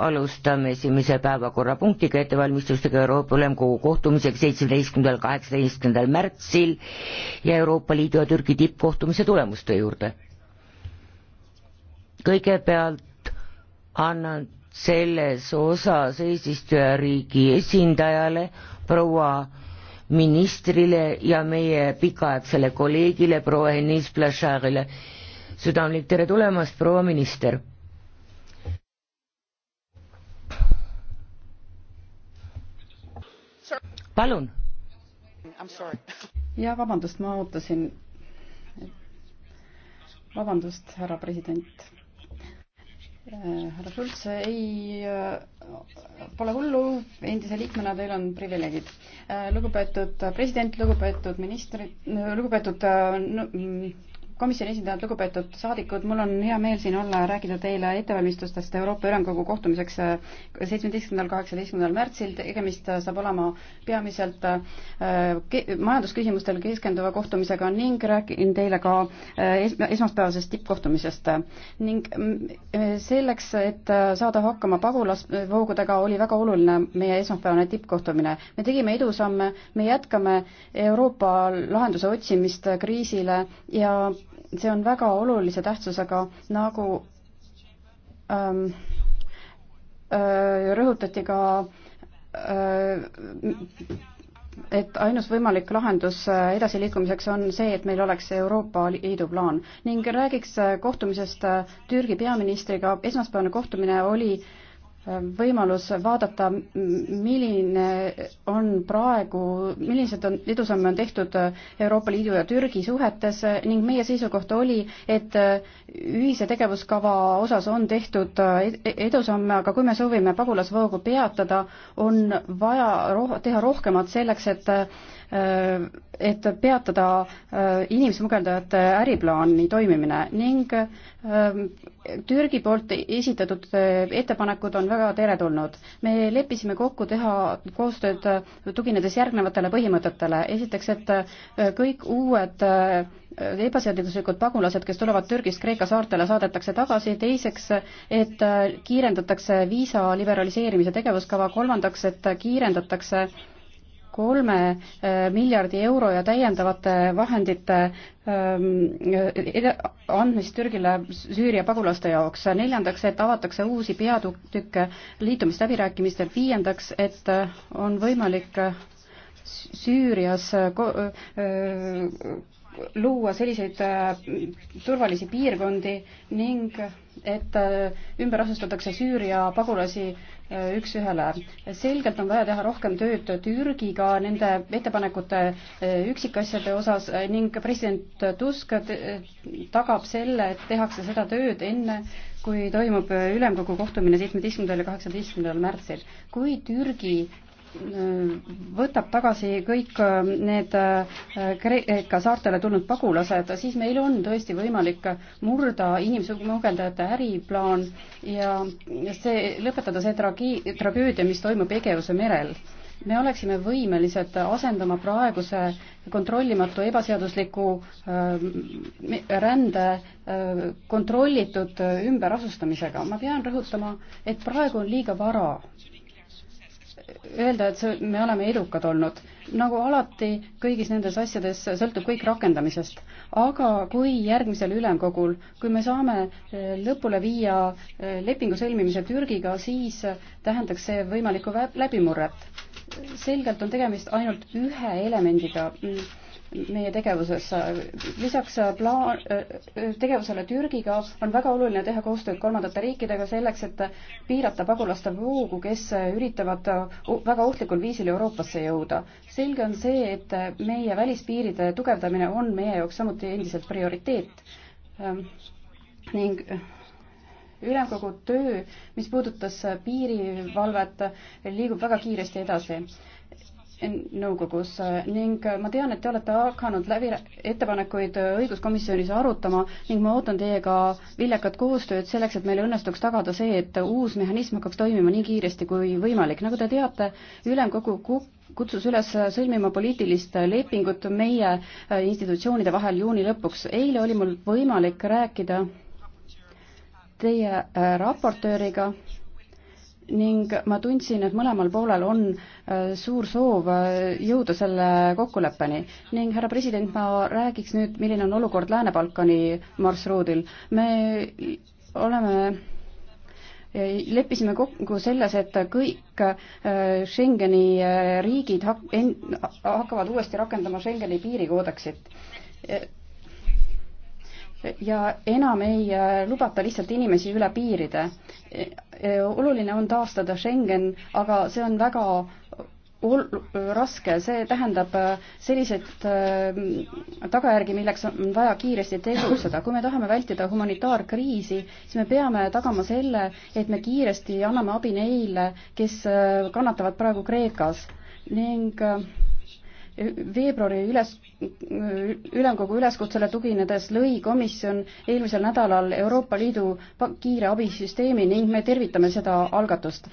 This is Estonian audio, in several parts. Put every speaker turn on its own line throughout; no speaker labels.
alustame esimese päevakorrapunktiga ettevalmistustega Euroopa Ülemkogu kohtumiseks seitsmeteistkümnendal, kaheksateistkümnendal märtsil ja Euroopa Liidu ja Türgi tippkohtumise tulemuste juurde. kõigepealt annan selles osas eesistujariigi esindajale proua ministrile ja meie pikaaegsele kolleegile proua Hennis Blacharile südamlik tere tulemast, proua minister
palun. ja vabandust, ma ootasin. vabandust, härra president. härra Schulz, ei, pole hullu, endise liikmena teil on privileegid. lugupeetud president, lugupeetud ministrid, lugupeetud no, mm, komisjoni esindajad, lugupeetud saadikud, mul on hea meel siin olla ja rääkida teile ettevalmistustest Euroopa Ülemkogu kohtumiseks äh, seitsmeteistkümnendal, kaheksateistkümnendal märtsil. tegemist äh, saab olema peamiselt äh, majandusküsimustele keskenduva kohtumisega ning räägin teile ka esmaspäevasest tippkohtumisest. ning mm, selleks, et saada hakkama pagulasvoogudega, oli väga oluline meie esmaspäevane tippkohtumine. me tegime edusamme, me jätkame Euroopa lahenduse otsimist kriisile ja see on väga olulise tähtsusega, nagu ähm, äh, rõhutati ka äh, et ainus võimalik lahendus äh, edasiliikumiseks on see, et meil oleks Euroopa Liidu plaan ning räägiks äh, kohtumisest äh, Türgi peaministriga. esmaspäevane kohtumine oli äh, võimalus vaadata, milline on praegu, millised on, edusamme on tehtud Euroopa Liidu ja Türgi suhetes ning meie seisukoht oli, et ühise tegevuskava osas on tehtud edusamme, aga kui me soovime pagulasvoogu peatada, on vaja roh-, teha rohkemat selleks, et Äh, et peatada äh, inimsmugeldajate äriplaani toimimine ning äh, Türgi poolt esitatud ettepanekud on väga teretulnud. me leppisime kokku teha koostööd tuginedes järgnevatele põhimõtetele. esiteks, et kõik uued ebaseaduslikud pagulased, kes tulevad Türgist Kreeka saartele, saadetakse tagasi, teiseks, et kiirendatakse viisa liberaliseerimise tegevuskava, kolmandaks, et kiirendatakse kolme eh, miljardi euro ja täiendavate vahendite ehm, eh, andmist Türgile Süüria pagulaste jaoks. neljandaks, et avatakse uusi peatükke liitumisläbirääkimistel. viiendaks, et eh, on võimalik Süürias luua selliseid äh, turvalisi piirkondi ning et äh, ümber asustatakse Süüria pagulasi äh, üks-ühele. selgelt on vaja teha rohkem tööd Türgiga nende ettepanekute üksikasjade osas ning president Tusk tagab selle, et tehakse seda tööd enne, kui toimub ülemkogu kohtumine seitsmeteistkümnendal ja kaheksateistkümnendal märtsil. kui Türgi võtab tagasi kõik äh, need äh, Kreeka saartele tulnud pagulased, siis meil on tõesti võimalik murda inimsmugeldajate äriplaan ja see, lõpetada see tragi-, tragöödia, mis toimub Egeuse merel me oleksime võimelised asendama praeguse kontrollimatu ebaseadusliku äh, rände kontrollitud ümberasustamisega. ma pean rõhutama, et praegu on liiga vara öelda, et see, me oleme edukad olnud. nagu alati, kõigis nendes asjades sõltub kõik rakendamisest. aga kui järgmisel ülemkogul, kui me saame eh, lõpule viia eh, lepingu sõlmimise Türgiga, siis tähendaks see võimalikku läbimurret. selgelt on tegemist ainult ühe elemendiga meie tegevuses. lisaks äh, plaan, äh, tegevusele Türgiga on väga oluline teha koostööd kolmandate riikidega selleks, et piirata pagulaste voogu, kes äh, üritavad väga ohtlikul viisil Euroopasse jõuda. selge on see, et meie välispiiride tugevdamine on meie jaoks samuti endiselt prioriteet ähm, ning ülemkogu töö, mis puudutas piirivalvet, liigub väga kiiresti edasi nõukogus ning äh, ma tean, et te olete hakanud läbi ettepanekuid äh, õiguskomisjonis arutama ning ma ootan teiega viljakat koostööd selleks, et meil õnnestuks tagada see, et uus mehhanism hakkaks toimima nii kiiresti kui võimalik. nagu te teate, ülemkogu kutsus üles äh, sõlmima poliitilist lepingut meie institutsioonide vahel juuni lõpuks. eile oli mul võimalik rääkida teie raportööriga ning ma tundsin, et mõlemal poolel on äh, suur soov äh, jõuda selle kokkuleppeni. ning härra president, ma räägiks nüüd, milline on olukord Lääne-Balkani marsruudil. me oleme äh, leppisime kokku selles, et kõik Schengeni riigid hak-, hakkavad uuesti rakendama Schengeni piirikoodeksit ja enam ei äh, lubata lihtsalt inimesi üle piiride. E, e, oluline on taastada Schengen, aga see on väga ol-, raske, see tähendab äh, selliseid äh, tagajärgi, milleks on vaja kiiresti tegutseda. kui me tahame vältida humanitaarkriisi, siis me peame tagama selle, et me kiiresti anname abi neile, kes kannatavad praegu Kreekas ning äh, veebruari üles, ülemkogu üleskutsele tuginedes lõi komisjon eelmisel nädalal Euroopa Liidu kiire abisüsteemi ning me tervitame seda algatust.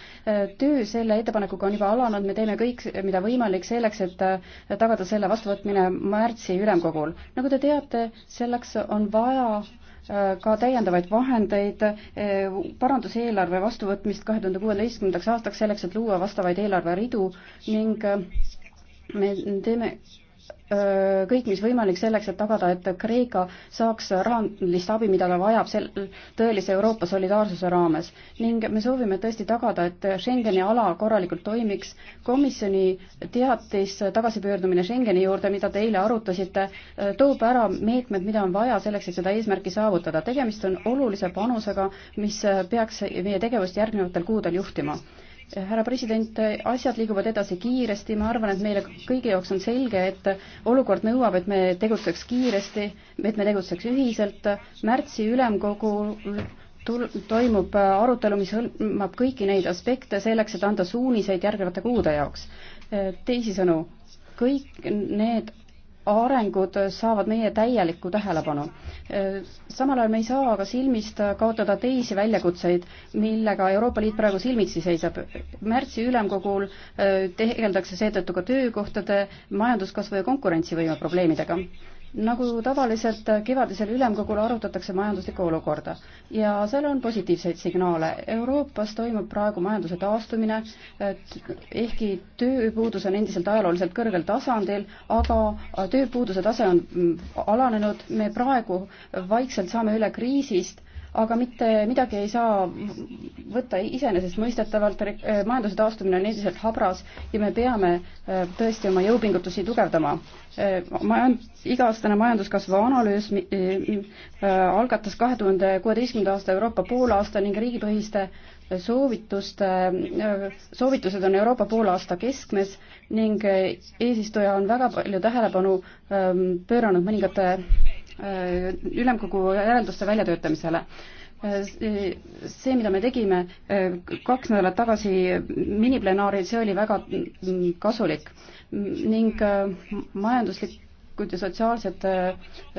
töö selle ettepanekuga on juba alanud, me teeme kõik, mida võimalik selleks, et tagada selle vastuvõtmine märtsi ülemkogul. nagu te teate, selleks on vaja äh, ka täiendavaid vahendeid, äh, paranduseelarve vastuvõtmist kahe tuhande kuueteistkümnendaks aastaks selleks, et luua vastavaid eelarveridu ning äh, me teeme kõik, mis võimalik selleks, et tagada, et Kreeka saaks rahalist abi, mida ta vajab sel tõelise Euroopa solidaarsuse raames. ning me soovime tõesti tagada, et Schengeni ala korralikult toimiks. komisjoni teatis tagasipöördumine Schengeni juurde, mida te eile arutasite, toob ära meetmed, mida on vaja selleks, et seda eesmärki saavutada. tegemist on olulise panusega, mis peaks meie tegevust järgnevatel kuudel juhtima härra president, asjad liiguvad edasi kiiresti, ma arvan, et meile kõigi jaoks on selge, et olukord nõuab, et me tegutseks kiiresti, et me tegutseks ühiselt. märtsi ülemkogul toimub arutelu, mis hõlmab kõiki neid aspekte selleks, et anda suuniseid järgnevate kuude jaoks. teisisõnu, kõik need arengud saavad meie täielikku tähelepanu. Samal ajal me ei saa aga silmist kaotada teisi väljakutseid, millega Euroopa Liit praegu silmitsi seisab. märtsi ülemkogul eh, tegeldakse seetõttu ka töökohtade, majanduskasvu ja konkurentsivõime probleemidega nagu tavaliselt äh, kevadisel ülemkogul arutatakse majanduslikku olukorda ja seal on positiivseid signaale. Euroopas toimub praegu majanduse taastumine, ehkki tööpuudus on endiselt ajalooliselt kõrgel tasandil, aga äh, tööpuuduse tase on mm, alanenud, me praegu vaikselt saame üle kriisist aga mitte midagi ei saa võtta iseenesestmõistetavalt, äh, majanduse taastumine on endiselt habras ja me peame äh, tõesti oma jõupingutusi tugevdama. Äh, Majand-, iga-aastane majanduskasvu analüüs algatas kahe tuhande kuueteistkümnenda aasta Euroopa poolaasta ning riigipõhiste soovituste, soovitused on Euroopa poolaasta keskmes ning eesistuja on väga palju tähelepanu ähm, pööranud mõningate Äh, ülemkogu järelduste väljatöötamisele äh, see, mida me tegime äh, kaks nädalat tagasi miniplenaaril, see oli väga mm, kasulik ning majanduslik poliitikud ja sotsiaalsed äh,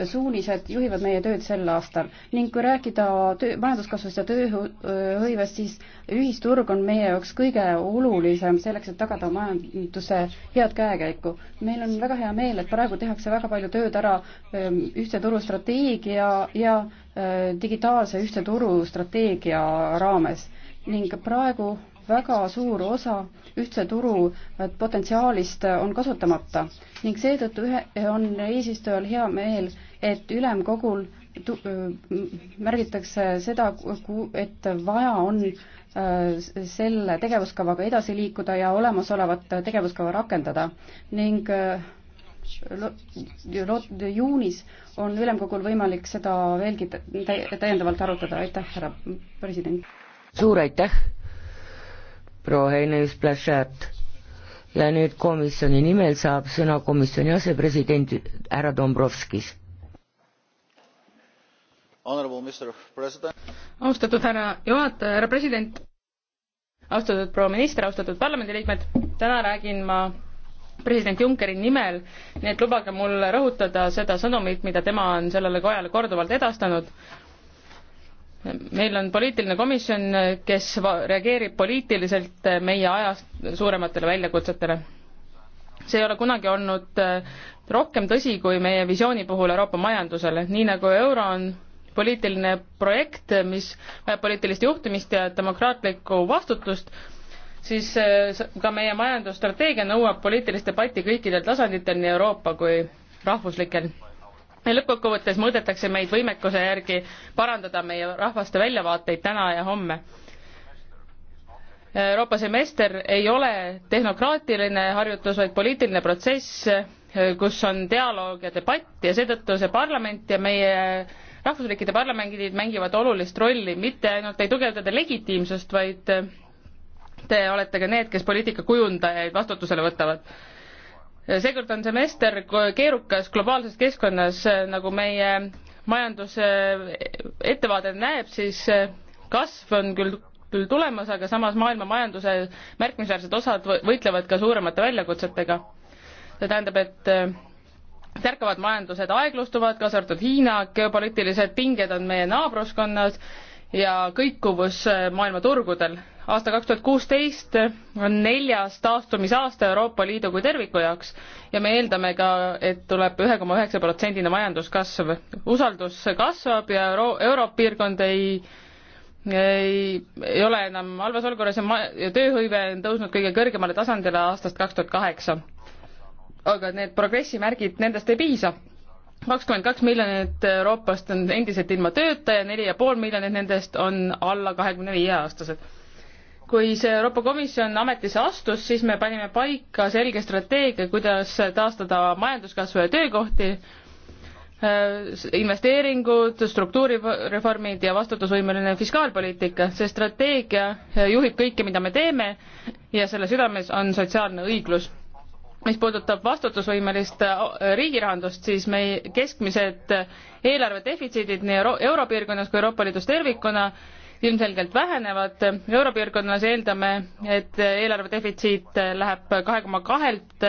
suunised juhivad meie tööd sel aastal ning kui rääkida töö, majanduskasvust ja tööhõivest, siis ühisturg on meie jaoks kõige olulisem selleks, et tagada majanduse head käekäiku. meil on väga hea meel, et praegu tehakse väga palju tööd ära ähm, ühtse turu strateegia ja äh, digitaalse ühtse turu strateegia raames ning praegu väga suur osa ühtse turu potentsiaalist on kasutamata ning seetõttu ühe, on eesistujal hea meel, et ülemkogul tu, märgitakse seda, et vaja on selle tegevuskavaga edasi liikuda ja olemasolevat tegevuskava rakendada ning juunis on ülemkogul võimalik seda veelgi täiendavalt arutada, aitäh, härra president!
suur aitäh! proua Heneis Plašat. ja nüüd komisjoni nimel saab sõna komisjoni asepresident härra Dombrovskis.
austatud härra juhataja, härra president, austatud proua minister, austatud parlamendiliikmed, täna räägin ma president Junckeri nimel, nii et lubage mul rõhutada seda sõnumit, mida tema on sellele kojale korduvalt edastanud meil on poliitiline komisjon, kes reageerib poliitiliselt meie aja suurematele väljakutsetele. see ei ole kunagi olnud äh, rohkem tõsi kui meie visiooni puhul Euroopa majandusele, nii nagu euro on poliitiline projekt, mis vajab poliitilist juhtimist ja demokraatlikku vastutust, siis äh, ka meie majandusstrateegia nõuab poliitilist debatti kõikidel tasanditel, nii Euroopa kui rahvuslikel lõppkokkuvõttes mõõdetakse meid võimekuse järgi parandada meie rahvaste väljavaateid täna ja homme. Euroopa semester ei ole tehnokraatiline harjutus, vaid poliitiline protsess, kus on dialoog ja debatt ja seetõttu see parlament ja meie rahvusriikide parlamendid mängivad olulist rolli, mitte ainult ei tugevdada legitiimsust, vaid te olete ka need, kes poliitika kujundajaid vastutusele võtavad seekord on semester keerukas globaalses keskkonnas, nagu meie majanduse eh, ettevaade näeb, siis eh, kasv on küll küll tulemas, aga samas maailma majanduse märkimisväärsed osad võitlevad ka suuremate väljakutsetega. see tähendab, et eh, tärkavad majandused aeglustuvad, kaasa arvatud Hiina, geopoliitilised pinged on meie naabruskonnas ja kõikuvus äh, maailma turgudel. aasta kaks tuhat kuusteist on neljas taastumisaasta Euroopa Liidu kui terviku jaoks ja me eeldame ka, et tuleb ühe koma üheksa protsendine majanduskasv. usaldus kasvab ja euro, europiirkond ei ei, ei ole enam halvas olukorras ja ma-, ja tööhõive on tõusnud kõige kõrgemale tasandile aastast kaks tuhat kaheksa. aga need progressi märgid, nendest ei piisa kakskümmend kaks miljonit Euroopast on endiselt ilma tööta ja neli ja pool miljonit nendest on alla kahekümne viie aastased. kui see Euroopa Komisjon ametisse astus, siis me panime paika selge strateegia, kuidas taastada majanduskasvu ja töökohti, äh, investeeringud, struktuurireformid ja vastutusvõimeline fiskaalpoliitika. see strateegia juhib kõike, mida me teeme ja selle südames on sotsiaalne õiglus mis puudutab vastutusvõimelist äh, riigirahandust, siis meie keskmised äh, eelarvedefitsiidid nii euro, europiirkonnas kui Euroopa Liidus tervikuna ilmselgelt vähenevad. europiirkonnas eeldame, et äh, eelarvedefitsiit läheb kahe koma kahelt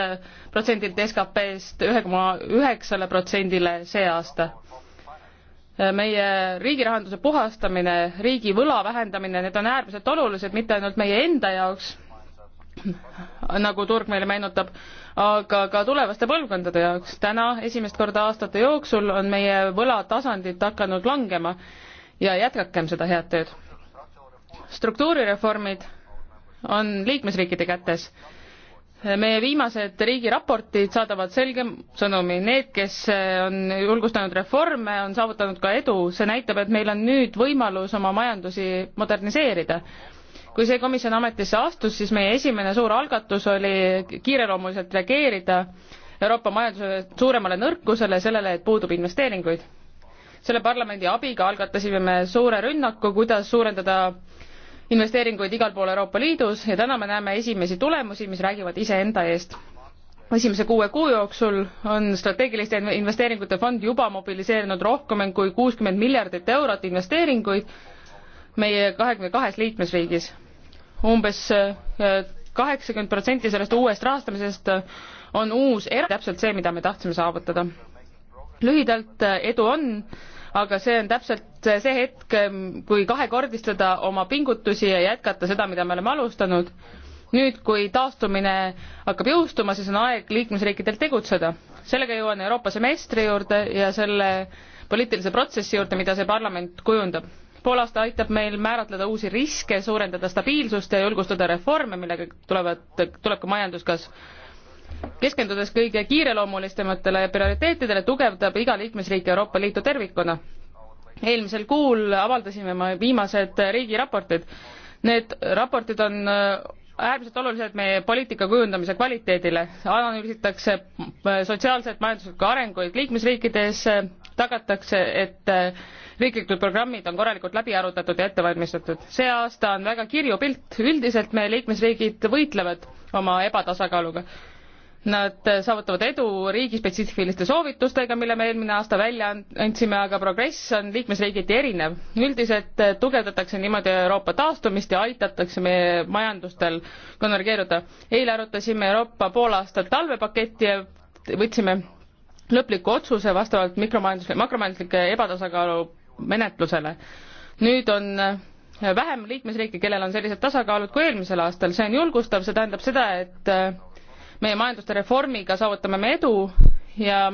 protsendilt SKP-st ühe koma üheksale protsendile see aasta. meie riigirahanduse puhastamine, riigi võla vähendamine, need on äärmiselt olulised mitte ainult meie enda jaoks, nagu turg meile meenutab, aga ka tulevaste põlvkondade jaoks. täna esimest korda aastate jooksul on meie võlatasandid hakanud langema ja jätkakem seda head tööd. struktuurireformid on liikmesriikide kätes. meie viimased riigiraportid saadavad selge sõnumi, need, kes on julgustanud reforme, on saavutanud ka edu, see näitab, et meil on nüüd võimalus oma majandusi moderniseerida kui see komisjon ametisse astus, siis meie esimene suur algatus oli kiireloomuliselt reageerida Euroopa majanduse suuremale nõrkusele, sellele, et puudub investeeringuid. selle parlamendi abiga algatasime me suure rünnaku, kuidas suurendada investeeringuid igal pool Euroopa Liidus ja täna me näeme esimesi tulemusi, mis räägivad iseenda eest. esimese kuue kuu jooksul on strateegiliste investeeringute fond juba mobiliseerinud rohkem kui kuuskümmend miljardit eurot investeeringuid meie kahekümne kahes liikmesriigis umbes eh, kaheksakümmend protsenti sellest uuest rahastamisest on uus era-, täpselt see, mida me tahtsime saavutada. lühidalt, eh, edu on, aga see on täpselt see hetk, eh, kui kahekordistada oma pingutusi ja jätkata seda, mida me oleme alustanud. nüüd, kui taastumine hakkab jõustuma, siis on aeg liikmesriikidel tegutseda. sellega jõuan Euroopa semestri juurde ja selle poliitilise protsessi juurde, mida see parlament kujundab pool aasta aitab meil määratleda uusi riske, suurendada stabiilsust ja julgustada reforme, millega tulevad, tuleb ka majanduskasv. keskendudes kõige kiireloomulisematele prioriteetidele, tugevdab iga liikmesriik Euroopa Liitu tervikuna. eelmisel kuul avaldasime me viimased riigiraportid. Need raportid on äärmiselt olulised meie poliitika kujundamise kvaliteedile. analüüsitakse sotsiaalset, majanduslikku arenguid liikmesriikides, tagatakse, et riiklikud programmid on korralikult läbi arutatud ja ette valmistatud. see aasta on väga kirju pilt, üldiselt meie liikmesriigid võitlevad oma ebatasakaaluga. Nad saavutavad edu riigispetsiifiliste soovitustega, mille me eelmine aasta välja andsime, aga progress on liikmesriigiti erinev. üldiselt tugevdatakse niimoodi Euroopa taastumist ja aitatakse meie majandustel konvergeeruda. eile arutasime Euroopa poolaastat talvepaketti ja võtsime lõpliku otsuse vastavalt mikromajanduslikele, makromajanduslikele ebatasakaalu menetlusele. nüüd on äh, vähem liikmesriike, kellel on sellised tasakaalud kui eelmisel aastal, see on julgustav, see tähendab seda, et äh, meie majanduste reformiga saavutame me edu ja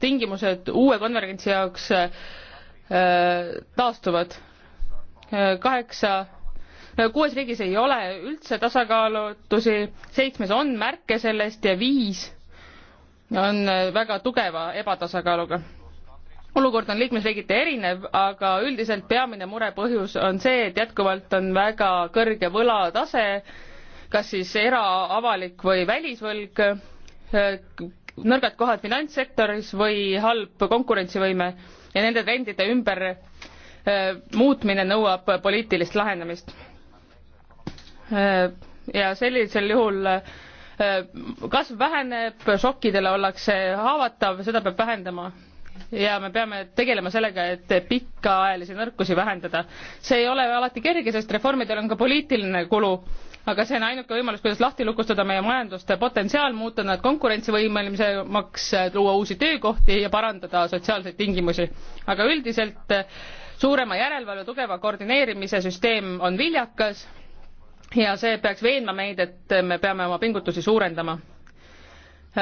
tingimused uue konverentsi jaoks äh, taastuvad. kaheksa, kuues riigis ei ole üldse tasakaalutusi, seitsmes on märke sellest ja viis on väga tugeva ebatasakaaluga olukord on liikmesriigiti erinev, aga üldiselt peamine murepõhjus on see, et jätkuvalt on väga kõrge võlatase, kas siis era-, avalik või välisvõlg, nõrgad kohad finantssektoris või halb konkurentsivõime ja nende trendide ümber eh, muutmine nõuab poliitilist lahendamist. Eh, ja sellisel juhul eh, kasv väheneb, šokkidele ollakse haavatav, seda peab vähendama ja me peame tegelema sellega, et pikaajalisi nõrkusi vähendada. see ei ole alati kerge, sest reformidel on ka poliitiline kulu, aga see on ainuke võimalus, kuidas lahti lukustada meie majanduste potentsiaal, muuta nad konkurentsivõimelisemaks, luua uusi töökohti ja parandada sotsiaalseid tingimusi. aga üldiselt suurema järelevalve tugeva koordineerimise süsteem on viljakas ja see peaks veenma meid, et me peame oma pingutusi suurendama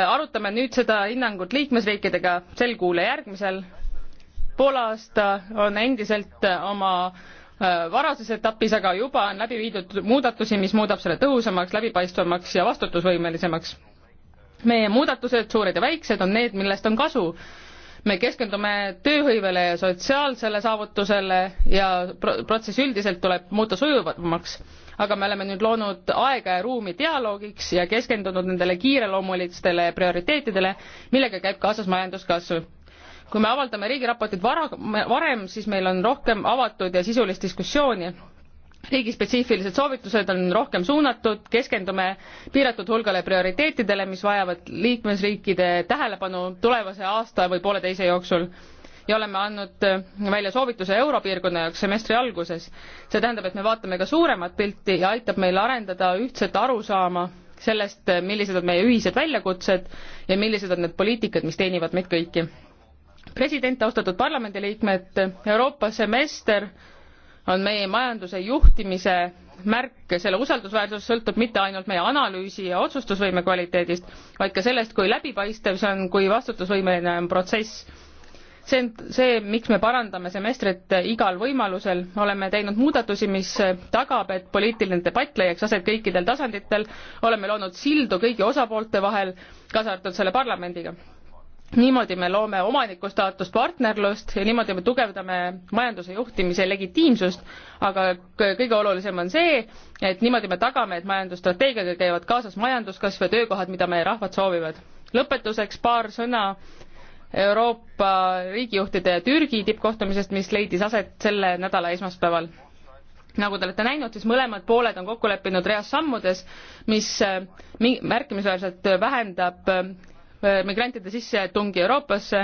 arutame nüüd seda hinnangut liikmesriikidega sel kuul ja järgmisel. pool aasta on endiselt äh, oma äh, varases etapis, aga juba on läbi viidud muudatusi, mis muudab selle tõhusamaks, läbipaistvamaks ja vastutusvõimelisemaks. meie muudatused, suured ja väiksed, on need, millest on kasu me keskendume tööhõivele ja sotsiaalsele saavutusele ja pro protsess üldiselt tuleb muuta sujuvamaks aga me oleme nüüd loonud aega ja ruumi dialoogiks ja keskendunud nendele kiireloomulistele prioriteetidele, millega käib kaasas majanduskasv. kui me avaldame riigiraportid vara, varem, siis meil on rohkem avatud ja sisulist diskussiooni riigispetsiifilised soovitused on rohkem suunatud, keskendume piiratud hulgale prioriteetidele, mis vajavad liikmesriikide tähelepanu tulevase aasta või pooleteise jooksul ja oleme andnud äh, välja soovituse Europiirkonna jaoks semestri alguses. see tähendab, et me vaatame ka suuremat pilti ja aitab meil arendada ühtset arusaama sellest, äh, millised on meie ühised väljakutsed ja millised on need poliitikad, mis teenivad meid kõiki. president, austatud parlamendiliikmed, Euroopa semester on meie majanduse juhtimise märk, selle usaldusväärsus sõltub mitte ainult meie analüüsi ja otsustusvõime kvaliteedist, vaid ka sellest, kui läbipaistev see on, kui vastutusvõimeline on protsess see on see, miks me parandame semestrit igal võimalusel, oleme teinud muudatusi, mis tagab, et poliitiline debatt leiaks aset kõikidel tasanditel, oleme loonud sildu kõigi osapoolte vahel, kaasa arvatud selle parlamendiga. niimoodi me loome omaniku staatust, partnerlust ja niimoodi me tugevdame majanduse juhtimise legitiimsust, aga kõige olulisem on see, et niimoodi me tagame, et majandusstrateegiaga käivad kaasas majanduskasv ja töökohad, mida meie rahvad soovivad. lõpetuseks paar sõna Euroopa riigijuhtide ja Türgi tippkohtumisest, mis leidis aset selle nädala esmaspäeval. nagu te olete näinud, siis mõlemad pooled on kokku leppinud reas sammudes, mis äh, märkimisväärselt vähendab äh, migrantide sissetungi Euroopasse.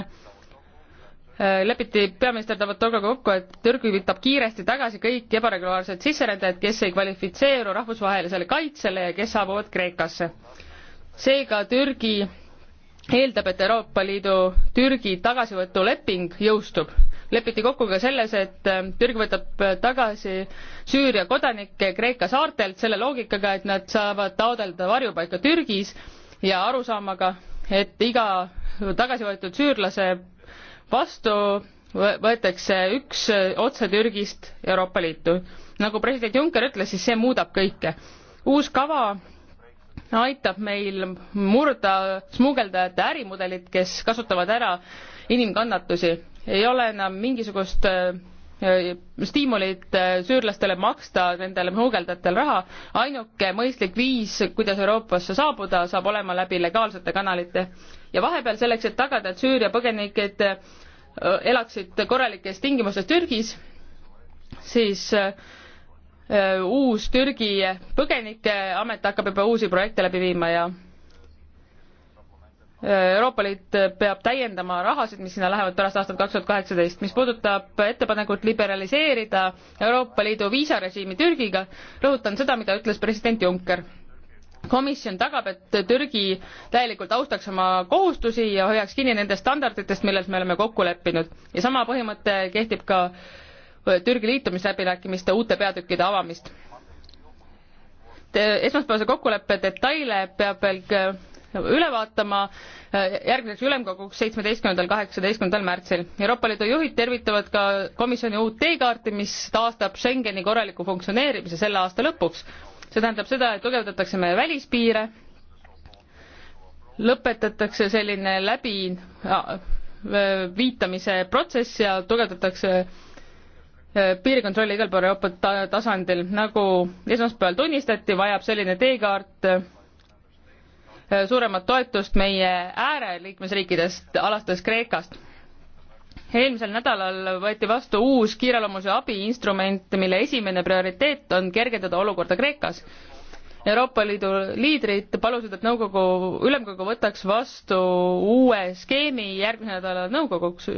Äh, lepiti peaminister Davutogluga kokku, et Türgi võtab kiiresti tagasi kõik ebaregulaarsed sisserändajad, kes ei kvalifitseeru rahvusvahelisele kaitsele ja kes saabuvad Kreekasse. seega Türgi eeldab, et Euroopa Liidu Türgi tagasivõtuleping jõustub. lepiti kokku ka selles, et äh, Türgi võtab äh, tagasi Süüria kodanikke Kreeka saartelt selle loogikaga, et nad saavad taodelda varjupaika Türgis ja arusaamaga, et iga tagasi võetud süürlase vastu võetakse üks äh, otse Türgist Euroopa Liitu. nagu president Juncker ütles, siis see muudab kõike. uus kava aitab meil murda smugeldajate ärimudelit, kes kasutavad ära inimkannatusi. ei ole enam mingisugust äh, stiimulit äh, süürlastele maksta nendele smugeldajatel raha, ainuke mõistlik viis, kuidas Euroopasse saabuda, saab olema läbi legaalsete kanalite. ja vahepeal selleks, et tagada, et Süüria põgenikud äh, elaksid korralikes tingimustes Türgis, siis äh, Äh, uus Türgi põgenikeamet hakkab juba uusi projekte läbi viima ja äh, Euroopa Liit peab täiendama rahasid, mis sinna lähevad pärast aastat kaks tuhat kaheksateist. mis puudutab ettepanekut liberaliseerida Euroopa Liidu viisarežiimi Türgiga, rõhutan seda, mida ütles president Juncker. komisjon tagab, et Türgi täielikult austaks oma kohustusi ja hoiaks kinni nendest standarditest, milles me oleme kokku leppinud ja sama põhimõte kehtib ka Türgi liitumisläbirääkimiste uute peatükkide avamist. esmaspäevase kokkuleppe detaile peab veel äh, üle vaatama äh, järgmiseks ülemkoguks seitsmeteistkümnendal, kaheksateistkümnendal märtsil. Euroopa Liidu juhid tervitavad ka komisjoni uut teekaarti, mis taastab Schengeni korraliku funktsioneerimise selle aasta lõpuks. see tähendab seda, et tugevdatakse meie välispiire, lõpetatakse selline läbi äh, viitamise protsess ja tugevdatakse Äh, piirikontrolli igal pool Euroopa ta-, tasandil, nagu esmaspäeval tunnistati, vajab selline teekaart äh, suuremat toetust meie ääreliikmesriikidest, alates Kreekast. eelmisel nädalal võeti vastu uus kiireloomuse abiinstrument, mille esimene prioriteet on kergendada olukorda Kreekas. Euroopa Liidu liidrid palusid, et nõukogu, ülemkogu võtaks vastu uue skeemi järgmise nädala nõukoguks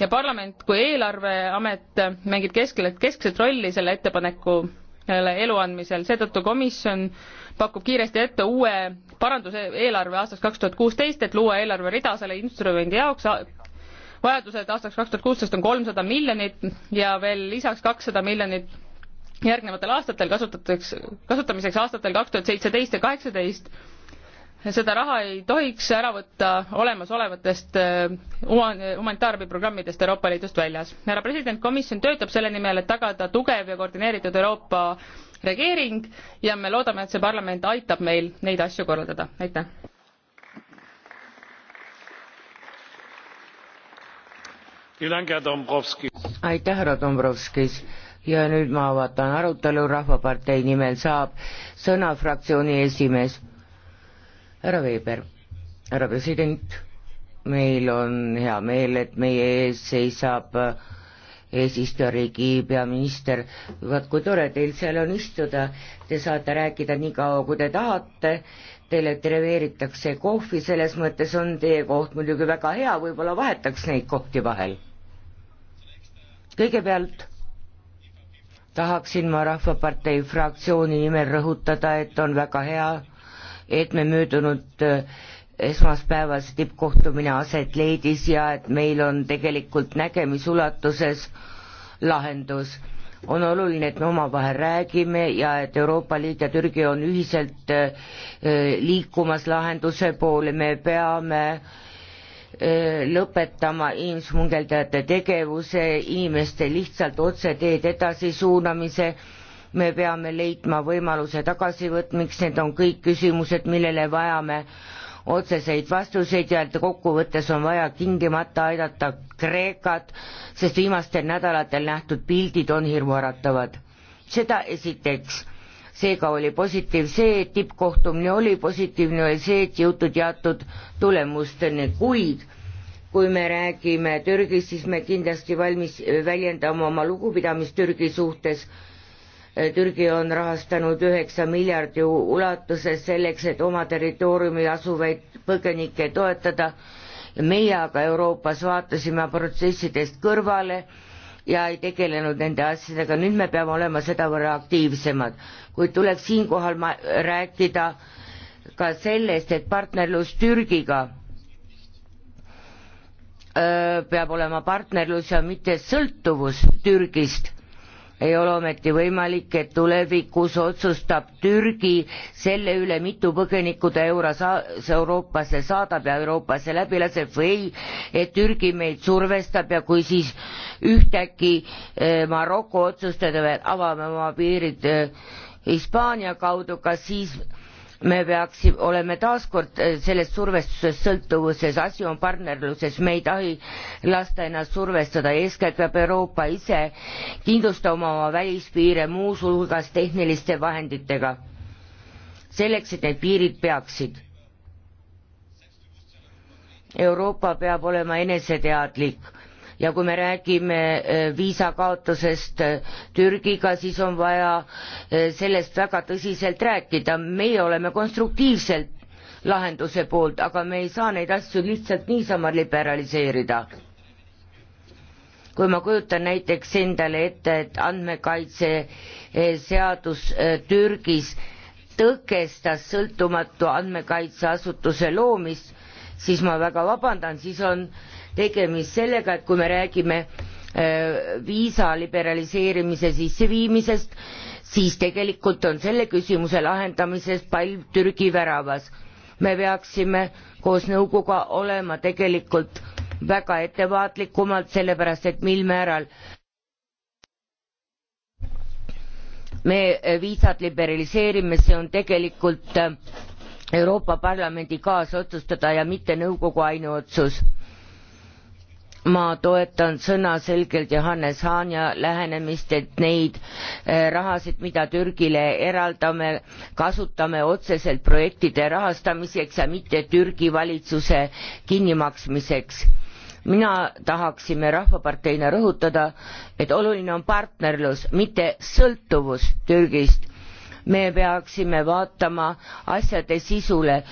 ja parlament kui eelarveamet mängib keskel, keskset rolli selle ettepaneku elu andmisel, seetõttu komisjon pakub kiiresti ette uue paranduse eelarve aastaks kaks tuhat kuusteist, et luua eelarverida selle instrumendi jaoks, vajadused aastaks kaks tuhat kuusteist on kolmsada miljonit ja veel lisaks kakssada miljonit järgnevatel aastatel kasutatakse, kasutamiseks aastatel kaks tuhat seitseteist ja kaheksateist seda raha ei tohiks ära võtta olemasolevatest eh, humanitaarabiprogrammidest Euroopa Liidust väljas. härra president, komisjon töötab selle nimel, et tagada tugev ja koordineeritud Euroopa reageering ja me loodame, et see parlament aitab meil neid asju korraldada, aitäh.
aitäh, härra Dombrovskis ja nüüd ma avatan arutelu, Rahvapartei nimel saab sõna fraktsiooni esimees härra Veber, härra president, meil on hea meel, et meie ees seisab äh, eesistujariigi peaminister, vaat kui tore teil seal on istuda, te saate rääkida nii kaua, kui te tahate, teile serveeritakse kohvi, selles mõttes on teie koht muidugi väga hea, võib-olla vahetaks neid kohti vahel. kõigepealt tahaksin ma Rahvapartei fraktsiooni nimel rõhutada, et on väga hea, et me möödunud eh, esmaspäevas tippkohtumine aset leidis ja et meil on tegelikult nägemisulatuses lahendus. on oluline, et me omavahel räägime ja et Euroopa Liit ja Türgi on ühiselt eh, liikumas lahenduse poole, me peame eh, lõpetama inimsmugeldajate tegevuse, inimeste lihtsalt otse teed edasi suunamise me peame leidma võimaluse tagasivõtmiks, need on kõik küsimused, millele vajame otseseid vastuseid ja et kokkuvõttes on vaja tingimata aidata Kreekat, sest viimastel nädalatel nähtud pildid on hirmuäratavad. seda esiteks. seega oli positiiv see, et tippkohtumine oli positiivne, oli see, et jõutud teatud tulemusteni, kuid kui me räägime Türgist, siis me kindlasti valmis väljendame oma lugupidamist Türgi suhtes Türgi on rahastanud üheksa miljardi ulatuses selleks, et oma territooriumil asuvaid põgenikke toetada. meie aga Euroopas vaatasime protsessidest kõrvale ja ei tegelenud nende asjadega, nüüd me peame olema sedavõrra aktiivsemad, kuid tuleks siinkohal ma-, rääkida ka sellest, et partnerlus Türgiga öö, peab olema partnerlus ja mitte sõltuvus Türgist ei ole ometi võimalik, et tulevikus otsustab Türgi selle üle, mitu põgenikku ta Euras-, Euroopasse saadab ja Euroopasse läbi laseb või ei, et Türgi meid survestab ja kui siis ühtäkki eh, Maroko otsustada, et avame oma piirid eh, Hispaania kaudu, kas siis me peaksime, oleme taaskord eh, sellest survestusest sõltuvuses, asi on partnerluses, me ei tohi lasta ennast survestada, eeskätt peab Euroopa ise kindlustama oma välispiire muuhulgas tehniliste vahenditega. selleks, et need piirid peaksid. Euroopa peab olema eneseteadlik ja kui me räägime äh, viisakaotusest äh, Türgiga, siis on vaja äh, sellest väga tõsiselt rääkida, meie oleme konstruktiivselt lahenduse poolt, aga me ei saa neid asju lihtsalt niisama liberaliseerida. kui ma kujutan näiteks endale ette, et andmekaitseseadus Türgis tõkestas sõltumatu andmekaitseasutuse loomist, siis ma väga vabandan, siis on äh, tegemist sellega, et kui me räägime äh, viisa liberaliseerimise sisseviimisest, siis tegelikult on selle küsimuse lahendamises pall Türgi väravas. me peaksime koos nõukoguga olema tegelikult väga ettevaatlikumad, sellepärast et mil määral me äh, viisad liberaliseerime, see on tegelikult äh, Euroopa Parlamendi kaasotsustada ja mitte nõukogu ainuotsus ma toetan sõnaselgelt Johannes Hanja lähenemist, et neid eh, rahasid, mida Türgile eraldame, kasutame otseselt projektide rahastamiseks ja mitte Türgi valitsuse kinnimaksmiseks. mina tahaksime Rahvaparteina rõhutada, et oluline on partnerlus, mitte sõltuvus Türgist. me peaksime vaatama asjade sisule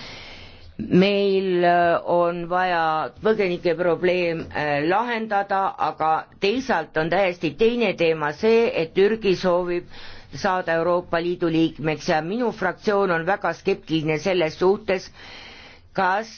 meil äh, on vaja põgenike probleem äh, lahendada, aga teisalt on täiesti teine teema see, et Türgi soovib saada Euroopa Liidu liikmeks ja minu fraktsioon on väga skeptiline selles suhtes, kas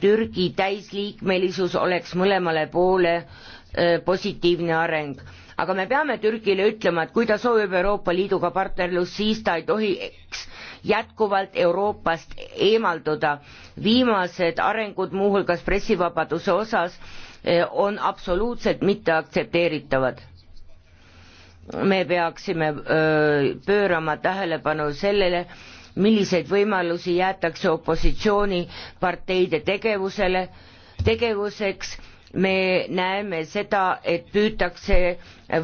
Türgi täisliikmelisus oleks mõlemale poole äh, positiivne areng. aga me peame Türgile ütlema, et kui ta soovib Euroopa Liiduga partnerlust, siis ta ei tohiks jätkuvalt Euroopast eemalduda. viimased arengud muuhulgas pressivabaduse osas eh, on absoluutselt mitteaktsepteeritavad me peaksime öö, eh, pöörama tähelepanu sellele, milliseid võimalusi jäetakse opositsiooniparteide tegevusele, tegevuseks me näeme seda, et püütakse,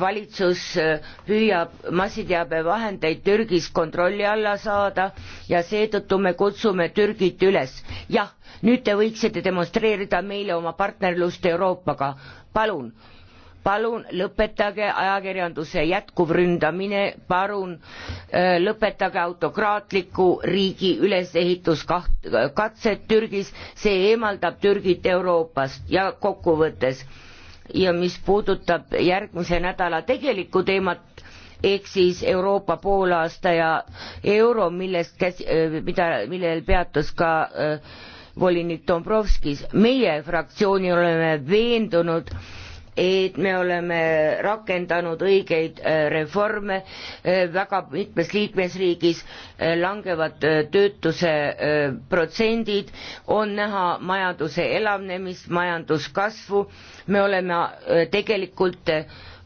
valitsus äh, püüab massiteabevahendeid Türgis kontrolli alla saada ja seetõttu me kutsume Türgit üles. jah, nüüd te võiksite demonstreerida meile oma partnerlust Euroopaga, palun palun lõpetage ajakirjanduse jätkuv ründamine palun äh, lõpetage autokraatliku riigi ülesehituskatsed türgis see eemaldab türgit euroopast ja kokkuvõttes ja mis puudutab järgmise nädala tegelikku teemat ehk siis euroopa poolaasta ja euro millest käs- äh, mida millel peatus ka äh, volinik dombrovskis meie fraktsioonil oleme veendunud et me oleme rakendanud õigeid äh, reforme, äh, väga mitmes liikmesriigis äh, langevad töötuse protsendid, on näha majanduse elavnemist, majanduskasvu, me oleme tegelikult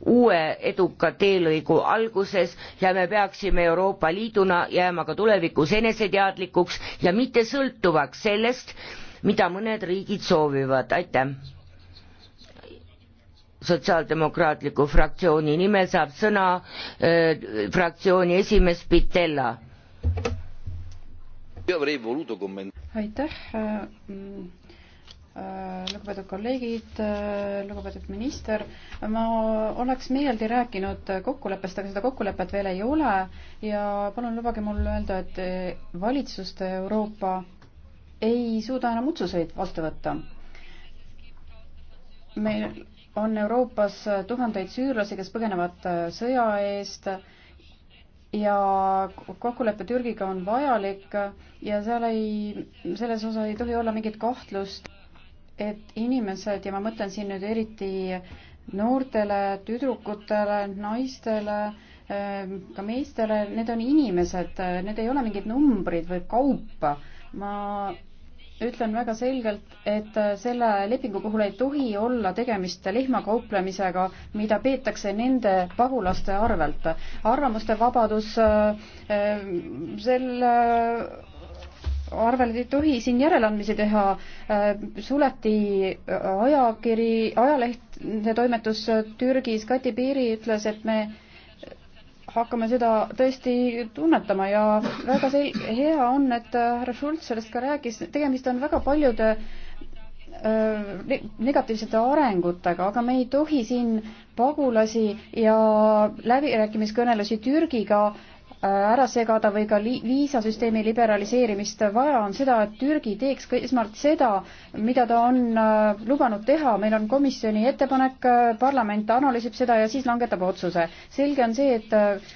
uue eduka teelõigu alguses ja me peaksime Euroopa Liiduna jääma ka tulevikus eneseteadlikuks ja mitte sõltuvaks sellest, mida mõned riigid soovivad, aitäh! sotsiaaldemokraatliku fraktsiooni nimel saab sõna äh, fraktsiooni esimees Pitella.
aitäh äh, mm, äh,, lugupeetud kolleegid, äh, lugupeetud minister. ma oleks meeldi rääkinud kokkuleppest, aga seda kokkulepet veel ei ole ja palun lubage mul öelda, et valitsuste Euroopa ei suuda enam otsuseid vastu võtta. meil on Euroopas tuhandeid süürlasi, kes põgenevad äh, sõja eest ja kokkulepe Türgiga on vajalik ja seal ei, selles osas ei tohi olla mingit kahtlust, et inimesed ja ma mõtlen siin nüüd eriti noortele tüdrukutele, naistele, äh, ka meestele, need on inimesed, äh, need ei ole mingid numbrid või kaupa. ma ütlen väga selgelt, et äh, selle lepingu puhul ei tohi olla tegemist lehmakauplemisega, mida peetakse nende pagulaste arvelt. arvamuste vabadus äh, äh, selle arvel ei tohi siin järeleandmisi teha, suleti ajakiri, ajalehtede toimetus Türgis, Kati Piiri ütles, et me hakkame seda tõesti tunnetama ja väga sel-, hea on, et härra Schultz sellest ka rääkis, tegemist on väga paljude äh, negatiivsete arengutega, aga me ei tohi siin pagulasi ja läbirääkimiskõnelusi Türgiga ära segada või ka li viisasüsteemi liberaliseerimist, vaja on seda, et Türgi teeks esmalt seda, mida ta on äh, lubanud teha, meil on komisjoni ettepanek äh,, parlament analüüsib seda ja siis langetab otsuse. selge on see, et äh,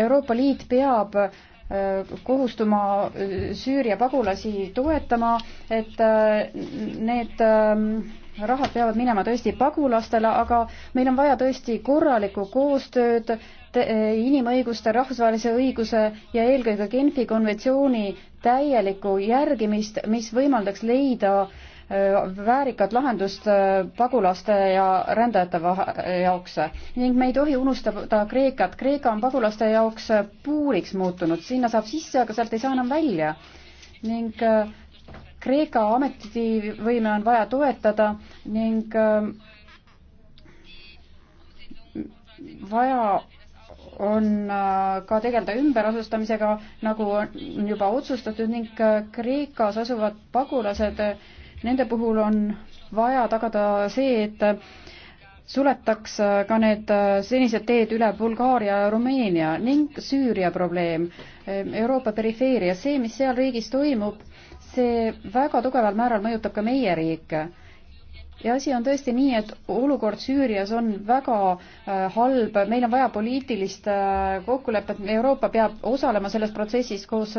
Euroopa Liit peab äh, kohustuma äh, Süüria pagulasi toetama, et äh, need ähm, rahad peavad minema tõesti pagulastele, aga meil on vaja tõesti korralikku koostööd Eh, inimõiguste, rahvusvahelise õiguse ja eelkõige Genfi konventsiooni täielikku järgimist, mis võimaldaks leida eh, väärikat lahendust eh, pagulaste ja rändajate jaoks ning me ei tohi unustada Kreekat. Kreeka on pagulaste jaoks puuriks muutunud, sinna saab sisse, aga sealt ei saa enam välja ning Kreeka ametivõime on vaja toetada ning vaja on äh, ka tegeleda ümberasustamisega, nagu on juba otsustatud ning äh, Kreekas asuvad pagulased, äh, nende puhul on vaja tagada see, et suletaks ka need senised teed üle Bulgaaria ja Rumeenia ning Süüria probleem, Euroopa perifeeria, see, mis seal riigis toimub, see väga tugeval määral mõjutab ka meie riike ja asi on tõesti nii, et olukord Süürias on väga äh, halb, meil on vaja poliitilist äh, kokkulepet, Euroopa peab osalema selles protsessis koos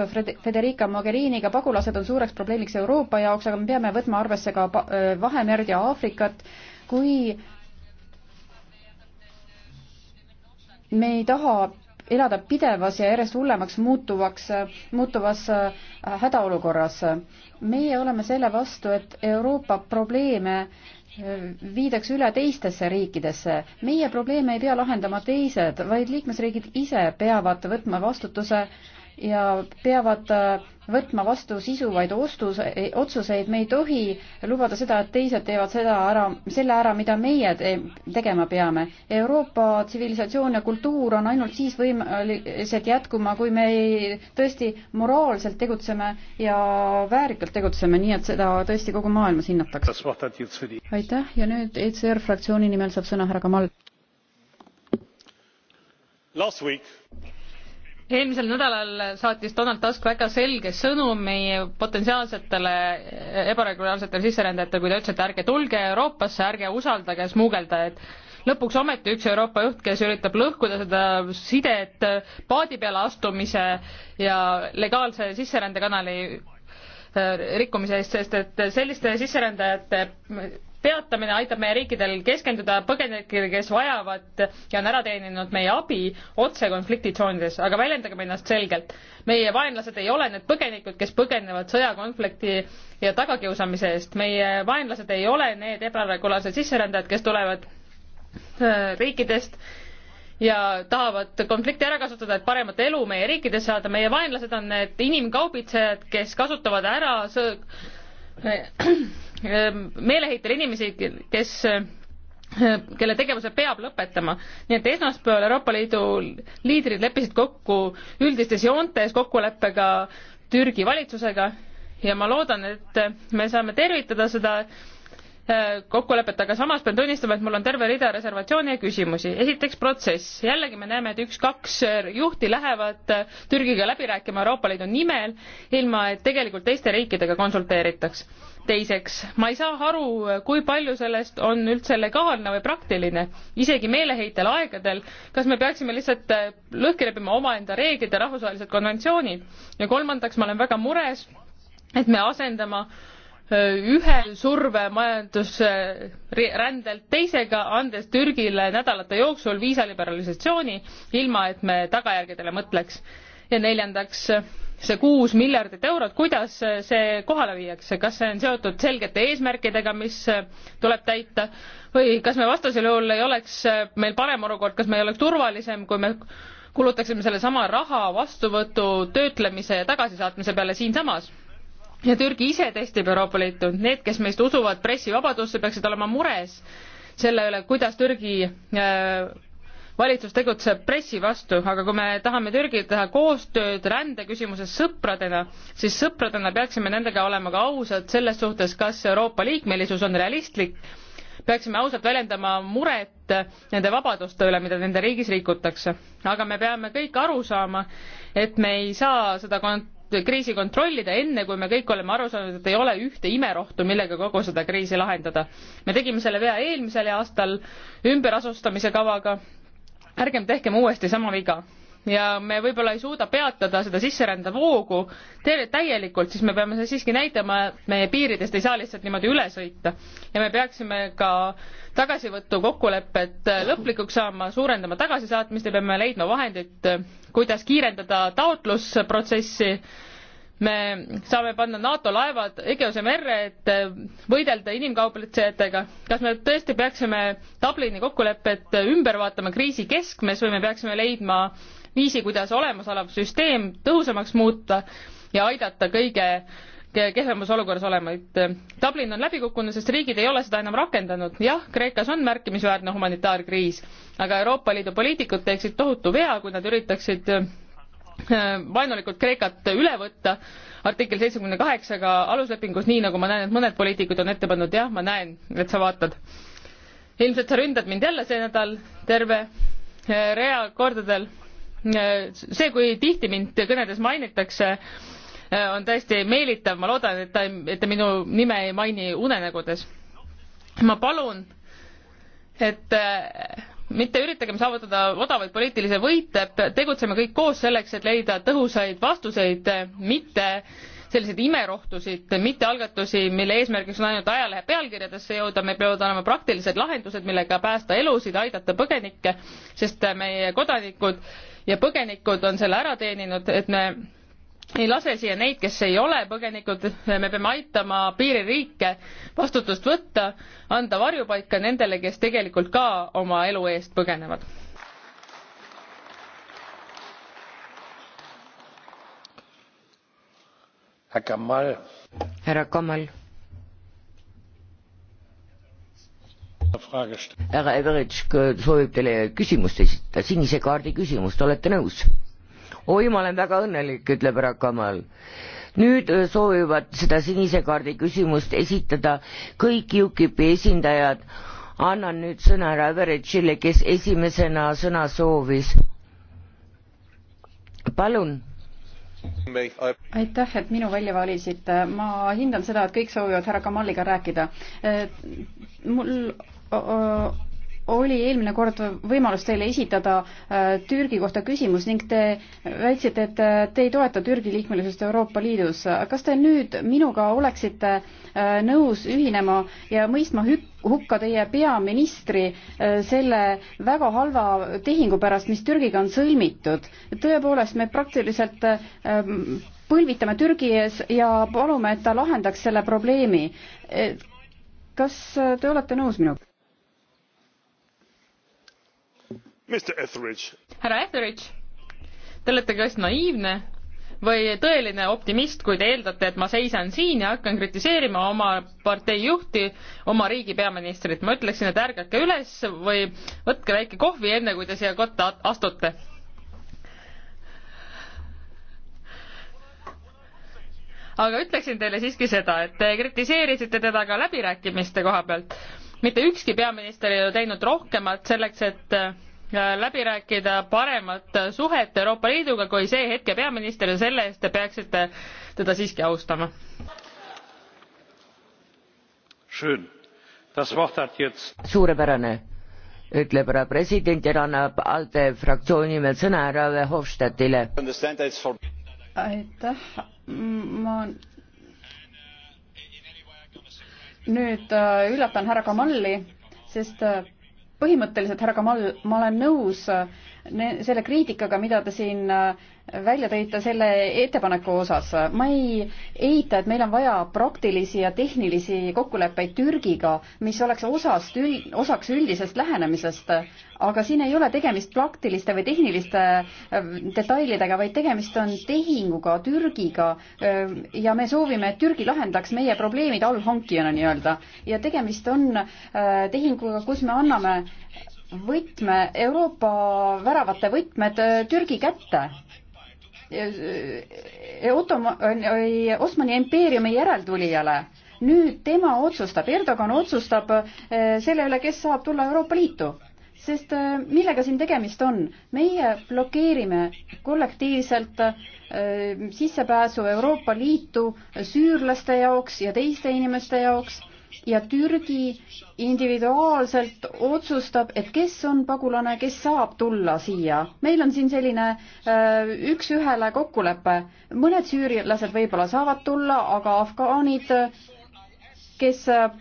Federica Mogheriniga, pagulased on suureks probleemiks Euroopa jaoks, aga me peame võtma arvesse ka äh, Vahemerd ja Aafrikat, kui me ei taha elada pidevas ja järjest hullemaks muutuvaks, muutuvas äh, hädaolukorras. meie oleme selle vastu, et Euroopa probleeme äh, viidaks üle teistesse riikidesse. meie probleeme ei pea lahendama teised, vaid liikmesriigid ise peavad võtma vastutuse ja peavad äh, võtma vastu sisuvaid ostus, otsuseid, me ei tohi lubada seda, et teised teevad seda ära, selle ära, mida meie te tegema peame. Euroopa tsivilisatsioon ja kultuur on ainult siis võimelised jätkuma, kui me tõesti moraalselt tegutseme ja väärikalt tegutseme, nii et seda tõesti kogu maailmas hinnatakse. aitäh ja nüüd ECR fraktsiooni nimel saab sõna härra Kamal.
Last week
eelmisel nädalal saatis Donald Tusk väga selge sõnumi potentsiaalsetele ebaregulaarsetele sisserändajatele, kui ta ütles, et ärge tulge Euroopasse, ärge usaldage smuugeldajaid. lõpuks ometi üks Euroopa juht, kes üritab lõhkuda seda sidet paadi peale astumise ja legaalse sisserändekanali äh, rikkumise eest, sest et selliste sisserändajate peatamine aitab meie riikidel keskenduda põgenikele, kes vajavad ja on ära teeninud meie abi otse konfliktitsoonides, aga väljendagem ennast selgelt. meie vaenlased ei ole need põgenikud, kes põgenevad sõjakonflikti ja tagakiusamise eest, meie vaenlased ei ole need ebaregulaarsed sisserändajad, kes tulevad äh, riikidest ja tahavad konflikti ära kasutada, et paremat elu meie riikides saada. meie vaenlased on need inimkaubitsejad, kes kasutavad ära sõ- äh, Ehm, meeleheitel inimesi, kes ehm, kelle tegevuse peab lõpetama. nii et esmaspäeval Euroopa Liidu liidrid leppisid kokku üldistes joontes kokkuleppega Türgi valitsusega ja ma loodan, et me saame tervitada seda Äh, kokkulepet, aga samas pean tunnistama, et mul on terve rida reservatsioone ja küsimusi. esiteks protsess, jällegi me näeme, et üks-kaks äh, juhti lähevad äh, Türgiga läbi rääkima Euroopa Liidu nimel, ilma et tegelikult teiste riikidega konsulteeritaks. teiseks, ma ei saa aru, kui palju sellest on üldse legaalne või praktiline, isegi meeleheitel aegadel, kas me peaksime lihtsalt lõhki leppima omaenda reeglid ja rahvusvahelised konventsioonid. ja kolmandaks, ma olen väga mures, et me asendama äh, ühel survemajanduse rändelt teisega, andes Türgile nädalate jooksul viisaliberalisatsiooni, ilma et me tagajärgedele mõtleks. ja neljandaks, see kuus miljardit eurot, kuidas see kohale viiakse, kas see on seotud selgete eesmärkidega, mis tuleb täita või kas me vastasel juhul ei oleks meil parem olukord, kas me ei oleks turvalisem, kui me kulutaksime sellesama raha vastuvõtu, töötlemise ja tagasisaatmise peale siinsamas ja Türgi ise testib Euroopa Liitu. Need, kes meist usuvad pressivabadusse, peaksid olema mures selle üle, kuidas Türgi äh, valitsus tegutseb pressi vastu, aga kui me tahame Türgiga teha koostööd rändeküsimuses sõpradena, siis sõpradena peaksime nendega olema ka ausad selles suhtes, kas Euroopa liikmelisus on realistlik. peaksime ausalt väljendama muret nende vabaduste üle, mida nende riigis rikutakse. aga me peame kõik aru saama, et me ei saa seda kont-, kriisi kontrollida, enne kui me kõik oleme aru saanud, et ei ole ühte imerohtu, millega kogu seda kriisi lahendada. me tegime selle vea eelmisel aastal ümberasustamise kavaga, ärgem tehkem uuesti sama viga ja me võib-olla ei suuda peatada seda sisserändevoogu täielikult, siis me peame seda siiski näitama, et meie piiridest ei saa lihtsalt niimoodi üle sõita. ja me peaksime ka tagasivõtu kokkulepet lõplikuks saama, suurendama tagasisaatmist ja peame leidma vahendid, kuidas kiirendada taotlusprotsessi, me saame panna NATO laevad Egeuse merre, et võidelda inimkaubitsejatega. kas me tõesti peaksime Dublini kokkulepet ümber vaatama kriisi keskmes või me peaksime leidma äh, viisi, kuidas olemasolev süsteem tõhusamaks muuta ja aidata kõige kehvemas olukorras olema, et Dublin on läbi kukkunud, sest riigid ei ole seda enam rakendanud. jah, Kreekas on märkimisväärne humanitaarkriis, aga Euroopa Liidu poliitikud teeksid tohutu vea, kui nad üritaksid äh, vaenulikult Kreekat üle võtta artikkel seitsmekümne kaheksaga aluslepingus, nii nagu ma näen, et mõned poliitikud on ette pannud, jah, ma näen, et sa vaatad. ilmselt sa ründad mind jälle see nädal terve äh, rea kordadel see, kui tihti mind kõnedes mainitakse, on täiesti meelitav, ma loodan, et ta, et ta minu nime ei maini unenägudes. ma palun, et äh, mitte üritagem saavutada odavaid poliitilisi võite, tegutseme kõik koos selleks, et leida tõhusaid vastuseid, mitte selliseid imerohtusid, mitte algatusi, mille eesmärgiks on ainult ajalehe pealkirjadesse jõuda, meil peavad olema praktilised lahendused, millega päästa elusid, aidata põgenikke, sest meie kodanikud ja põgenikud on selle ära teeninud, et me ei lase siia neid, kes ei ole põgenikud, me peame aitama piiririike vastutust võtta, anda varjupaika nendele, kes tegelikult ka oma elu eest põgenevad.
härra Kamal. härra Kamal härra
Everidž soovib teile küsimust esitada, sinise kaardi küsimust, olete nõus? oi, ma olen väga õnnelik, ütleb härra Kamal. nüüd äh, soovivad seda sinise kaardi küsimust esitada kõik UKIP-i esindajad. annan nüüd sõna härra Everidžile, kes esimesena sõna soovis. palun
aitäh, et minu välja valisite. ma hindan seda, et kõik soovivad härra Kamaliga rääkida. Äh, mul oli eelmine kord võimalus teile esitada äh, Türgi kohta küsimus ning te väitsite, et äh, te ei toeta Türgi liikmelisust Euroopa Liidus. kas te nüüd minuga oleksite äh, nõus ühinema ja mõistma hukka teie peaministri selle väga halva tehingu pärast, mis Türgiga on sõlmitud? tõepoolest, me praktiliselt põlvitame Türgi ees ja palume, et ta lahendaks selle probleemi. kas te olete nõus minuga?
härra Etheridge, te olete kas naiivne või tõeline optimist, kui te eeldate, et ma seisan siin ja hakkan kritiseerima oma partei juhti, oma riigi peaministrit. ma ütleksin, et ärgake üles või võtke väike kohvi, enne kui te siia kotta astute. aga ütleksin teile siiski seda, et te kritiseerisite teda ka läbirääkimiste koha pealt. mitte ükski peaminister ei ole teinud rohkemat selleks, et läbi rääkida paremat suhet Euroopa Liiduga kui see hetke peaminister ja selle eest te peaksite teda siiski austama.
suurepärane, ütleb härra president ja annab ALDE fraktsiooni nimel sõna härra Verhofstadtile.
aitäh, ma nüüd äh, üllatan härra Kamalli, sest äh, põhimõtteliselt, härra Kamal, ma olen nõus selle kriitikaga, mida te siin äh, välja tõite selle ettepaneku osas. ma ei eita, et meil on vaja praktilisi ja tehnilisi kokkuleppeid Türgiga, mis oleks osast, osaks üldisest lähenemisest, aga siin ei ole tegemist praktiliste või tehniliste äh, detailidega, vaid tegemist on tehinguga Türgiga äh, ja me soovime, et Türgi lahendaks meie probleemid allhankijana nii-öelda. ja tegemist on tehinguga, kus me anname võtme, Euroopa väravate võtmed äh, Türgi kätte. Äh, äh, Otoma-, Osmani impeeriumi järeltulijale. nüüd tema otsustab, Erdogan otsustab selle üle, kes saab tulla Euroopa Liitu. sest millega siin tegemist on? meie blokeerime kollektiivselt sissepääsu Euroopa Liitu süürlaste jaoks ja teiste inimeste jaoks ja Türgi individuaalselt otsustab, et kes on pagulane, kes saab tulla siia. meil on siin selline äh, üks-ühele kokkulepe, mõned süürilased võib-olla saavad tulla, aga afgaanid, kes äh,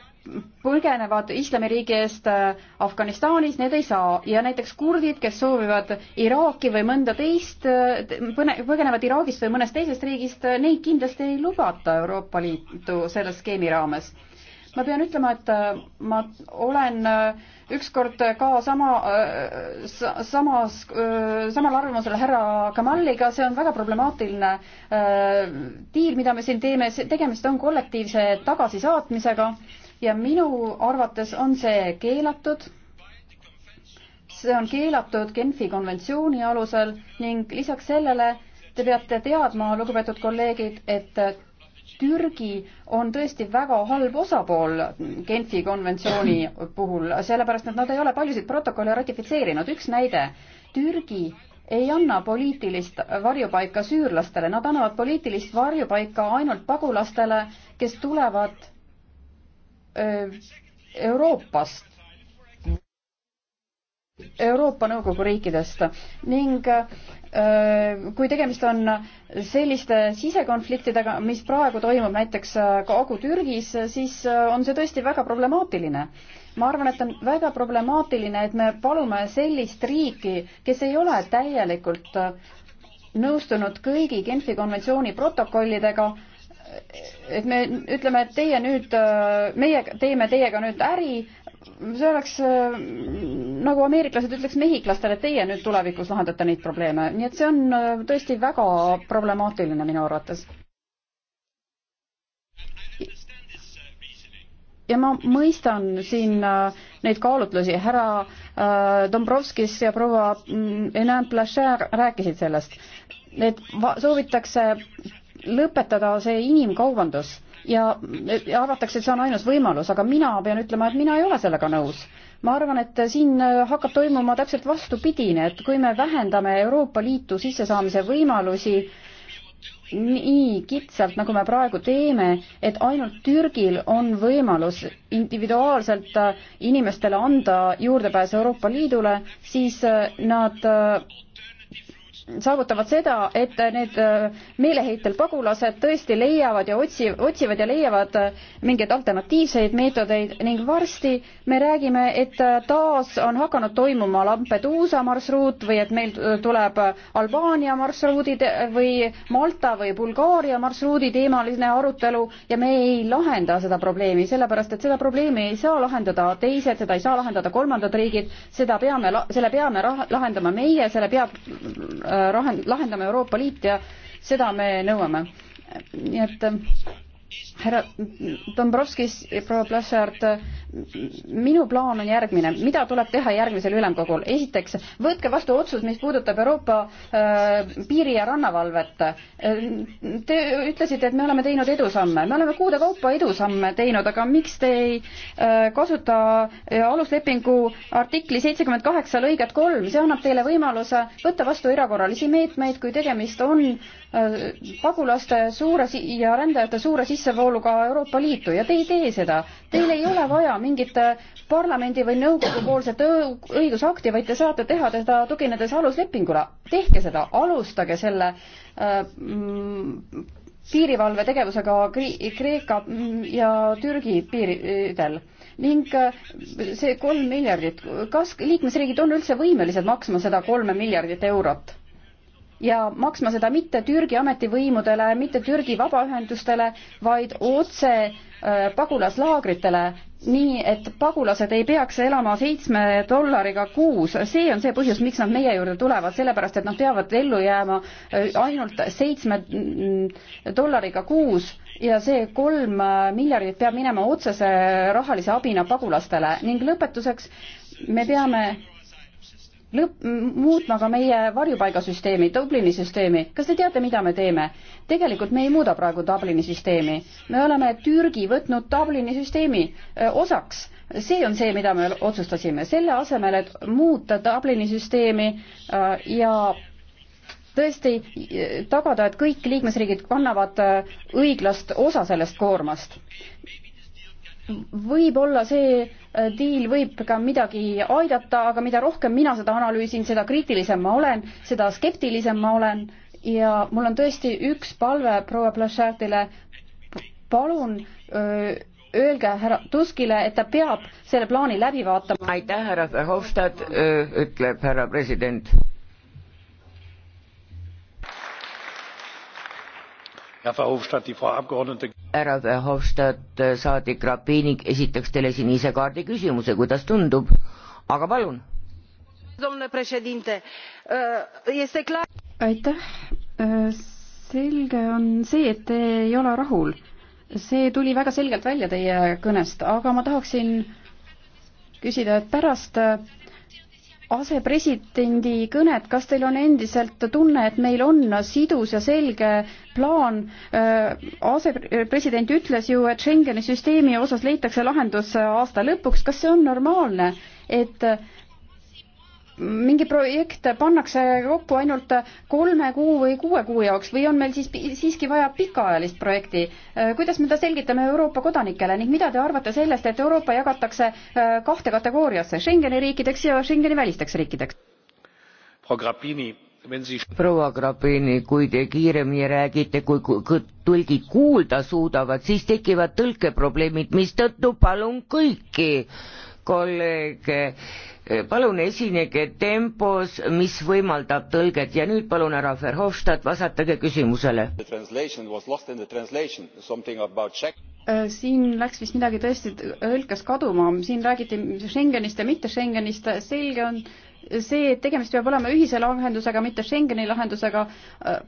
põgenevad islamiriigi eest äh, Afganistanis, need ei saa ja näiteks kurdid, kes soovivad Iraaki või mõnda teist, põgenevad Iraagist või mõnest teisest riigist, neid kindlasti ei lubata Euroopa Liitu selle skeemi raames ma pean ütlema, et äh, ma olen äh, ükskord ka sama, äh, samas, samal arvamusel härra Kamaliga, see on väga problemaatiline diil, mida me siin teeme, tegemist on kollektiivse tagasisaatmisega ja minu arvates on see keelatud see on keelatud Genfi konventsiooni alusel ning lisaks sellele te peate teadma, lugupeetud kolleegid, et Türgi on tõesti väga halb osapool Genfi konventsiooni puhul, sellepärast et nad ei ole paljusid protokolle ratifitseerinud. üks näide, Türgi ei anna poliitilist varjupaika süürlastele, nad annavad poliitilist varjupaika ainult pagulastele, kes tulevad öö, Euroopast, Euroopa Nõukogu riikidest ning öö, Äh, kui tegemist on selliste sisekonfliktidega, mis praegu toimub näiteks äh, Kagu-Türgis, siis äh, on see tõesti väga problemaatiline. ma arvan, et on väga problemaatiline, et me palume sellist riiki, kes ei ole täielikult nõustunud kõigi Genfi konventsiooni protokollidega, et me ütleme, et teie nüüd, meie teeme teiega nüüd äri, see oleks äh, nagu ameeriklased ütleks mehhiklastele, teie nüüd tulevikus lahendate neid probleeme, nii et see on äh, tõesti väga problemaatiline minu arvates. ja ma mõistan siin äh, neid kaalutlusi, härra Dombrovskis ja proua mm, Enam Blachard rääkisid sellest, et soovitakse lõpetada see inimkaubandus ja, ja arvatakse, et see on ainus võimalus, aga mina pean ütlema, et mina ei ole sellega nõus. ma arvan, et siin äh, hakkab toimuma täpselt vastupidine, et kui me vähendame Euroopa Liitu sissesaamise võimalusi nii kitsalt, nagu me praegu teeme, et ainult Türgil on võimalus individuaalselt äh, inimestele anda juurdepääs Euroopa Liidule, siis äh, nad saavutavad seda, et need äh, meeleheitel pagulased tõesti leiavad ja otsi-, otsivad ja leiavad äh, mingeid alternatiivseid meetodeid ning varsti me räägime, et äh, taas on hakanud toimuma Lampeduusa marsruut või et meil tuleb Albaania marsruudid või Malta või Bulgaaria marsruudi teemaline arutelu ja me ei lahenda seda probleemi, sellepärast et seda probleemi ei saa lahendada teised, seda ei saa lahendada kolmandad riigid, seda peame, selle peame lahendama meie, selle peab rahend-, lahendama Euroopa Liit ja seda me nõuame. nii et äh, härra Dombrovskis ja proua Plassard minu plaan on järgmine, mida tuleb teha järgmisel ülemkogul. esiteks, võtke vastu otsus, mis puudutab Euroopa äh, piiri- ja rannavalvet. Äh, te ütlesite, et me oleme teinud edusamme. me oleme kuude kaupa edusamme teinud, aga miks te ei äh, kasuta äh, aluslepingu artikli seitsekümmend kaheksa lõiget kolm, see annab teile võimaluse võtta vastu erakorralisi meetmeid, kui tegemist on äh, pagulaste suure ja rändajate suure sissevooluga Euroopa Liitu ja te ei tee seda. Teil ei ole vaja mingit äh, parlamendi või nõukogu poolset õigusakti, vaid te saate teha seda tuginedes aluslepingule. tehke seda, alustage selle äh, mm, piirivalve tegevusega Kreeka mm, ja Türgi piiridel ning äh, see kolm miljardit, kas liikmesriigid on üldse võimelised maksma seda kolme miljardit eurot? ja maksma seda mitte Türgi ametivõimudele, mitte Türgi vabaühendustele, vaid otse äh, pagulaslaagritele, nii, et pagulased ei peaks elama seitsme dollariga kuus, see on see põhjus, miks nad meie juurde tulevad, sellepärast et nad peavad ellu jääma äh, ainult seitsme mm, dollariga kuus ja see kolm äh, miljardit peab minema otsese rahalise abina pagulastele ning lõpetuseks me peame lõpp, muutma ka meie varjupaigasüsteemi, Dublini süsteemi. kas te teate, mida me teeme? tegelikult me ei muuda praegu Dublini süsteemi. me oleme Türgi võtnud Dublini süsteemi osaks. see on see, mida me otsustasime. selle asemel, et muuta Dublini süsteemi ja tõesti tagada, et kõik liikmesriigid kannavad õiglast osa sellest koormast võib-olla see äh, diil võib ka midagi aidata, aga mida rohkem mina seda analüüsin, seda kriitilisem ma olen, seda skeptilisem ma olen ja mul on tõesti üks palve proua Blachertile. palun öö, äh, öelge härra Tuskile, et ta peab selle plaani läbi vaatama.
aitäh, härra Verhofstadt, äh, ütleb härra president härra Verhofstadt, äh, saadik Rapinik esitaks teile sinise kaardi küsimuse, kuidas tundub, aga palun.
Äh, aitäh, äh, selge on see, et te ei ole rahul. see tuli väga selgelt välja teie kõnest, aga ma tahaksin küsida, et pärast asepresidendi kõnet, kas teil on endiselt tunne, et meil on sidus ja selge plaan? Äh, asepresident ütles ju, et Schengeni süsteemi osas leitakse lahendus aasta lõpuks, kas see on normaalne, et äh, mingi projekt pannakse kokku ainult kolme kuu või kuue kuu jaoks või on meil siis siiski vaja pikaajalist projekti? kuidas me seda selgitame Euroopa kodanikele ning mida te arvate sellest, et Euroopa jagatakse äh, kahte kategooriasse, Schengeni riikideks ja Schengeni välisteks
riikideks? proua Grabini, kui te kiiremini räägite, kui tõlgid kuulda suudavad, siis tekivad tõlkeprobleemid, mistõttu palun kõiki kolleege palun esinege tempos, mis võimaldab tõlget ja nüüd palun härra Verhofstadt, vastatage küsimusele.
Äh,
siin läks vist midagi tõesti tõlkes kaduma, siin räägiti Schengenist ja mitte Schengenist, selge on see, et tegemist peab olema ühise lahendusega, mitte Schengeni lahendusega äh,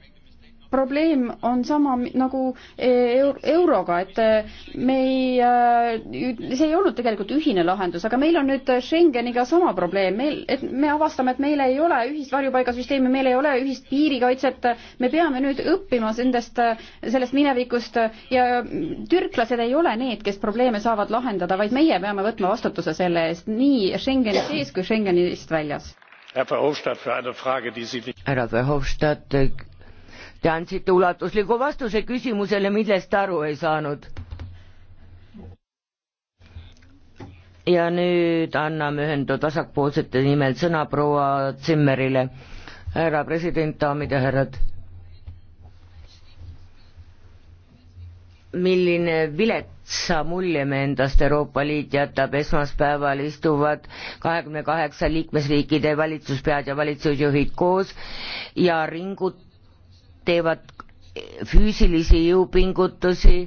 probleem on sama nagu e-, eur, euroga, et äh, me ei, äh, see ei olnud tegelikult ühine lahendus, aga meil on nüüd Schengeniga sama probleem, meil, et me avastame, et meil ei ole ühist varjupaigasüsteemi, meil ei ole ühist piirikaitset, me peame nüüd õppima nendest, sellest minevikust ja türklased ei ole need, kes probleeme saavad lahendada, vaid meie peame võtma vastutuse selle eest nii Schengeni sees kui Schengenist väljas.
härra Verhofstadt, Te andsite ulatusliku vastuse küsimusele, millest aru ei saanud. ja nüüd anname ühenda tasakpoolsete nimel sõna proua Zimmerile. härra president, daamid ja härrad. milline viletsa mulje me endast Euroopa Liit jätab, esmaspäeval istuvad kahekümne kaheksa liikmesriikide valitsuspead ja valitsusjuhid koos ja ringut-, teevad füüsilisi jõupingutusi,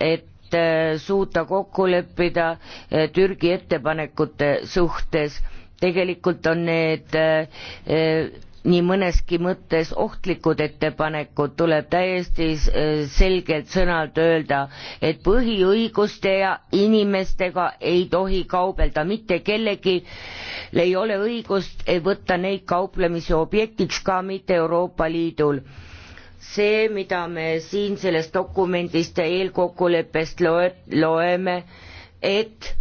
et äh, suuta kokku leppida äh, Türgi ettepanekute suhtes. tegelikult on need äh, nii mõneski mõttes ohtlikud ettepanekud, tuleb täiesti äh, selgelt sõnalt öelda, et põhiõiguste ja inimestega ei tohi kaubelda, mitte kellelgi ei ole õigust võtta neid kauplemise objektiks, ka mitte Euroopa Liidul see, mida me siin sellest dokumendist ja eelkokkuleppest loe-, loeme, et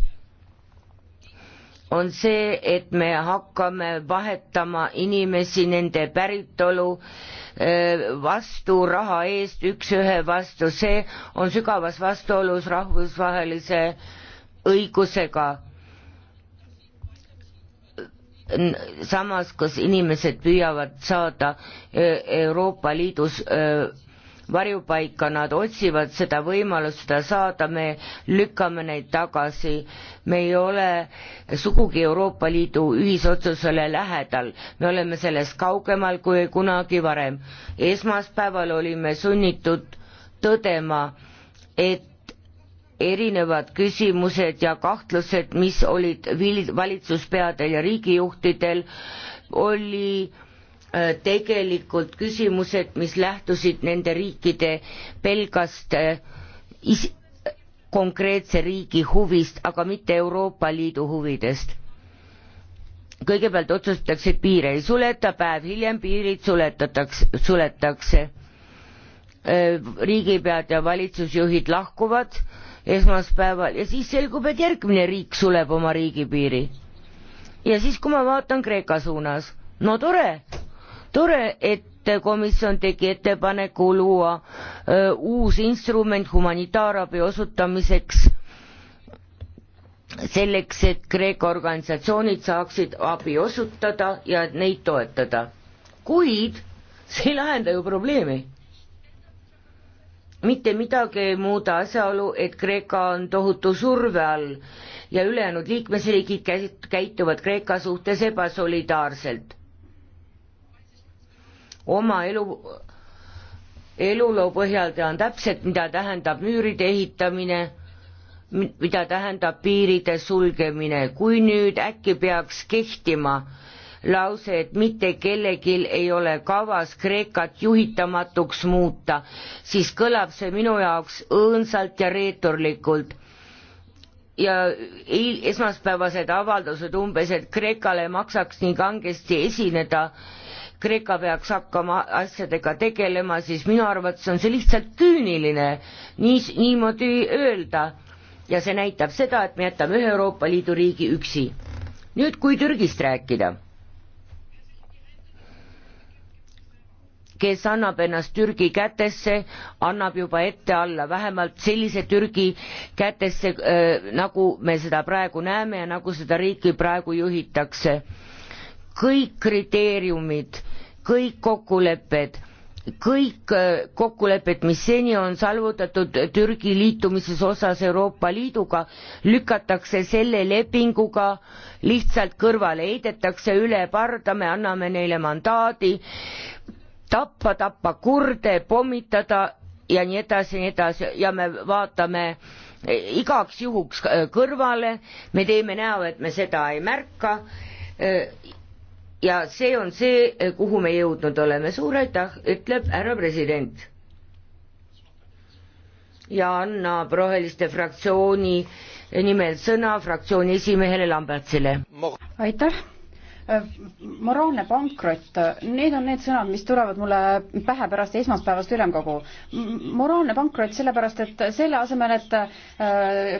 on see, et me hakkame vahetama inimesi nende päritolu vastu raha eest üks-ühe vastu, see on sügavas vastuolus rahvusvahelise õigusega. samas, kus inimesed püüavad saada Euroopa Liidus varjupaika, nad otsivad seda võimalust seda saada, me lükkame neid tagasi. me ei ole sugugi Euroopa Liidu ühisotsusele lähedal, me oleme sellest kaugemal kui kunagi varem. esmaspäeval olime sunnitud tõdema, et erinevad küsimused ja kahtlused, mis olid valitsuspeadel ja riigijuhtidel, oli Äh, tegelikult küsimused, mis lähtusid nende riikide pelgast äh, is-, konkreetse riigi huvist, aga mitte Euroopa Liidu huvidest. kõigepealt otsustatakse, et piire ei suleta, päev hiljem piirid suletatakse, suletakse. Äh, riigipead ja valitsusjuhid lahkuvad esmaspäeval ja siis selgub, et järgmine riik suleb oma riigipiiri. ja siis, kui ma vaatan Kreeka suunas, no tore, tore, et komisjon tegi ettepaneku luua öö, uus instrument humanitaarabi osutamiseks, selleks, et Kreeka organisatsioonid saaksid abi osutada ja et neid toetada. kuid see ei lahenda ju probleemi mitte midagi ei muuda asjaolu, et Kreeka on tohutu surve all ja ülejäänud liikmesriigid käituvad Kreeka suhtes ebasolidaarselt oma elu, eluloo põhjal tean täpselt, mida tähendab müüride ehitamine, mida tähendab piiride sulgemine, kui nüüd äkki peaks kehtima lause, et mitte kellelgi ei ole kavas Kreekat juhitamatuks muuta, siis kõlab see minu jaoks õõnsalt ja reeturlikult. ja esmaspäevased avaldused umbes, et Kreekale maksaks nii kangesti esineda Kreeka peaks hakkama asjadega tegelema, siis minu arvates on see lihtsalt küüniline nii, niimoodi öelda. ja see näitab seda, et me jätame ühe Euroopa Liidu riigi üksi. nüüd, kui Türgist rääkida, kes annab ennast Türgi kätesse, annab juba ette alla vähemalt sellise Türgi kätesse, äh, nagu me seda praegu näeme ja nagu seda riiki praegu juhitakse kõik kriteeriumid, kõik kokkulepped, kõik äh, kokkulepped, mis seni on salvutatud Türgi liitumises osas Euroopa Liiduga, lükatakse selle lepinguga lihtsalt kõrvale, heidetakse üle parda, me anname neile mandaadi tappa, tappa kurde, pommitada ja nii edasi ja nii edasi ja me vaatame e, igaks juhuks äh, kõrvale, me teeme näo, et me seda ei märka äh, ja see on see, kuhu me jõudnud oleme, suur aitäh, ütleb härra president. ja annab Roheliste fraktsiooni nimel sõna fraktsiooni esimehele Lambertsile. aitäh
moraalne pankrot, need on need sõnad, mis tulevad mulle pähe pärast esmaspäevast ülemkogu. moraalne pankrot sellepärast, et selle asemel, et äh,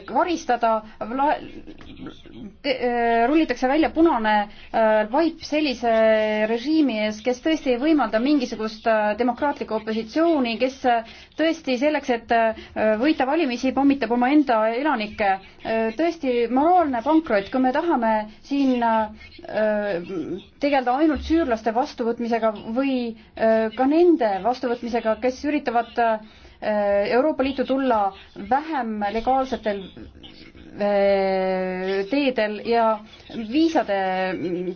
karistada, äh, rullitakse välja punane äh, vaip sellise režiimi ees, kes tõesti ei võimalda mingisugust demokraatlikku opositsiooni, kes tõesti selleks, et võita valimisi, pommitab omaenda elanikke. tõesti moraalne pankrot, kui me tahame siin tegeleda ainult süürlaste vastuvõtmisega või äh, ka nende vastuvõtmisega, kes üritavad äh, Euroopa Liitu tulla vähem legaalsetel äh, teedel ja viisade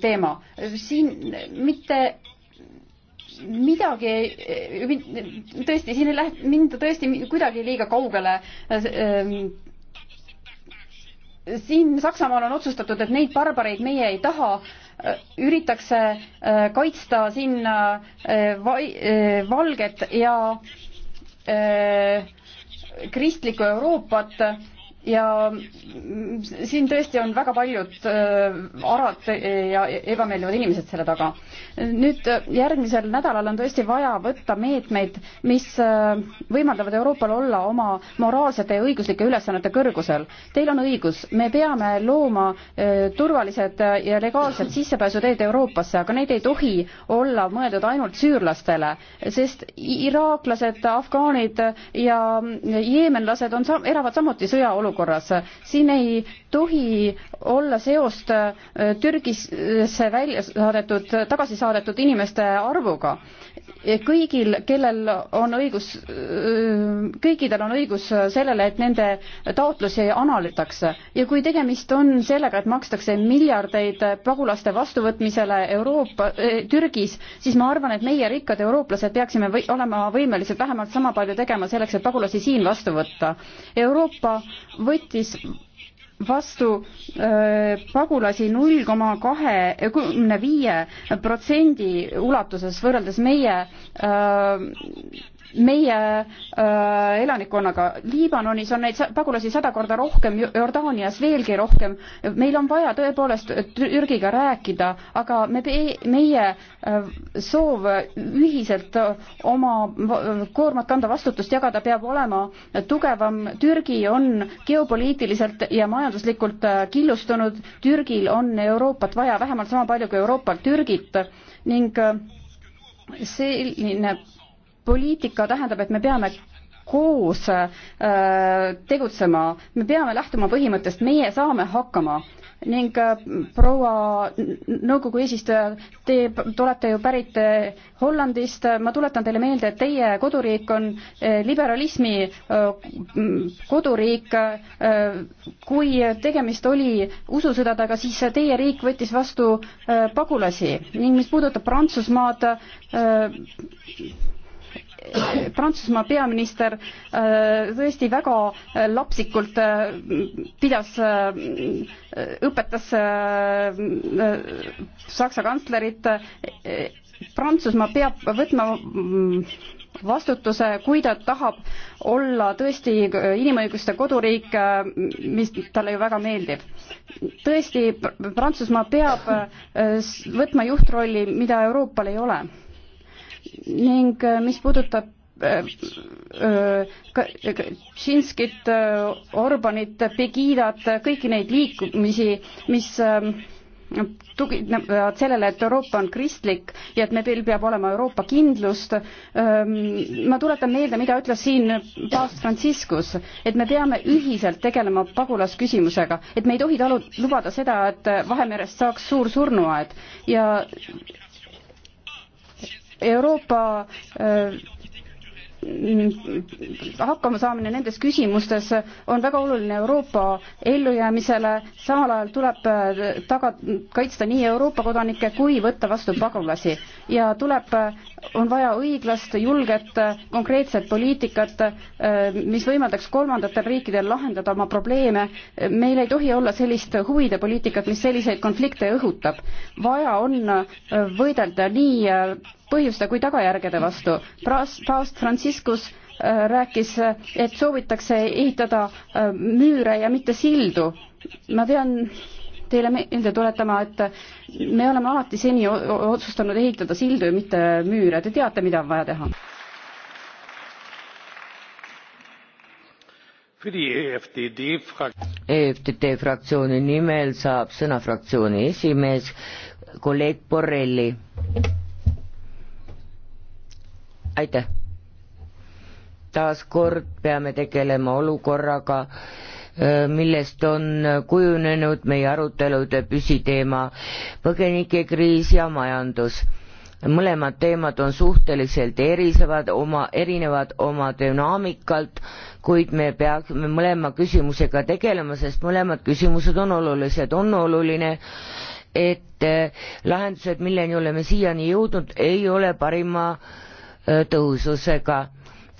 teema. siin mitte midagi ei, tõesti, siin ei lähe, mind tõesti kuidagi liiga kaugele. siin Saksamaal on otsustatud, et neid barbareid meie ei taha, üritakse äh, kaitsta siin äh, äh, valget ja kristlikku Euroopat ja siin tõesti on väga paljud äh, arad ja ebameeldivad inimesed selle taga. nüüd äh, järgmisel nädalal on tõesti vaja võtta meetmeid, mis äh, võimaldavad Euroopal olla oma moraalsete ja õiguslike ülesannete kõrgusel. Teil on õigus, me peame looma turvalised ja legaalsed sissepääsuteed Euroopasse, aga need ei tohi olla mõeldud ainult süürlastele, sest iraaklased, afgaanid ja jeemenlased on, elavad samuti sõjaolukorras olukorras. siin ei tohi olla seost äh, Türgisse välja saadetud, tagasi saadetud inimeste arvuga kõigil, kellel on õigus, kõikidel on õigus sellele, et nende taotlusi analüütakse ja kui tegemist on sellega, et makstakse miljardeid pagulaste vastuvõtmisele Euroopa eh,, Türgis, siis ma arvan, et meie rikkad eurooplased peaksime või, olema võimelised vähemalt sama palju tegema selleks, et pagulasi siin vastu võtta. Euroopa võttis vastu pagulasi null koma kahe, kümne viie protsendi ulatuses võrreldes meie meie äh, elanikkonnaga. Liibanonis on neid pagulasi sada korda rohkem, Jordaanias veelgi rohkem. meil on vaja tõepoolest Türgiga rääkida, aga me, meie äh, soov ühiselt äh, oma äh, koormat kanda, vastutust jagada peab olema tugevam. Türgi on geopoliitiliselt ja majanduslikult äh, killustunud. Türgil on Euroopat vaja vähemalt sama palju kui Euroopal Türgit ning selline poliitika tähendab, et me peame koos äh, tegutsema, me peame lähtuma põhimõttest, meie saame hakkama ning äh, proua nõukogu eesistuja, te olete ju pärit äh, Hollandist, ma tuletan teile meelde, et teie koduriik on äh, liberalismi äh, koduriik äh,. kui tegemist oli ususõdadega, siis teie riik võttis vastu äh, pagulasi ning mis puudutab Prantsusmaad äh,, Prantsusmaa peaminister äh, tõesti väga äh, lapsikult äh, pidas, õpetas Saksa kantslerit. Prantsusmaa peab võtma mm, vastutuse, kui ta tahab olla tõesti inimõiguste koduriik, mis talle ju väga meeldib. tõesti, Prantsusmaa peab võtma juhtrolli, mida Euroopal ei ole ning äh, mis puudutab äh, äh, Kaczynskit, Orbanit, Pegidat, kõiki neid liikumisi, mis ähm, tuginevad sellele, et Euroopa on kristlik ja et meil peab olema Euroopa kindlust. Ähm, ma tuletan meelde, mida ütles siin paavst Franciscus, et me peame ühiselt tegelema pagulasküsimusega, et me ei tohi talu-, lubada seda, et Vahemerest saaks suur surnuaed ja Euroopa äh, hakkamasaamine nendes küsimustes on väga oluline Euroopa ellujäämisele, samal ajal tuleb äh, taga, kaitsta nii Euroopa kodanikke kui võtta vastu pagulasi ja tuleb, äh, on vaja õiglast, julget, konkreetset poliitikat, mis võimaldaks kolmandatel riikidel lahendada oma probleeme. meil ei tohi olla sellist huvide poliitikat, mis selliseid konflikte õhutab. vaja on võidelda nii põhjuste kui tagajärgede vastu. paavst Franciscus äh, rääkis, äh, et soovitakse ehitada äh, müüre ja mitte sildu. ma pean teile meelde tuletama, et me oleme alati seni otsustanud ehitada sildu ja mitte müüre, te teate, mida on vaja teha.
EFTD
e e fraktsiooni nimel saab sõna fraktsiooni esimees kolleeg Borrelli aitäh! taas kord peame tegelema olukorraga, millest on kujunenud meie arutelude püsiteema põgenikekriis ja majandus. mõlemad teemad on suhteliselt erisevad oma, erinevad oma dünaamikalt, kuid me peaksime mõlema küsimusega tegelema, sest mõlemad küsimused on olulised, on oluline et äh, lahendused, milleni oleme siiani jõudnud, ei ole parima äh, tõhususega.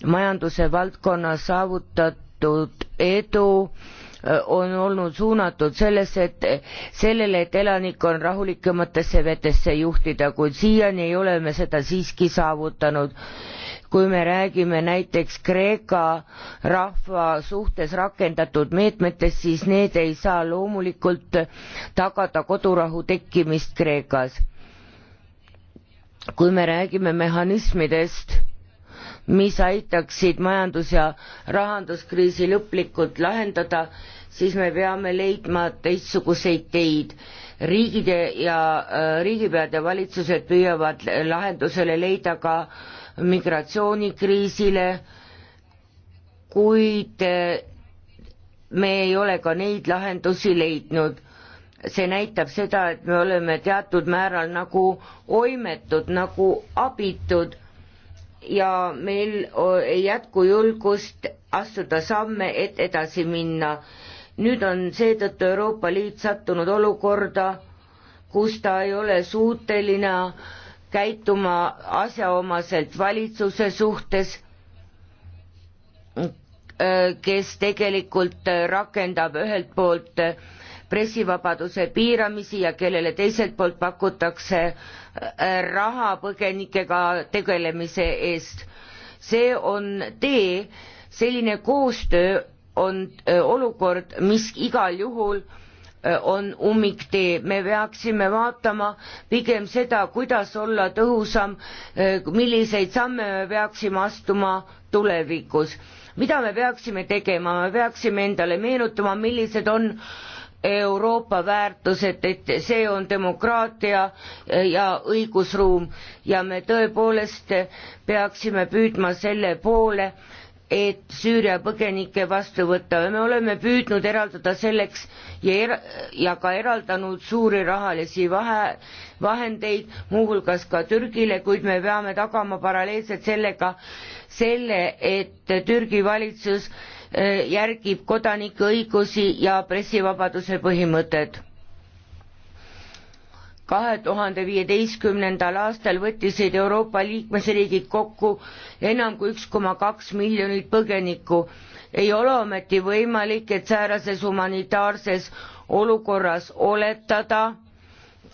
majanduse valdkonnas saavutatud edu äh, on olnud suunatud sellesse, et sellele, et elanik on rahulikematesse vetesse juhtida, kuid siiani ei ole me seda siiski saavutanud. kui me räägime näiteks Kreeka rahva suhtes rakendatud meetmetest, siis need ei saa loomulikult tagada kodurahu tekkimist Kreekas kui me räägime mehhanismidest, mis aitaksid majandus- ja rahanduskriisi lõplikult lahendada, siis me peame leidma teistsuguseid teid. riigid ja äh, riigipead ja valitsused püüavad lahendusele leida ka migratsioonikriisile, kuid äh, me ei ole ka neid lahendusi leidnud see näitab seda, et me oleme teatud määral nagu oimetud, nagu abitud ja meil ei jätku julgust astuda samme, et edasi minna. nüüd on seetõttu Euroopa Liit sattunud olukorda, kus ta ei ole suuteline käituma asjaomaselt valitsuse suhtes, kes tegelikult rakendab ühelt poolt äh, pressivabaduse piiramisi ja kellele teiselt poolt pakutakse äh, raha põgenikega tegelemise eest. see on tee, selline koostöö on äh, olukord, mis igal juhul äh, on ummiktee, me peaksime vaatama pigem seda, kuidas olla tõhusam, milliseid samme me peaksime astuma tulevikus. mida me peaksime tegema, me peaksime endale meenutama, millised on Euroopa väärtused, et see on demokraatia ja õigusruum ja me tõepoolest peaksime püüdma selle poole, et Süüria põgenikke vastu võtta ja me oleme püüdnud eraldada selleks ja, er ja ka eraldanud suuri rahalisi vahe, vahendeid, muuhulgas ka Türgile, kuid me peame tagama paralleelselt sellega selle, et Türgi valitsus äh, järgib kodanike õigusi ja pressivabaduse põhimõtet. kahe tuhande viieteistkümnendal aastal võttisid Euroopa liikmesriigid kokku enam kui üks koma kaks miljonit põgenikku. ei ole ometi võimalik, et säärases humanitaarses olukorras oletada,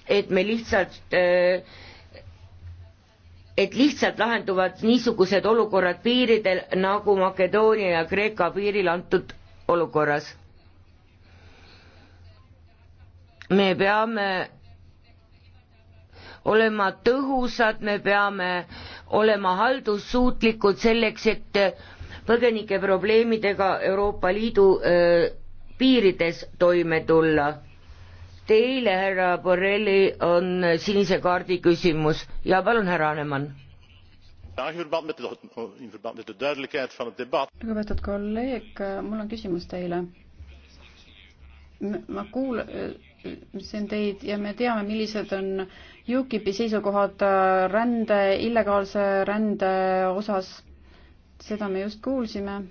et me lihtsalt äh, et lihtsalt lahenduvad niisugused olukorrad piiridel, nagu Makedoonia ja Kreeka piiril antud olukorras. me peame olema tõhusad, me peame olema haldussuutlikud selleks, et põgenike probleemidega Euroopa Liidu öö, äh, piirides toime tulla Teile, härra Borrelli, on sinise kaardi küsimus ja palun, härra Anemann.
lugupeetud kolleeg, mul on küsimus teile. ma kuul-, see on teid ja me teame, millised on UKIP-i seisukohad rände, illegaalse rände osas. seda me just kuulsime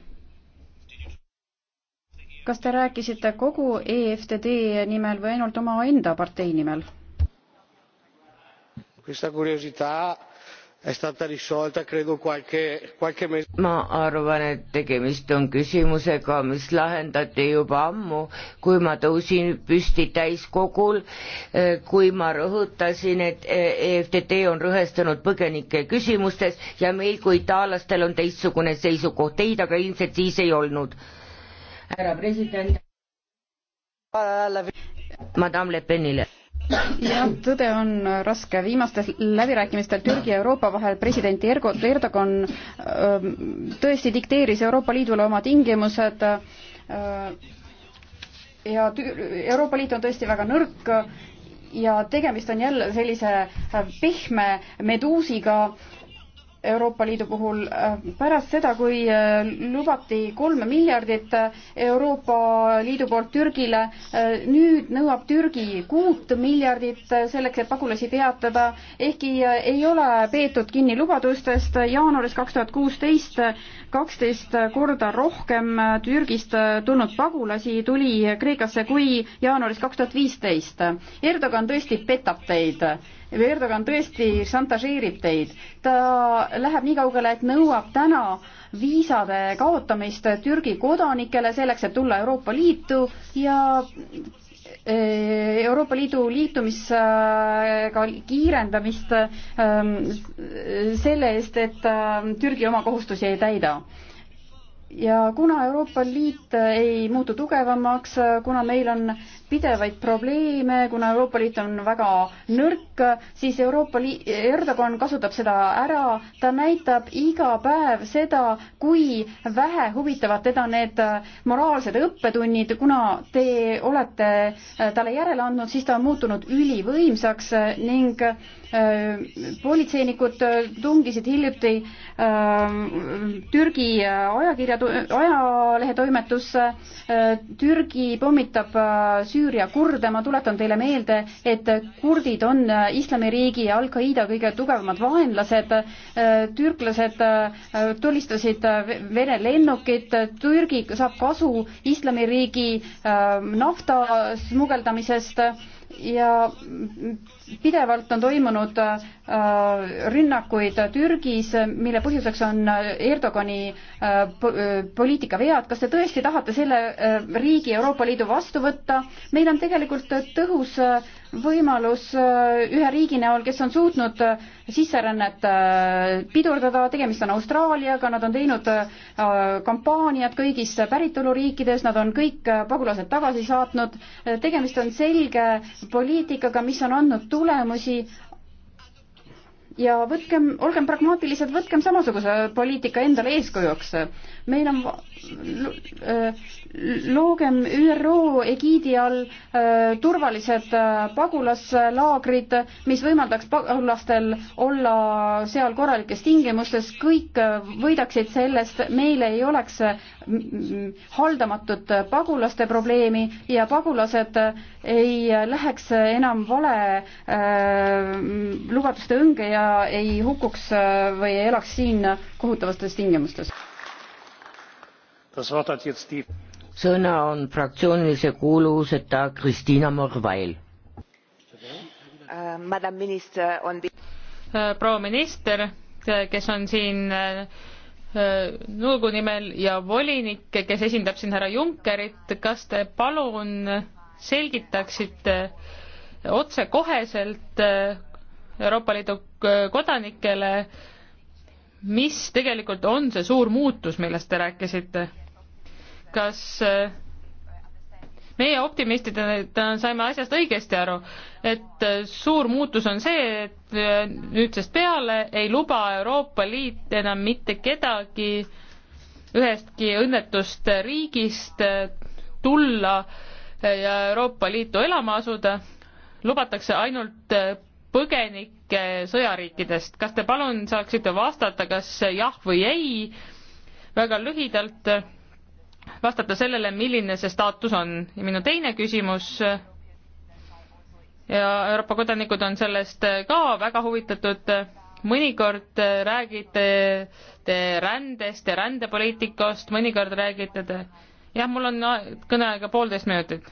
kas te rääkisite kogu EFTD nimel või ainult omaenda partei nimel?
ma arvan, et tegemist on küsimusega, mis lahendati juba ammu, kui ma tõusin püsti täiskogul, eh, kui ma rõhutasin, et EFTD eh, e on rõhestanud põgenike küsimustes ja meil kui itaallastel on teistsugune seisukoht, teid aga ilmselt siis ei olnud härra president. Madame Le Penile
jah, tõde on raske. viimastel läbirääkimistel Türgi ja Euroopa vahel president Erdogan ähm, tõesti dikteeris Euroopa Liidule oma tingimused äh, ja Euroopa Liit on tõesti väga nõrk ja tegemist on jälle sellise äh, pehme meduusiga, Euroopa Liidu puhul äh, pärast seda, kui äh, lubati kolme miljardit äh, Euroopa Liidu poolt Türgile. nüüd nõuab Türgi kuut miljardit selleks, et pagulasi peatada, ehkki ei ole peetud kinni lubadustest. jaanuaris kaks tuhat kuusteist kaksteist korda rohkem Türgist tulnud pagulasi tuli Kreekasse kui jaanuaris kaks tuhat viisteist. Erdogan tõesti petab teid Erdogan tõesti šantažeerib teid. ta läheb nii kaugele, et nõuab täna viisade kaotamist Türgi kodanikele selleks, et tulla Euroopa Liitu ja e, Euroopa Liidu liitumisega kiirendamist ähm, selle eest, et ähm, Türgi oma kohustusi ei täida. ja kuna Euroopa Liit ei muutu tugevamaks, kuna meil on pidevaid probleeme, kuna Euroopa Liit on väga nõrk, siis Euroopa Liit, Erdogan kasutab seda ära, ta näitab iga päev seda, kui vähe huvitavad teda need moraalsed õppetunnid, kuna te olete äh, talle järele andnud, siis ta on muutunud ülivõimsaks äh, ning äh, politseinikud tungisid hiljuti Türgi ajakirja, ajalehe toimetusse, Türgi pommitab Süüria kurde, ma tuletan teile meelde, et kurdid on äh, Islamiriigi ja Al-Qaeda kõige tugevamad vaenlased, äh, türklased äh, tulistasid Vene lennukit, Türgi saab kasu Islamiriigi nafta smugeldamisest ja pidevalt on toimunud äh, rünnakuid Türgis, mille põhjuseks on Erdogani äh, äh, poliitikavead. kas te tõesti tahate selle riigi Euroopa Liidu vastu võtta? meil on tegelikult tõhus võimalus äh, ühe riigi näol, kes on suutnud äh, sisserännet äh, pidurdada, tegemist on Austraaliaga, nad on teinud kampaaniad kõigis päritoluriikides, nad on kõik pagulased tagasi saatnud, tegemist on selge poliitikaga, mis on andnud tulemusi, ja võtkem, olgem pragmaatilised, võtkem samasuguse poliitika endale eeskujuks. meil on, äh, loogem ÜRO egiidi all äh, turvalised äh, pagulaslaagrid, mis võimaldaks pagulastel olla seal korralikes tingimustes, kõik võidaksid sellest, meil ei oleks haldamatut pagulaste probleemi ja pagulased ei läheks enam vale äh, lubaduste õnge ja ei hukuks äh, või elaks siin kohutavates tingimustes.
sõna on fraktsioonilise kuuluvuseta Kristina Morvail. Äh,
proua minister, kes on siin nõukogu nimel ja volinik, kes esindab siin härra Junckerit, kas te palun selgitaksite otsekoheselt äh, Euroopa Liidu äh, kodanikele, mis tegelikult on see suur muutus, millest te rääkisite? kas äh, meie optimistidena saime asjast õigesti aru, et äh, suur muutus on see, et äh, nüüdsest peale ei luba Euroopa Liit enam mitte kedagi ühestki õnnetust riigist äh, tulla ja Euroopa Liitu elama asuda, lubatakse ainult põgenikke sõjariikidest. kas te palun saaksite vastata, kas jah või ei? väga lühidalt vastata sellele, milline see staatus on. ja minu teine küsimus ja Euroopa kodanikud on sellest ka väga huvitatud. mõnikord räägite te rändest ja rändepoliitikast, mõnikord räägite te, jah, mul on kõneaega poolteist minutit.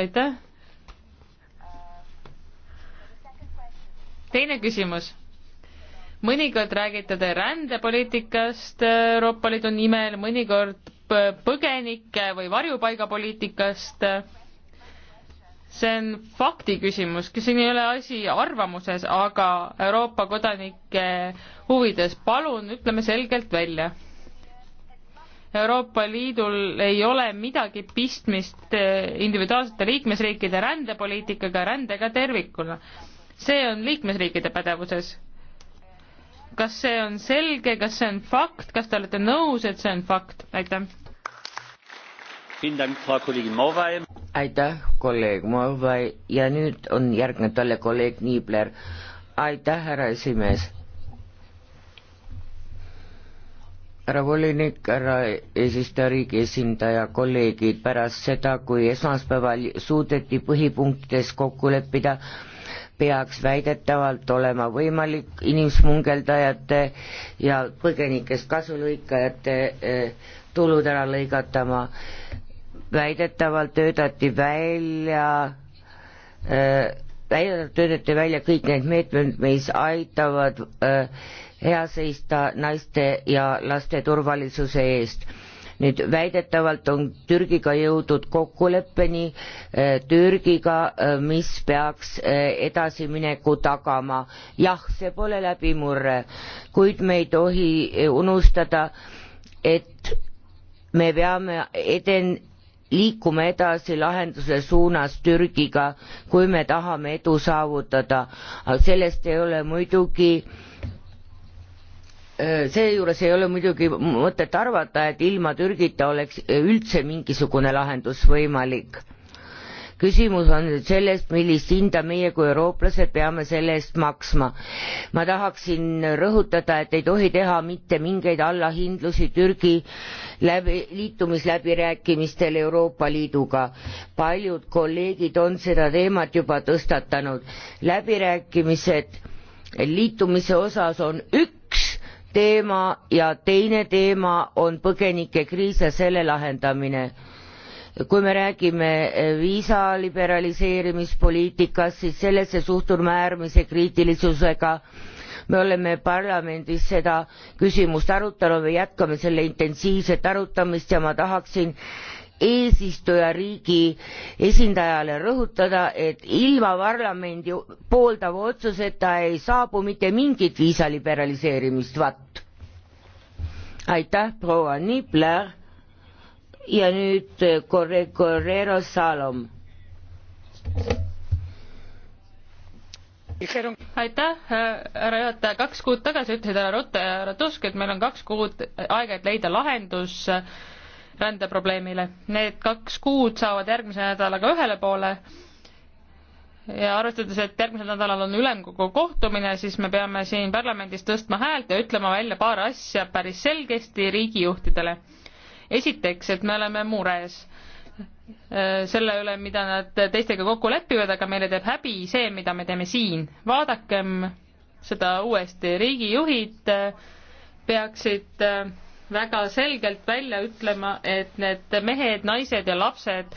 aitäh. teine küsimus mõnikord räägite te rändepoliitikast Euroopa Liidu nimel, mõnikord põgenike või varjupaigapoliitikast. see on fakti küsimus, siin ei ole asi arvamuses, aga Euroopa kodanike huvides, palun ütleme selgelt välja. Euroopa Liidul ei ole midagi pistmist eh, individuaalsete liikmesriikide rändepoliitikaga, rändega tervikuna. see on liikmesriikide pädevuses kas see on selge, kas see on fakt, kas te olete nõus, et see on fakt? aitäh.
aitäh, kolleeg Morvai ja nüüd on järgnev talle kolleeg Niibler. aitäh, härra esimees. härra volinik, härra eesistuja, riigi esindaja, kolleegid, pärast seda, kui esmaspäeval suudeti põhipunktides kokku leppida, peaks väidetavalt olema võimalik inimsmungeldajate ja põgenikest kasulõikajate eh, tulud ära lõigatama. väidetavalt töötati välja eh, väidetavalt töötati välja kõik need meetmed, mis aitavad eh, hea seista naiste ja laste turvalisuse eest nüüd väidetavalt on Türgiga jõudnud kokkuleppeni, eh, Türgiga, eh, mis peaks eh, edasimineku tagama. jah, see pole läbimurre, kuid me ei tohi unustada, et me peame eden-, liikuma edasi lahenduse suunas Türgiga, kui me tahame edu saavutada. sellest ei ole muidugi äh, seejuures ei ole muidugi mõtet arvata, et ilma Türgita oleks üldse mingisugune lahendus võimalik. küsimus on nüüd selles, millist hinda meie kui eurooplased peame selle eest maksma. ma tahaksin rõhutada, et ei tohi teha mitte mingeid allahindlusi Türgi läbi, liitumisläbirääkimistel Euroopa Liiduga. paljud kolleegid on seda teemat juba tõstatanud. läbirääkimised liitumise osas on üks teema ja teine teema on põgenikekriis ja selle lahendamine. kui me räägime eh, viisa liberaliseerimispoliitikast, siis sellesse suhtume äärmise kriitilisusega. me oleme parlamendis seda küsimust arutanud, me jätkame selle intensiivset arutamist ja ma tahaksin eesistujariigi esindajale rõhutada et ilma parlamendi pooldava otsuseta ei saabu mitte mingit viisa liberaliseerimist vat aitäh proua Nibler ja nüüd eh, Corre-, Correro Salom.
aitäh, härra juhataja, kaks kuud tagasi ütlesid härra Rutte ja härra Tusk, et meil on kaks kuud aega, et leida lahendus äh, rändeprobleemile. Need kaks kuud saavad järgmise nädalaga ühele poole ja arvestades, et järgmisel nädalal on ülemkogu kohtumine, siis me peame siin parlamendis tõstma häält ja ütlema välja paar asja päris selgesti riigijuhtidele. esiteks, et me oleme mures äh, selle üle, mida nad teistega kokku lepivad, aga meile teeb häbi see, mida me teeme siin. vaadakem seda uuesti, riigijuhid äh, peaksid äh, väga selgelt välja ütlema, et need mehed, naised ja lapsed,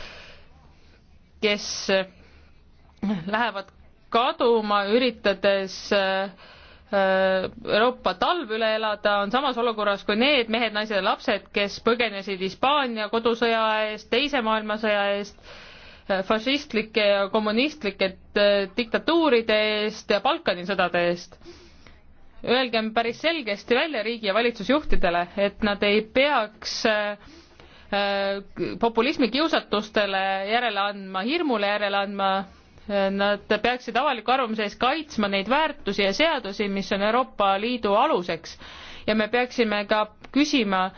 kes lähevad kaduma, üritades äh, Euroopa talv üle elada, on samas olukorras kui need mehed, naised ja lapsed, kes põgenesid Hispaania kodusõja eest, Teise maailmasõja eest, äh, fašistlike ja kommunistlike äh, diktatuuride eest ja Balkani sõdade eest öelgem päris selgesti välja riigi ja valitsusjuhtidele, et nad ei peaks äh, populismi kiusatustele järele andma, hirmule järele andma, nad peaksid avaliku arvamuse ees kaitsma neid väärtusi ja seadusi, mis on Euroopa Liidu aluseks. ja me peaksime ka küsima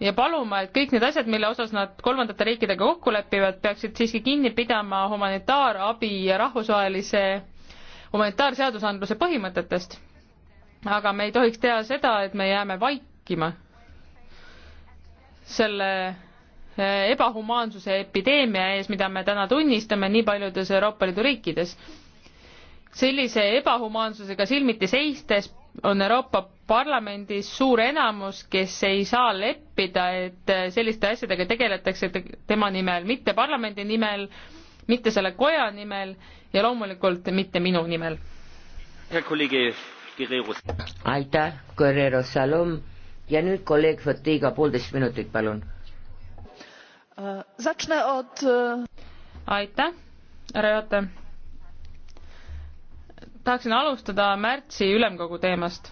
ja paluma, et kõik need asjad, mille osas nad kolmandate riikidega kokku lepivad, peaksid siiski kinni pidama humanitaarabi ja rahvusvahelise humanitaarseadusandluse põhimõtetest aga me ei tohiks teha seda, et me jääme vaikima selle eh, ebahumaansuse epideemia ees, mida me täna tunnistame nii paljudes Euroopa Liidu riikides. sellise ebahumaansusega silmiti seistes on Euroopa Parlamendis suur enamus, kes ei saa leppida, et eh, selliste asjadega tegeletakse tema nimel, mitte parlamendi nimel, mitte selle koja nimel ja loomulikult mitte minu nimel.
hea kolleeg
aitäh, Guerrero Salom ja nüüd kolleeg Fatiga poolteist minutit, palun.
Äh, e, aitäh, härra juhataja. tahaksin alustada märtsi ülemkogu teemast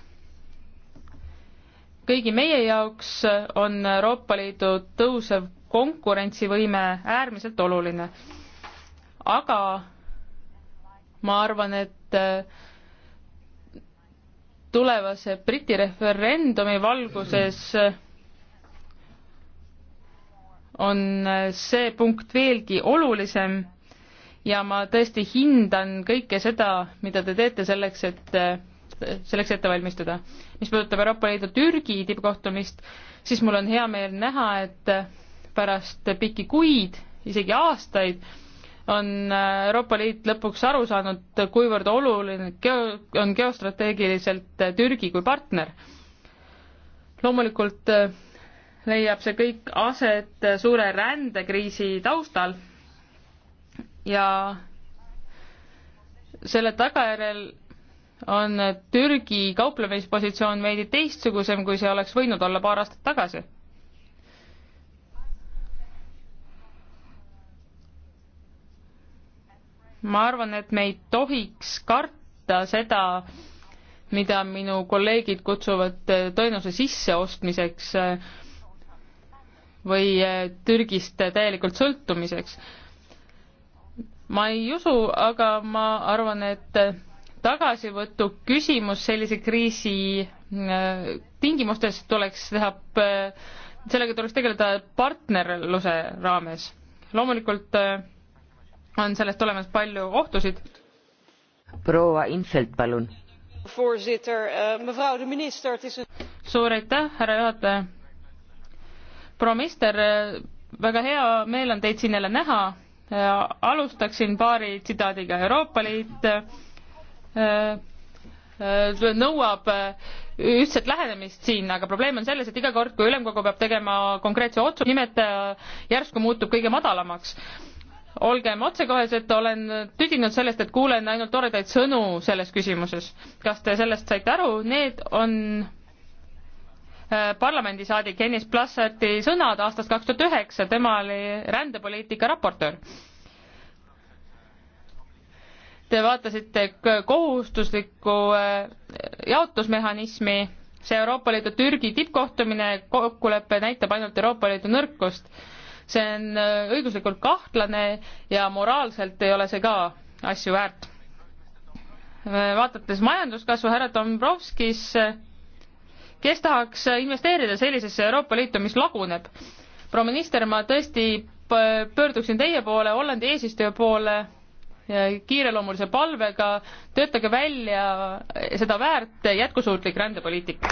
kõigi meie jaoks on Euroopa Liidu tõusev konkurentsivõime äärmiselt oluline. aga ma arvan, et tulevase Briti referendumi valguses on see punkt veelgi olulisem ja ma tõesti hindan kõike seda, mida te teete selleks, et selleks ette valmistuda. mis puudutab Euroopa Liidu Türgi tippkohtumist, siis mul on hea meel näha, et pärast pikki kuid, isegi aastaid, on äh, Euroopa Liit lõpuks aru saanud, kuivõrd oluline geo-, on geostrateegiliselt äh, Türgi kui partner. loomulikult äh, leiab see kõik aset suure rändekriisi taustal ja selle tagajärjel on Türgi kauplemispositsioon veidi teistsugusem, kui see oleks võinud olla paar aastat tagasi ma arvan, et me ei tohiks karta seda, mida minu kolleegid kutsuvad eh, teenuse sisseostmiseks eh, või eh, Türgist täielikult sõltumiseks. ma ei usu, aga ma arvan, et tagasivõtu küsimus sellise kriisi tingimustes tuleks teha, sellega tuleks tegeleda partnerluse raames. loomulikult on sellest tulemas palju
ohtusid. proua Infeld, palun.
Eh,
suur aitäh, härra juhataja. proua minister, eh, väga hea meel on teid siin jälle näha. Eh, alustaksin paari tsitaadiga. Euroopa Liit nõuab ühtset lähenemist siin, aga probleem on selles, et iga kord, kui ülemkogu peab tegema konkreetse otsuse, nimetaja järsku muutub kõige madalamaks olgem otsekohesed, olen tüdinud sellest, et kuulen ainult toredaid sõnu selles küsimuses. kas te sellest saite aru, need on äh, parlamendisaadik Hennis Plassati sõnad aastast kaks tuhat üheksa, tema oli rändepoliitika raportöör. Te vaatasite kohustuslikku äh, jaotusmehhanismi, see Euroopa Liidu Türgi tippkohtumine kokkulepe näitab ainult Euroopa Liidu nõrkust see on äh, õiguslikult kahtlane ja moraalselt ei ole see ka asju väärt. vaadates majanduskasvu, härra Dombrovskis, kes tahaks investeerida sellisesse Euroopa Liitu, mis laguneb? proua minister, ma tõesti pöörduksin teie poole, Hollandi eesistuja poole kiireloomulise palvega, töötage välja seda väärt jätkusuutlik
rändepoliitika.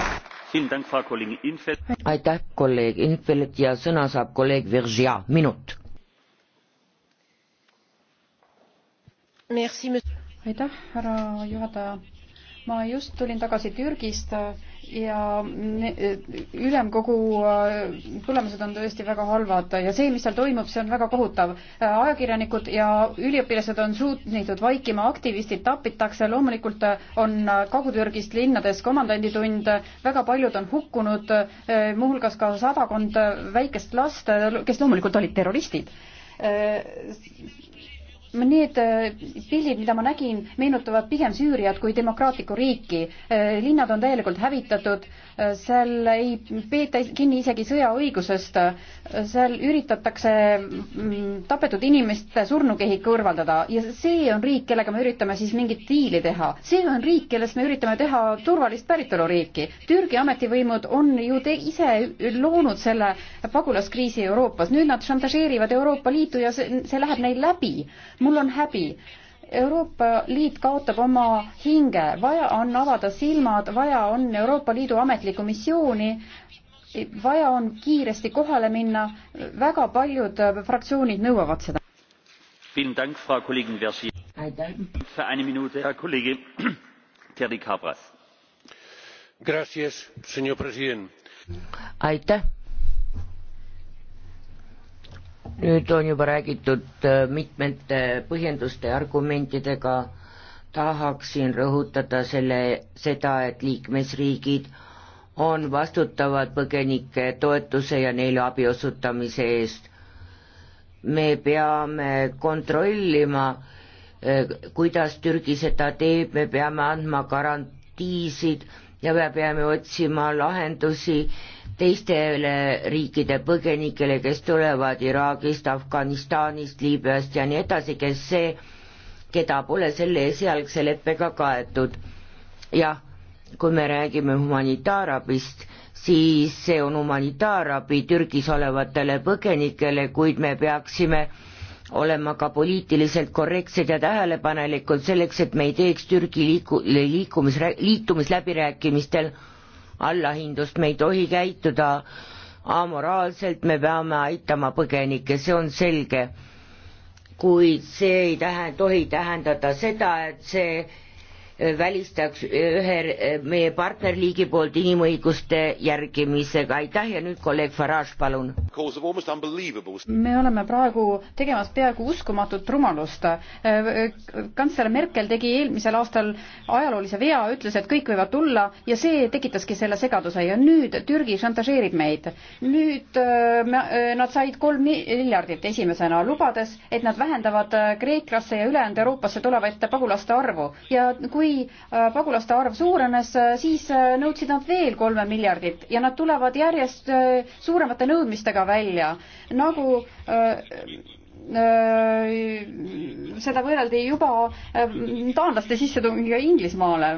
aitäh, kolleeg Infeld ja sõna saab kolleeg Veržia, minut.
aitäh, härra juhataja ma just tulin tagasi Türgist äh, ja ülemkogu äh, tulemused on tõesti väga halvad ja see, mis seal toimub, see on väga kohutav. Äh, ajakirjanikud ja üliõpilased on sunnitud vaikima, aktivistid tapitakse, loomulikult on Kagu-Türgist linnades komandanditund, väga paljud on hukkunud, muuhulgas ka sadakond väikest last, kes loomulikult olid terroristid Need äh, pildid, mida ma nägin, meenutavad pigem Süüriat kui demokraatlikku riiki. Äh, linnad on täielikult hävitatud seal ei peeta kinni isegi sõjaõigusest, seal üritatakse mm, tapetud inimeste surnukehi kõrvaldada ja see on riik, kellega me üritame siis mingit diili teha. see on riik, kellest me üritame teha turvalist päritoluriiki. Türgi ametivõimud on ju te ise loonud selle pagulaskriisi Euroopas, nüüd nad šantažeerivad Euroopa Liitu ja see, see läheb neil läbi. mul on häbi Euroopa Liit kaotab oma hinge, vaja on avada silmad, vaja on Euroopa Liidu ametlikku missiooni, vaja on kiiresti kohale minna, väga paljud fraktsioonid nõuavad seda.
aitäh. nüüd on juba räägitud äh, mitmete põhjenduste ja argumentidega, tahaksin rõhutada selle, seda, et liikmesriigid on vastutavad põgenike toetuse ja neile abi osutamise eest. me peame kontrollima, äh, kuidas Türgi seda teeb, me peame andma garantiisid ja me peame otsima lahendusi teistele riikide põgenikele, kes tulevad Iraagist, Afganistanist, Liibüast ja nii edasi, kes see, keda pole selle esialgse leppega kaetud. jah, kui me räägime humanitaarabist, siis see on humanitaarabi Türgis olevatele põgenikele, kuid me peaksime olema ka poliitiliselt korrektsed ja tähelepanelikud selleks, et me ei teeks Türgi liiku-, liikumis, liitumisläbirääkimistel allahindlust, me ei tohi käituda amoraalselt, me peame aitama põgenikke, see on selge. kuid see ei tähe-, tohi tähendada seda, et see välistaks ühe meie partnerliigi poolt inimõiguste järgimisega. aitäh ja nüüd kolleeg Farage, palun.
me oleme praegu tegemas peaaegu uskumatut rumalust. Äh, kantsler Merkel tegi eelmisel aastal ajaloolise vea, ütles, et kõik võivad tulla ja see tekitaski selle segaduse ja nüüd Türgi šantažeerib meid. nüüd äh, me, äh, nad said kolm miljardit esimesena, lubades, et nad vähendavad kreeklasse ja ülejäänud Euroopasse tulevate pagulaste arvu ja kui kui äh, pagulaste arv suurenes, äh, siis äh, nõudsid nad veel kolme miljardit ja nad tulevad järjest suuremate nõudmistega välja, nagu seda võrreldi juba taanlaste sissetungiga Inglismaale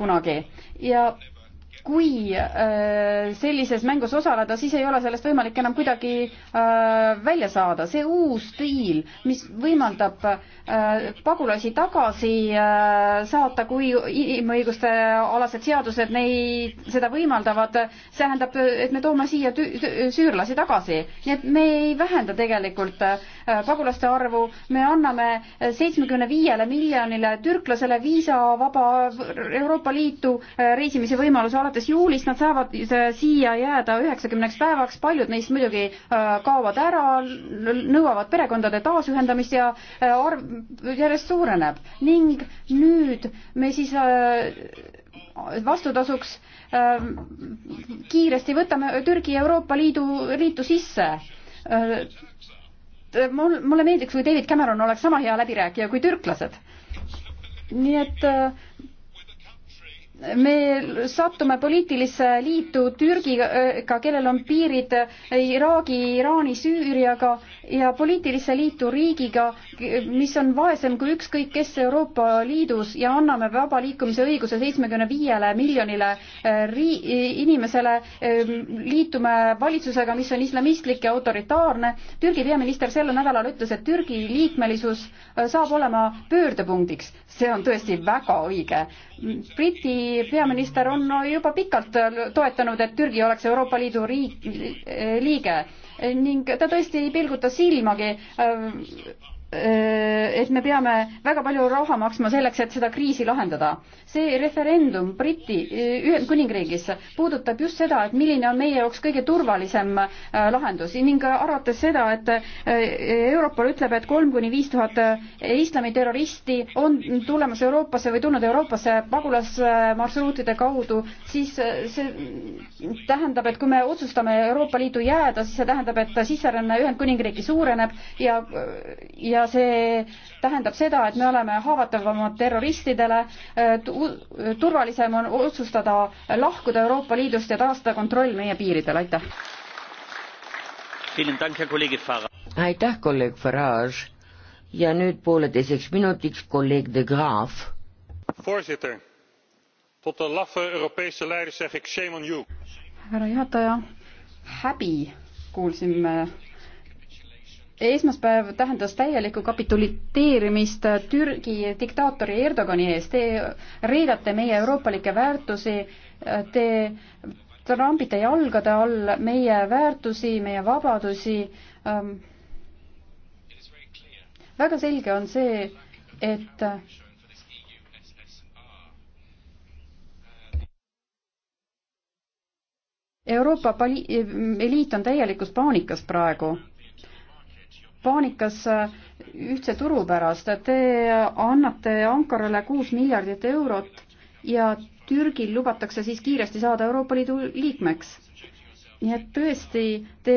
kunagi ja kui äh, sellises mängus osaleda, siis ei ole sellest võimalik enam kuidagi äh, välja saada. see uus stiil, mis võimaldab äh, pagulasi tagasi saata, kui inimõiguste alased seadused neid, seda võimaldavad, see tähendab, et me toome siia süürlasi tagasi. nii et me ei vähenda tegelikult pagulaste arvu, me anname seitsmekümne viiele miljonile türklasele viisavaba Euroopa Liitu reisimise võimaluse alates juulist nad saavad siia jääda üheksakümneks päevaks, paljud neist muidugi äh, kaovad ära, nõuavad perekondade taasühendamist ja äh, arv järjest suureneb ning nüüd me siis äh, vastutasuks kiiresti võtame Türgi Euroopa Liidu, liitu sisse mul, mulle meeldiks, kui David Cameron oleks sama hea läbirääkija kui türklased. nii et me sattume poliitilisse liitu Türgiga, kellel on piirid Iraagi, Iraani, Süüriaga ja poliitilisse liitu riigiga, mis on vaesem kui ükskõik kes Euroopa Liidus ja anname vaba liikumise õiguse seitsmekümne viiele miljonile eh, rii-, inimesele, eh, liitume valitsusega, mis on islamistlik ja autoritaarne. Türgi peaminister sel nädalal ütles, et Türgi liikmelisus eh, saab olema pöördepunktiks. see on tõesti väga õige. Briti Türgi peaminister on juba pikalt toetanud, et Türgi oleks Euroopa Liidu riik, liige ning ta tõesti ei pilguta silmagi äh, Äh, et me peame väga palju raha maksma selleks, et seda kriisi lahendada. see referendum Briti äh, Ühendkuningriigis puudutab just seda, et milline on meie jaoks kõige turvalisem äh, lahendus ning arvates seda, et Europol ütleb, et kolm kuni viis tuhat islamiterroristi on tulemas Euroopasse või tulnud Euroopasse pagulasmarsruutide kaudu, siis see tähendab, et kui me otsustame Euroopa Liidu jääda, siis see tähendab, et sisseränne Ühendkuningriiki suureneb ja, ja ja see tähendab seda, et me oleme haavatavamad terroristidele, äh, turvalisem on otsustada lahkuda Euroopa Liidust ja taastada kontroll meie piiridel, aitäh!
aitäh, kolleeg Farage! ja nüüd pooleteiseks minutiks
kolleeg De Graaf. voorzitter, tot de laffe Europese leiders
zeg ik shame on you.
härra juhataja, häbi kuulsime esmaspäev tähendas täielikku kapituliteerimist Türgi diktaatori Erdogani ees. Te reedate meie euroopalikke väärtusi, te trambite jalgade all meie väärtusi, meie vabadusi. Ähm, väga selge on see, et Euroopa eliit on täielikus paanikas praegu paanikas äh, ühtse turu pärast. Te annate Ankarale kuus miljardit eurot ja Türgil lubatakse siis kiiresti saada Euroopa Liidu liikmeks. nii et tõesti, te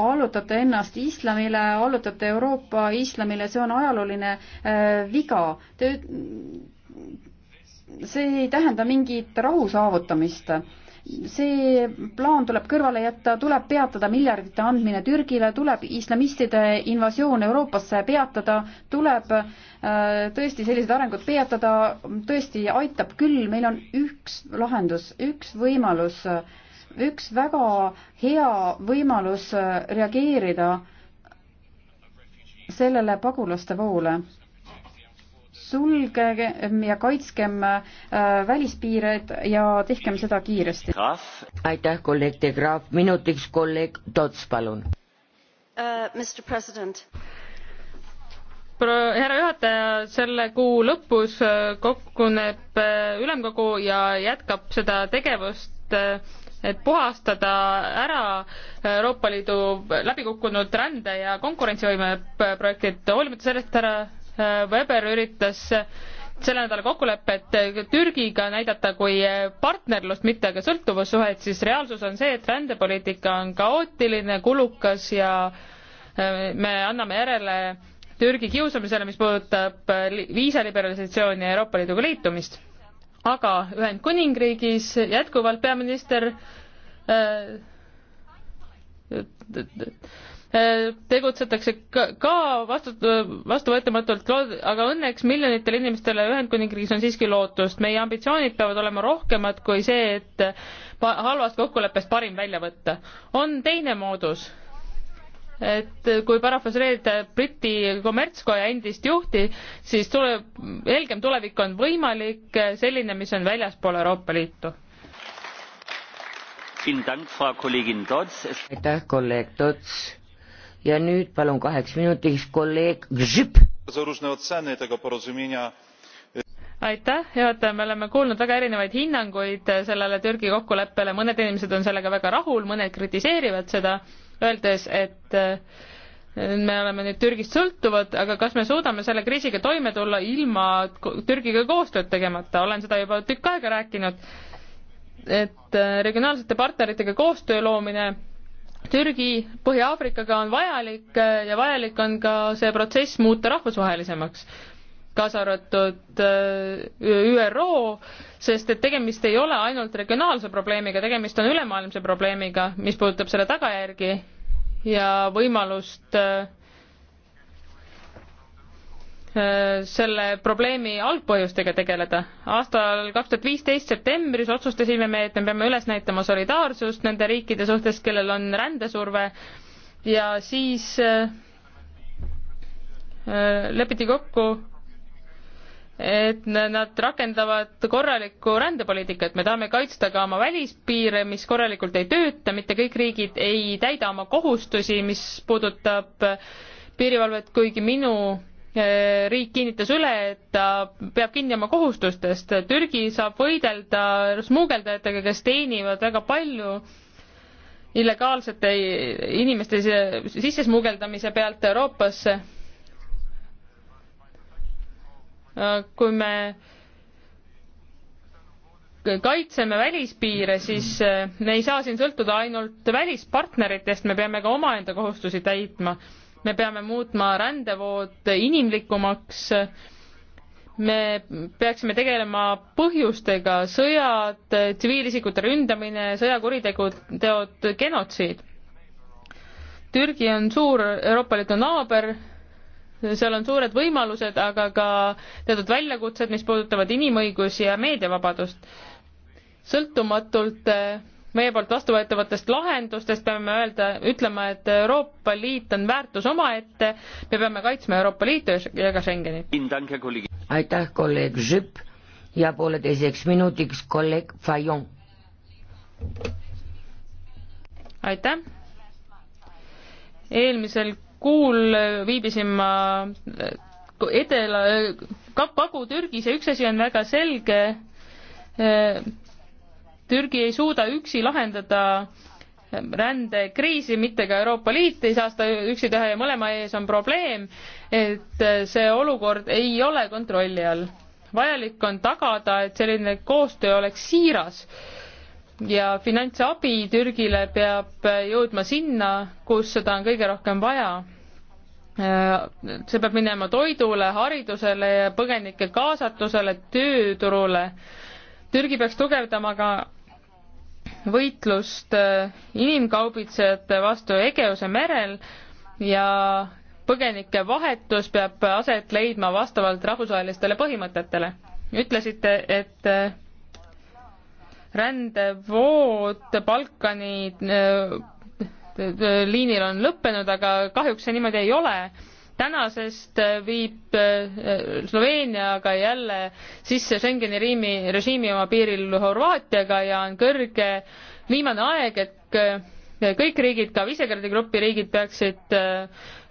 allutate ennast islamile, allutate Euroopa islamile, see on ajalooline äh, viga. Te, see ei tähenda mingit rahu saavutamist see plaan tuleb kõrvale jätta, tuleb peatada miljardite andmine Türgile, tuleb islamistide invasioon Euroopasse peatada, tuleb äh, tõesti sellised arengud peatada, tõesti aitab küll, meil on üks lahendus, üks võimalus, üks väga hea võimalus reageerida sellele pagulaste voole sulgegem ja kaitskem äh, välispiired ja
tehkem seda kiiresti. aitäh, kolleeg De Graaf, minutiks kolleeg Tots,
palun uh,. härra
juhataja, selle kuu lõpus äh, koguneb ülemkogu ja jätkab seda tegevust et puhastada ära Euroopa Liidu läbikukkunud rände ja konkurentsivõime projektid, hoolimata sellest, härra Weber üritas selle nädala kokkulepet Türgiga näidata kui partnerlust, mitte aga sõltuvussuhet, siis reaalsus on see, et rändepoliitika on kaootiline, kulukas ja äh, me anname järele Türgi kiusamisele, mis puudutab viisaliberalisatsiooni ja Euroopa Liiduga liitumist. aga Ühendkuningriigis jätkuvalt peaminister äh, tegutsetakse ka vastu, vastuvõetamatult, aga õnneks miljonitele inimestele Ühendkuningriigis on siiski lootust. meie ambitsioonid peavad olema rohkemad kui see, et halvast kokkuleppest parim välja võtta. on teine moodus, et kui parafraseerida Briti kommertskoja endist juhti, siis tuleb, helgem tulevik on võimalik, selline, mis on väljaspool Euroopa Liitu.
aitäh, kolleeg
Tots ja nüüd palun kaheks minutiks kolleeg
Gžip.
aitäh, juhataja, me oleme kuulnud väga erinevaid hinnanguid sellele Türgi kokkuleppele, mõned inimesed on sellega väga rahul, mõned kritiseerivad seda, öeldes, et äh, me oleme nüüd Türgist sõltuvad, aga kas me suudame selle kriisiga toime tulla ilma Türgiga koostööd tegemata, olen seda juba tükk aega rääkinud, et äh, regionaalsete partneritega koostöö loomine Türgi Põhja-Aafrikaga on vajalik äh, ja vajalik on ka see protsess muuta rahvusvahelisemaks, kaasa arvatud äh, ÜRO, sest et tegemist ei ole ainult regionaalse probleemiga, tegemist on ülemaailmse probleemiga, mis puudutab selle tagajärgi ja võimalust äh, Äh, selle probleemi algpõhjustega tegeleda. aastal kaks tuhat viisteist septembris otsustasime me, et me peame üles näitama solidaarsust nende riikide suhtes, kellel on rändesurve ja siis äh, äh, lepiti kokku, et nad rakendavad korralikku rändepoliitikat, me tahame kaitsta ka oma välispiire, mis korralikult ei tööta, mitte kõik riigid ei täida oma kohustusi, mis puudutab piirivalvet, kuigi minu Eh, riik kinnitas üle, et ta peab kinni oma kohustustest. Türgi saab võidelda smuugeldajatega, kes teenivad väga palju illegaalsete inimeste sissesmugeldamise pealt Euroopasse. Äh, kui me kaitseme välispiire, siis äh, me ei saa siin sõltuda ainult välispartneritest, me peame ka omaenda kohustusi täitma me peame muutma rändevood inimlikumaks, me peaksime tegelema põhjustega, sõjad, tsiviilisikute ründamine, sõjakuritegud, teod, genotsiid. Türgi on suur Euroopa Liidu naaber, seal on suured võimalused, aga ka teatud väljakutsed, mis puudutavad inimõigusi ja meediavabadust. sõltumatult äh, meie poolt vastuvõetavatest lahendustest peame öelda, ütlema, et Euroopa Liit on väärtus omaette, me peame kaitsma Euroopa Liitu ja ka Schengenit.
aitäh, kolleeg Žüpp ja pooleteiseks minutiks kolleeg Fajon. aitäh.
eelmisel kuul viibisin ma eh, Edela, eh, Kagu-Türgis ja üks asi on väga selge eh, Türgi ei suuda üksi lahendada rändekriisi, mitte ka Euroopa Liit ei saa seda üksi teha ja mõlema ees on probleem, et see olukord ei ole kontrolli all. vajalik on tagada, et selline koostöö oleks siiras ja finantsabi Türgile peab jõudma sinna, kus seda on kõige rohkem vaja see peab minema toidule, haridusele ja põgenike kaasatusele, tööturule. Türgi peaks tugevdama ka võitlust äh, inimkaubitsejate vastu Egeuse merel ja põgenike vahetus peab aset leidma vastavalt rahvusvahelistele põhimõtetele. ütlesite, et äh, rändevood Balkani äh, liinil on lõppenud, aga kahjuks see niimoodi ei ole tänasest äh, viib äh, Sloveeniaga jälle sisse Schengeni riimi, režiimi oma piiril Horvaatiaga ja on kõrge viimane aeg, et äh, kõik riigid, ka Visegradi grupi riigid peaksid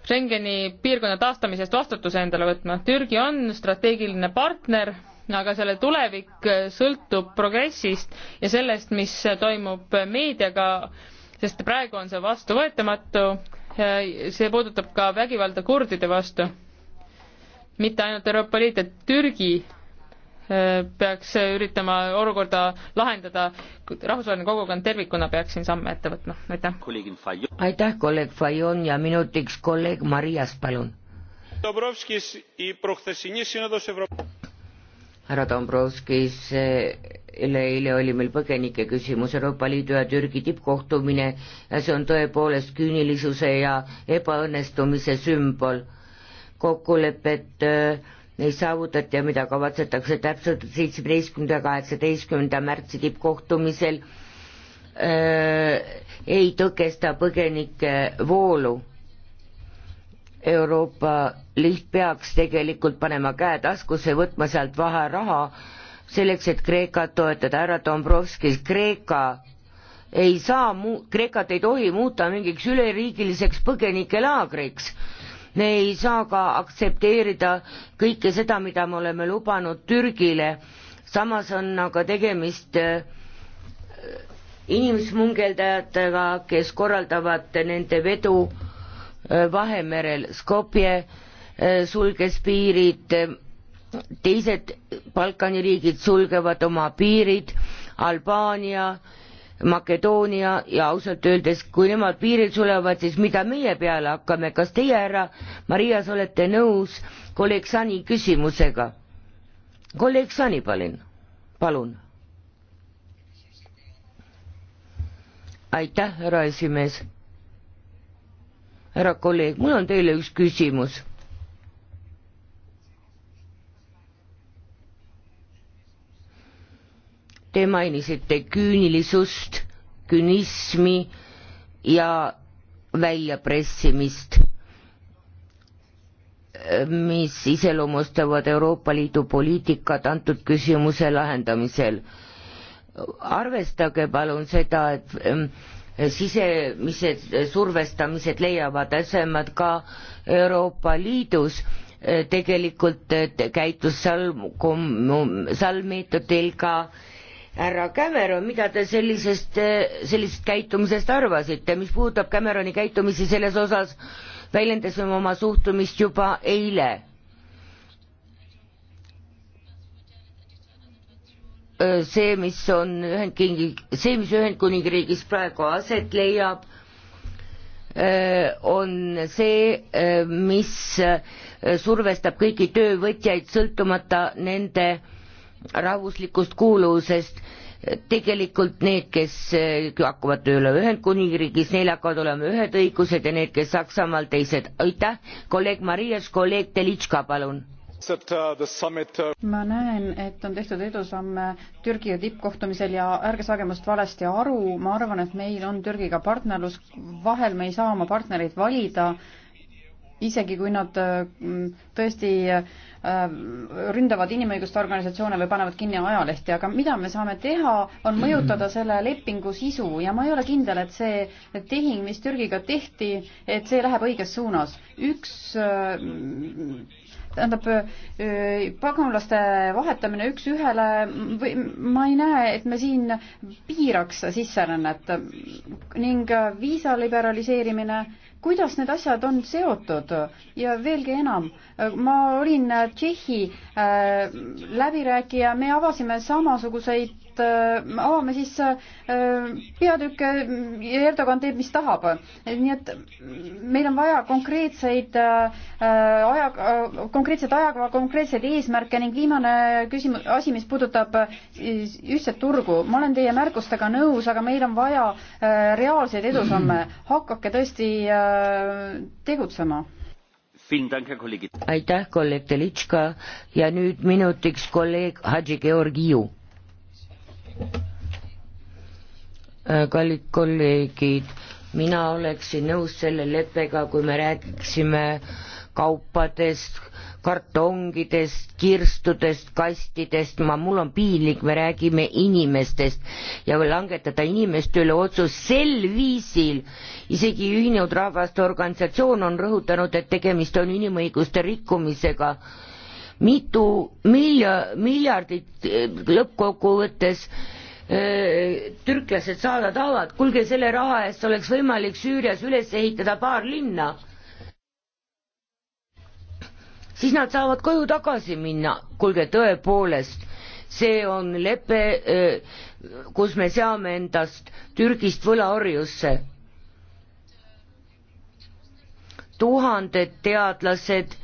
Schengeni piirkonna taastamisest vastutuse endale võtma. Türgi on strateegiline partner, aga selle tulevik sõltub progressist ja sellest, mis toimub meediaga, sest praegu on see vastuvõetamatu see puudutab ka vägivalda kurdide vastu. mitte ainult Euroopa Liit, et Türgi äh, peaks üritama olukorda lahendada, rahvusvaheline kogukond tervikuna peaks siin samme ette võtma, aitäh.
aitäh, kolleeg Fajon ja minutiks kolleeg Marias, palun härra Dombrovskis, üleeile oli meil põgenike küsimus Euroopa Liidu ja Türgi tippkohtumine ja see on tõepoolest küünilisuse ja ebaõnnestumise sümbol. kokkulepet äh, ei saavutati ja mida kavatsetakse täpselt seitsmeteistkümnenda, kaheksateistkümnenda märtsi tippkohtumisel, äh, ei tõkesta põgenike voolu Euroopa Liit peaks tegelikult panema käe taskusse, võtma sealt vaheraha selleks, et Kreekat toetada. härra Dombrovskis, Kreeka ei saa muu-, Kreekat ei tohi muuta mingiks üleriigiliseks põgenikelaagriks. me ei saa ka aktsepteerida kõike seda, mida me oleme lubanud Türgile. samas on aga tegemist äh, inimsmungeldajatega, kes korraldavad nende vedu Äh, Vahemerel, Skopje äh, sulges piirid, äh, teised Balkani riigid sulgevad oma piirid, Albaania, Makedoonia ja ausalt öeldes, kui nemad piirid sulevad, siis mida meie peale hakkame, kas teie, härra Marias, olete nõus kolleeg Sani küsimusega? kolleeg Sani, palun, palun. aitäh, härra esimees härra kolleeg, mul on teile üks küsimus te mainisite küünilisust, künismi ja väljapressimist, mis iseloomustavad Euroopa Liidu poliitikat antud küsimuse lahendamisel. arvestage palun seda, et mm, sisemised survestamised leiavad asemed ka Euroopa Liidus, tegelikult eh, käitus seal salmiitutil ka härra Cameron, mida te sellisest, eh, sellisest käitumisest arvasite, mis puudutab Cameroni käitumisi selles osas, väljendasime oma suhtumist juba eile see, mis on Ühendkingi, see, mis Ühendkuningriigis praegu aset leiab, on see, mis survestab kõiki töövõtjaid, sõltumata nende rahvuslikust kuuluvusest. tegelikult need, kes hakkavad tööle Ühendkuningriigis, neil hakkavad olema ühed õigused ja need, kes Saksamaal teised. aitäh, kolleeg Marias, kolleeg Telitška, palun
Uh, uh, ma näen, et on tehtud edusamme Türgi tippkohtumisel ja ärge saage minust valesti aru, ma arvan, et meil on Türgiga partnerlus, vahel me ei saa oma partnereid valida isegi kui nad äh, tõesti äh, ründavad inimõiguste organisatsioone või panevad kinni ajalehti, aga mida me saame teha, on mõjutada selle lepingu sisu ja ma ei ole kindel, et see tehing, mis Türgiga tehti, et see läheb õiges suunas. üks äh, tähendab paganlaste vahetamine üks-ühele või ma ei näe, et me siin piiraks sisserännet ning viisa liberaliseerimine, kuidas need asjad on seotud ja veelgi enam, ma olin Tšehhi läbirääkija, me avasime samasuguseid et äh, me avame siis äh, peatükke ja Erdogan teeb, mis tahab. nii et meil on vaja konkreetseid äh, aja, konkreetset ajakava, konkreetseid eesmärke ning viimane küsimus, asi, mis puudutab ühtset turgu. ma olen teie märkustega nõus, aga meil on vaja reaalseid edusamme. hakake tõesti
tegutsema
aitäh kolleeg Delitška
ja nüüd minutiks kolleeg Hadži Georgiou. Äh, kallid kolleegid, mina oleksin nõus selle leppega, kui me räägiksime kaupadest, kartongidest, kirstudest, kastidest, ma, mul on piinlik, me räägime inimestest ja langetada inimeste üle otsus sel viisil. isegi Ühinenud Rahvaste Organisatsioon on rõhutanud, et tegemist on inimõiguste rikkumisega mitu milja-, miljardit eh, lõppkokkuvõttes eh, türklased saada tahavad, kuulge, selle raha eest oleks võimalik Süürias üles ehitada paar linna. siis nad saavad koju tagasi minna, kuulge, tõepoolest, see on lepe, eh, kus me seame endast Türgist võlaorjusse. tuhanded teadlased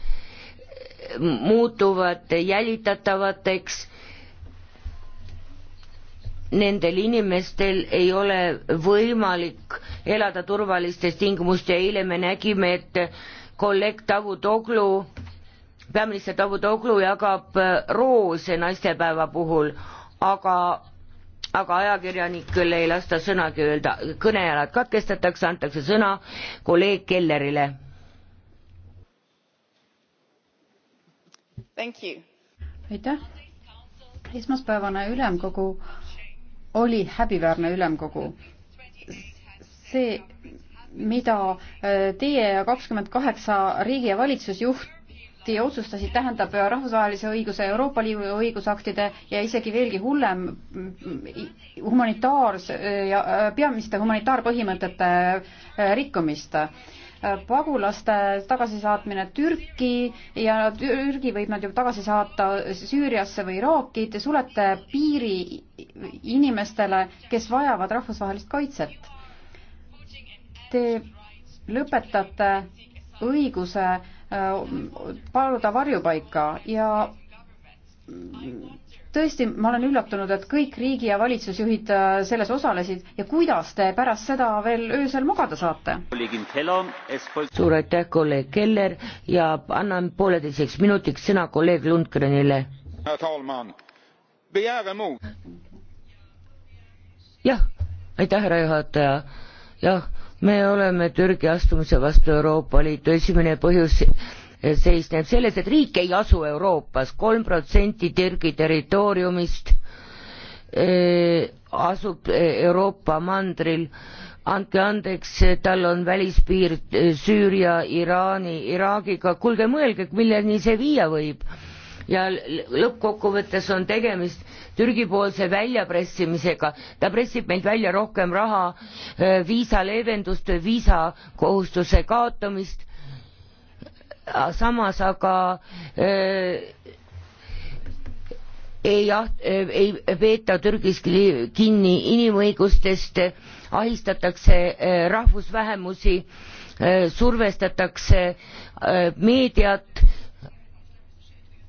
muutuvad jälitatavateks, nendel inimestel ei ole võimalik elada turvalistes tingimustes ja eile me nägime, et kolleeg Tavu Toglu, peaminister Tavu Toglu jagab äh, roose naistepäeva puhul, aga aga ajakirjanikul ei lasta sõnagi öelda, kõnejalad katkestatakse, antakse sõna kolleeg Kellerile
aitäh. esmaspäevane ülemkogu oli häbiväärne ülemkogu. see, mida äh, teie ja kakskümmend kaheksa riigi ja valitsusjuht samuti otsustasid, tähendab rahvusvahelise õiguse, Euroopa Liidu õigusaktide ja isegi veelgi hullem mm, humanitaars- ja äh, peamiste humanitaarpõhimõtete äh, rikkumist pagulaste tagasisaatmine Türki ja Türgi võib nad ju tagasi saata Süüriasse või Iraaki, te sulete piiri inimestele, kes vajavad rahvusvahelist kaitset. Te lõpetate õiguse äh, paluda varjupaika ja tõesti, ma olen üllatunud, et kõik riigi- ja valitsusjuhid äh, selles osalesid ja kuidas te pärast seda veel öösel magada saate?
suur aitäh, kolleeg Keller ja annan pooleteiseks minutiks sõna kolleeg Lundgrenile. jah, aitäh, härra juhataja. jah, me oleme Türgi astumise vastu Euroopa Liitu, esimene põhjus seisneb selles, et riik ei asu Euroopas, kolm protsenti Türgi territooriumist eh, asub eh, Euroopa mandril, andke andeks, tal on välispiir eh, Süüria, Iraani, Iraagiga, kuulge mõelge, milleni see viia võib. ja lõppkokkuvõttes on tegemist Türgi-poolse väljapressimisega, ta pressib meilt välja rohkem raha, viisaleevendust, viisakohustuse kaotamist, Äh, samas aga öö, äh, ei jaht-, äh, ei peeta Türgis kinni inimõigustest, ahistatakse rahvusvähemusi, survestatakse meediat,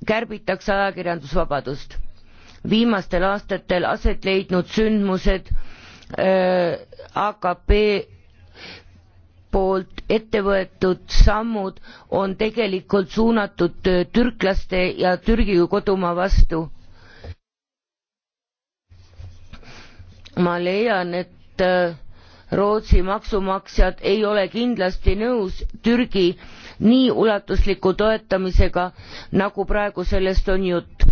kärbitakse ajakirjandusvabadust. viimastel aastatel aset leidnud sündmused AKP poolt ette võetud sammud on tegelikult suunatud türklaste ja Türgi kodumaa vastu. ma leian, et äh, Rootsi maksumaksjad ei ole kindlasti nõus Türgi nii ulatusliku toetamisega nagu praegu sellest on jutt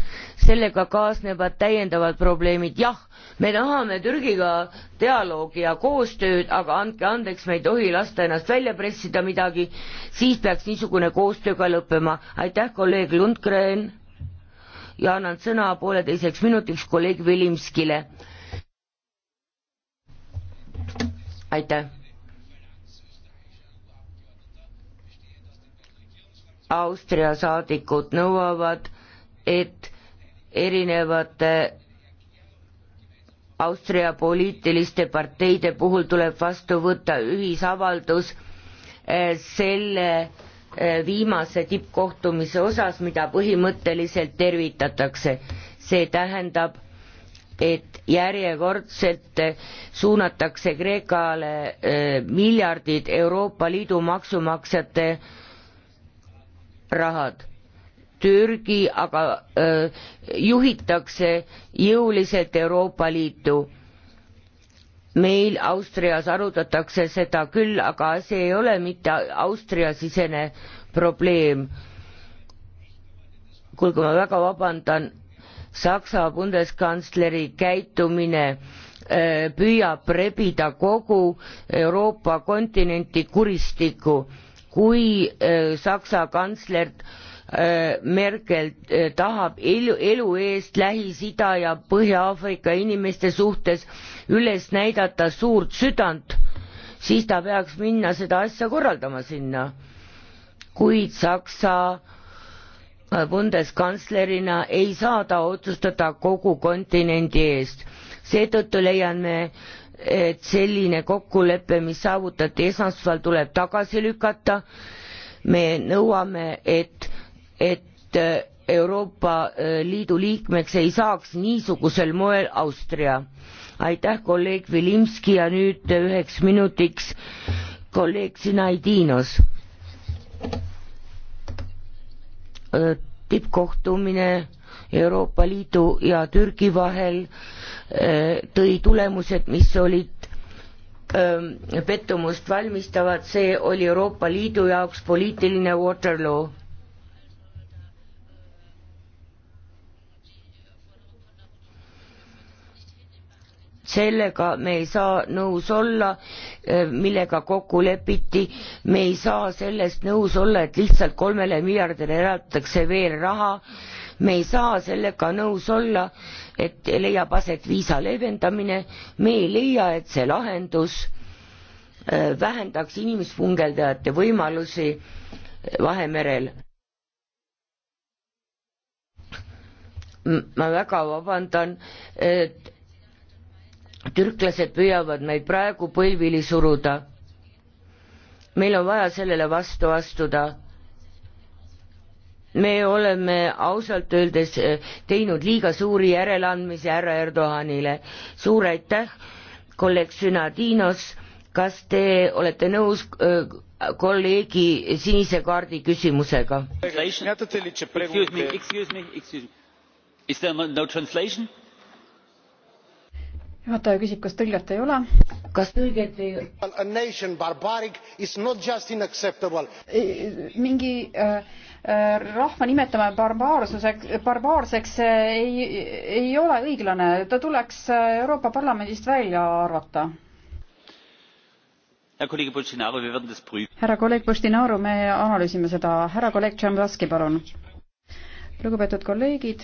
sellega kaasnevad täiendavad probleemid jah me tahame türgiga dialoogi ja koostööd aga andke andeks me ei tohi lasta ennast välja pressida midagi siis peaks niisugune koostöö ka lõppema aitäh kolleeg lundgren ja annan sõna pooleteiseks minutiks kolleeg vilimskile aitäh Austria saadikud nõuavad, et erinevate Austria poliitiliste parteide puhul tuleb vastu võtta ühisavaldus eh, selle eh, viimase tippkohtumise osas, mida põhimõtteliselt tervitatakse. see tähendab, et järjekordselt eh, suunatakse Kreekale miljardid Euroopa Liidu maksumaksjate rahad. Türgi aga öö, juhitakse jõuliselt Euroopa Liitu. meil Austrias arutatakse seda küll, aga see ei ole mitte Austria-sisene probleem. kuulge, ma väga vabandan, Saksa bundeskantsleri käitumine öö, püüab rebida kogu Euroopa kontinenti kuristikku kui äh, Saksa kantslert äh, Merkel äh, tahab elu, elu eest Lähis-Ida ja Põhja-Aafrika inimeste suhtes üles näidata suurt südant, siis ta peaks minna seda asja korraldama sinna. kuid Saksa bundeskantslerina ei saa ta otsustada kogu kontinendi eest. seetõttu leian me et selline kokkulepe, mis saavutati esmaspäeval, tuleb tagasi lükata. me nõuame, et, et äh, Euroopa äh, Liidu liikmeks ei saaks niisugusel moel Austria. aitäh, kolleeg Vilimski ja nüüd äh, üheks minutiks kolleeg Sinaidinos. tippkohtumine Euroopa Liidu ja Türgi vahel Äh, tõi tulemused, mis olid ähm, pettumust valmistavad, see oli Euroopa Liidu jaoks poliitiline Waterloo. sellega me ei saa nõus olla, äh, millega kokku lepiti, me ei saa sellest nõus olla, et lihtsalt kolmele miljardile eraldatakse veel raha, me ei saa sellega nõus olla, et leiab aset viisa leevendamine, me ei leia, et see lahendus äh, vähendaks inimspungeldajate võimalusi äh, Vahemerel. ma väga vabandan, et türklased püüavad meid praegu põlvili suruda. meil on vaja sellele vastu astuda me oleme ausalt öeldes eh, teinud liiga suuri järeleandmisi härra Erdoganile. suur aitäh, kolleeg Synadinos, kas te olete nõus eh, kolleegi sinise kaardi küsimusega? juhataja küsib,
kas tõlget ei ole? kas tõlget ei mingi äh, Äh, rahva nimetame barbaarsuseks, barbaarseks ei, ei ole õiglane, ta tuleks äh, Euroopa Parlamendist välja arvata
härra
kolleeg Postinaru, me analüüsime seda. härra kolleeg Tšambaski, palun. lugupeetud kolleegid,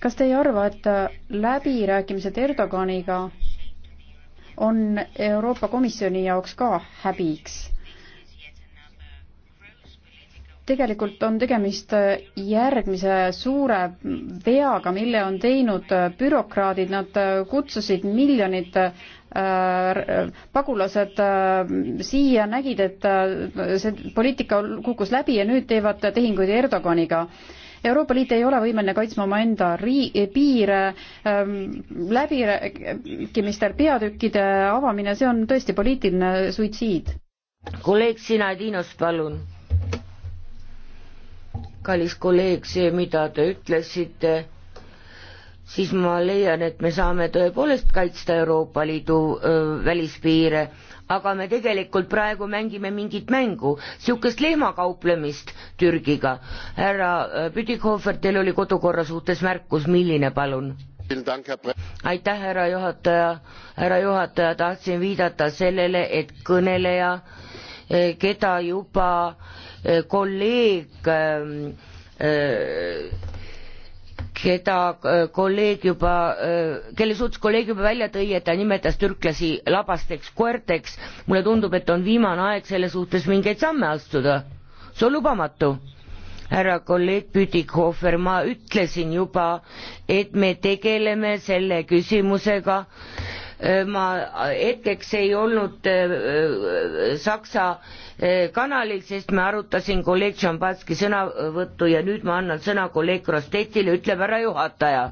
kas te ei arva, et äh, läbirääkimised Erdoganiga on Euroopa Komisjoni jaoks ka häbiks? tegelikult on tegemist äh, järgmise suure veaga, mille on teinud äh, bürokraadid, nad äh, kutsusid miljonid pagulased siia nägid, et see poliitika kukkus läbi ja nüüd teevad tehinguid Erdoganiga. Euroopa Liit ei ole võimeline kaitsma omaenda rii-, piire ähm,, läbirääkimistel peatükkide avamine, see on tõesti poliitiline suitsiid.
kolleeg Sina Tiinos, palun kallis kolleeg, see, mida te ütlesite, siis ma leian, et me saame tõepoolest kaitsta Euroopa Liidu öö, välispiire, aga me tegelikult praegu mängime mingit mängu, niisugust lehmakauplemist Türgiga. härra Püdikhofer, teil oli kodukorra suhtes märkus, milline palun? aitäh, härra juhataja, härra juhataja, tahtsin viidata sellele, et kõneleja, keda juba äh, kolleeg ähm, äh, keda äh, kolleeg juba, äh, kelle suhtes kolleeg juba välja tõi, et ta nimetas türklasi labasteks koerteks, mulle tundub, et on viimane aeg selle suhtes mingeid samme astuda. see on lubamatu. härra kolleeg Püdikhofer, ma ütlesin juba, et me tegeleme selle küsimusega ma hetkeks ei olnud äh, Saksa äh, Eh, kanalil, sest ma arutasin kolleeg Tšambatski sõnavõttu ja nüüd ma annan sõna kolleeg Krostetile, ütleb härra juhataja.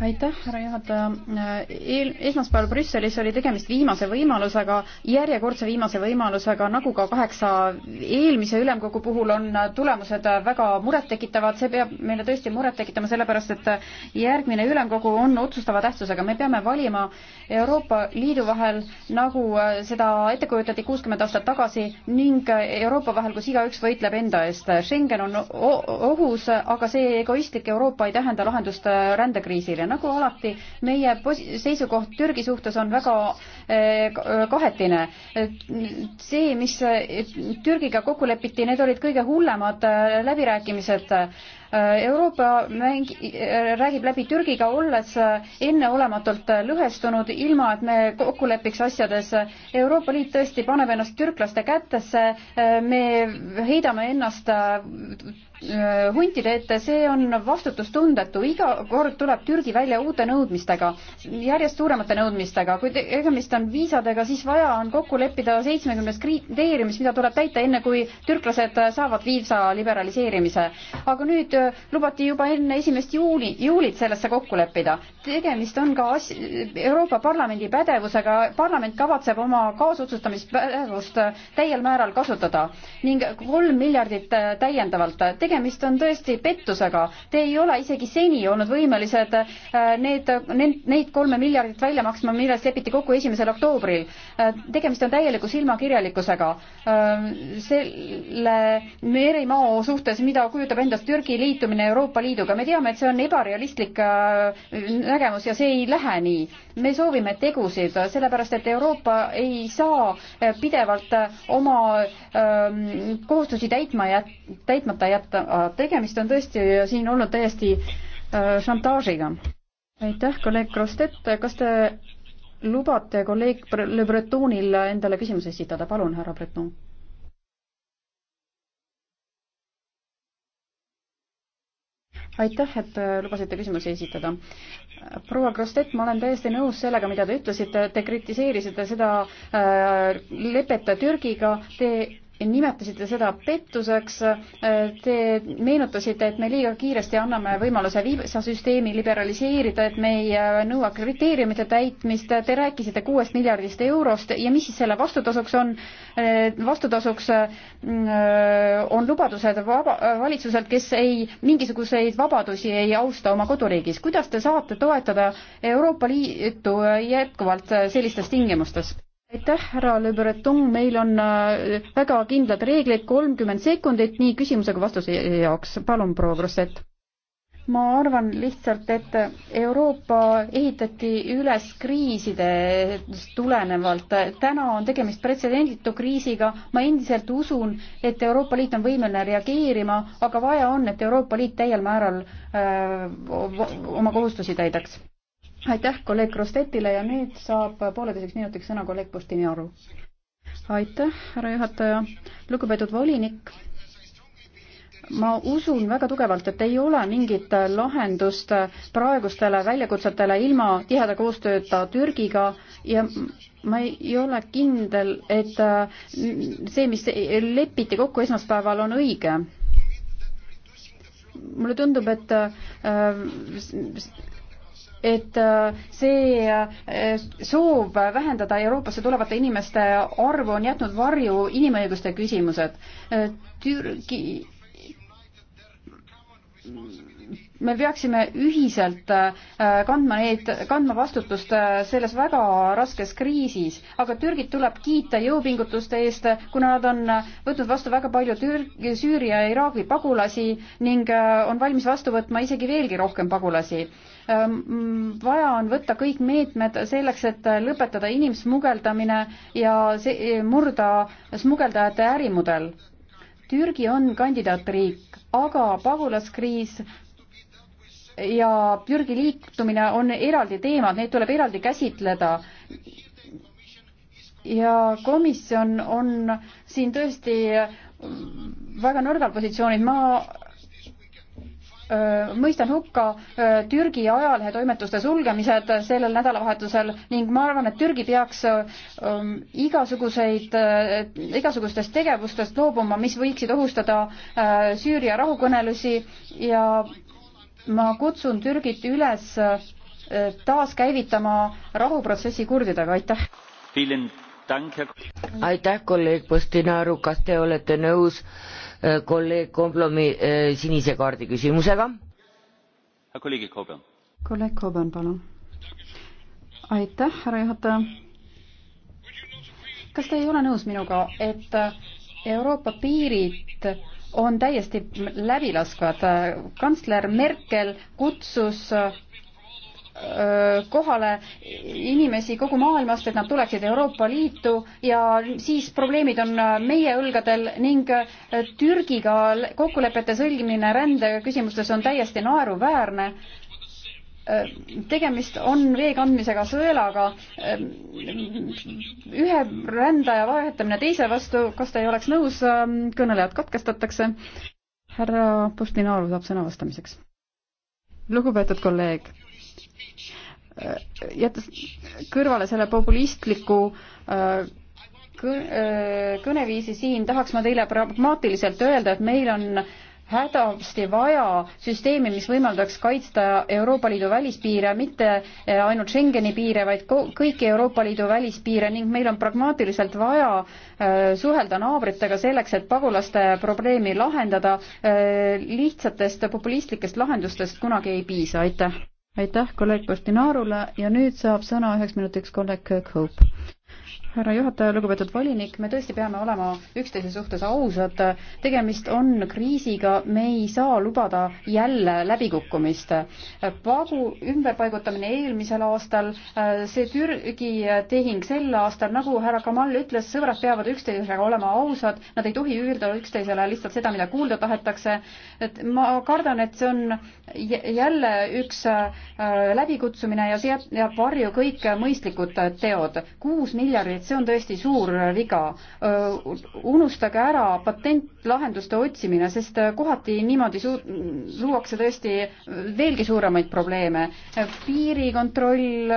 aitäh, härra juhataja. Eh, eel-, esmaspäeval Brüsselis oli tegemist viimase võimalusega, järjekordse viimase võimalusega, nagu ka kaheksa eelmise ülemkogu puhul on tulemused väga murettekitavad, see peab meile tõesti muret tekitama, sellepärast et järgmine ülemkogu on otsustava tähtsusega, me peame valima Euroopa Liidu vahel, nagu seda ette kujutati kuuskümmend aastat tagasi, nii ning Euroopa vahel, kus igaüks võitleb enda eest. Schengen on ohus, aga see egoistlik Euroopa ei tähenda lahendust rändekriisile. nagu alati, meie seisukoht Türgi suhtes on väga eh, kahetine. see, mis Türgiga kokku lepiti, need olid kõige hullemad eh, läbirääkimised Äh, Euroopa mäng, äh, räägib läbi Türgiga, olles äh, enneolematult lõhestunud, ilma et me kokku lepiks asjades. Euroopa Liit tõesti paneb ennast türklaste kätesse, me heidame ennast Äh, huntide ette, see on vastutustundetu, iga kord tuleb Türgi välja uute nõudmistega, järjest suuremate nõudmistega, kui tegemist on viisadega, siis vaja on kokku leppida seitsmekümnes kriteeriumis, mida tuleb täita, enne kui türklased saavad viisa liberaliseerimise. aga nüüd äh, lubati juba enne esimest juuli, juulit sellesse kokku leppida. tegemist on ka as-, Euroopa Parlamendi pädevusega, parlament kavatseb oma kaasutsustamispädevust täiel määral kasutada ning kolm miljardit äh, täiendavalt tegemist on tõesti pettusega. Te ei ole isegi seni olnud võimelised äh, need, need, neid kolme miljardit välja maksma, milles lepiti kokku esimesel oktoobril. Äh, tegemist on täieliku silmakirjalikkusega. Ähm, selle merimaa suhtes, mida kujutab endast Türgi liitumine Euroopa Liiduga, me teame, et see on ebarealistlik äh, nägemus ja see ei lähe nii. me soovime tegusid, sellepärast et Euroopa ei saa pidevalt oma ähm, kohustusi täitma ja täitmata jätta kohta, tegemist on tõesti siin olnud täiesti äh, šantaažiga. aitäh, kolleeg Krostet, kas te lubate kolleeg Le Bretonil endale küsimuse esitada, palun, härra Breton aitäh, et äh, lubasite küsimusi esitada. proua Krostet, ma olen täiesti nõus sellega, mida te ütlesite, te kritiseerisite seda äh, lepet Türgiga, te nimetasite seda pettuseks. Te meenutasite, et me liiga kiiresti anname võimaluse viisasüsteemi liberaliseerida, et me ei nõua kriteeriumite täitmist. Te rääkisite kuuest miljardist eurost ja mis siis selle vastutasuks on? vastutasuks mm, on lubadused vaba, valitsuselt, kes ei, mingisuguseid vabadusi ei austa oma koduriigis. kuidas te saate toetada Euroopa Liitu jätkuvalt sellistes tingimustes? aitäh, härra Le Breton, meil on äh, väga kindlad reeglid, kolmkümmend sekundit nii küsimuse kui vastuse jaoks. palun, proua Grosset. ma arvan lihtsalt, et Euroopa ehitati üles kriisidest tulenevalt. täna on tegemist pretsedenditu kriisiga. ma endiselt usun, et Euroopa Liit on võimeline reageerima, aga vaja on, et Euroopa Liit täiel määral öö, äh, oma kohustusi täidaks aitäh kolleeg Krostetile ja nüüd saab pooleteiseks minutiks sõna kolleeg Postinaru. aitäh, härra juhataja, lugupeetud volinik ma usun väga tugevalt, et ei ole mingit lahendust praegustele väljakutsetele ilma tiheda koostööta Türgiga ja ma ei ole kindel, et see, mis lepiti kokku esmaspäeval, on õige. mulle tundub, et äh, et äh, see äh, soov vähendada Euroopasse tulevate inimeste arvu on jätnud varju inimõiguste küsimused. Äh, Türgi me peaksime ühiselt äh, kandma neid, kandma vastutust äh, selles väga raskes kriisis, aga Türgit tuleb kiita jõupingutuste eest, kuna nad on äh, võtnud vastu väga palju Türgi, Süüria ja Iraagi pagulasi ning on valmis vastu võtma isegi veelgi rohkem pagulasi. Ähm, vaja on võtta kõik meetmed selleks, et lõpetada inimsmugeldamine ja see, murda smugeldajate ärimudel Türgi on kandidaatriik, aga pagulaskriis ja Türgi liitumine on eraldi teemad, neid tuleb eraldi käsitleda. ja komisjon on siin tõesti väga nõrgal positsioonil, ma äh, mõistan hukka äh, Türgi ajalehetoimetuste sulgemised sellel nädalavahetusel ning ma arvan, et Türgi peaks ähm, igasuguseid, äh, igasugustest tegevustest loobuma, mis võiksid ohustada Süüria rahukõnelusi ja ma kutsun Türgit üles äh, taaskäivitama rahuprotsessi
kurdidega, aitäh! aitäh, kolleeg Postinaru, kas te olete nõus äh, kolleeg Koblomi äh, sinise kaardi küsimusega?
kolleeg Koban.
kolleeg
Koban, palun. aitäh,
härra juhataja. kas te ei ole nõus minuga, et Euroopa piirid on täiesti läbilaskvad. kantsler Merkel kutsus äh, kohale inimesi kogu maailmast, et nad tuleksid Euroopa Liitu ja siis probleemid on äh, meie õlgadel ning äh, Türgiga kokkulepete sõlmimine rändeküsimustes on täiesti naeruväärne Äh, tegemist on vee kandmisega sõelaga, äh, ühe rändaja vahetamine teise vastu, kas te ei oleks nõus, ähm, kõnelejad katkestatakse. härra Postinaru saab sõna vastamiseks. lugupeetud kolleeg, äh, jättes kõrvale selle populistliku kõneviisi siin, tahaks ma teile pragmaatiliselt öelda, et meil on äh, hädasti vaja süsteemi, mis võimaldaks kaitsta Euroopa Liidu välispiire, mitte eh, ainult Schengeni piire, vaid kõiki Euroopa Liidu välispiire ning meil on pragmaatiliselt vaja eh, suhelda naabritega selleks, et pagulaste probleemi lahendada. Eh, lihtsatest populistlikest lahendustest kunagi ei piisa, aitäh. aitäh kolleeg Postinaarule ja nüüd saab sõna üheks minutiks kolleeg Kirkhope härra juhataja, lugupeetud volinik, me tõesti peame olema üksteise suhtes ausad. tegemist on kriisiga, me ei saa lubada jälle läbikukkumist. Paagu ümberpaigutamine eelmisel aastal, see Türgi tehing sel aastal, nagu härra Kamal ütles, sõbrad peavad üksteisega olema ausad, nad ei tohi öelda üksteisele lihtsalt seda, mida kuulda tahetakse. et ma kardan, et see on jälle üks äh, läbikutsumine ja see jääb varju kõik mõistlikud teod. kuus miljardit et see on tõesti suur viga. unustage ära patentlahenduste otsimine, sest kohati niimoodi su-, luuakse tõesti veelgi suuremaid probleeme. piirikontroll,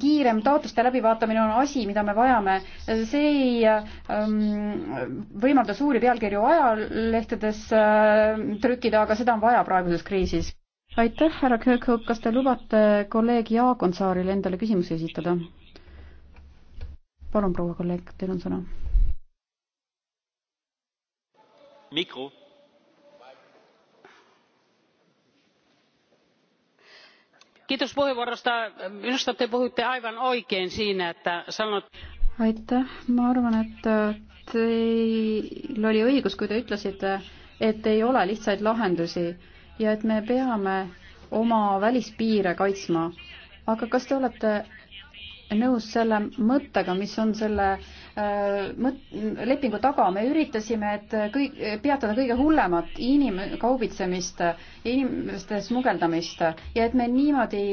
kiirem taotluste läbivaatamine on asi, mida me vajame. see ei võimalda suuri pealkirju ajalehtedes trükkida, aga seda on vaja praeguses kriisis aitäh, härra Kirkhoop, kas te lubate kolleeg Jaak Onsaaril endale küsimusi esitada? palun, proua kolleeg, teil on sõna.
mikro.
kiitos puheenvuorosta minusta te puhuitte aivan oikein siinä että sanot
aitäh, ma arvan, et teil oli õigus, kui te ütlesite, et ei ole lihtsaid lahendusi ja et me peame oma välispiire kaitsma. aga kas te olete nõus selle mõttega, mis on selle äh, mõt-, lepingu taga, me üritasime, et kõik, peatada kõige hullemat inimkaubitsemist, inimeste smugeldamist ja et me niimoodi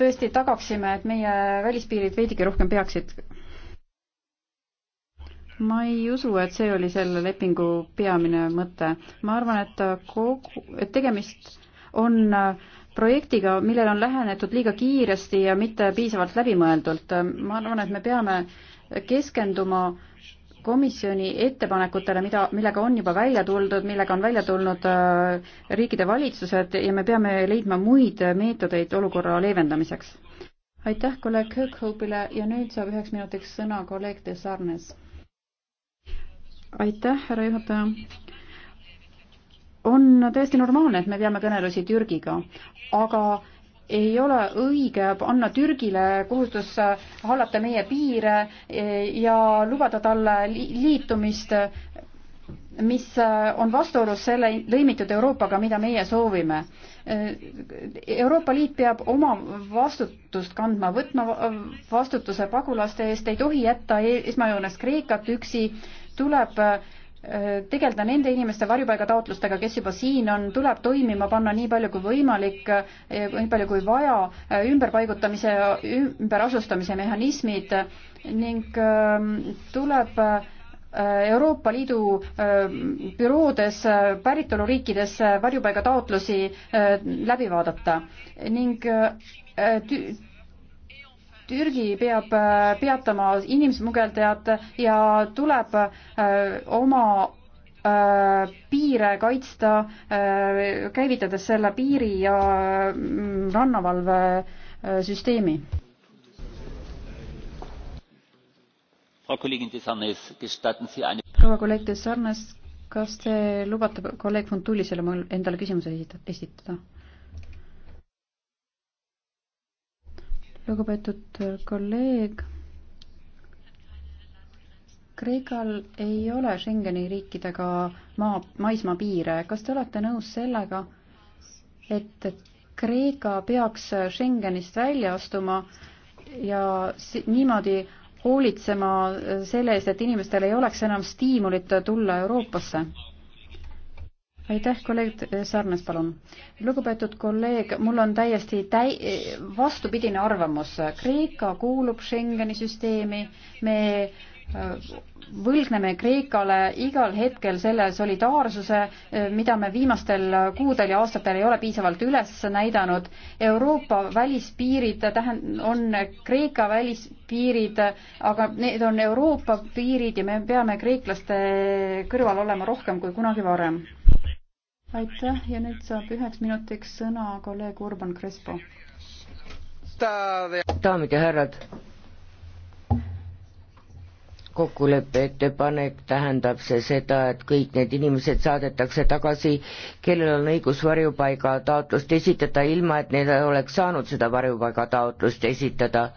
tõesti tagaksime, et meie välispiirid veidike rohkem peaksid. ma ei usu, et see oli selle lepingu peamine mõte. ma arvan, et kogu, et tegemist on äh, projektiga, millele on lähenetud liiga kiiresti ja mitte piisavalt läbimõeldult. ma arvan, et me peame keskenduma komisjoni ettepanekutele, mida, millega on juba välja tuldud, millega on välja tulnud äh, riikide valitsused ja me peame leidma muid meetodeid olukorra leevendamiseks. aitäh kolleeg Kirkhope'ile ja nüüd saab üheks minutiks sõna kolleeg De Sarnes. aitäh, härra juhataja on täiesti normaalne, et me peame kõnelusi Türgiga, aga ei ole õige panna Türgile kohustus hallata meie piire ja lubada talle liitumist, mis on vastuolus selle lõimitud Euroopaga, mida meie soovime. Euroopa Liit peab oma vastutust kandma, võtma vastutuse pagulaste eest, ei tohi jätta e-, esmajoones Kreekat üksi, tuleb äh, tegeleda nende inimeste varjupaigataotlustega, kes juba siin on, tuleb toimima panna nii palju kui võimalik, nii palju kui vaja, ümberpaigutamise, ümberasustamise mehhanismid ning ähm, tuleb äh, Euroopa Liidu äh, büroodes äh, päritoluriikides varjupaigataotlusi läbi vaadata ning Türgi peab äh, peatama inimsmugeldajad ja tuleb äh, oma äh, piire kaitsta, käivitades selle piiri ja mm, rannavalvesüsteemi. proua kolleeg Desarnes, kas te lubate kolleeg Funtulisele mul endale küsimuse esitada? lugupeetud kolleeg. Kreekal ei ole Schengeni riikidega maa, maismaapiire. kas te olete nõus sellega, et Kreeka peaks Schengenist välja astuma ja niimoodi hoolitsema selle eest, et inimestel ei oleks enam stiimulit tulla Euroopasse? aitäh, kolleeg Sarnas, palun. lugupeetud kolleeg, mul on täiesti täi-, vastupidine arvamus. Kreeka kuulub Schengeni süsteemi, me äh, võlgneme Kreekale igal hetkel selle solidaarsuse, äh, mida me viimastel kuudel ja aastatel ei ole piisavalt üles näidanud. Euroopa välispiirid tähend-, on Kreeka välispiirid, aga need on Euroopa piirid ja me peame kreeklaste kõrval olema rohkem kui kunagi varem aitäh ja nüüd saab üheks minutiks sõna kolleeg Urban Crespo.
daamid ja härrad, kokkuleppe ettepanek tähendab see seda, et kõik need inimesed saadetakse tagasi, kellel on õigus varjupaiga taotlust esitada, ilma et need oleks saanud seda varjupaiga taotlust esitada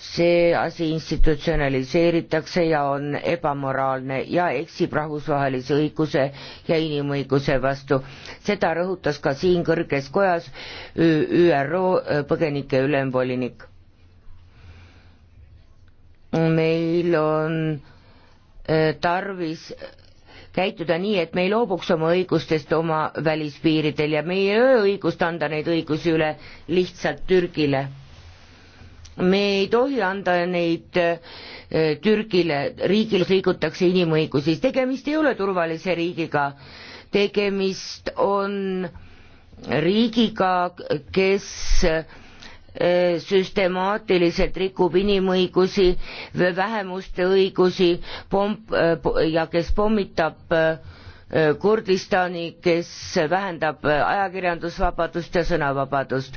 see asi institutsionaliseeritakse ja on ebamoraalne ja eksib rahvusvahelise õiguse ja inimõiguse vastu. seda rõhutas ka siin kõrges kojas ÜRO äh, põgenike ülemvolinik. meil on äh, tarvis äh, käituda nii, et me ei loobuks oma õigustest oma välispiiridel ja me ei õigust anda neid õigusi üle lihtsalt Türgile me ei tohi anda neid äh, Türgile, riigil liigutakse inimõigusi, tegemist ei ole turvalise riigiga, tegemist on riigiga, kes äh, süstemaatiliselt rikub inimõigusi, vähemuste õigusi, pomp- äh, ja kes pommitab Kurdistani, kes vähendab ajakirjandusvabadust ja sõnavabadust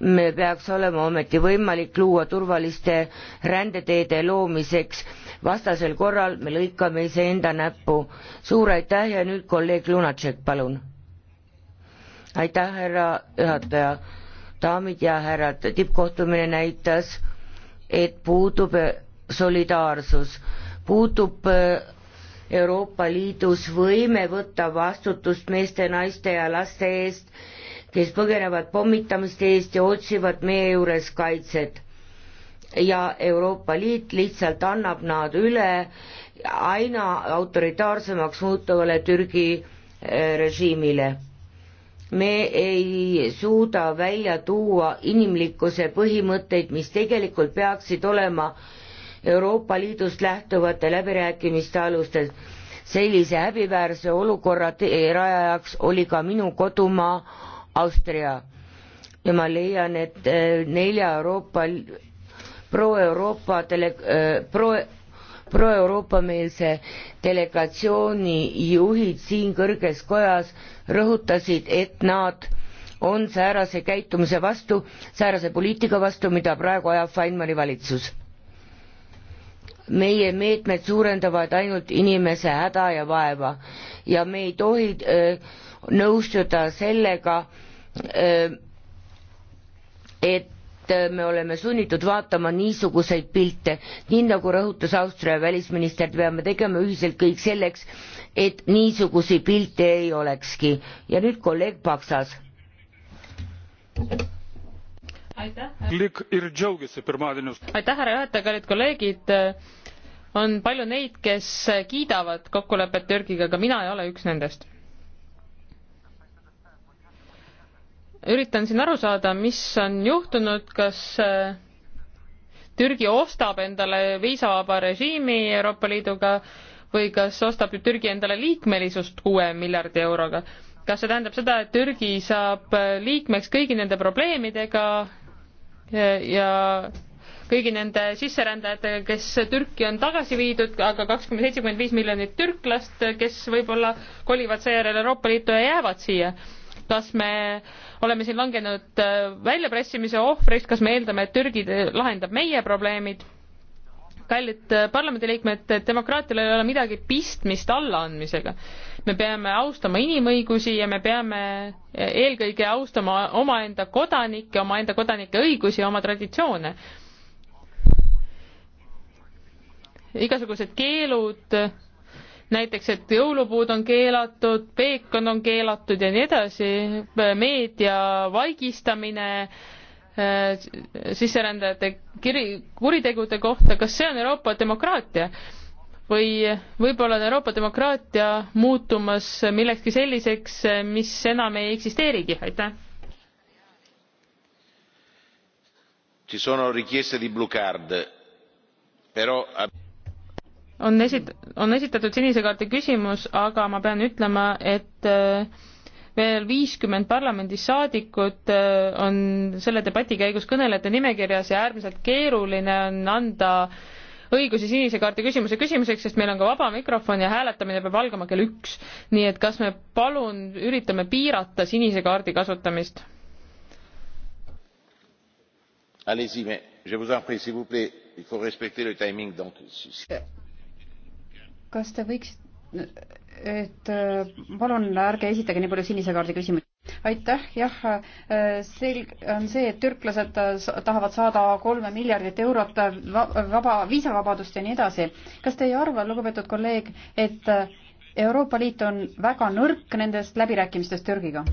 me peaks olema ometi võimalik luua turvaliste rändeteede loomiseks, vastasel korral me lõikame iseenda näppu. suur aitäh ja nüüd kolleeg Lunatšek, palun. aitäh, härra juhataja. daamid ja härrad, tippkohtumine näitas, et puudub eh, solidaarsus, puudub eh, Euroopa Liidus võime võtta vastutust meeste, naiste ja laste eest kes põgenevad pommitamise eest ja otsivad meie juures kaitset. ja Euroopa Liit lihtsalt annab nad üle aina autoritaarsemaks muutuvale Türgi eh, režiimile. me ei suuda välja tuua inimlikkuse põhimõtteid, mis tegelikult peaksid olema Euroopa Liidust lähtuvate läbirääkimiste alustes. sellise häbiväärse olukorra rajajaks oli ka minu kodumaa Austria. ja ma leian, et eh, nelja Euroopa, pro-Euroopa tele-, eh, pro-, pro-euroopameelse delegatsiooni juhid siin kõrges kojas rõhutasid, et nad on säärase käitumise vastu, säärase poliitika vastu, mida praegu ajab Feinmani valitsus. meie meetmed suurendavad ainult inimese häda ja vaeva ja me ei tohi öö, eh, nõustuda sellega, äh, et me oleme sunnitud vaatama niisuguseid pilte. nii nagu rõhutas Austria välisminister, peame tegema ühiselt kõik selleks, et niisugusi pilte ei olekski. ja nüüd kolleeg Paksas.
aitäh,
härra juhataja, kallid kolleegid. on palju neid, kes kiidavad kokkulepet Türgiga, aga mina ei ole üks nendest üritan siin aru saada, mis on juhtunud, kas äh, Türgi ostab endale viisavaba režiimi Euroopa Liiduga või kas ostab Türgi endale liikmelisust kuue miljardi euroga. kas see tähendab seda, et Türgi saab äh, liikmeks kõigi nende probleemidega ja kõigi nende sisserändajatega, kes Türki on tagasi viidud, aga kakskümmend, seitsekümmend viis miljonit türklast, kes võib-olla kolivad seejärel Euroopa Liitu ja jäävad siia kas me oleme siin langenud äh, väljapressimise ohvriks, kas me eeldame, et Türgi äh, lahendab meie probleemid? kallid äh, parlamendiliikmed, demokraatial ei ole midagi pistmist allaandmisega. me peame austama inimõigusi ja me peame eelkõige austama omaenda kodanikke, omaenda kodanike õigusi ja oma traditsioone. igasugused keelud näiteks, et jõulupuud on keelatud, peekon on keelatud ja nii edasi, meedia vaigistamine, äh, sisserändajate kiri, kuritegude kohta, kas see on Euroopa demokraatia? või võib-olla on Euroopa demokraatia muutumas millekski selliseks, mis enam ei eksisteerigi, aitäh?
Ci sono richieste di blue card, però
on esit-, on esitatud sinise kaardi küsimus, aga ma pean ütlema, et äh, veel viiskümmend parlamendisaadikut äh, on selle debati käigus kõnelejate nimekirjas ja äärmiselt keeruline on anda õigusi sinise kaardi küsimuse küsimiseks, sest meil on ka vaba mikrofon ja hääletamine peab algama kell üks. nii et kas me palun üritame piirata sinise kaardi kasutamist?
allez y mais je vous en prie s'il vous plaît il faut respecter le timing donc
kas te võiks, et äh, palun ärge esitage nii palju sinise kaardi küsimusi. aitäh, jah, äh, selg-, on see, et türklased äh, tahavad saada kolme miljardit eurot vaba, viisavabadust ja nii edasi. kas te ei arva, lugupeetud kolleeg, et Euroopa Liit on väga nõrk nendest läbirääkimistest Türgiga?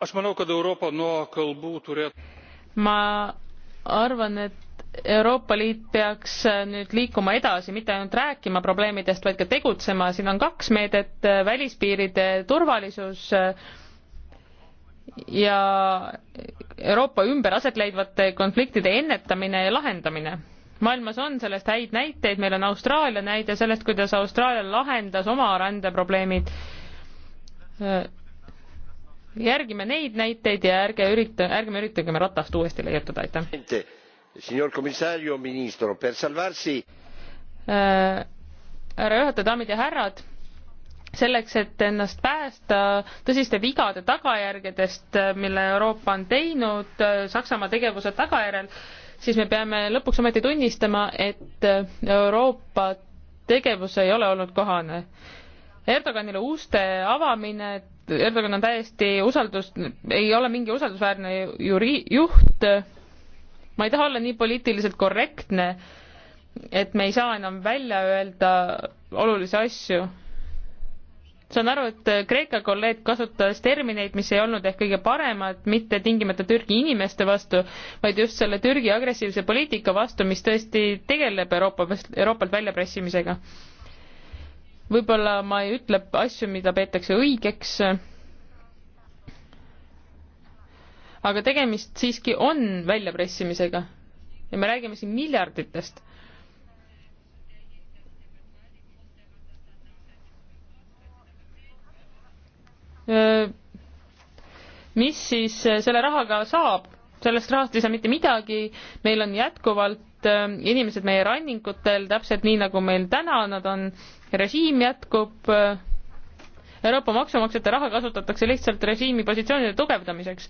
aš manau kad europa nuo kalbų turėtų.
ma arvan et euroopa liit peaks äh, nüüd liikuma edasi mitte ainult rääkima probleemidest vaid ka tegutsema siin on kaks meedet äh, välispiiride turvalisus äh, ja euroopa ümber aset leidvate konfliktide ennetamine ja lahendamine maailmas on sellest häid näiteid meil on austraalia näide sellest kuidas austraalia lahendas oma rändeprobleemid järgime neid näiteid ja ärge ürita, ärgem üritagem ratast uuesti leiutada, aitäh.
Signor commissario, ministro, per salvarsi
äh, härra juhataja, daamid ja härrad, selleks, et ennast päästa tõsiste vigade tagajärgedest, äh, mille Euroopa on teinud äh, Saksamaa tegevuse tagajärjel, siis me peame lõpuks ometi tunnistama, et äh, Euroopa tegevus ei ole olnud kohane. Erdoganile uste avamine, Erdogan on täiesti usaldus, ei ole mingi usaldusväärne juri-, juht. ma ei taha olla nii poliitiliselt korrektne, et me ei saa enam välja öelda olulisi asju. saan aru, et Kreeka kolleeg kasutas termineid, mis ei olnud ehk kõige paremad, mitte tingimata Türgi inimeste vastu, vaid just selle Türgi agressiivse poliitika vastu, mis tõesti tegeleb Euroopa, Euroopalt väljapressimisega võib-olla ma ei ütle asju, mida peetakse õigeks, aga tegemist siiski on väljapressimisega ja me räägime siin miljarditest. mis siis selle rahaga saab? sellest rahast ei saa mitte midagi, meil on jätkuvalt olid äh, inimesed meie rannikutel täpselt nii, nagu meil täna nad on, režiim jätkub, äh, Euroopa maksumaksjate raha kasutatakse lihtsalt režiimi positsioonide tugevdamiseks.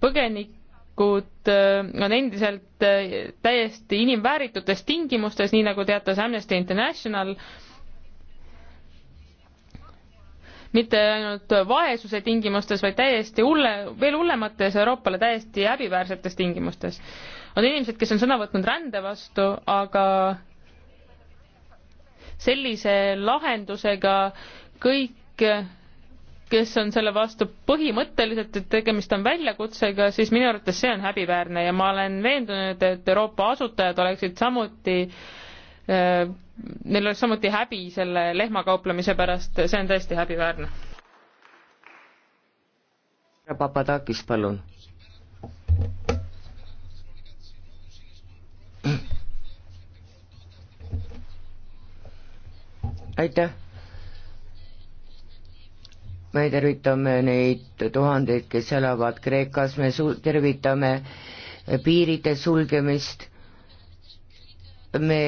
põgenikud äh, on endiselt täiesti inimvääritutes tingimustes, nii nagu teatas Amnesty International, mitte ainult vaesuse tingimustes, vaid täiesti hulle, veel hullemates Euroopale täiesti häbiväärsetes tingimustes on inimesed, kes on sõna võtnud rände vastu, aga sellise lahendusega kõik, kes on selle vastu põhimõtteliselt, et tegemist on väljakutsega, siis minu arvates see on häbiväärne ja ma olen veendunud, et Euroopa asutajad oleksid samuti äh, Neil oleks samuti häbi selle lehmakauplemise pärast, see on tõesti häbiväärne.
Papadakis, palun aitäh! me tervitame neid tuhandeid, kes elavad Kreekas, me su-, tervitame piiride sulgemist, me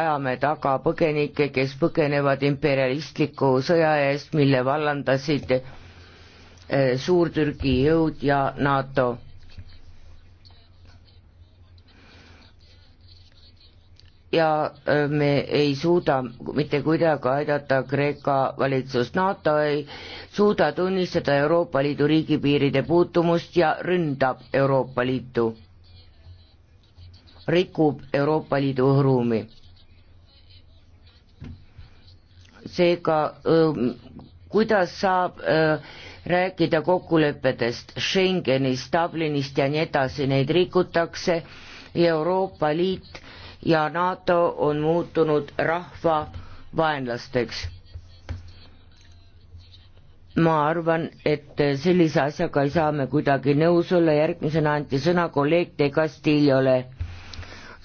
ajame taga põgenikke, kes põgenevad imperialistliku sõja eest, mille vallandasid eh, Suur-Türgi jõud ja NATO ja äh, me ei suuda mitte kuidagi aidata Kreeka valitsust. NATO ei suuda tunnistada Euroopa Liidu riigipiiride puutumust ja ründab Euroopa Liitu, rikub Euroopa Liidu õhuruumi. seega ähm, kuidas saab öö, äh, rääkida kokkulepetest Schengenist, Dublinist ja nii edasi, neid rikutakse ja Euroopa Liit ja NATO on muutunud rahva vaenlasteks. ma arvan, et sellise asjaga ei saa me kuidagi nõus olla, järgmisena anti sõna kolleeg De Castillole.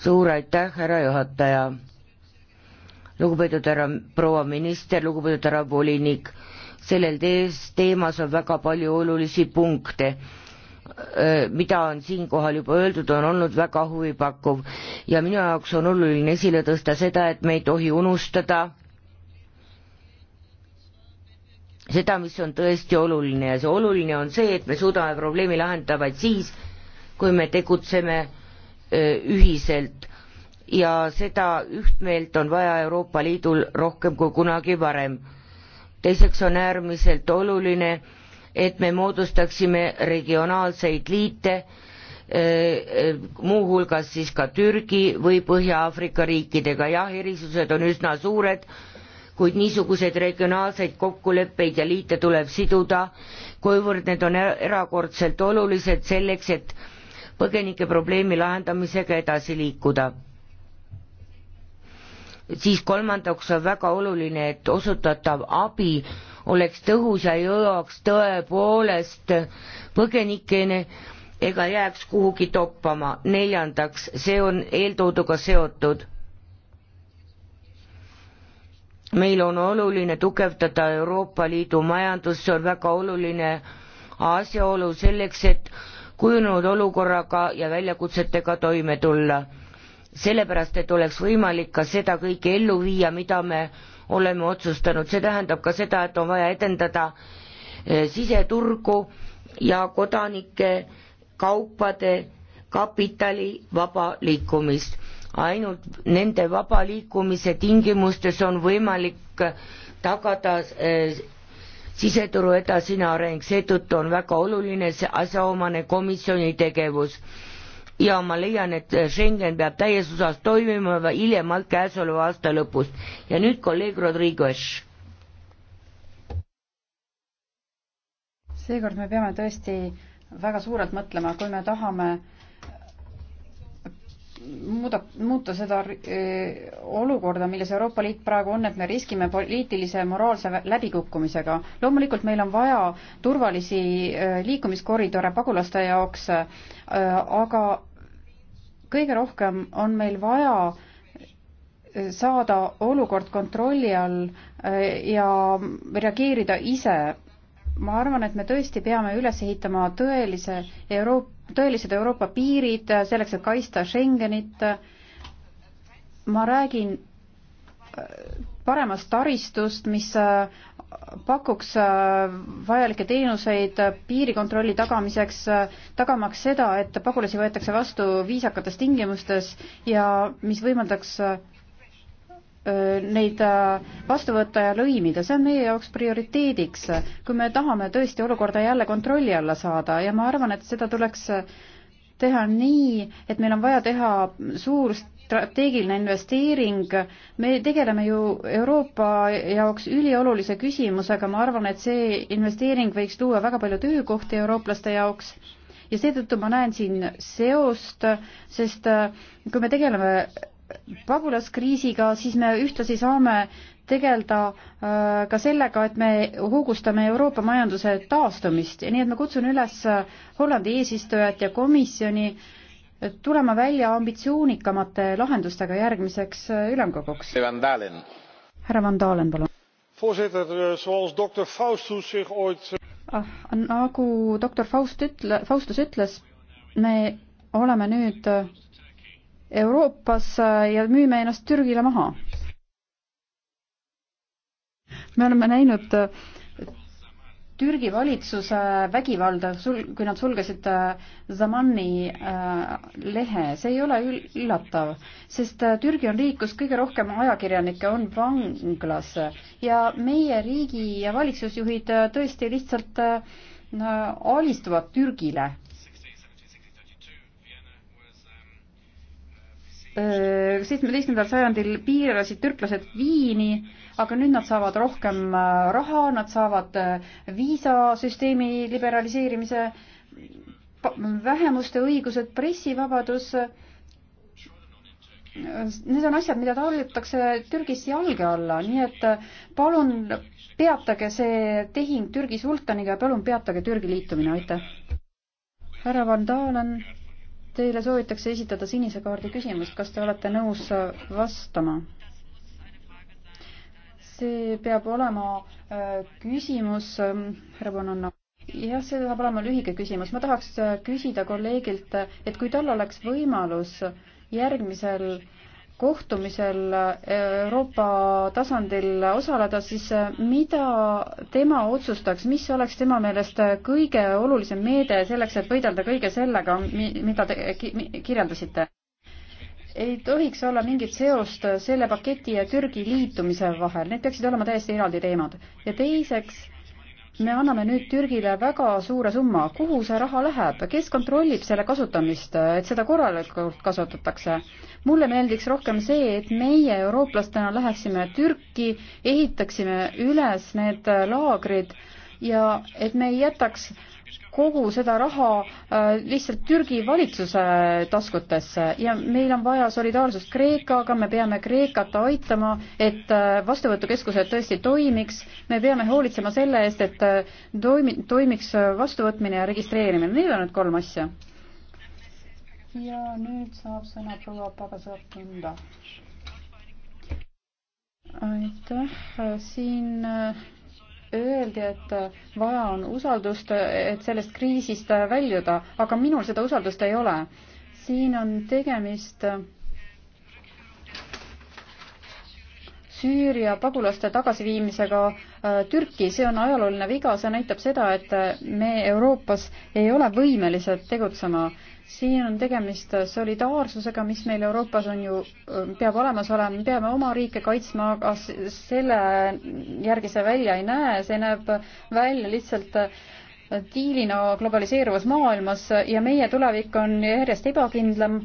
suur aitäh, härra juhataja. lugupeetud härra proua minister, lugupeetud härra volinik, sellel tees, teemas on väga palju olulisi punkte mida on siinkohal juba öeldud, on olnud väga huvipakkuv ja minu jaoks on oluline esile tõsta seda, et me ei tohi unustada seda, mis on tõesti oluline ja see oluline on see, et me suudame probleemi lahendada vaid siis, kui me tegutseme ühiselt ja seda ühtmeelt on vaja Euroopa Liidul rohkem kui kunagi varem. teiseks on äärmiselt oluline, et me moodustaksime regionaalseid liite, eh, eh, muuhulgas siis ka Türgi või Põhja-Aafrika riikidega, jah, erisused on üsna suured, kuid niisuguseid regionaalseid kokkuleppeid ja liite tuleb siduda, kuivõrd need on erakordselt olulised selleks, et põgenike probleemi lahendamisega edasi liikuda. siis kolmandaks on väga oluline, et osutatav abi oleks tõhus ja jõuaks tõepoolest põgenikeni ega jääks kuhugi toppama. neljandaks, see on eeltooduga seotud. meil on oluline tugevdada Euroopa Liidu majandust, see on väga oluline asjaolu selleks, et kujunenud olukorraga ja väljakutsetega toime tulla. sellepärast, et oleks võimalik ka seda kõike ellu viia, mida me oleme otsustanud, see tähendab ka seda, et on vaja edendada eh, siseturgu ja kodanike, kaupade, kapitali vaba liikumist. ainult nende vaba liikumise tingimustes on võimalik eh, tagada eh, siseturu edasine areng, seetõttu on väga oluline see asjaomane komisjoni tegevus ja ma leian, et äh, Schengen peab täies osas toimima hiljemalt käesoleva aasta lõpus. ja nüüd kolleeg Rodriguez.
seekord me peame tõesti väga suurelt mõtlema, kui me tahame muudab, muuta seda eh, olukorda, milles Euroopa Liit praegu on, et me riskime poliitilise moraalse läbikukkumisega. loomulikult meil on vaja turvalisi eh, liikumiskoridore pagulaste jaoks, eh, aga kõige rohkem on meil vaja saada olukord kontrolli all ja reageerida ise. ma arvan, et me tõesti peame üles ehitama tõelise Euroopa tõelised Euroopa piirid selleks, et kaitsta Schengenit. ma räägin äh, paremast taristust, mis äh, pakuks äh, vajalikke teenuseid piirikontrolli tagamiseks, tagamaks seda, et pagulasi võetakse vastu viisakates tingimustes ja mis võimaldaks neid äh, vastu võtta ja lõimida, see on meie jaoks prioriteediks, kui me tahame tõesti olukorda jälle kontrolli alla saada ja ma arvan, et seda tuleks äh, teha nii, et meil on vaja teha suur strateegiline investeering, me tegeleme ju Euroopa jaoks üliolulise küsimusega, ma arvan, et see investeering võiks tuua väga palju töökohti eurooplaste jaoks ja seetõttu ma näen siin seost, sest äh, kui me tegeleme pagulaskriisiga, siis me ühtlasi saame tegeleda äh, ka sellega, et me hoogustame Euroopa majanduse taastumist ja nii, et ma kutsun üles Hollandi eesistujat ja komisjoni tulema välja ambitsioonikamate lahendustega järgmiseks äh, ülemkoguks. härra Van Dalen, palun.
Voorzitter, eh, zoals dokter Faustus zich ooit eh,
ah, nagu doktor Faust ütle, Faustus ütles, me oleme nüüd Euroopas äh, ja müüme ennast Türgile maha. me oleme näinud äh, Türgi valitsuse vägivalda, kui nad sulgesid äh, Zamani lehe, see ei ole üllatav, sest Türgi on riik, kus kõige rohkem ajakirjanikke on vanglas ja meie riigi ja valitsusjuhid tõesti lihtsalt alistuvad Türgile
Äh,
seitsmeteistkümnendal sajandil piirasid türklased Viini, aga nüüd nad saavad rohkem äh, raha, nad saavad äh, viisasüsteemi liberaliseerimise, vähemuste õigused, pressivabadus. Need on asjad, mida tallatakse Türgis jalge alla, nii et palun peatage see tehing Türgi sultaniga ja palun peatage Türgi liitumine, aitäh. härra Van Dalen Teile soovitakse esitada sinise kaardi küsimust, kas te olete nõus vastama? see peab olema äh, küsimus, ähm, härra Bonanno. jah, see saab olema lühike küsimus. ma tahaks äh, küsida kolleegilt, et kui tal oleks võimalus järgmisel kohtumisel Euroopa tasandil osaleda, siis mida tema otsustaks, mis oleks tema meelest kõige olulisem meede selleks, et võidelda kõige sellega, mida te kirjeldasite? ei tohiks olla mingit seost selle paketi ja Türgi liitumise vahel, need peaksid olema täiesti eraldi teemad. ja teiseks me anname nüüd Türgile väga suure summa, kuhu see raha läheb, kes kontrollib selle kasutamist, et seda korralikult kasutatakse? mulle meeldiks rohkem see, et meie eurooplastena läheksime Türki, ehitaksime üles need laagrid ja et me ei jätaks äh, kogu seda raha äh, lihtsalt Türgi valitsuse taskutesse ja meil on vaja solidaarsust Kreekaga, me peame Kreekat aitama, et äh, vastuvõtukeskused tõesti toimiks, me peame hoolitsema selle eest, et äh, toimi-, toimiks vastuvõtmine ja registreerimine, need on need kolm asja. ja nüüd saab sõna proua Pagasov-Tunda. aitäh, siin öeldi, et vaja on usaldust, et sellest kriisist väljuda, aga minul seda usaldust ei ole. siin on tegemist Süüria pagulaste tagasiviimisega äh, Türki, see on ajalooline viga, see näitab seda, et me Euroopas ei ole võimelised tegutsema siin on tegemist solidaarsusega, mis meil Euroopas on ju, äh, peab olemas olema, me peame oma riike kaitsma, aga selle järgi see välja ei näe, see näeb välja lihtsalt äh, diilina globaliseeruvas maailmas ja meie tulevik on järjest ebakindlam.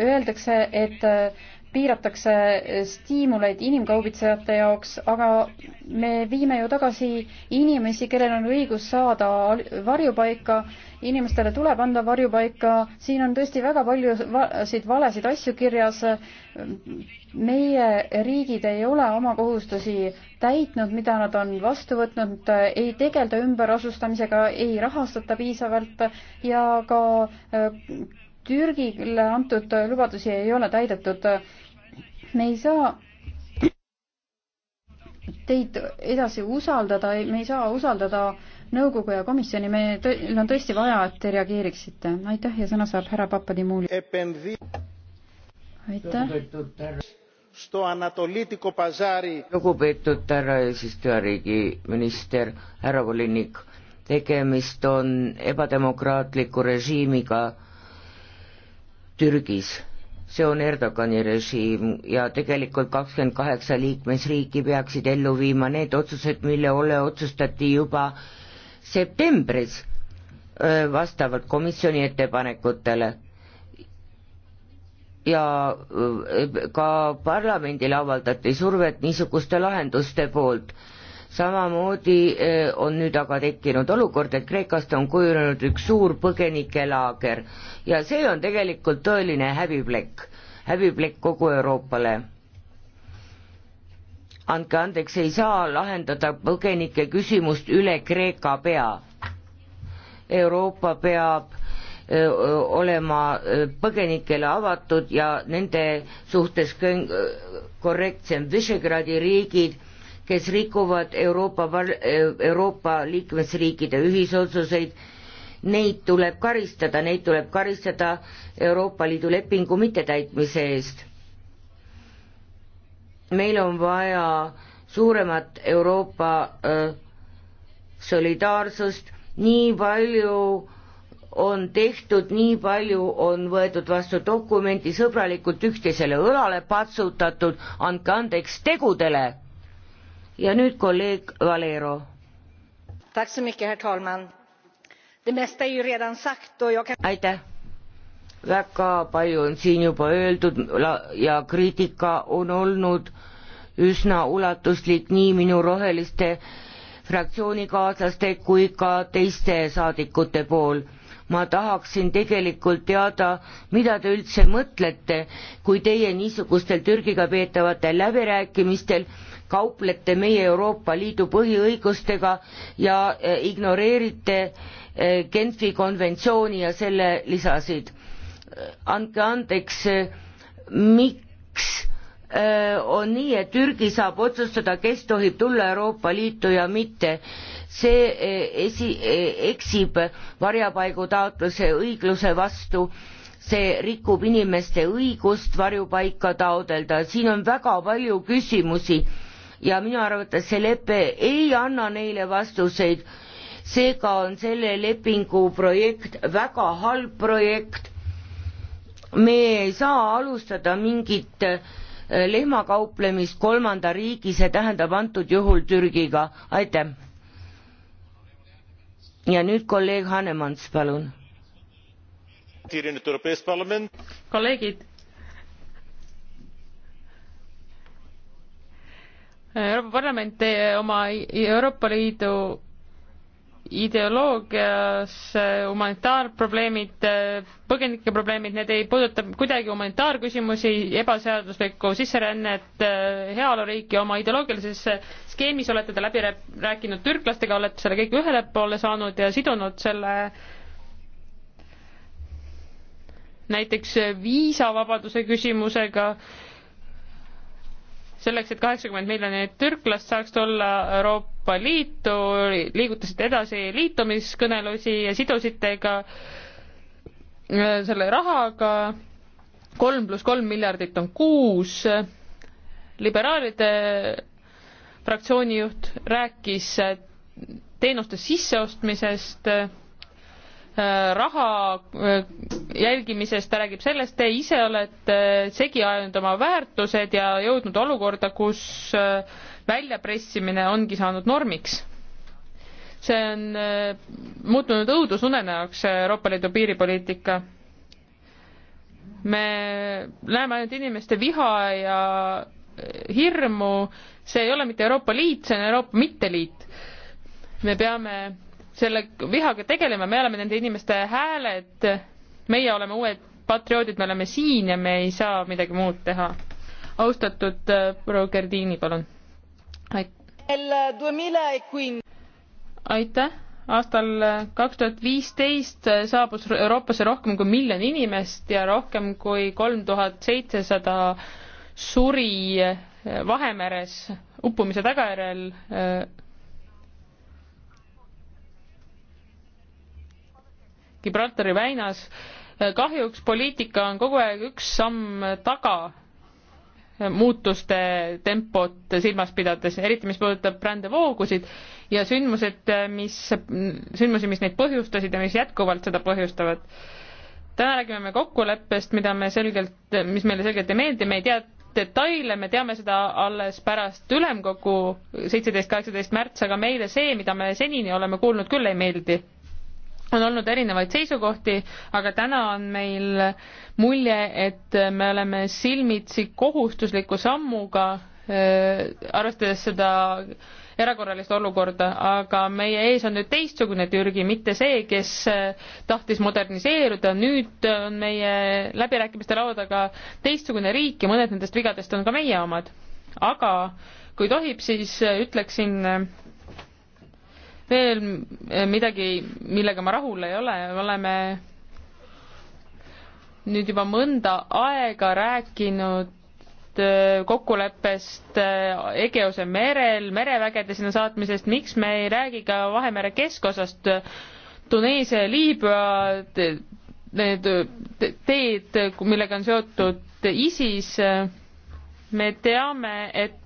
Öeldakse, et äh, piiratakse stiimuleid inimkaubitsejate jaoks, aga me viime ju tagasi inimesi, kellel on õigus saada varjupaika, inimestele tuleb anda varjupaika, siin on tõesti väga paljusid valesid asju kirjas. meie riigid ei ole oma kohustusi täitnud, mida nad on vastu võtnud, ei tegelda ümberasustamisega, ei rahastata piisavalt ja ka Türgile antud lubadusi ei ole täidetud. me ei saa teid edasi usaldada, me ei saa usaldada nõukogu ja komisjoni, meil on tõesti vaja, et te reageeriksite. aitäh ja sõna saab härra Papadimuli. E
aitäh. lugupeetud
härra eesistujariigi minister, härra volinik, tegemist on ebademokraatliku režiimiga Türgis. see on Erdogani režiim ja tegelikult kakskümmend kaheksa liikmesriiki peaksid ellu viima need otsused, mille üle otsustati juba septembris vastavalt komisjoni ettepanekutele ja ka parlamendile avaldati survet niisuguste lahenduste poolt samamoodi eh, on nüüd aga tekkinud olukord, et Kreekast on kujunenud üks suur põgenikelaager ja see on tegelikult tõeline häbiplekk, häbiplekk kogu Euroopale. andke andeks, ei saa lahendada põgenike küsimust üle Kreeka pea. Euroopa peab eh, olema eh, põgenikele avatud ja nende suhtes korrektsem, Visegradi riigid kes rikuvad Euroopa, Euroopa liikmesriikide ühisotsuseid, neid tuleb karistada, neid tuleb karistada Euroopa Liidu lepingu mittetäitmise eest. meil on vaja suuremat Euroopa öö, äh, solidaarsust, nii palju on tehtud, nii palju on võetud vastu dokumenti, sõbralikult üksteisele õlale patsutatud, andke andeks tegudele ja nüüd kolleeg Valero. aitäh, väga palju on siin juba öeldud ja kriitika on olnud üsna ulatuslik nii minu roheliste fraktsioonikaaslaste kui ka teiste saadikute pool. ma tahaksin tegelikult teada, mida te üldse mõtlete, kui teie niisugustel Türgiga peetavatel läbirääkimistel kauplete meie Euroopa Liidu põhiõigustega ja eh, ignoreerite eh, Genfi konventsiooni ja selle lisasid. andke andeks, miks eh, on nii, et Türgi saab otsustada, kes tohib tulla Euroopa Liitu ja mitte. see esi, eksib varjapaigutaotluse õigluse vastu, see rikub inimeste õigust varjupaika taotleda, siin on väga palju küsimusi ja minu arvates see lepe ei anna neile vastuseid. seega on selle lepingu projekt väga halb projekt. me ei saa alustada mingit äh, lehmakauplemist kolmanda riigi, see tähendab antud juhul Türgiga, aitäh. ja nüüd kolleeg Hannemans, palun. kolleegid
Euroopa Parlament oma Euroopa Liidu ideoloogias humanitaarprobleemid, põgenike probleemid, need ei puuduta kuidagi humanitaarküsimusi, ebaseaduslikku sisserännet, heaoluriiki, oma ideoloogilises skeemis olete te läbi rääkinud türklastega, olete selle kõik ühele poole saanud ja sidunud selle näiteks viisavabaduse küsimusega selleks, et kaheksakümmend miljonit türklast saaks tulla Euroopa Liitu, liigutasite edasi liitumiskõnelusi ja sidusite ka äh, selle rahaga, kolm pluss kolm miljardit on kuus, liberaalide fraktsiooni juht rääkis äh, teenuste sisseostmisest Äh, raha äh, jälgimisest, ta räägib sellest, te ise olete äh, segi ajanud oma väärtused ja jõudnud olukorda, kus väljapressimine ongi saanud normiks. see on muutunud õudusunenäoks, Euroopa Liidu piiripoliitika. me näeme ainult inimeste viha ja hirmu, see ei ole mitte Euroopa Liit, see on Euroopa mitteliit. me peame selle vihaga tegelema, me oleme nende inimeste hääled, meie oleme uued patrioodid, me oleme siin ja me ei saa midagi muud teha. austatud äh, proua Gerdini, palun. aitäh, aastal äh, kaks tuhat viisteist äh, saabus Euroopasse rohkem kui miljon inimest ja rohkem kui kolm tuhat seitsesada suri Vahemeres uppumise tagajärjel Gibraltari väinas. Eh, kahjuks poliitika on kogu aeg üks samm taga eh, muutuste tempot silmas pidades, eriti mis puudutab rändevoogusid ja sündmused, eh, mis, sündmusi, mis neid põhjustasid ja mis jätkuvalt seda põhjustavad. täna räägime me kokkuleppest, mida me selgelt, mis meile selgelt ei meeldi, me ei tea detaile, me teame seda alles pärast ülemkogu seitseteist, kaheksateist märts, aga meile see, mida me senini oleme kuulnud, küll ei meeldi on olnud erinevaid seisukohti, aga täna on meil mulje, et me oleme silmitsi kohustusliku sammuga, äh, arvestades seda erakorralist olukorda, aga meie ees on nüüd teistsugune Türgi, mitte see, kes äh, tahtis moderniseeruda, nüüd on meie läbirääkimiste laua taga teistsugune riik ja mõned nendest vigadest on ka meie omad. aga kui tohib, siis äh, ütleksin veel eh, midagi, millega ma rahul ei ole, oleme nüüd juba mõnda aega rääkinud eh, kokkuleppest eh, Egeuse merel, merevägede sinna saatmisest, miks me ei räägi ka Vahemere keskosast, Tuneesia ja Liibüa need teed, millega on seotud ISIS, me teame, et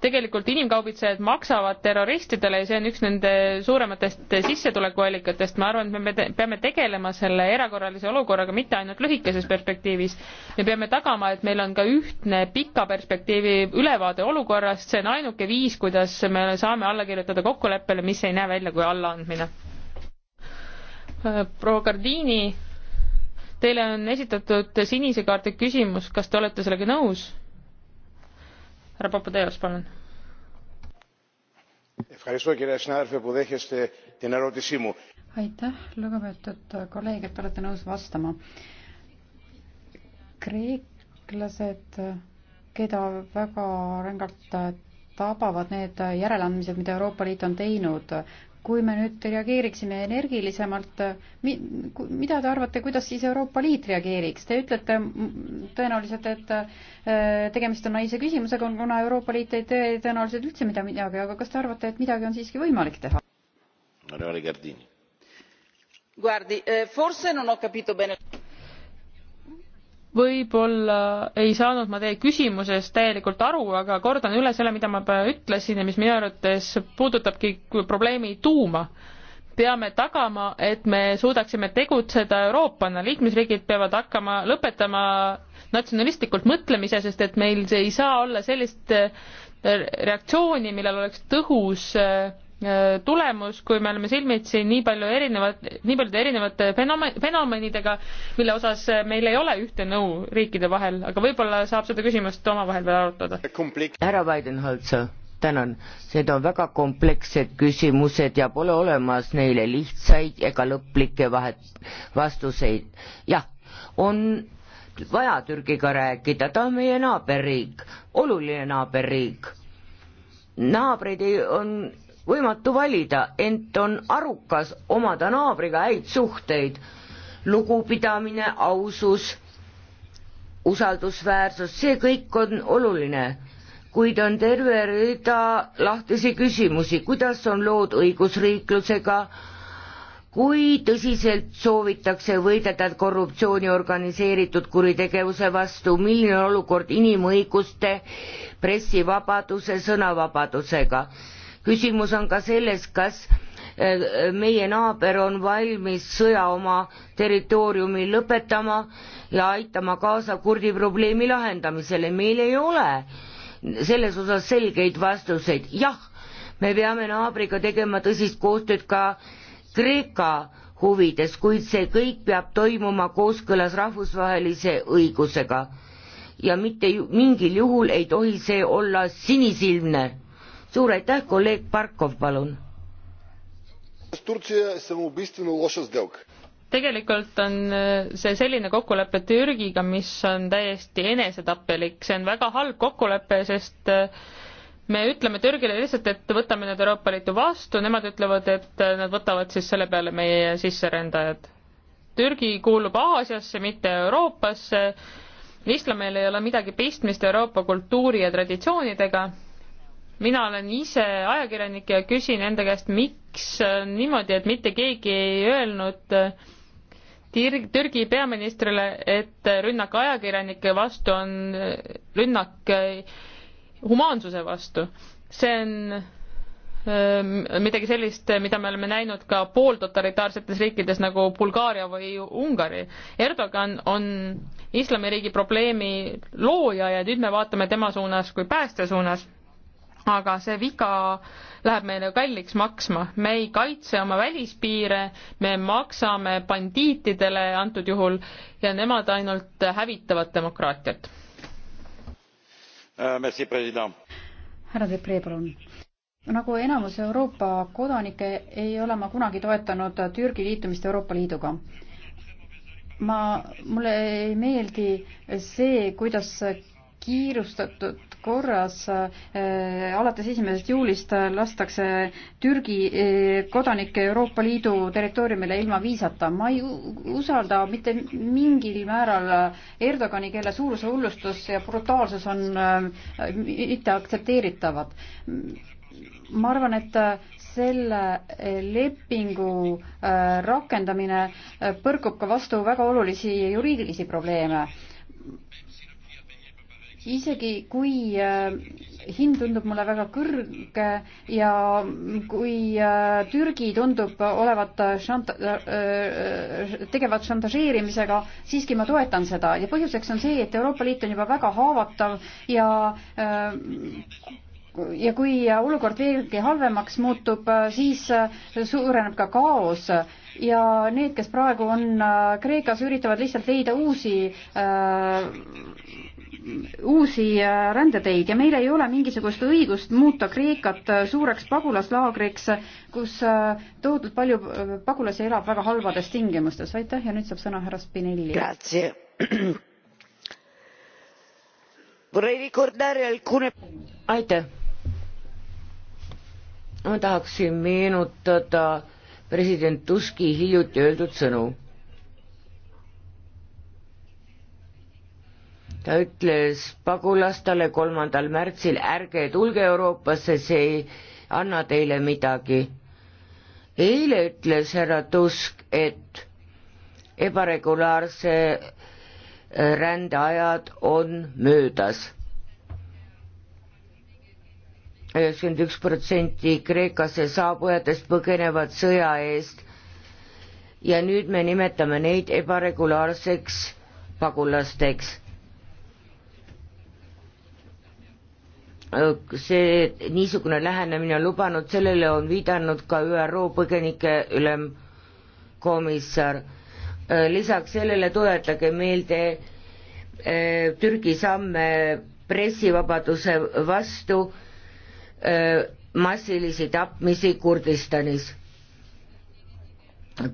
tegelikult inimkaubitsejad maksavad terroristidele ja see on üks nende suurematest sissetulekuallikatest. ma arvan, et me peame tegelema selle erakorralise olukorraga mitte ainult lühikeses perspektiivis. me peame tagama, et meil on ka ühtne pika perspektiivi ülevaade olukorrast, see on ainuke viis, kuidas me saame alla kirjutada kokkuleppele, mis ei näe välja kui allaandmine. proua Gardiini, teile on esitatud sinise kaardi küsimus, kas te olete sellega nõus? härra Papadeos, palun
aitäh
lugupeetud kolleeg et olete nõus vastama kreeklased keda väga rängalt tabavad need järeleandmised mida euroopa liit on teinud kui me nüüd reageeriksime energilisemalt, mi-, mida te arvate, kuidas siis Euroopa Liit reageeriks? Te ütlete tõenäoliselt, et äh, tegemist on naise küsimusega, kuna Euroopa Liit ei tee tõenäoliselt üldse mida midagi, aga kas te arvate, et midagi on siiski võimalik teha? Guardi, eh, forse non ho capito bene võib-olla
ei saanud ma teie küsimusest täielikult aru, aga kordan üle selle, mida ma juba ütlesin ja mis minu arvates puudutabki probleemi tuuma. peame tagama, et me suudaksime tegutseda Euroopana, liikmesriigid peavad hakkama lõpetama natsionalistlikult mõtlemise, sest et meil ei saa olla sellist reaktsiooni, millel oleks tõhus äh, Äh, tulemus, kui me oleme silmitsi nii palju erinevat, nii paljude erinevate fenome-, fenomenidega, mille osas äh, meil ei ole ühte nõu riikide vahel, aga võib-olla saab seda küsimust omavahel veel
arutada. härra Weidenholzer, tänan. Need on väga komplekssed küsimused ja pole olemas neile lihtsaid ega lõplikke vahet, vastuseid. jah, on vaja Türgiga rääkida, ta on meie naaberriik, oluline naaberriik naabreid ei, on võimatu valida, ent on arukas omada naabriga häid suhteid. lugupidamine, ausus, usaldusväärsus, see kõik on oluline, kuid on terve rida lahtisi küsimusi, kuidas on lood õigusriiklusega, kui tõsiselt soovitakse võidelda korruptsiooni organiseeritud kuritegevuse vastu, milline on olukord inimõiguste, pressivabaduse, sõnavabadusega küsimus on ka selles, kas äh, meie naaber on valmis sõja oma territooriumil lõpetama ja aitama kaasa kurdi probleemi lahendamisele, meil ei ole selles osas selgeid vastuseid, jah, me peame naabriga tegema tõsist koostööd ka Kreeka huvides, kuid see kõik peab toimuma kooskõlas rahvusvahelise õigusega. ja mitte ju, mingil juhul ei tohi see olla sinisilmne suur aitäh, kolleeg Barkov, palun.
tegelikult on э, see selline kokkulepe Türgiga, mis on täiesti enesetappelik, see on väga halb kokkulepe, sest äh, me ütleme Türgile lihtsalt, et võtame nad Euroopa Liitu vastu, nemad ütlevad, et äh, nad võtavad siis selle peale meie sisserändajad. Türgi kuulub Aasiasse, mitte Euroopasse, islamil ei ole midagi pistmist Euroopa kultuuri ja traditsioonidega mina olen ise ajakirjanik ja küsin enda käest, miks niimoodi, et mitte keegi ei öelnud Türgi peaministrile, et rünnak ajakirjanike vastu on rünnak humaansuse vastu. see on ähm, midagi sellist, mida me oleme näinud ka pooltotalitaarsetes riikides nagu Bulgaaria või Ungari. Erdogan on islamiriigi probleemi looja ja nüüd me vaatame tema suunas kui päästja suunas aga see viga läheb meile kalliks maksma. me ei kaitse oma välispiire, me maksame bandiitidele antud juhul ja nemad ainult hävitavad demokraatiat
äh,.
härra Depree, palun nagu enamus Euroopa kodanikke ei ole ma kunagi toetanud Türgi liitumist Euroopa Liiduga. ma, mulle ei meeldi see, kuidas kiirustatud korras äh, alates esimesest juulist äh, lastakse Türgi äh, kodanikke Euroopa Liidu territooriumile ilma viisata. ma ei usalda mitte mingil määral Erdogani, kelle suuruse hullustus ja brutaalsus on mitteaktsepteeritavad. ma arvan, et selle lepingu rakendamine põrkub ka vastu väga olulisi juriidilisi probleeme isegi kui äh, hind tundub mulle väga kõrge ja kui äh, Türgi tundub olevat šanta-, äh, tegevat šantažeerimisega, siiski ma toetan seda ja põhjuseks on see, et Euroopa Liit on juba väga haavatav ja ja kui olukord veelgi halvemaks muutub, siis suureneb ka kaos ja need, kes praegu on Kreekas, üritavad lihtsalt leida uusi äh, uusi äh, rändeteid ja meil ei ole mingisugust õigust muuta Kreekat äh, suureks pagulaslaagriks, kus äh, tohutult palju pagulasi elab väga halbades tingimustes. aitäh ja nüüd saab sõna härra Spinelli.
aitäh. ma tahaksin meenutada president Tuski hiljuti öeldud sõnu ta ütles pagulastele kolmandal märtsil, ärge tulge Euroopasse, see ei anna teile midagi. eile ütles härra Tusk, et ebaregulaarse äh, rändeajad on möödas. üheksakümmend üks protsenti Kreekasse saabujatest põgenevad sõja eest ja nüüd me nimetame neid ebaregulaarseks pagulasteks see, niisugune lähenemine on lubanud, sellele on viidanud ka ÜRO põgenike ülemkomissar. Äh, lisaks sellele tuletage meelde äh, Türgi samme pressivabaduse vastu, äh, massilisi tapmisi Kurdistanis.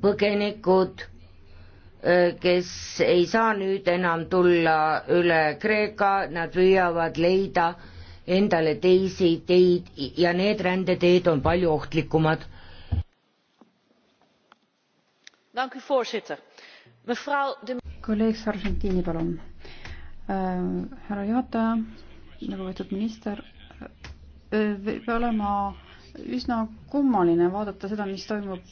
põgenikud, kes ei saa nüüd enam tulla üle Kreeka, nad püüavad leida äh, endale teisi teid ja need rändeteed on palju ohtlikumad. kolleeg Sargentini, palun.
Äh, härra juhataja, lugupeetud minister, peab äh, äh, olema üsna kummaline vaadata seda, mis toimub,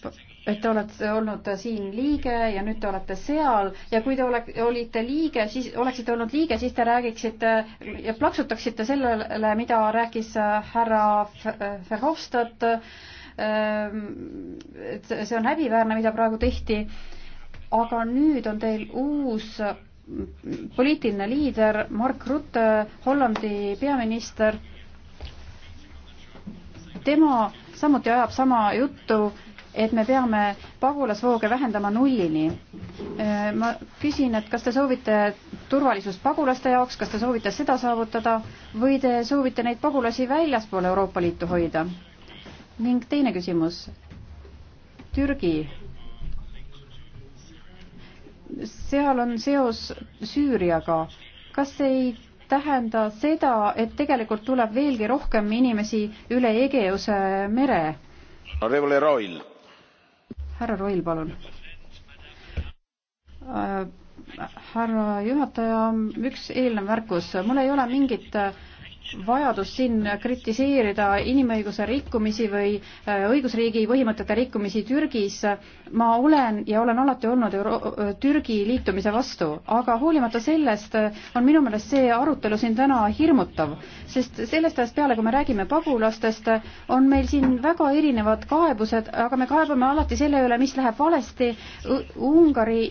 et te olete olnud siin liige ja nüüd te olete seal ja kui te olek, olite liige, siis oleksite olnud liige, siis te räägiksite ja plaksutaksite sellele, mida rääkis härra Verhofstadt. Ähm, et see on häbiväärne, mida praegu tehti. aga nüüd on teil uus poliitiline liider Mark Rutte, Hollandi peaminister tema samuti ajab sama juttu, et me peame pagulasvooge vähendama nullini. Äh, ma küsin, et kas te soovite turvalisust pagulaste jaoks, kas te soovite seda saavutada või te soovite neid pagulasi väljaspool Euroopa Liitu hoida? ning teine küsimus. Türgi. seal on seos Süüriaga. kas ei tähenda seda, et tegelikult tuleb veelgi rohkem inimesi üle Egeuse mere. härra Roil, palun äh, härra juhataja, üks eelnev märkus, mul ei ole mingit äh, vajadus siin kritiseerida inimõiguse rikkumisi või äh, õigusriigi põhimõtete rikkumisi Türgis. ma olen ja olen alati olnud Euro äh, Türgi liitumise vastu, aga hoolimata sellest äh, on minu meelest see arutelu siin täna hirmutav, sest sellest ajast peale, kui me räägime pagulastest, on meil siin väga erinevad kaebused, aga me kaebame alati selle üle, mis läheb valesti Ungari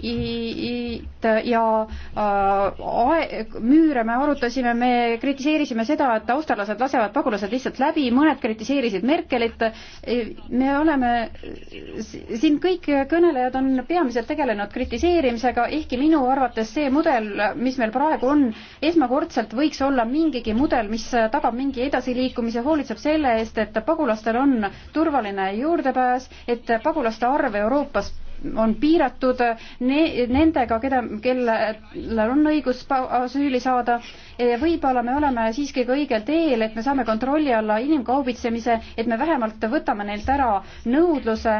ja müüre me arutasime, me kritiseerisime seda, seda, et austerlased lasevad pagulased lihtsalt läbi, mõned kritiseerisid Merkelit, me oleme, siin kõik kõnelejad on peamiselt tegelenud kritiseerimisega, ehkki minu arvates see mudel, mis meil praegu on, esmakordselt võiks olla mingigi mudel, mis tagab mingi edasiliikumise, hoolitseb selle eest, et pagulastel on turvaline juurdepääs, et pagulaste arv Euroopas on piiratud ne, nendega, keda, kellel on õigus asüüli saada. võib-olla me oleme siiski ka õigel teel, et me saame kontrolli alla inimkaubitsemise, et me vähemalt võtame neilt ära nõudluse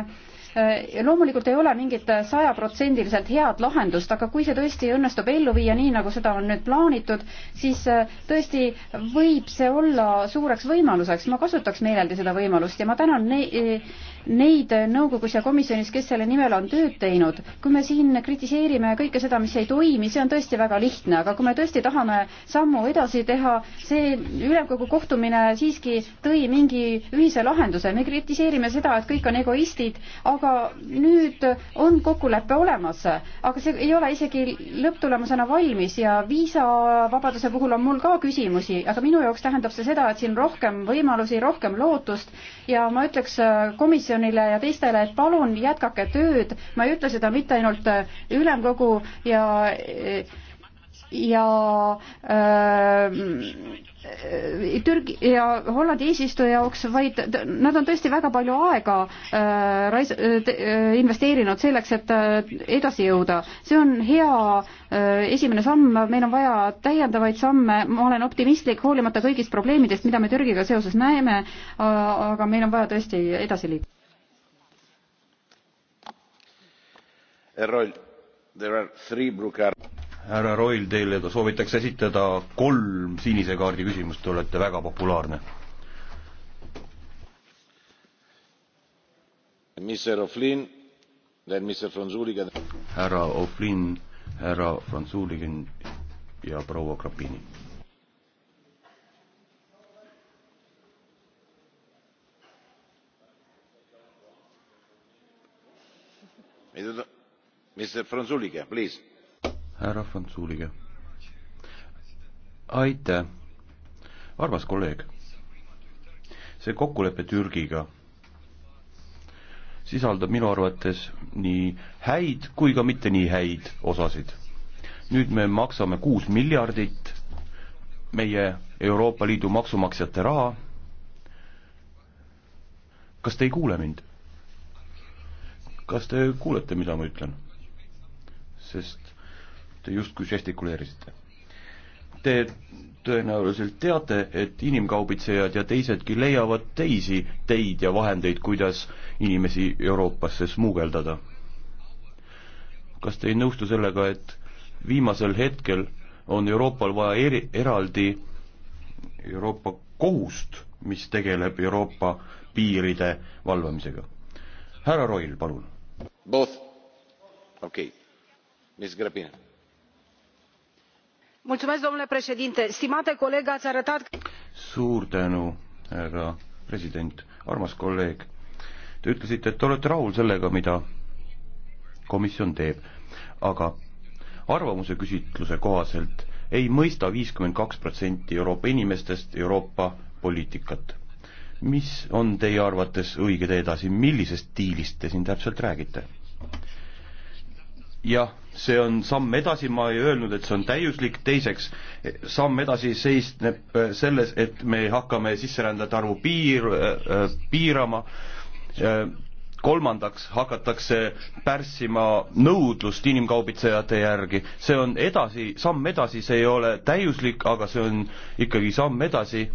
loomulikult ei ole mingit sajaprotsendiliselt head lahendust, aga kui see tõesti õnnestub ellu viia nii, nagu seda on nüüd plaanitud, siis äh, tõesti võib see olla suureks võimaluseks. ma kasutaks meeleldi seda võimalust ja ma tänan ne-, neid nõukogus ja komisjonis, kes selle nimel on tööd teinud. kui me siin kritiseerime kõike seda, mis ei toimi, see on tõesti väga lihtne, aga kui me tõesti tahame sammu edasi teha, see ülemkogu kohtumine siiski tõi mingi ühise lahenduse. me kritiseerime seda, et kõik on egoistid, aga nüüd on kokkulepe olemas, aga see ei ole isegi lõpptulemusena valmis ja viisavabaduse puhul on mul ka küsimusi, aga minu jaoks tähendab see seda, et siin rohkem võimalusi, rohkem lootust ja ma ütleks äh, komisjonile, komisjonile ja teistele, et palun jätkake tööd, ma ei ütle seda mitte ainult äh, ülemkogu ja äh, ja äh, Türgi ja Hollandi eesistuja jaoks, vaid nad on tõesti väga palju aega äh, rais- äh, äh,, investeerinud selleks, et äh, edasi jõuda. see on hea äh, esimene samm, meil on vaja täiendavaid samme, ma olen optimistlik, hoolimata kõigist probleemidest, mida me Türgiga seoses näeme äh,, aga meil on vaja tõesti edasi liikuda.
härra Roil, teile soovitakse esitada kolm sinise kaardi küsimust, te olete väga populaarne. härra Oflin, härra Franzulikin ja proua Grapini. härra Frunzuliga. aitäh, armas kolleeg. see kokkulepe Türgiga sisaldab minu arvates nii häid kui ka mitte nii häid osasid. nüüd me maksame kuus miljardit meie Euroopa Liidu maksumaksjate raha. kas te ei kuule mind? kas te kuulete, mida ma ütlen? sest te justkui žestikuleerisite. Te tõenäoliselt teate, et inimkaubitsejad ja teisedki leiavad teisi teid ja vahendeid, kuidas inimesi Euroopasse smugeldada. kas te ei nõustu sellega, et viimasel hetkel on Euroopal vaja eri, eraldi Euroopa kohust, mis tegeleb Euroopa piiride valvamisega. härra Roil, palun. okei okay
domnule președinte stimate coleg ați arătat că.
suur tänu härra president armas kolleeg te ütlesite et te olete rahul sellega mida komisjon teeb aga arvamuse küsitluse kohaselt ei mõista viiskümmend kaks protsenti euroopa inimestest euroopa poliitikat mis on teie arvates õige tee edasi millisest diilist te siin täpselt räägite? jah, see on samm edasi, ma ei öelnud, et see on täiuslik, teiseks, samm edasi seisneb äh, selles, et me hakkame sisserändajate arvu piir äh, äh,, piirama äh,, kolmandaks hakatakse pärssima nõudlust inimkaubitsejate järgi, see on edasi, samm edasi, see ei ole täiuslik, aga see on ikkagi samm edasi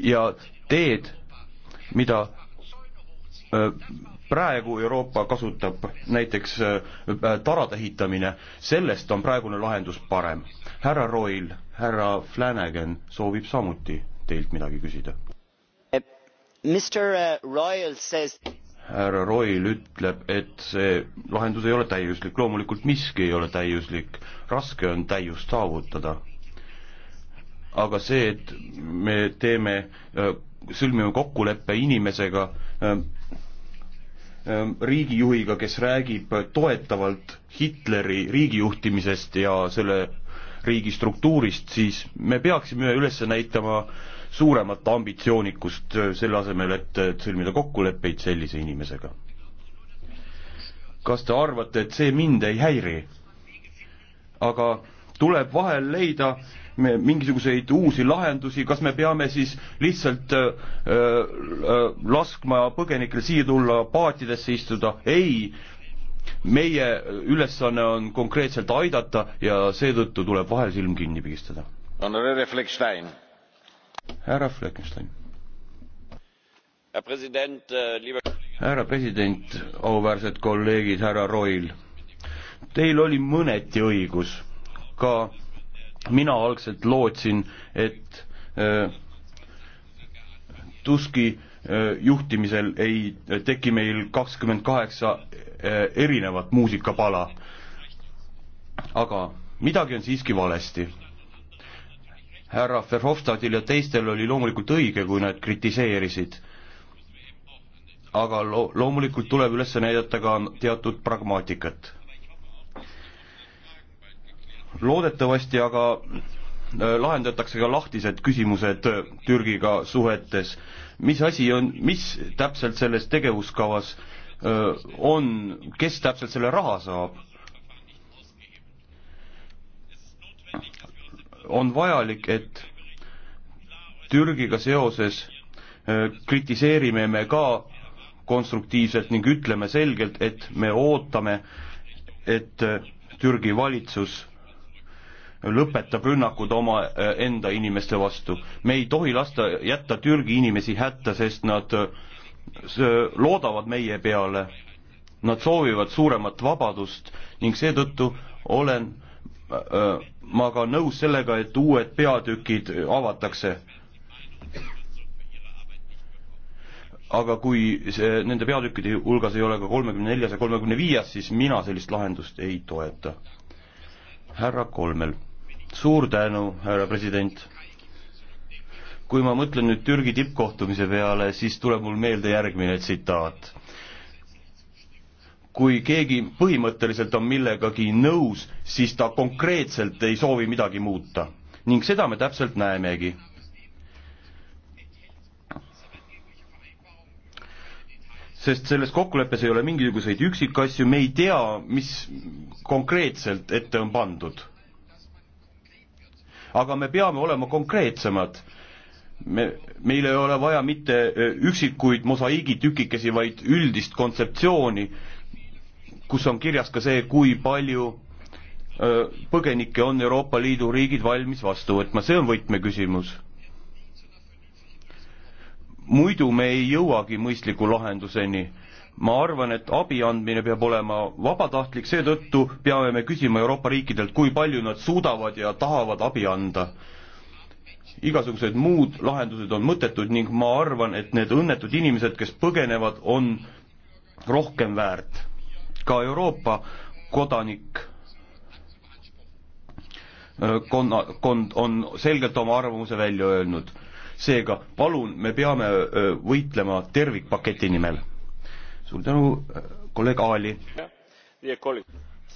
ja teed, mida äh, praegu Euroopa kasutab näiteks äh, tarade ehitamine, sellest on praegune lahendus parem. härra Roil, härra Flanagan soovib samuti teilt midagi küsida. Eh,
äh,
härra Roil ütleb, et see lahendus ei ole täiuslik, loomulikult miski ei ole täiuslik, raske on täiust saavutada. aga see, et me teeme, äh, sõlmime kokkuleppe inimesega, Ehm, riigijuhiga, kes räägib toetavalt Hitleri riigijuhtimisest ja selle riigi struktuurist, siis me peaksime üles näitama suuremat ambitsioonikust, selle asemel, et sõlmida kokkuleppeid sellise inimesega. kas te arvate, et see mind ei häiri? aga tuleb vahel leida me mingisuguseid uusi lahendusi, kas me peame siis lihtsalt öö, äh, öö, äh, laskma põgenikel siia tulla, paatidesse istuda, ei, meie ülesanne on konkreetselt aidata ja seetõttu tuleb vahel silm kinni pigistada. härra Fleckenstein.
Äh,
härra president, auväärsed kolleegid, härra Roil, teil oli mõneti õigus ka mina algselt lootsin, et äh, Tuski äh, juhtimisel ei teki meil kakskümmend kaheksa äh, erinevat muusikapala. aga midagi on siiski valesti. härra Verhofstadil ja teistel oli loomulikult õige, kui nad kritiseerisid. aga lo-, loomulikult tuleb üles näidata ka teatud pragmaatikat loodetavasti aga äh, lahendatakse ka lahtised küsimused äh, Türgiga suhetes. mis asi on, mis täpselt selles tegevuskavas äh, on, kes täpselt selle raha saab? on vajalik, et Türgiga seoses kritiseerime me ka konstruktiivselt ning ütleme selgelt, et me ootame, et Türgi valitsus lõpetab rünnakud omaenda äh, inimeste vastu. me ei tohi lasta jätta Türgi inimesi hätta, sest nad äh, loodavad meie peale. Nad soovivad suuremat vabadust ning seetõttu olen äh, ma ka nõus sellega, et uued peatükid avatakse. aga kui see, nende peatükkide hulgas ei ole ka kolmekümne neljas ja kolmekümne viies, siis mina sellist lahendust ei toeta. härra Kolmel suur tänu, härra president. kui ma mõtlen nüüd Türgi tippkohtumise peale, siis tuleb mul meelde järgmine tsitaat. kui keegi põhimõtteliselt on millegagi nõus, siis ta konkreetselt ei soovi midagi muuta ning seda me täpselt näemegi sest selles kokkuleppes ei ole mingisuguseid üksikasju, me ei tea, mis konkreetselt ette on pandud aga me peame olema konkreetsemad. me, meil ei ole vaja mitte e, üksikuid mosaiigitükikesi, vaid üldist kontseptsiooni, kus on kirjas ka see, kui palju e, põgenikke on Euroopa Liidu riigid valmis vastu võtma, see on võtmeküsimus. muidu me ei jõuagi mõistliku lahenduseni ma arvan, et abi andmine peab olema vabatahtlik, seetõttu peame me küsima Euroopa riikidelt, kui palju nad suudavad ja tahavad abi anda. igasugused muud lahendused on mõttetud ning ma arvan, et need õnnetud inimesed, kes põgenevad, on rohkem väärt. ka Euroopa kodanik konna, äh, kond on selgelt oma arvamuse välja öelnud. seega palun, me peame äh, võitlema tervikpaketi nimel suur tänu, äh, kolleeg Aali.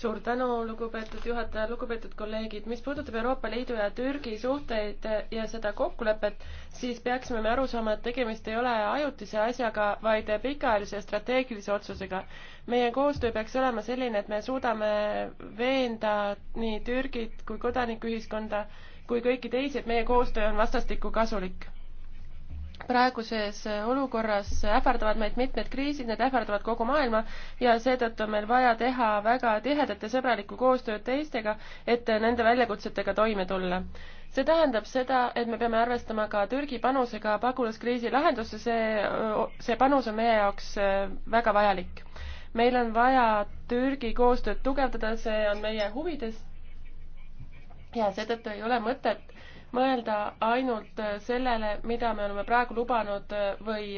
suur tänu, lugupeetud juhataja, lugupeetud kolleegid. mis puudutab Euroopa Liidu ja Türgi suhteid ja seda kokkulepet, siis peaksime me aru saama, et tegemist ei ole ajutise asjaga, vaid pikaajalise strateegilise otsusega. meie koostöö peaks olema selline, et me suudame veenda nii Türgit kui kodanikuühiskonda kui kõiki teisi, et meie koostöö on vastastikku kasulik praeguses äh, olukorras ähvardavad meid mitmed kriisid, need ähvardavad kogu maailma ja seetõttu on meil vaja teha väga tihedat ja sõbralikku koostööd teistega, et äh, nende väljakutsetega toime tulla. see tähendab seda, et me peame arvestama ka Türgi panusega pagulaskriisi lahendusse, see, see panus on meie jaoks äh, väga vajalik. meil on vaja Türgi koostööd tugevdada, see on meie huvides ja seetõttu ei ole mõtet mõelda ainult sellele, mida me oleme praegu lubanud või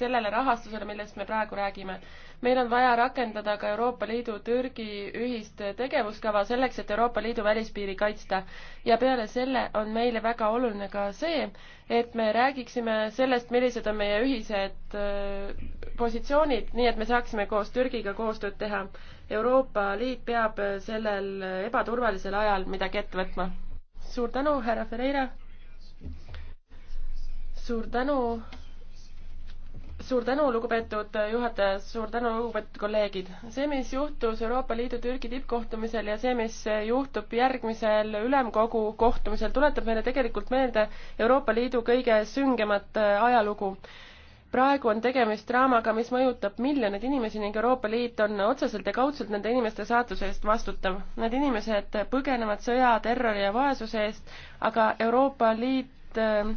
sellele rahastusele, millest me praegu räägime. meil on vaja rakendada ka Euroopa Liidu Türgi ühist tegevuskava selleks, et Euroopa Liidu välispiiri kaitsta. ja peale selle on meile väga oluline ka see, et me räägiksime sellest, millised on meie ühised äh, positsioonid, nii et me saaksime koos Türgiga koostööd teha. Euroopa Liit peab sellel ebaturvalisel ajal midagi ette võtma suur tänu, härra Ferreira. suur tänu. suur tänu, lugupeetud juhataja, suur tänu, lugupeetud kolleegid. see, mis juhtus Euroopa Liidu Türgi tippkohtumisel ja see, mis juhtub järgmisel ülemkogu kohtumisel, tuletab meile tegelikult meelde Euroopa Liidu kõige süngemat äh, ajalugu praegu on tegemist draamaga, mis mõjutab miljoneid inimesi ning Euroopa Liit on otseselt ja kaudselt nende inimeste saatuse eest vastutav. Need inimesed põgenevad sõja, terrori ja vaesuse eest, aga Euroopa Liit äh,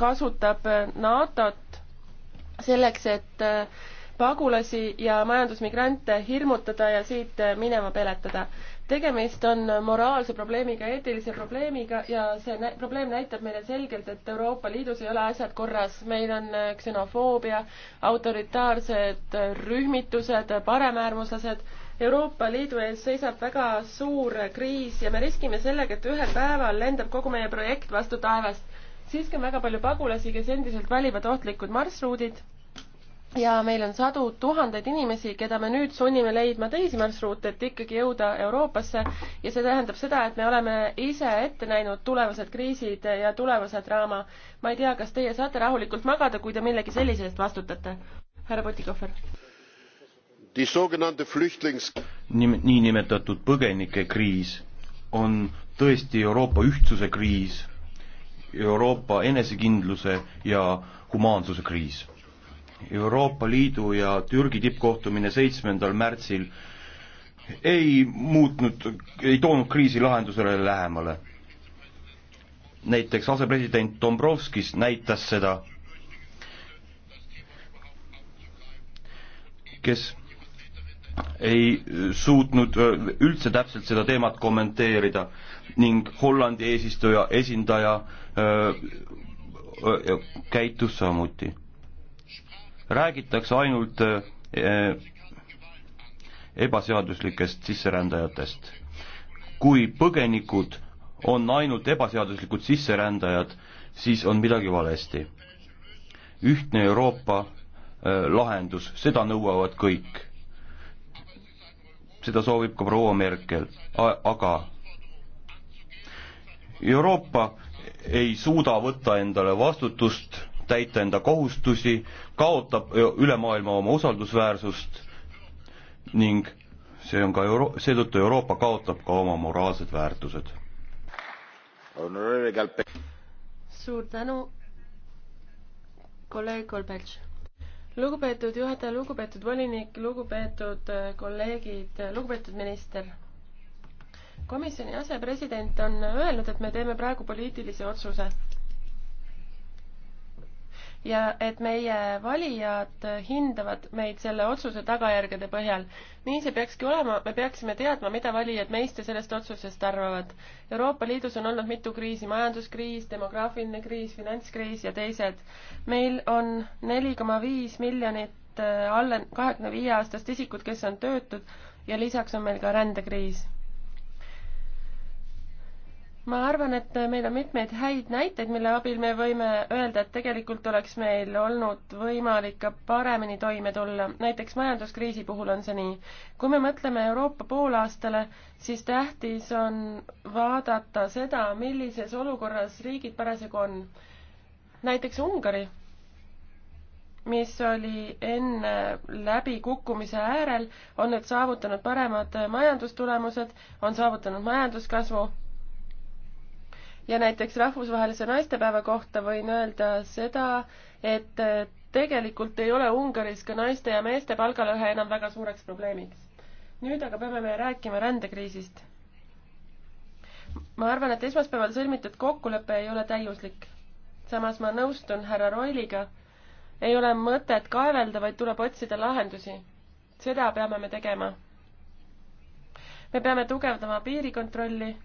kasutab äh, NATO-t selleks, et äh, pagulasi ja majandusmigrante hirmutada ja siit minema peletada tegemist on moraalse probleemiga, eetilise probleemiga ja see nä probleem näitab meile selgelt, et Euroopa Liidus ei ole asjad korras. meil on äh, ksenofoobia, autoritaarsed äh, rühmitused, paremäärmuslased. Euroopa Liidu ees seisab väga suur kriis ja me riskime sellega, et ühel päeval lendab kogu meie projekt vastu taevast. siiski on väga palju pagulasi, kes endiselt valivad ohtlikud marsruudid ja meil on sadu tuhandeid inimesi, keda me nüüd sunnime leidma teisi marsruute, et ikkagi jõuda Euroopasse ja see tähendab seda, et me oleme ise ette näinud tulevased kriisid ja tulevase draama. ma ei tea, kas teie saate rahulikult magada, kui te millegi sellise eest vastutate? härra Potikohver.
niinimetatud põgenikekriis on tõesti Euroopa ühtsuse kriis, Euroopa enesekindluse ja humaansuse kriis Euroopa Liidu ja Türgi tippkohtumine seitsmendal märtsil ei muutnud, ei toonud kriisi lahendusele lähemale. näiteks asepresident Dombrovskis näitas seda, kes ei suutnud üldse täpselt seda teemat kommenteerida ning Hollandi eesistuja esindaja öö, äh, öö, äh, käitus samuti räägitakse ainult äh, äh, ebaseaduslikest sisserändajatest. kui põgenikud on ainult ebaseaduslikud sisserändajad, siis on midagi valesti. ühtne Euroopa äh, lahendus, seda nõuavad kõik. seda soovib ka proua Merkel, aga Euroopa ei suuda võtta endale vastutust täita enda kohustusi, kaotab üle maailma oma usaldusväärsust ning see on ka euro-, seetõttu Euroopa kaotab ka oma moraalsed väärtused.
suur tänu, kolleeg Kolbetš. lugupeetud juhataja, lugupeetud volinik, lugupeetud äh, kolleegid, äh, lugupeetud minister komisjoni asepresident on öelnud, et me teeme praegu poliitilise otsuse ja et meie valijad hindavad meid selle otsuse tagajärgede põhjal. nii see peakski olema, me peaksime teadma, mida valijad meist ja sellest otsusest arvavad. Euroopa Liidus on olnud mitu kriisi, majanduskriis, demograafiline kriis, finantskriis ja teised. meil on neli koma viis miljonit äh, alla kahekümne viie aastast isikut, kes on töötud ja lisaks on meil ka rändekriis ma arvan, et meil on mitmeid häid näiteid, mille abil me võime öelda, et tegelikult oleks meil olnud võimalik ka paremini toime tulla. näiteks majanduskriisi puhul on see nii. kui me mõtleme Euroopa poolaastale, siis tähtis on vaadata seda, millises olukorras riigid parasjagu on. näiteks Ungari, mis oli enne läbikukkumise äärel, on nüüd saavutanud paremad majandustulemused, on saavutanud majanduskasvu ja näiteks rahvusvahelise naistepäeva kohta võin öelda seda, et tegelikult ei ole Ungaris ka naiste ja meeste palgalõhe enam väga suureks probleemiks. nüüd aga peame me rääkima rändekriisist. ma arvan, et esmaspäeval sõlmitud kokkulepe ei ole täiuslik. samas ma nõustun härra Roiliga, ei ole mõtet kaevelda, vaid tuleb otsida lahendusi. seda peame me tegema. me peame tugevdama piirikontrolli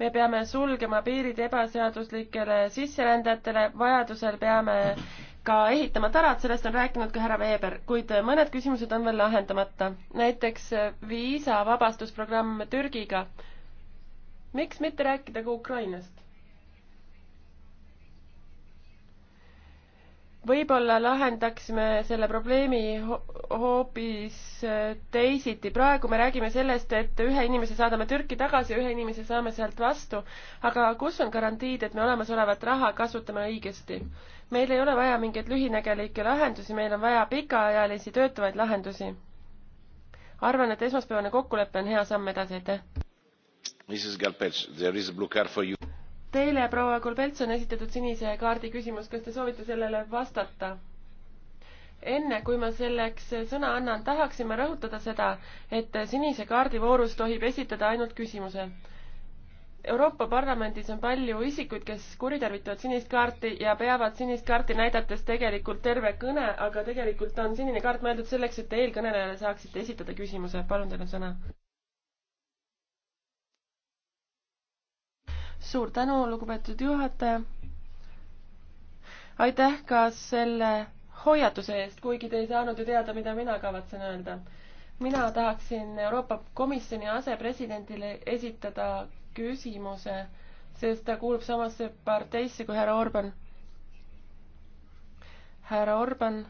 me peame sulgema piirid ebaseaduslikele sisserändajatele, vajadusel peame ka ehitama tarad, sellest on rääkinud ka härra Veeber, kuid mõned küsimused on veel lahendamata. näiteks viisavabastusprogramm Türgiga. miks mitte rääkida ka Ukrainast? võib-olla lahendaksime selle probleemi hoopis äh, teisiti. praegu me räägime sellest, et ühe inimese saadame Türki tagasi ja ühe inimese saame sealt vastu, aga kus on garantiid, et me olemasolevat raha kasutame õigesti? meil ei ole vaja mingeid lühinägelikke lahendusi, meil on vaja pikaajalisi töötavaid lahendusi. arvan, et esmaspäevane kokkulepe on hea samm edasi, aitäh. Teile, proua Kulbelts, on esitatud sinise kaardi küsimus, kas te soovite sellele vastata? enne kui ma selleks sõna annan, tahaksin ma rõhutada seda, et sinise kaardi voorus tohib esitada ainult küsimuse. Euroopa Parlamendis on palju isikuid, kes kuritarvitavad sinist kaarti ja peavad sinist kaarti näidates tegelikult terve kõne, aga tegelikult on sinine kaart mõeldud selleks, et eelkõnelejale saaksite esitada küsimuse. palun, teil on sõna. suur tänu, lugupeetud juhataja. aitäh ka selle hoiatuse eest, kuigi te ei saanud ju teada, mida mina kavatsen öelda. mina tahaksin Euroopa Komisjoni asepresidendile esitada küsimuse, sest ta kuulub samasse parteisse kui härra Orban. härra Orban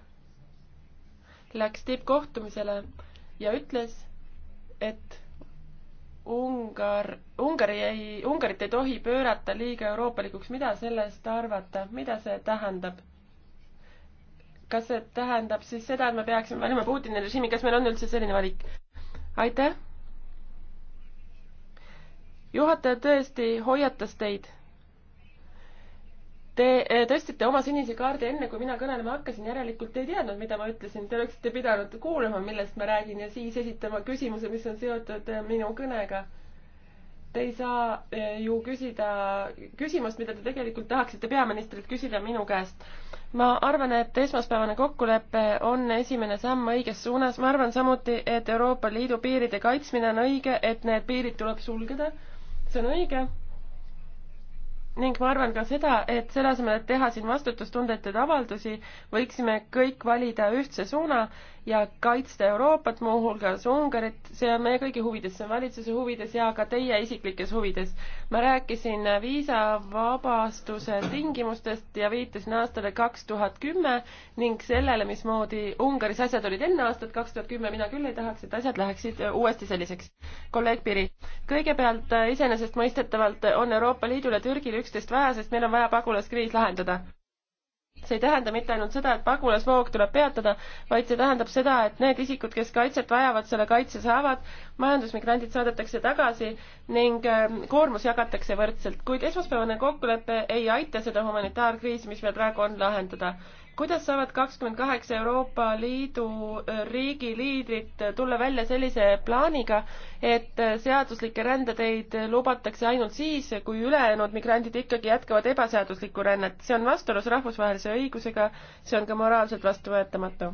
läks tippkohtumisele ja ütles, et Ungar, Ungari ei, Ungarit ei tohi pöörata liiga euroopalikuks, mida sellest arvata, mida see tähendab? kas see tähendab siis seda, et me peaksime valima Putini režiimi, kas meil on üldse selline valik? aitäh! juhataja tõesti hoiatas teid Te eh, tõstsite oma sinise kaardi enne, kui mina kõnelema hakkasin, järelikult te ei teadnud, mida ma ütlesin. Te oleksite pidanud kuulama, millest ma räägin ja siis esitama küsimuse, mis on seotud eh, minu kõnega. Te ei saa eh, ju küsida küsimust, mida te tegelikult tahaksite peaministrilt küsida minu käest. ma arvan, et esmaspäevane kokkulepe on esimene samm õiges suunas. ma arvan samuti, et Euroopa Liidu piiride kaitsmine on õige, et need piirid tuleb sulgeda. see on õige ning ma arvan ka seda, et selle asemel, et teha siin vastutustundetuid avaldusi, võiksime kõik valida ühtse suuna ja kaitsta Euroopat, muuhulgas Ungarit, see on meie kõigi huvides, see on valitsuse huvides ja ka teie isiklikes huvides. ma rääkisin viisavabastuse tingimustest ja viitasin aastale kaks tuhat kümme ning sellele, mismoodi Ungaris asjad olid enne aastat kaks tuhat kümme, mina küll ei tahaks, et asjad läheksid uuesti selliseks. kolleeg Piri, kõigepealt iseenesestmõistetavalt on Euroopa Liidul ja Türgil üksteist vaja, sest meil on vaja pagulaskriis lahendada see ei tähenda mitte ainult seda, et pagulasvoog tuleb peatada, vaid see tähendab seda, et need isikud, kes kaitset vajavad, selle kaitse saavad, majandusmigrandid saadetakse tagasi ning ähm, koormus jagatakse võrdselt, kuid esmaspäevane kokkulepe ei aita seda humanitaarkriisi, mis meil praegu on, lahendada kuidas saavad kakskümmend kaheksa Euroopa Liidu äh, riigi liidrit tulla välja sellise plaaniga, et äh, seaduslikke rändeteid äh, lubatakse ainult siis, kui ülejäänud migrandid ikkagi jätkavad ebaseaduslikku rännet. see on vastuolus rahvusvahelise õigusega, see on ka moraalselt vastuvõetamatu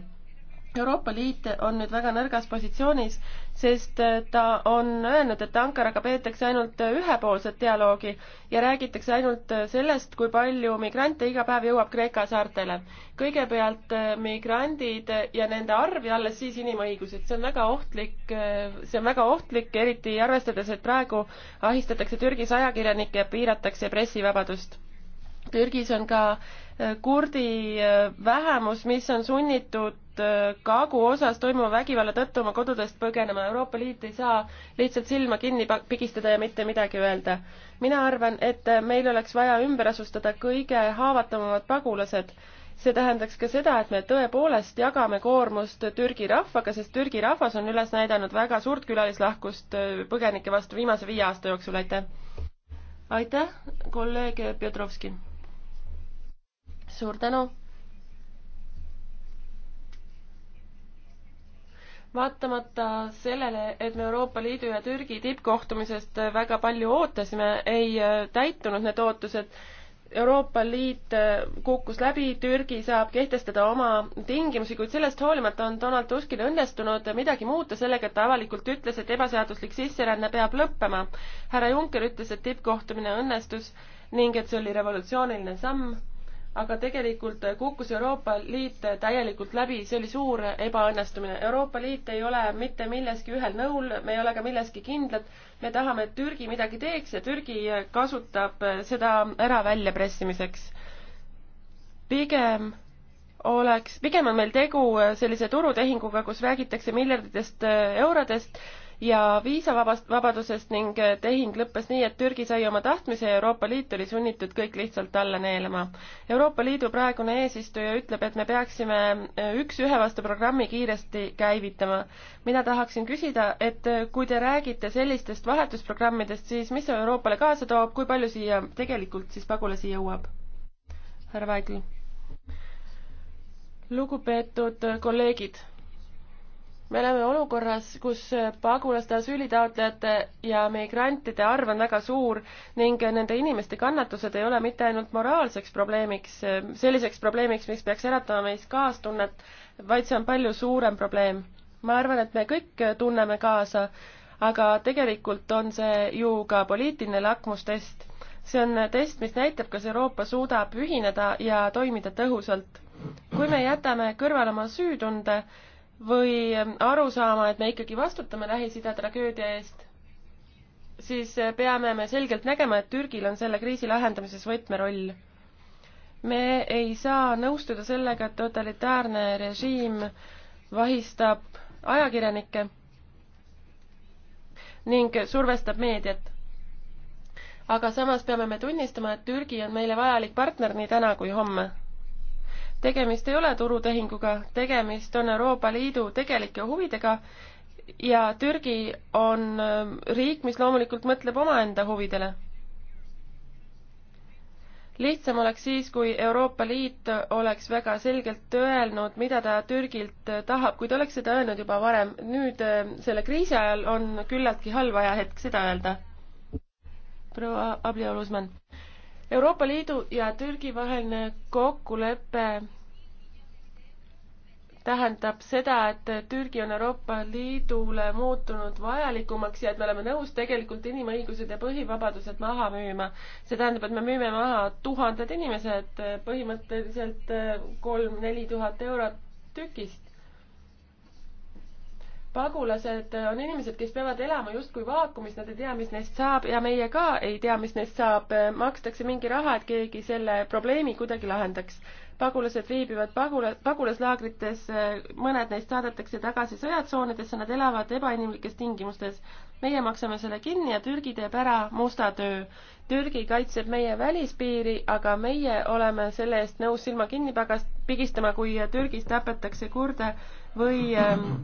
Euroopa Liit on nüüd väga nõrgas positsioonis, sest äh, ta on öelnud, et Ankaraga peetakse ainult äh, ühepoolset dialoogi ja räägitakse ainult äh, sellest, kui palju migrante iga päev jõuab Kreeka saartele. kõigepealt migrandid ja nende arv ja alles siis inimõigused, see on väga ohtlik, see on väga ohtlik, eriti arvestades, et praegu ahistatakse Türgis ajakirjanikke ja piiratakse pressivabadust Türgis on ka kurdi vähemus, mis on sunnitud Äh, kagu-osas toimuva vägivalla tõttu oma kodudest põgenema. Euroopa Liit ei saa lihtsalt silma kinni pigistada ja mitte midagi öelda. mina arvan, et äh, meil oleks vaja ümber asustada kõige haavatavamad pagulased. see tähendaks ka seda, et me tõepoolest jagame koormust Türgi rahvaga, sest Türgi rahvas on üles näidanud väga suurt külalislahkust äh, põgenike vastu viimase viie aasta jooksul, aitäh! aitäh, kolleeg Pjotrovski! suur tänu! vaatamata sellele, et me Euroopa Liidu ja Türgi tippkohtumisest väga palju ootasime, ei äh, täitunud need ootused. Euroopa Liit äh, kukkus läbi, Türgi saab kehtestada oma tingimusi, kuid sellest hoolimata on Donald Tuskil õnnestunud midagi muuta sellega, et ta avalikult ütles, et ebaseaduslik sisseränne peab lõppema. härra Juncker ütles, et tippkohtumine õnnestus ning et see oli revolutsiooniline samm aga tegelikult kukkus Euroopa Liit täielikult läbi, see oli suur ebaõnnestumine. Euroopa Liit ei ole mitte milleski ühel nõul, me ei ole ka milleski kindlad. me tahame, et Türgi midagi teeks ja Türgi kasutab seda ära väljapressimiseks. pigem oleks, pigem on meil tegu sellise turutehinguga, kus räägitakse miljarditest eurodest ja viisavabast, vabadusest ning eh, tehing lõppes nii, et Türgi sai oma tahtmise ja Euroopa Liit oli sunnitud kõik lihtsalt alla neelama. Euroopa Liidu praegune eesistuja ütleb, et me peaksime eh, üks-ühe vastu programmi kiiresti käivitama. mina tahaksin küsida, et eh, kui te räägite sellistest vahetusprogrammidest, siis mis see Euroopale kaasa toob, kui palju siia tegelikult siis pagulasi jõuab? härra Vaigel. lugupeetud kolleegid me oleme olukorras, kus pagulaste, asüülitaotlejate ja migrantide arv on väga suur ning nende inimeste kannatused ei ole mitte ainult moraalseks probleemiks, selliseks probleemiks, mis peaks äratama meis kaastunnet, vaid see on palju suurem probleem. ma arvan, et me kõik tunneme kaasa, aga tegelikult on see ju ka poliitiline lakmustest. see on test, mis näitab, kas Euroopa suudab ühineda ja toimida tõhusalt. kui me jätame kõrvale oma süütunde, või aru saama, et me ikkagi vastutame Lähis-Ida tragöödia eest, siis peame me selgelt nägema, et Türgil on selle kriisi lahendamises võtmeroll. me ei saa nõustuda sellega, et totalitaarne režiim vahistab ajakirjanikke ning survestab meediat. aga samas peame me tunnistama, et Türgi on meile vajalik partner nii täna kui homme tegemist ei ole turutehinguga, tegemist on Euroopa Liidu tegelike huvidega ja Türgi on ähm, riik, mis loomulikult mõtleb omaenda huvidele. lihtsam oleks siis, kui Euroopa Liit oleks väga selgelt öelnud, mida ta Türgilt tahab, kui ta oleks seda öelnud juba varem. nüüd ähm, selle kriisi ajal on küllaltki halb ajahetk seda öelda. proua Abli Olusmann Euroopa Liidu ja Türgi vaheline kokkulepe tähendab seda, et Türgi on Euroopa Liidule muutunud vajalikumaks ja et me oleme nõus tegelikult inimõigused ja põhivabadused maha müüma. see tähendab, et me müüme maha tuhanded inimesed, põhimõtteliselt kolm-neli tuhat eurot tükist pagulased on inimesed, kes peavad elama justkui vaakumis, nad ei tea, mis neist saab ja meie ka ei tea, mis neist saab. makstakse mingi raha, et keegi selle probleemi kuidagi lahendaks. pagulased viibivad pagula-, pagulaslaagrites, mõned neist saadetakse tagasi sõjatsoonidesse, nad elavad ebainimlikes tingimustes. meie maksame selle kinni ja Türgi teeb ära musta töö. Türgi kaitseb meie välispiiri, aga meie oleme selle eest nõus silma kinni pagast-, pigistama, kui Türgis tapetakse kurde või, ähm,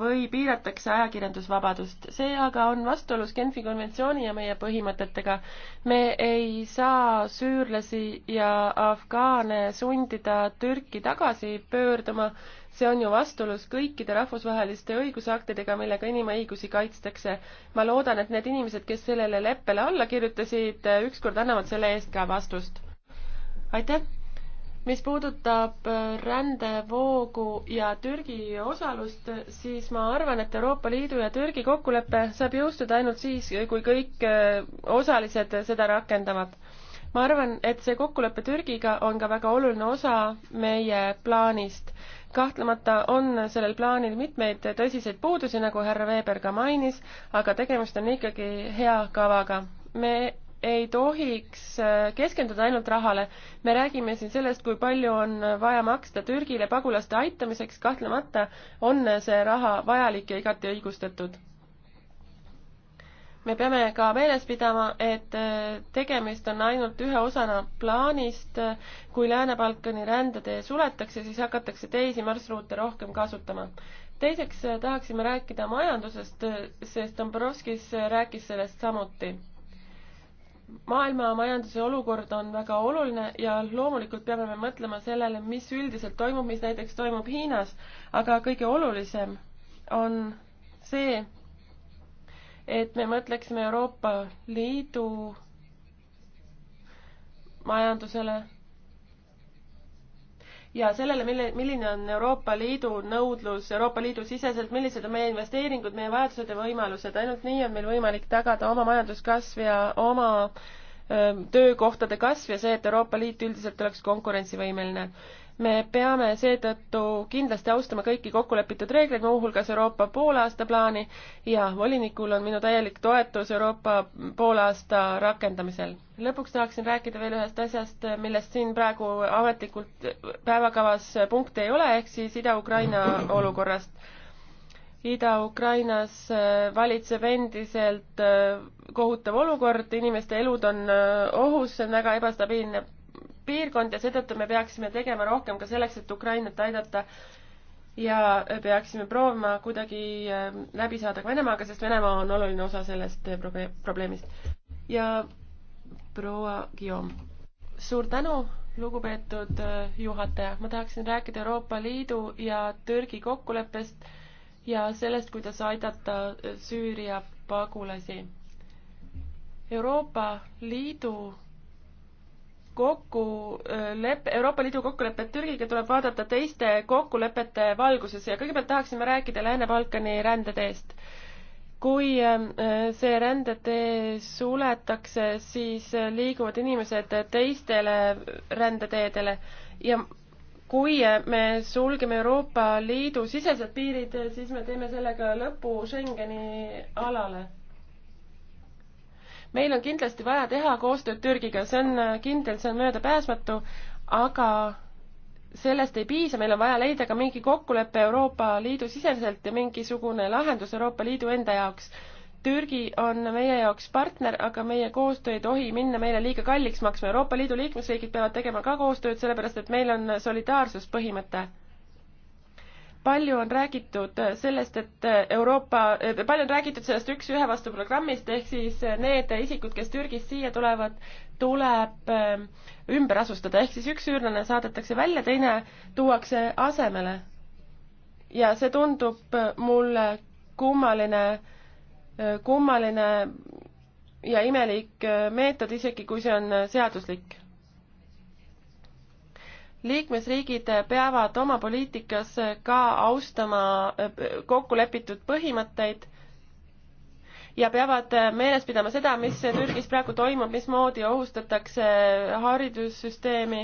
või piiratakse ajakirjandusvabadust. see aga on vastuolus Genfi konventsiooni ja meie põhimõtetega. me ei saa süürlasi ja afgaane sundida Türki tagasi pöörduma, see on ju vastuolus kõikide rahvusvaheliste õigusaktidega, millega inimõigusi kaitstakse. ma loodan, et need inimesed, kes sellele leppele alla kirjutasid, ükskord annavad selle eest ka vastust. aitäh! mis puudutab äh, rändevoogu ja Türgi osalust, siis ma arvan, et Euroopa Liidu ja Türgi kokkulepe saab jõustuda ainult siis, kui kõik äh, osalised seda rakendavad. ma arvan, et see kokkulepe Türgiga on ka väga oluline osa meie plaanist. kahtlemata on sellel plaanil mitmeid tõsiseid puudusi, nagu härra Veber ka mainis, aga tegemist on ikkagi hea kavaga. me ei tohiks äh, keskenduda ainult rahale. me räägime siin sellest, kui palju on vaja maksta Türgile pagulaste aitamiseks, kahtlemata on see raha vajalik ja igati õigustatud. me peame ka meeles pidama, et äh, tegemist on ainult ühe osana plaanist. kui Lääne-Balkani rändetee suletakse, siis hakatakse teisi marsruute rohkem kasutama teiseks äh, tahaksime rääkida majandusest, sest Dombrovskis rääkis sellest samuti maailma majanduse olukord on väga oluline ja loomulikult peame me mõtlema sellele, mis üldiselt toimub, mis näiteks toimub Hiinas, aga kõige olulisem on see, et me mõtleksime Euroopa Liidu majandusele ja sellele, mille, milline on Euroopa Liidu nõudlus Euroopa Liidu siseselt, millised on meie investeeringud, meie vajadused ja võimalused, ainult nii on meil võimalik tagada oma majanduskasv ja oma öö, töökohtade kasv ja see, et Euroopa Liit üldiselt oleks konkurentsivõimeline me peame seetõttu kindlasti austama kõiki kokkulepitud reegleid, muuhulgas Euroopa poolaasta plaani ja volinikul on minu täielik toetus Euroopa poolaasta rakendamisel. lõpuks tahaksin rääkida veel ühest asjast, millest siin praegu ametlikult päevakavas punkti ei ole, ehk siis Ida-Ukraina olukorrast. Ida-Ukrainas äh, valitseb endiselt äh, kohutav olukord, inimeste elud on äh, ohus, see on väga ebastabiilne piirkond ja seetõttu me peaksime tegema rohkem ka selleks, et Ukrainat aidata ja peaksime proovima kuidagi ähm, läbi saada ka Venemaaga, sest Venemaa on oluline osa sellest äh, probleemist. ja proua Guillaume, suur tänu, lugupeetud äh, juhataja, ma tahaksin rääkida Euroopa Liidu ja Türgi kokkuleppest ja sellest, kuidas aidata äh, Süüria pagulasi. Euroopa Liidu kokkulepe, Euroopa Liidu kokkulepet Türgiga tuleb vaadata teiste kokkulepete valguses ja kõigepealt tahaksime rääkida Lääne-Balkani rändeteest. kui see rändetee suletakse, siis liiguvad inimesed teistele rändeteedele ja kui me sulgeme Euroopa Liidu sisesed piirid, siis me teeme sellega lõpu Schengeni alale meil on kindlasti vaja teha koostööd Türgiga, see on äh, kindel, see on möödapääsmatu, aga sellest ei piisa, meil on vaja leida ka mingi kokkulepe Euroopa Liidu siseselt ja mingisugune lahendus Euroopa Liidu enda jaoks. Türgi on meie jaoks partner, aga meie koostöö ei tohi minna meile liiga kalliks maksma. Euroopa Liidu liikmesriigid peavad tegema ka koostööd, sellepärast et meil on solidaarsuspõhimõte palju on räägitud sellest, et Euroopa, palju on räägitud sellest üks-ühe vastu programmist, ehk siis need isikud, kes Türgist siia tulevad, tuleb ähm, ümber asustada, ehk siis üks üürlane saadetakse välja, teine tuuakse asemele. ja see tundub äh, mulle kummaline, äh, kummaline ja imelik äh, meetod, isegi kui see on seaduslik liikmesriigid peavad oma poliitikas ka austama kokkulepitud põhimõtteid ja peavad meeles pidama seda, mis Türgis praegu toimub, mismoodi ohustatakse haridussüsteemi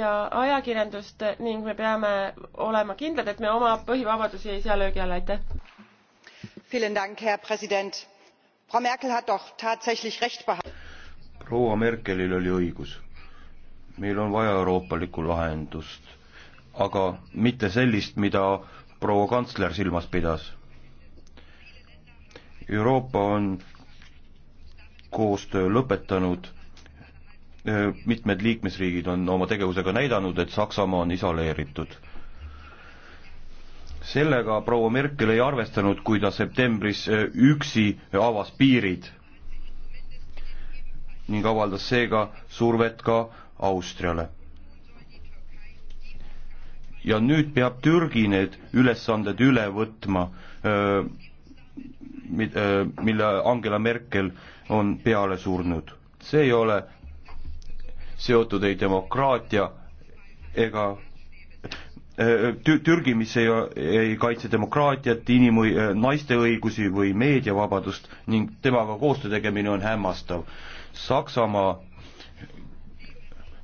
ja ajakirjandust ning me peame olema kindlad, et me oma põhivabadusi ei sea löögi alla, aitäh.
proua Merkelil oli õigus meil on vaja euroopalikku lahendust, aga mitte sellist, mida proua kantsler silmas pidas. Euroopa on koostöö lõpetanud, mitmed liikmesriigid on oma tegevusega näidanud, et Saksamaa on isoleeritud. sellega proua Merkel ei arvestanud, kui ta septembris üksi avas piirid ning avaldas seega survet ka Austriale. ja nüüd peab Türgi need ülesanded üle võtma, mille Angela Merkel on peale surnud. see ei ole seotud ei demokraatia ega tü-, Türgi, mis ei, ei kaitse demokraatiat, inimõi-, naiste õigusi või meediavabadust ning temaga koostöö tegemine on hämmastav. Saksamaa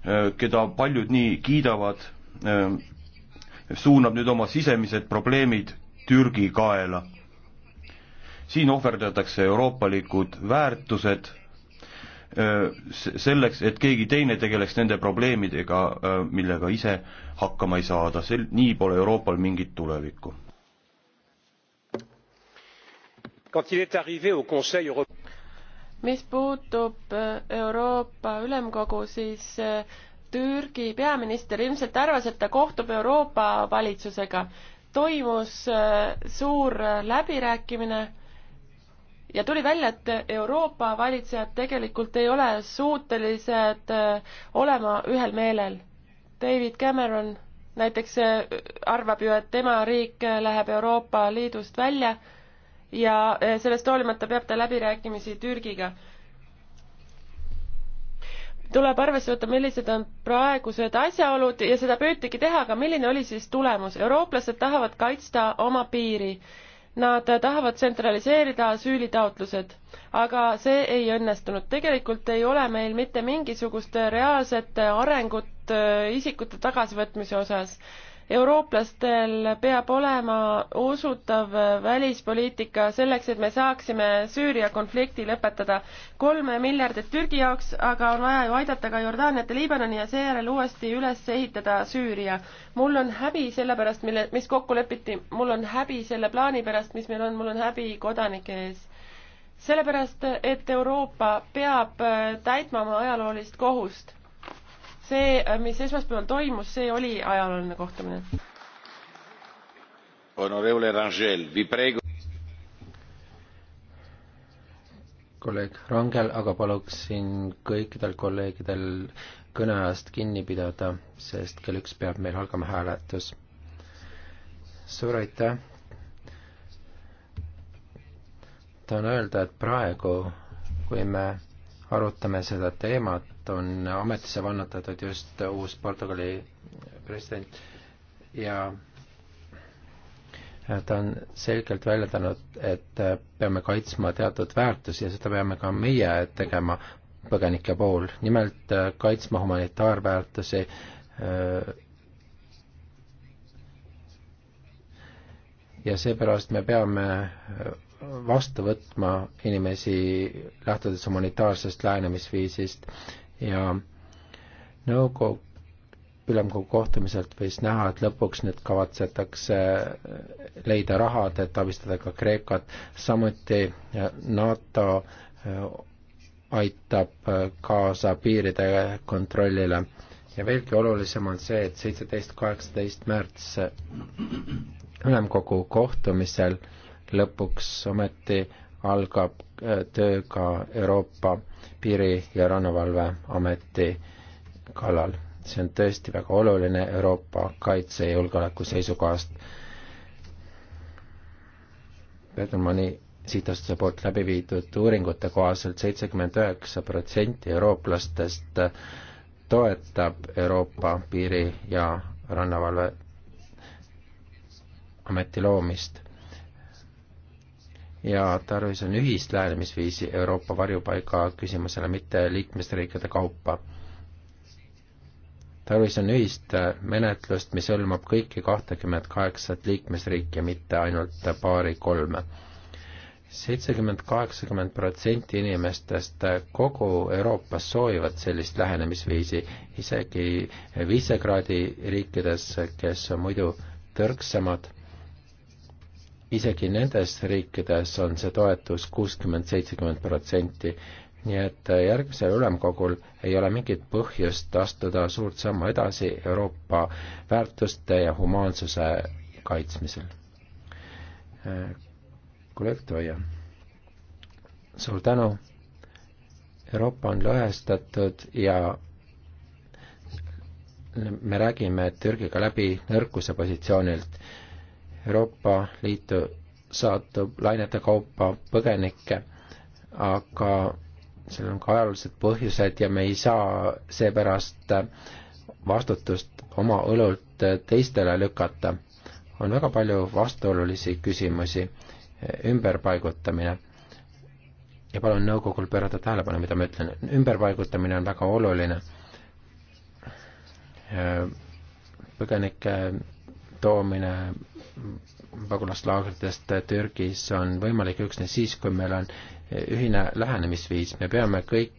Äh, keda paljud nii kiidavad, äh, suunab nüüd oma sisemised probleemid Türgi kaela. siin ohverdatakse euroopalikud väärtused äh, selleks, et keegi teine tegeleks nende probleemidega, millega ise hakkama ei saada, sel-, nii pole Euroopal mingit tulevikku. quand il est arrivé au conseil européen
mis puutub äh, Euroopa Ülemkogu, siis äh, Türgi peaminister ilmselt arvas, et ta kohtub Euroopa valitsusega. toimus äh, suur läbirääkimine ja tuli välja, et Euroopa valitsejad tegelikult ei ole suutelised olema ühel meelel. David Cameron näiteks arvab ju, et tema riik läheb Euroopa Liidust välja ja eh, sellest hoolimata peab ta läbirääkimisi Türgiga. tuleb arvesse võtta, millised on praegused asjaolud ja seda püütigi teha, aga milline oli siis tulemus? eurooplased tahavad kaitsta oma piiri. Nad tahavad tsentraliseerida asüülitaotlused, aga see ei õnnestunud. tegelikult ei ole meil mitte mingisugust reaalset arengut eh, isikute tagasivõtmise osas eurooplastel peab olema usutav välispoliitika selleks, et me saaksime Süüria konflikti lõpetada. kolm miljardit Türgi jaoks, aga on vaja ju aidata ka Jordaaniat ja Liibanoni ja seejärel uuesti üles ehitada Süüria. mul on häbi selle pärast, mille, mis kokku lepiti, mul on häbi selle plaani pärast, mis meil on, mul on häbi kodanike ees sellepärast, et Euroopa peab äh, täitma oma ajaloolist kohust see, mis esmaspäeval toimus, see oli ajalooline kohtumine.
Honorable Rangel, vi prego.
kolleeg Rangel, aga paluksin kõikidel kolleegidel kõneajast kinni pidada, sest kell üks peab meil algama hääletus. suur aitäh. tahan öelda, et praegu, kui me arutame seda teemat, on ametisse vannutatud just uus Portugali president ja ta on selgelt väljendanud, et peame kaitsma teatud väärtusi ja seda peame ka meie tegema põgenike puhul, nimelt kaitsma humanitaarväärtusi, ja seepärast me peame vastu võtma inimesi lähtudes humanitaarsest lähenemisviisist ja nõukogu ülemkogu kohtumiselt võis näha, et lõpuks nüüd kavatsetakse leida rahad, et abistada ka Kreekat, samuti NATO äh, aitab äh, kaasa piiride kontrollile. ja veelgi olulisem on see, et seitseteist, kaheksateist märts äh, ülemkogu kohtumisel lõpuks ometi algab äh, töö ka Euroopa Piiri- ja Rannavalveameti kallal. see on tõesti väga oluline Euroopa kaitse ja julgeoleku seisukohast. Petermanni sihtasutuse poolt läbi viidud uuringute kohaselt seitsekümmend üheksa protsenti eurooplastest toetab Euroopa Piiri- ja Rannavalve ameti loomist ja tarvis on ühist lähenemisviisi Euroopa varjupaiga küsimusele, mitte liikmesriikide kaupa. tarvis on ühist menetlust, mis hõlmab kõiki kahtekümmet kaheksat liikmesriiki, mitte ainult paari-kolme. seitsekümmend, kaheksakümmend protsenti inimestest kogu Euroopas soovivad sellist lähenemisviisi, isegi Visegradi riikides, kes on muidu tõrksemad isegi nendes riikides on see toetus kuuskümmend, seitsekümmend protsenti, nii et järgmisel ülemkogul ei ole mingit põhjust astuda suurt sammu edasi Euroopa väärtuste ja humaansuse kaitsmisel. kolleeg Toia, suur tänu. Euroopa on lõhestatud ja me räägime Türgiga läbi nõrkuse positsioonilt Euroopa Liitu saatub lainete kaupa põgenikke, aga seal on ka ajaloolised põhjused ja me ei saa seepärast vastutust oma õlult teistele lükata. on väga palju vastuolulisi küsimusi, eh, ümberpaigutamine ja palun nõukogul pöörata tähelepanu, mida ma ütlen, ümberpaigutamine on väga oluline. Eh, põgenike toomine pagulaslaagritest Türgis on võimalik üksnes siis, kui meil on ühine lähenemisviis, me peame kõik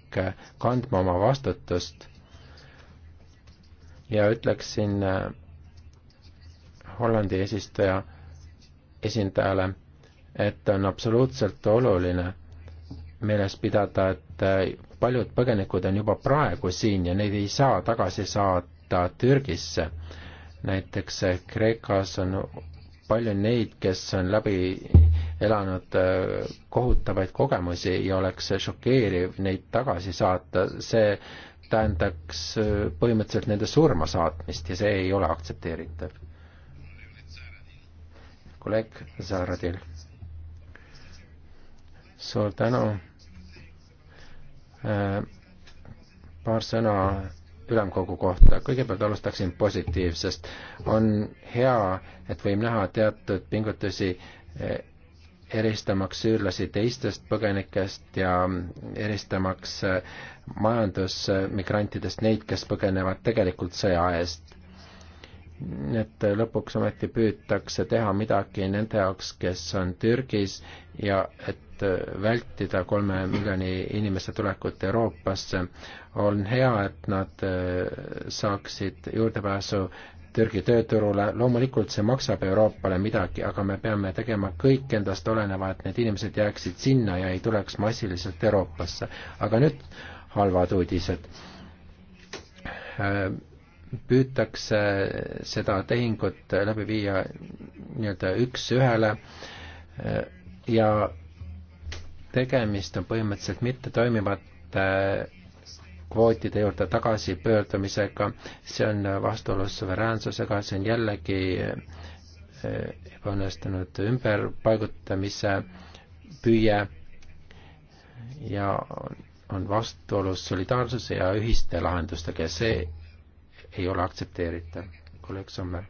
kandma oma vastutust. ja ütleksin Hollandi eesistuja esindajale, et on absoluutselt oluline meeles pidada, et paljud põgenikud on juba praegu siin ja neid ei saa tagasi saata Türgisse näiteks Kreekas on palju neid, kes on läbi elanud äh, kohutavaid kogemusi ja oleks šokeeriv neid tagasi saata, see tähendaks äh, põhimõtteliselt nende surma saatmist ja see ei ole aktsepteeritav. kolleeg Zahradil. suur tänu. Äh, paar sõna ülemkogu kohta. kõigepealt alustaksin positiivsest. on hea, et võime näha teatud pingutusi eh, eristamaks süürlasi teistest põgenikest ja mm, eristamaks eh, majandusmigrantidest neid, kes põgenevad tegelikult sõja eest et lõpuks ometi püütakse teha midagi nende jaoks, kes on Türgis ja et vältida kolme miljoni inimese tulekut Euroopasse. on hea, et nad äh, saaksid juurdepääsu Türgi tööturule, loomulikult see maksab Euroopale midagi, aga me peame tegema kõik endast oleneva, et need inimesed jääksid sinna ja ei tuleks massiliselt Euroopasse. aga nüüd halvad uudised äh, püütakse seda tehingut läbi viia nii-öelda üks-ühele ja tegemist on põhimõtteliselt mittetoimivate kvootide juurde tagasipöördumisega, see on vastuolus suveräänsusega, see on jällegi eh, ebaõnnestunud ümberpaigutamise püüe ja on vastuolus solidaarsuse ja ühiste lahendustega ja see ei ole aktsepteeritav. kolleeg Sommer.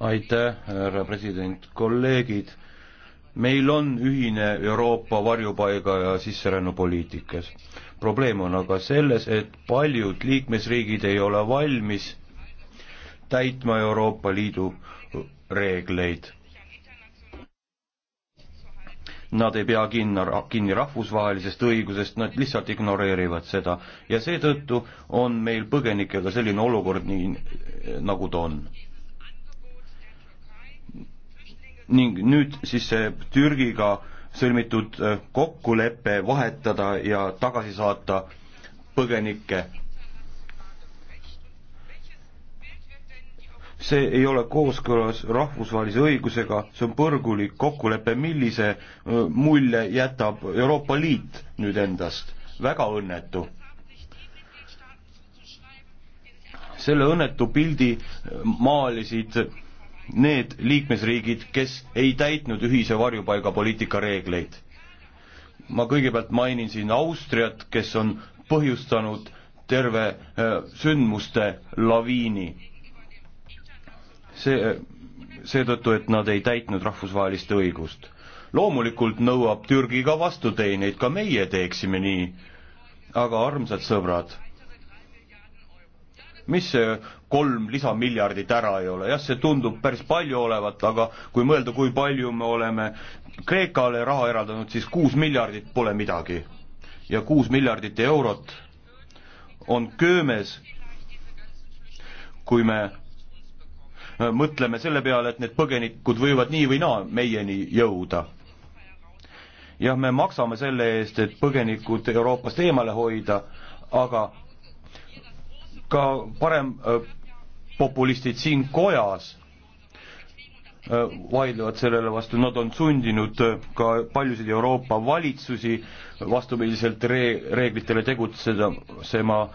aitäh,
härra president, kolleegid. meil on ühine Euroopa varjupaiga ja sisserännupoliitikas. probleem on aga selles, et paljud liikmesriigid ei ole valmis täitma Euroopa Liidu reegleid Nad ei pea kinni, kinni rahvusvahelisest õigusest, nad lihtsalt ignoreerivad seda ja seetõttu on meil põgenikega selline olukord, nii nagu ta on. ning nüüd siis see Türgiga sõlmitud äh, kokkulepe vahetada ja tagasi saata põgenikke see ei ole kooskõlas rahvusvahelise õigusega, see on põrgulik kokkulepe, millise mulje jätab Euroopa Liit nüüd endast, väga õnnetu. selle õnnetu pildi maalisid need liikmesriigid, kes ei täitnud ühise varjupaigapoliitika reegleid. ma kõigepealt mainin siin Austriat, kes on põhjustanud terve sündmuste laviini see, seetõttu, et nad ei täitnud rahvusvahelist õigust. loomulikult nõuab Türgi ka vastuteeneid, ka meie teeksime nii. aga armsad sõbrad, mis see kolm lisamiljardit ära ei ole, jah, see tundub päris palju olevat, aga kui mõelda, kui palju me oleme Kreekale raha eraldanud, siis kuus miljardit pole midagi. ja kuus miljardit eurot on köömes, kui me mõtleme selle peale, et need põgenikud võivad nii või naa meieni jõuda. jah, me maksame selle eest, et põgenikud Euroopast eemale hoida, aga ka parem äh, populistid siin kojas äh, vaidlevad sellele vastu, nad on sundinud äh, ka paljusid Euroopa valitsusi vastupidiselt re-, reeglitele tegutseda, sema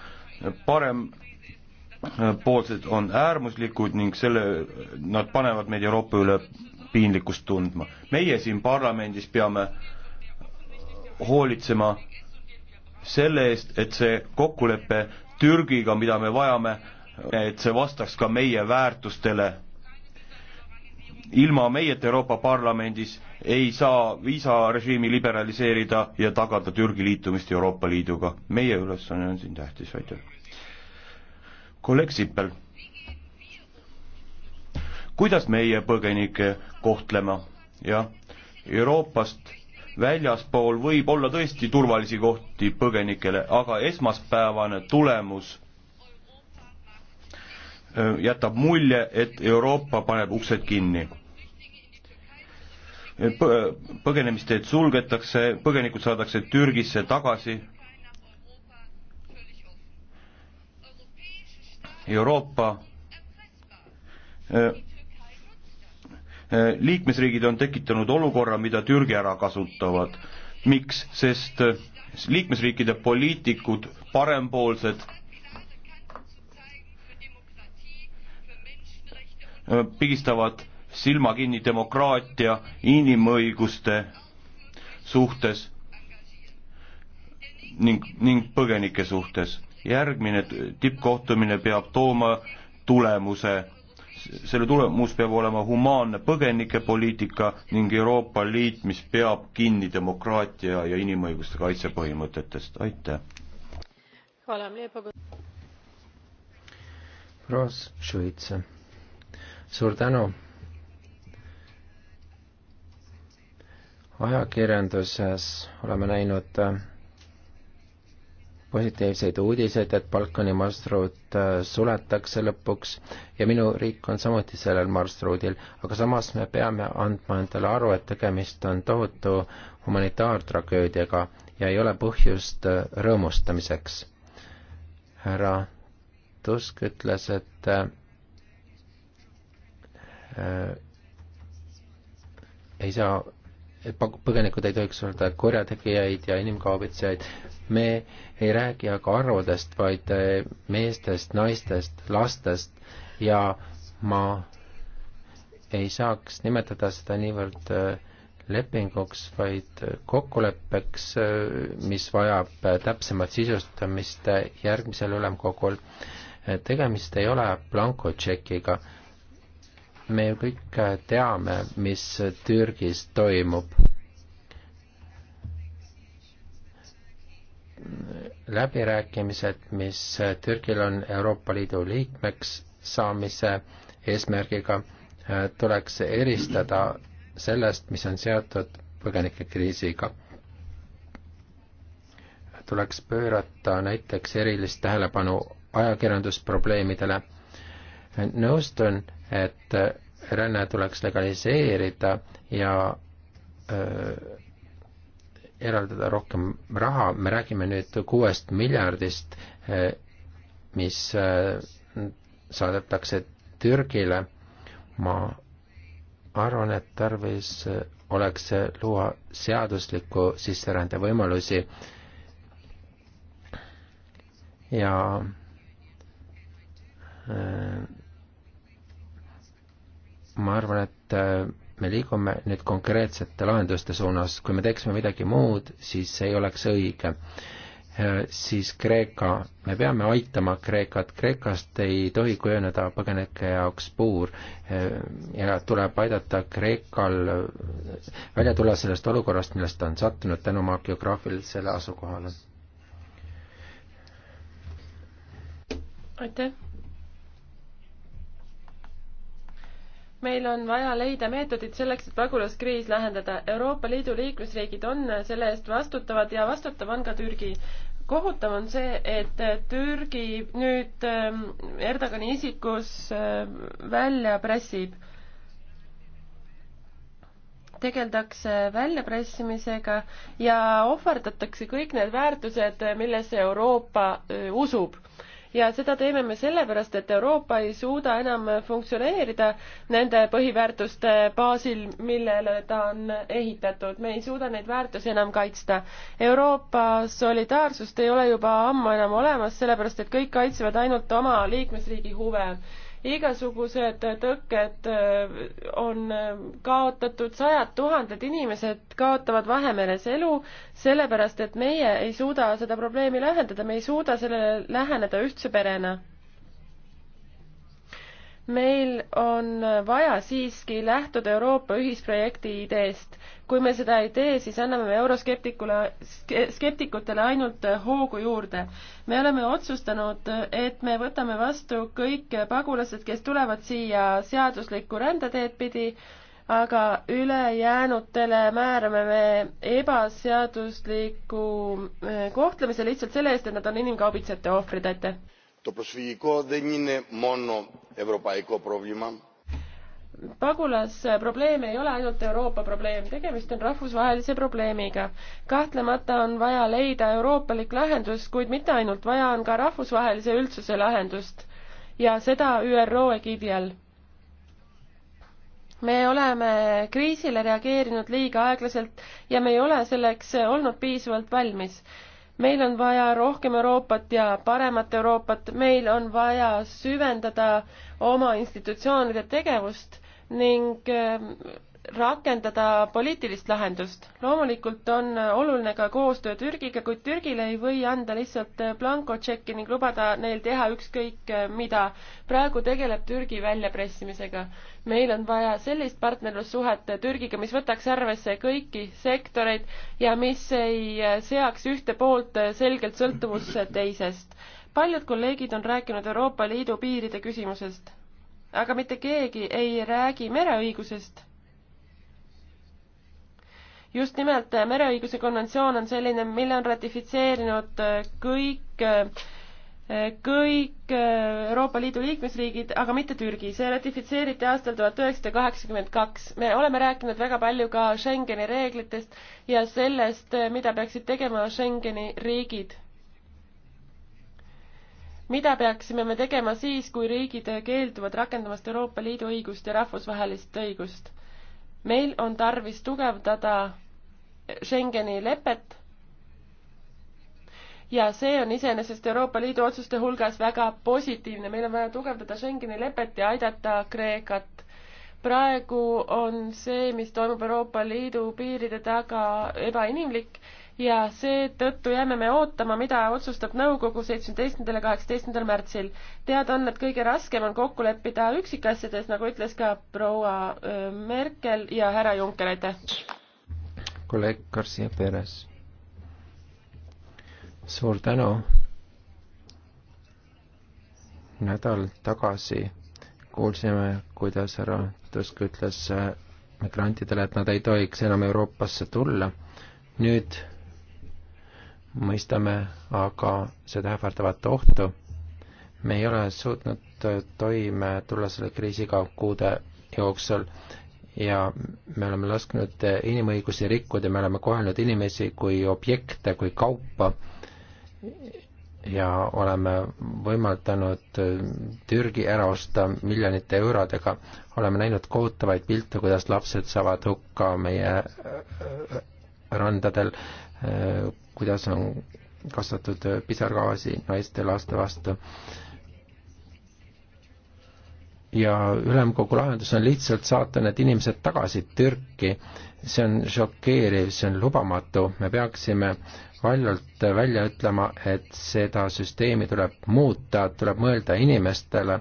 parem poolsed on äärmuslikud ning selle, nad panevad meid Euroopa üle piinlikkust tundma. meie siin parlamendis peame hoolitsema selle eest, et see kokkulepe Türgiga, mida me vajame, et see vastaks ka meie väärtustele. ilma meieta Euroopa Parlamendis ei saa viisarežiimi liberaliseerida ja tagada Türgi liitumist Euroopa Liiduga. meie ülesanne on siin tähtis, aitäh kolleeg Sippel. kuidas meie põgenikke kohtlema? jah, Euroopast väljaspool võib olla tõesti turvalisi kohti põgenikele, aga esmaspäevane tulemus jätab mulje, et Euroopa paneb uksed kinni P. põgenemisteed sulgetakse, põgenikud saadakse Türgisse tagasi Euroopa äh, äh, liikmesriigid on tekitanud olukorra, mida Türgi ära kasutavad. miks? sest äh, liikmesriikide poliitikud, parempoolsed, pigistavad silma kinni demokraatia, inimõiguste suhtes ning, ning põgenike suhtes järgmine tippkohtumine peab tooma tulemuse. selle tulemus peab olema humaanne põgenikepoliitika ning Euroopa Liit, mis peab kinni demokraatia ja inimõiguste kaitse põhimõtetest, aitäh.
Roos Šuitsa, suur tänu. ajakirjanduses oleme näinud äh, positiivseid uudiseid, et Balkani marsruut äh, suletakse lõpuks ja minu riik on samuti sellel marsruudil, aga samas me peame andma endale aru, et tegemist on tohutu humanitaartragöödiaga ja ei ole põhjust äh, rõõmustamiseks. härra Tusk ütles, et äh, äh ei saa et põgenikud ei tohiks olla korjategijaid ja inimkaubitsejaid. me ei räägi aga arvudest, vaid eh, meestest, naistest, lastest ja ma ei saaks nimetada seda niivõrd eh, lepinguks, vaid eh, kokkuleppeks, mis vajab täpsemat sisustamist järgmisel ülemkogul. tegemist ei ole blankotšekiga me ju kõik teame, mis Türgis toimub. läbirääkimised, mis Türgil on Euroopa Liidu liikmeks saamise eesmärgiga, tuleks eristada sellest, mis on seotud põgenikekriisiga. tuleks pöörata näiteks erilist tähelepanu ajakirjandusprobleemidele. nõustun et ränne tuleks legaliseerida ja öö, äh, eraldada rohkem raha, me räägime nüüd kuuest miljardist, äh, mis äh, saadetakse Türgile. ma arvan, et tarvis oleks luua seadusliku sisserände võimalusi ja ma arvan, et äh, me liigume nüüd konkreetsete lahenduste suunas, kui me teeksime midagi muud, siis see ei oleks õige. Äh, siis Kreeka, me peame aitama Kreekat, Kreekast ei tohi kujuneda põgenike jaoks puur äh, ja tuleb aidata Kreekal välja tulla sellest olukorrast, millest ta on sattunud tänu oma geograafilisele asukohale.
aitäh! meil on vaja leida meetodid selleks, et pagulaskriis lahendada. Euroopa Liidu liikmesriigid on selle eest vastutavad ja vastutav on ka Türgi. kohutav on see, et Türgi nüüd ähm, Erdogani isikus ähm, välja pressib. tegeldakse väljapressimisega ja ohverdatakse kõik need väärtused, millesse Euroopa äh, usub ja seda teeme me sellepärast, et Euroopa ei suuda enam funktsioneerida nende põhiväärtuste baasil, millele ta on ehitatud. me ei suuda neid väärtusi enam kaitsta. Euroopa solidaarsust ei ole juba ammu enam olemas, sellepärast et kõik kaitsevad ainult oma liikmesriigi huve igasugused tõkked äh, on äh, kaotatud, sajad tuhanded inimesed kaotavad Vahemeres elu, sellepärast et meie ei suuda seda probleemi lahendada, me ei suuda sellele läheneda ühtse perena meil on vaja siiski lähtuda Euroopa ühisprojekti ideest kui me seda ei tee, siis anname me euroskeptikule, skeptikutele ainult hoogu juurde. me oleme otsustanud, et me võtame vastu kõik pagulased, kes tulevad siia seaduslikku rändeteed pidi, aga ülejäänutele määrame me ebaseadusliku eh, kohtlemise lihtsalt selle eest, et nad on inimkaubitsejate ohvrid, aitäh!
to προσφυγικό δεν είναι μόνο ευρωπαϊκό πρόβλημα
pagulasprobleem ei ole ainult Euroopa probleem, tegemist on rahvusvahelise probleemiga. kahtlemata on vaja leida euroopalik lahendus, kuid mitte ainult, vaja on ka rahvusvahelise üldsuse lahendust ja seda ÜRO egiidi all. me oleme kriisile reageerinud liiga aeglaselt ja me ei ole selleks olnud piisavalt valmis meil on vaja rohkem Euroopat ja paremat Euroopat, meil on vaja süvendada oma institutsioonide tegevust ning ähm, rakendada poliitilist lahendust. loomulikult on oluline ka koostöö Türgiga, kuid Türgile ei või anda lihtsalt äh, blankotšekki ning lubada neil teha ükskõik äh, mida. praegu tegeleb Türgi väljapressimisega. meil on vaja sellist partnerlussuhet äh, Türgiga, mis võtaks arvesse kõiki sektoreid ja mis ei seaks ühte poolt selgelt sõltuvusse teisest. paljud kolleegid on rääkinud Euroopa Liidu piiride küsimusest aga mitte keegi ei räägi mereõigusest. just nimelt eh, mereõiguse konventsioon on selline, mille on ratifitseerinud eh, kõik, eh, kõik Euroopa Liidu liikmesriigid, aga mitte Türgi. see ratifitseeriti aastal tuhat üheksasada kaheksakümmend kaks. me oleme rääkinud väga palju ka Schengeni reeglitest ja sellest, mida peaksid tegema Schengeni riigid mida peaksime me tegema siis, kui riigid keelduvad rakendamast Euroopa Liidu õigust ja rahvusvahelist õigust? meil on tarvis tugevdada Schengeni lepet ja see on iseenesest Euroopa Liidu otsuste hulgas väga positiivne, meil on vaja tugevdada Schengeni lepet ja aidata Kreekat. praegu on see, mis toimub Euroopa Liidu piiride taga, ebainimlik ja seetõttu jääme me ootama, mida otsustab nõukogu seitsmeteistkümnendal ja kaheksateistkümnendal märtsil. teada on, et kõige raskem on kokku leppida üksikasjades, nagu ütles ka proua Merkel ja härra Juncker, aitäh!
kolleeg Garcia Perez. suur tänu! nädal tagasi kuulsime, kuidas härra Tusk ütles äh, migrantidele, et nad ei tohiks enam Euroopasse tulla. nüüd mõistame aga seda ähvardavat ohtu. me ei ole suutnud toime tulla selle kriisiga kuude jooksul ja me oleme lasknud inimõigusi rikkuda, me oleme kohelnud inimesi kui objekte, kui kaupa ja oleme võimaldanud Türgi ära osta miljonite eurodega. oleme näinud kohutavaid pilte, kuidas lapsed saavad hukka meie randadel, Äh, kuidas on kasvatatud äh, pisargaasi naiste laste vastu. ja ülemkogu lahendus on lihtsalt saata need inimesed tagasi Türki. see on šokeeriv, see on lubamatu, me peaksime valjalt välja ütlema, et seda süsteemi tuleb muuta, tuleb mõelda inimestele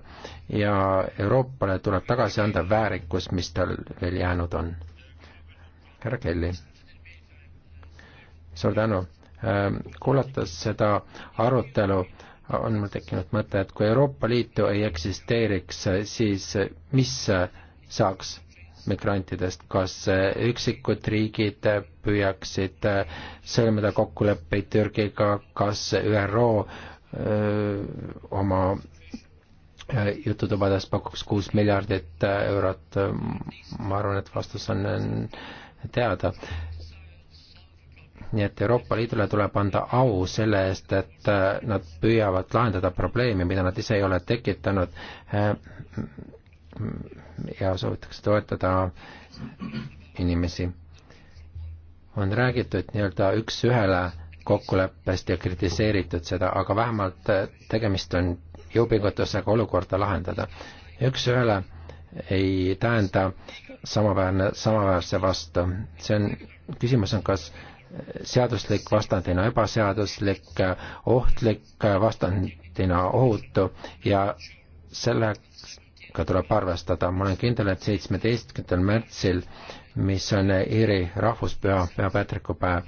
ja Euroopale tuleb tagasi anda väärikus, mis tal veel jäänud on. härra Kelly suur tänu. Ähm, kuulates seda arutelu, on mul tekkinud mõte, et kui Euroopa Liitu ei eksisteeriks, siis mis saaks migrantidest, kas üksikud riigid püüaksid sõlmida kokkuleppeid Türgiga, kas ÜRO öö, äh, oma äh, jututubades pakuks kuus miljardit eurot, ma arvan, et vastus on teada nii et Euroopa Liidule tuleb anda au selle eest, et äh, nad püüavad lahendada probleemi, mida nad ise ei ole tekitanud äh, ja soovitakse toetada inimesi. on räägitud nii-öelda üks-ühele kokkuleppest ja kritiseeritud seda, aga vähemalt äh, tegemist on jõupingutusega olukorda lahendada. üks-ühele ei tähenda samaväärne, samaväärse vastu. see on, küsimus on, kas äh, seaduslik, vastandina ebaseaduslik, ohtlik, vastandina ohutu ja sellega tuleb arvestada. ma olen kindel, et seitsmeteistkümnendal märtsil, mis on Iiri rahvuspüha, püha Patricku päev,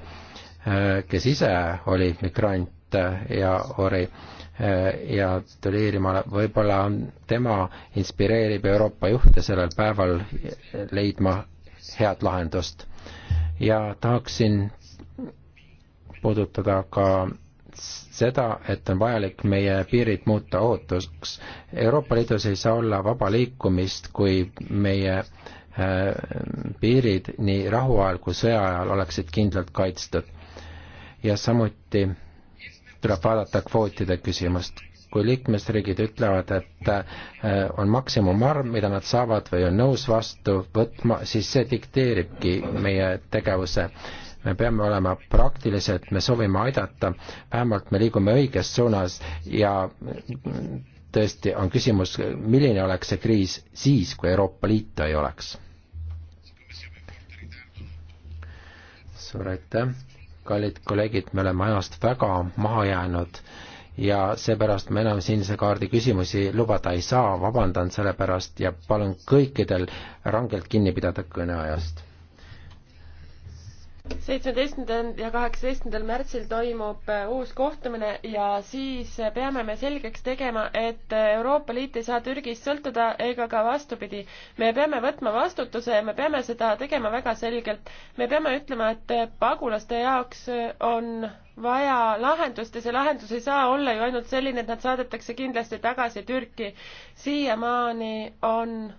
kes ise oli migrant ja oli ja tuli Iirimaale, võib-olla tema inspireerib Euroopa juhte sellel päeval leidma head lahendust. ja tahaksin puudutada ka seda, et on vajalik meie piirid muuta ootuseks. Euroopa Liidus ei saa olla vaba liikumist, kui meie äh, piirid nii rahuajal kui sõja ajal oleksid kindlalt kaitstud. ja samuti tuleb vaadata kvootide küsimust. kui liikmesriigid ütlevad, et äh, on maksimumvarm, mida nad saavad või on nõus vastu võtma, siis see dikteeribki meie tegevuse äh, me peame olema praktilised, me soovime aidata, vähemalt me liigume õiges suunas ja tõesti on küsimus, milline oleks see kriis siis, kui Euroopa Liitu ei oleks? suur aitäh, kallid kolleegid, me oleme ajast väga maha jäänud ja seepärast ma enam sinise kaardi küsimusi lubada ei saa, vabandan selle pärast ja palun kõikidel rangelt kinni pidada kõneajast
seitsmeteistkümnendal ja kaheksateistkümnendal märtsil toimub äh, uus kohtumine ja siis äh, peame me selgeks tegema, et äh, Euroopa Liit ei saa Türgist sõltuda ega ka vastupidi. me peame võtma vastutuse ja me peame seda tegema väga selgelt. me peame ütlema, et pagulaste jaoks on vaja lahendust ja see lahendus ei saa olla ju ainult selline, et nad saadetakse kindlasti tagasi Türki. siiamaani on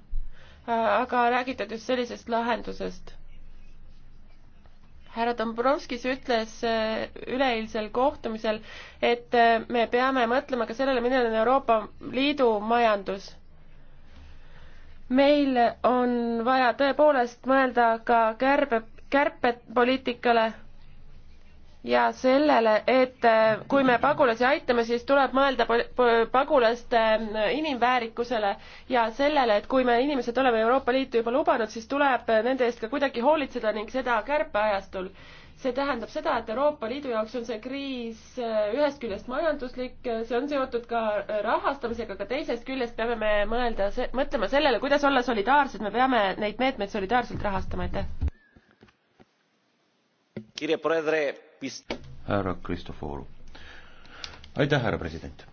aga räägitud just sellisest lahendusest härra Dombrovskis ütles äh, üleeilsel kohtumisel, et äh, me peame mõtlema ka sellele, milline on Euroopa Liidu majandus. meil on vaja tõepoolest mõelda ka kärbe, kärpepoliitikale ja sellele, et äh, kui me pagulasi aitame, siis tuleb mõelda pagulaste äh, inimväärikusele ja sellele, et kui me inimesed oleme Euroopa Liitu juba lubanud, siis tuleb nende eest ka kuidagi hoolitseda ning seda kärpeajastul. see tähendab seda, et Euroopa Liidu jaoks on see kriis äh, ühest küljest majanduslik, see on seotud ka rahastamisega, aga teisest küljest peame me mõelda, mõtlema sellele, kuidas olla solidaarsed, me peame neid meetmeid solidaarselt rahastama, aitäh.
kirja Proedre
härra Kristoforu. aitäh, härra president.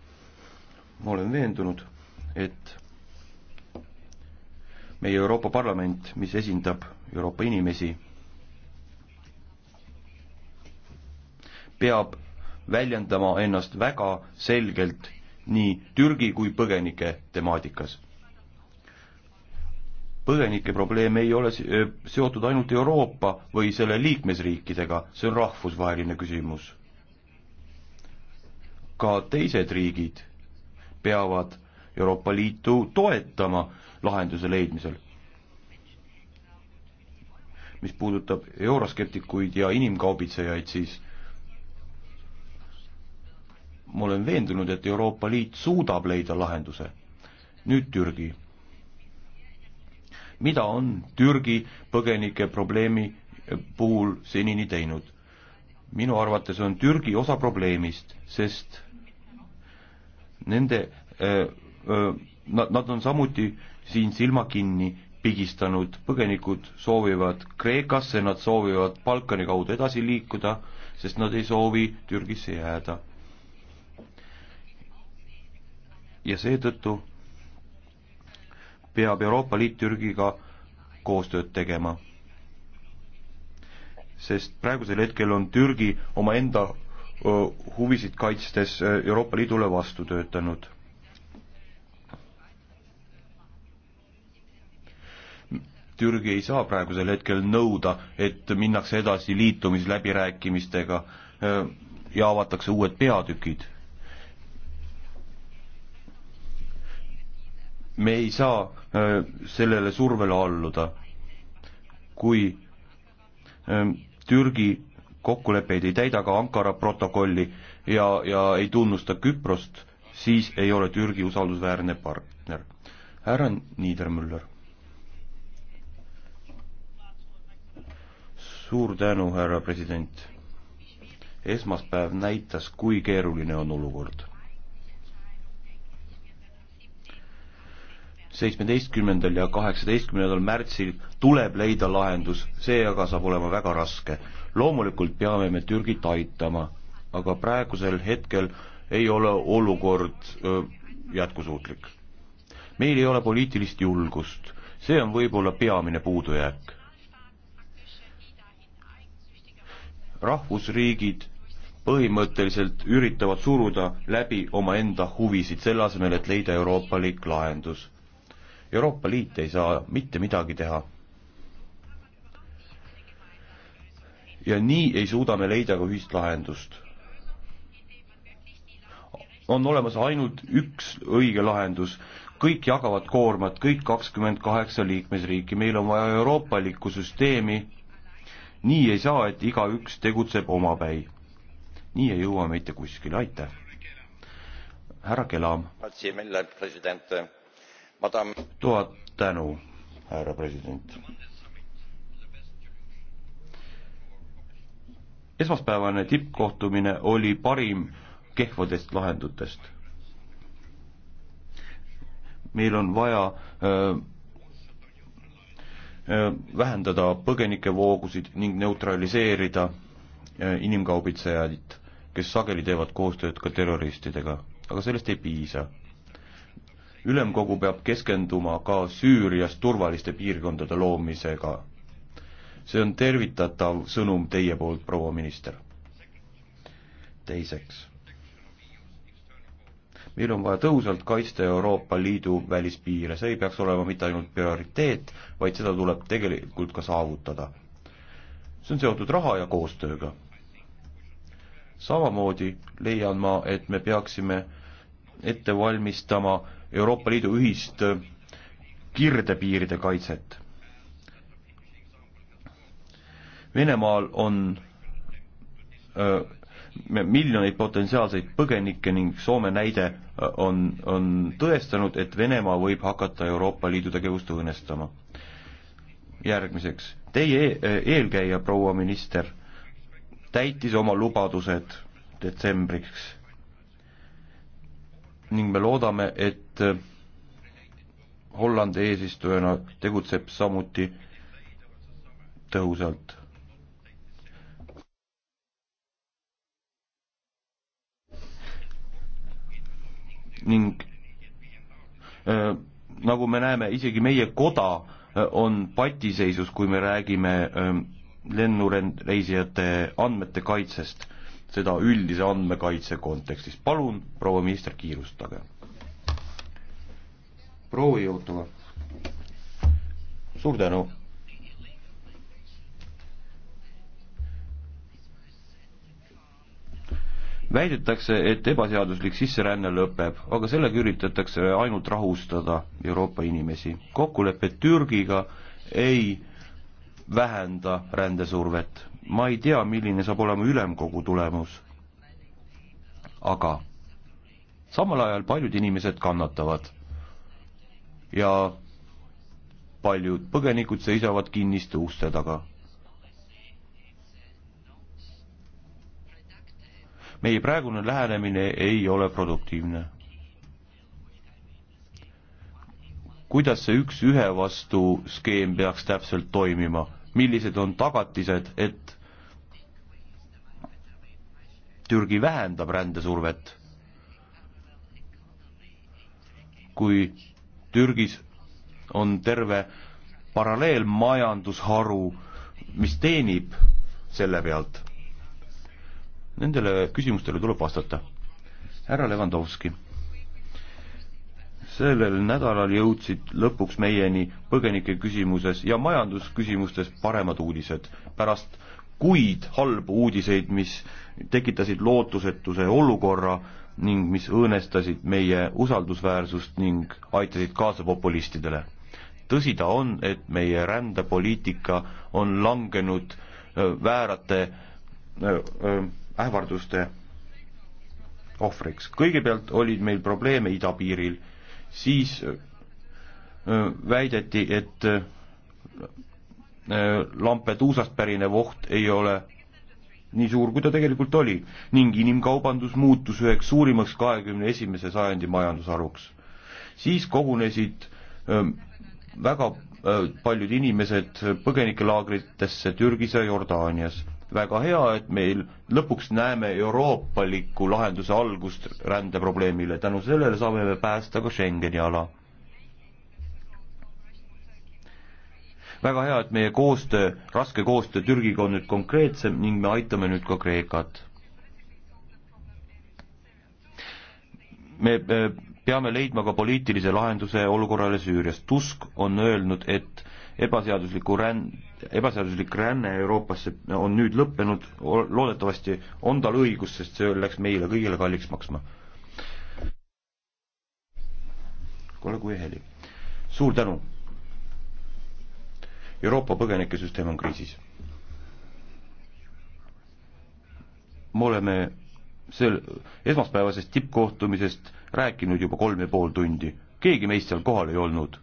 ma olen veendunud, et meie Euroopa Parlament, mis esindab Euroopa inimesi, peab väljendama ennast väga selgelt nii Türgi kui põgenike temaatikas põgenike probleem ei ole eh, seotud ainult Euroopa või selle liikmesriikidega, see on rahvusvaheline küsimus. ka teised riigid peavad Euroopa Liitu toetama lahenduse leidmisel. mis puudutab euroskeptikuid ja inimkaubitsejaid, siis ma olen veendunud, et Euroopa Liit suudab leida lahenduse. nüüd Türgi mida on Türgi põgenike probleemi eh, puhul senini teinud. minu arvates on Türgi osa probleemist, sest nende öö, eh, öö, eh, nad, nad on samuti siin silma kinni pigistanud, põgenikud soovivad Kreekasse, nad soovivad Balkani kaudu edasi liikuda, sest nad ei soovi Türgisse jääda. ja seetõttu peab Euroopa Liit Türgiga koostööd tegema. sest praegusel hetkel on Türgi omaenda huvisid kaitstes Euroopa Liidule vastu töötanud. Türgi ei saa praegusel hetkel nõuda, et minnakse edasi liitumisläbirääkimistega ja avatakse uued peatükid me ei saa äh, sellele survele alluda. kui ähm, Türgi kokkuleppeid ei täida ka Ankara protokolli ja, ja ei tunnusta Küprost, siis ei ole Türgi usaldusväärne partner. härra Niedermüller. suur tänu, härra president. esmaspäev näitas, kui keeruline on olukord seitsmeteistkümnendal ja kaheksateistkümnendal märtsil tuleb leida lahendus, see aga saab olema väga raske. loomulikult peame me Türgit aitama, aga praegusel hetkel ei ole olukord öö, jätkusuutlik. meil ei ole poliitilist julgust, see on võib-olla peamine puudujääk. rahvusriigid põhimõtteliselt üritavad suruda läbi omaenda huvisid, selle asemel, et leida euroopalik lahendus Euroopa Liit ei saa mitte midagi teha. ja nii ei suuda me leida ka ühist lahendust. on olemas ainult üks õige lahendus, kõik jagavad koormat, kõik kakskümmend kaheksa liikmesriiki, meil on vaja euroopalikku süsteemi, nii ei saa, et igaüks tegutseb omapäi. nii ei jõua mitte kuskile, aitäh. härra Kelam tuhat tänu, härra president. esmaspäevane tippkohtumine oli parim kehvadest lahendutest. meil on vaja öö, äh, öö, äh, vähendada põgenikevoogusid ning neutraliseerida äh, inimkaubitsejaid, kes sageli teevad koostööd ka terroristidega, aga sellest ei piisa ülemkogu peab keskenduma ka Süürias turvaliste piirkondade loomisega. see on tervitatav sõnum teie poolt, proua minister. teiseks, meil on vaja tõhusalt kaitsta Euroopa Liidu välispiire, see ei peaks olema mitte ainult prioriteet, vaid seda tuleb tegelikult ka saavutada. see on seotud raha ja koostööga. samamoodi leian ma, et me peaksime ette valmistama äh, Euroopa Liidu ühist äh, kirdepiiride kaitset. Venemaal on öö, äh, miljoneid potentsiaalseid põgenikke ning Soome näide äh, on, on tõestanud, et Venemaa võib hakata Euroopa Liidu tegevust õõnestama. järgmiseks, teie eelkäija, proua minister, täitis oma lubadused detsembriks ning me loodame, et Holland eesistujana tegutseb samuti tõhusalt. ning äh, nagu me näeme, isegi meie koda äh, on patiseisus, kui me räägime äh, lennureisijate andmete kaitsest seda üldise andmekaitse kontekstis. palun, proua minister, kiirustage. proua Jõutova. suur tänu. väidetakse, et ebaseaduslik sisseränne lõpeb, aga sellega üritatakse ainult rahustada Euroopa inimesi. kokkulepe Türgiga ei vähenda rändesurvet ma ei tea, milline saab olema ülemkogu tulemus, aga samal ajal paljud inimesed kannatavad ja paljud põgenikud seisavad kinniste uste taga. meie praegune lähenemine ei ole produktiivne. kuidas see üks-ühe vastu skeem peaks täpselt toimima? millised on tagatised, et Türgi vähendab rändesurvet, kui Türgis on terve paralleelmajandusharu, mis teenib selle pealt? Nendele küsimustele tuleb vastata. härra Levandovski sellel nädalal jõudsid lõpuks meieni põgenike küsimuses ja majandusküsimustes paremad uudised. pärast kuid halbu uudiseid, mis tekitasid lootusetuse olukorra ning mis õõnestasid meie usaldusväärsust ning aitasid kaasa populistidele. tõsi ta on, et meie rändepoliitika on langenud väärate ähvarduste ohvriks. kõigepealt olid meil probleeme idapiiril siis äh, väideti, et äh, äh, Lampeduusast pärinev oht ei ole nii suur, kui ta tegelikult oli ning inimkaubandus muutus üheks suurimaks kahekümne esimese sajandi majandusharuks. siis kogunesid väga paljud inimesed põgenikelaagritesse Türgis ja Jordaanias väga hea, et meil lõpuks näeme euroopaliku lahenduse algust rändeprobleemile, tänu sellele saame me päästa ka Schengeni ala. väga hea, et meie koostöö, raske koostöö Türgiga on nüüd konkreetsem ning me aitame nüüd ka Kreekat. me peame leidma ka poliitilise lahenduse olukorrale Süürias, Tusk on öelnud, et ebaseadusliku ränd-, ebaseaduslik ränne Euroopasse on nüüd lõppenud, loodetavasti on tal õigus, sest see läks meile kõigile kalliks maksma. kuule, kui heli. suur tänu. Euroopa põgenikesüsteem on kriisis. me oleme sel esmaspäevasest tippkohtumisest rääkinud juba kolm ja pool tundi, keegi meist seal kohal ei olnud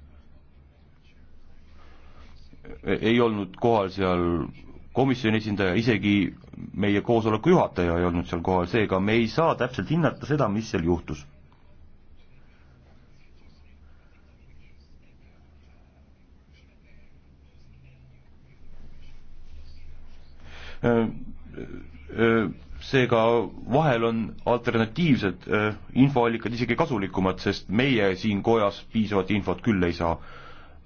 ei olnud kohal seal komisjoni esindaja, isegi meie koosoleku juhataja ei olnud seal kohal, seega me ei saa täpselt hinnata seda, mis seal juhtus. seega vahel on alternatiivsed infoallikad isegi kasulikumad, sest meie siin kojas piisavat infot küll ei saa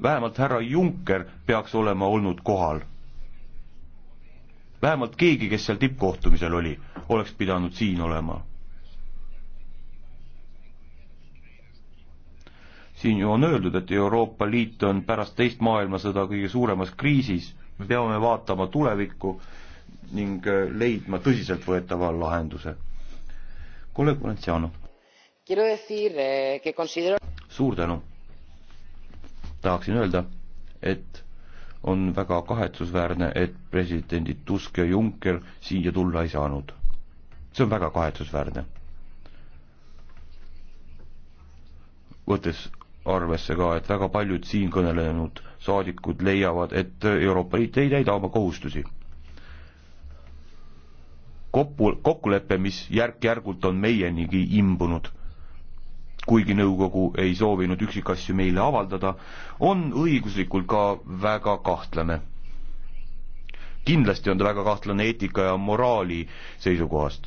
vähemalt härra Juncker peaks olema olnud kohal. vähemalt keegi, kes seal tippkohtumisel oli, oleks pidanud siin olema. siin ju on öeldud, et Euroopa Liit on pärast teist maailmasõda kõige suuremas kriisis, me peame vaatama tulevikku ning äh, leidma tõsiseltvõetava lahenduse. kolleeg Valenciano.
Eh,
suur tänu tahaksin öelda, et on väga kahetsusväärne, et presidendid Tusk ja Juncker siia tulla ei saanud. see on väga kahetsusväärne. võttes arvesse ka, et väga paljud siin kõnelenud saadikud leiavad, et Euroopa Liit ei täida oma kohustusi. kokku, kokkulepe, mis järk-järgult on meienigi imbunud kuigi nõukogu ei soovinud üksikasju meile avaldada, on õiguslikult ka väga kahtlane. kindlasti on ta väga kahtlane eetika ja moraali seisukohast.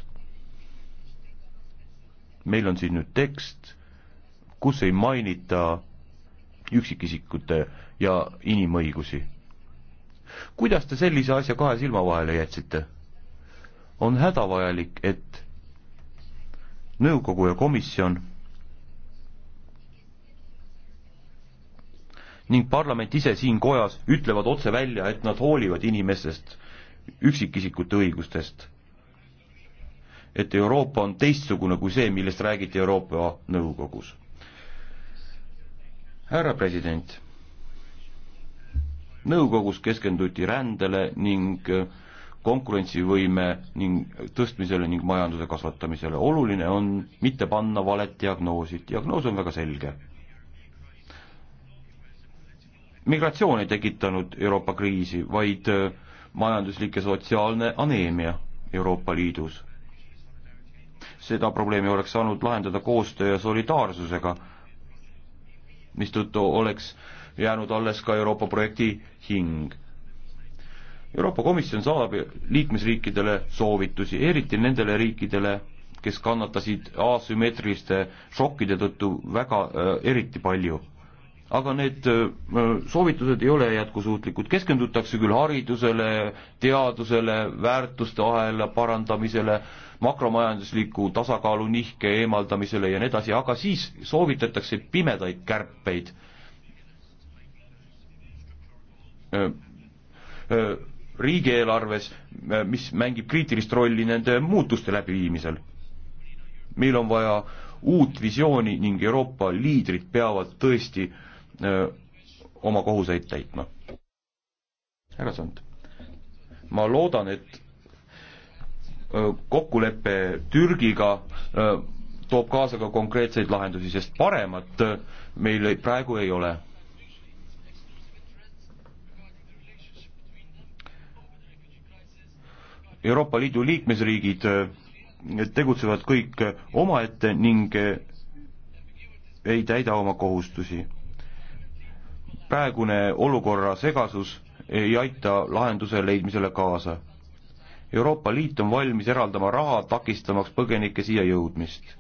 meil on siin nüüd tekst, kus ei mainita üksikisikute ja inimõigusi. kuidas te sellise asja kahe silma vahele jätsite? on hädavajalik, et nõukogu ja komisjon ning parlament ise siin kojas ütlevad otse välja, et nad hoolivad inimestest, üksikisikute õigustest. et Euroopa on teistsugune kui see, millest räägiti Euroopa Nõukogus. härra president, nõukogus keskenduti rändele ning konkurentsivõime ning tõstmisele ning majanduse kasvatamisele. oluline on mitte panna valet diagnoosi, diagnoos on väga selge migratsioon ei tekitanud Euroopa kriisi, vaid äh, majanduslik ja sotsiaalne aneemia Euroopa Liidus. seda probleemi oleks saanud lahendada koostöö ja solidaarsusega, mistõttu oleks jäänud alles ka Euroopa projekti hing. Euroopa Komisjon saadab liikmesriikidele soovitusi, eriti nendele riikidele, kes kannatasid asümmeetriliste šokkide tõttu väga äh, eriti palju aga need äh, soovitused ei ole jätkusuutlikud, keskendutakse küll haridusele, teadusele, väärtuste ahela parandamisele, makromajandusliku tasakaalu nihke eemaldamisele ja nii edasi, aga siis soovitatakse pimedaid kärpeid. Äh, äh, riigieelarves, mis mängib kriitilist rolli nende muutuste läbiviimisel. meil on vaja uut visiooni ning Euroopa liidrid peavad tõesti äh, öö, oma kohuseid täitma. härra Sand, ma loodan, et öö, kokkulepe Türgiga öö, toob kaasa ka konkreetseid lahendusi, sest paremat öö, meil praegu ei ole. Euroopa Liidu liikmesriigid öö, tegutsevad kõik omaette ning ei täida oma kohustusi praegune olukorra segasus ei aita lahenduse leidmisele kaasa. Euroopa Liit on valmis eraldama raha, takistamaks põgenike siia jõudmist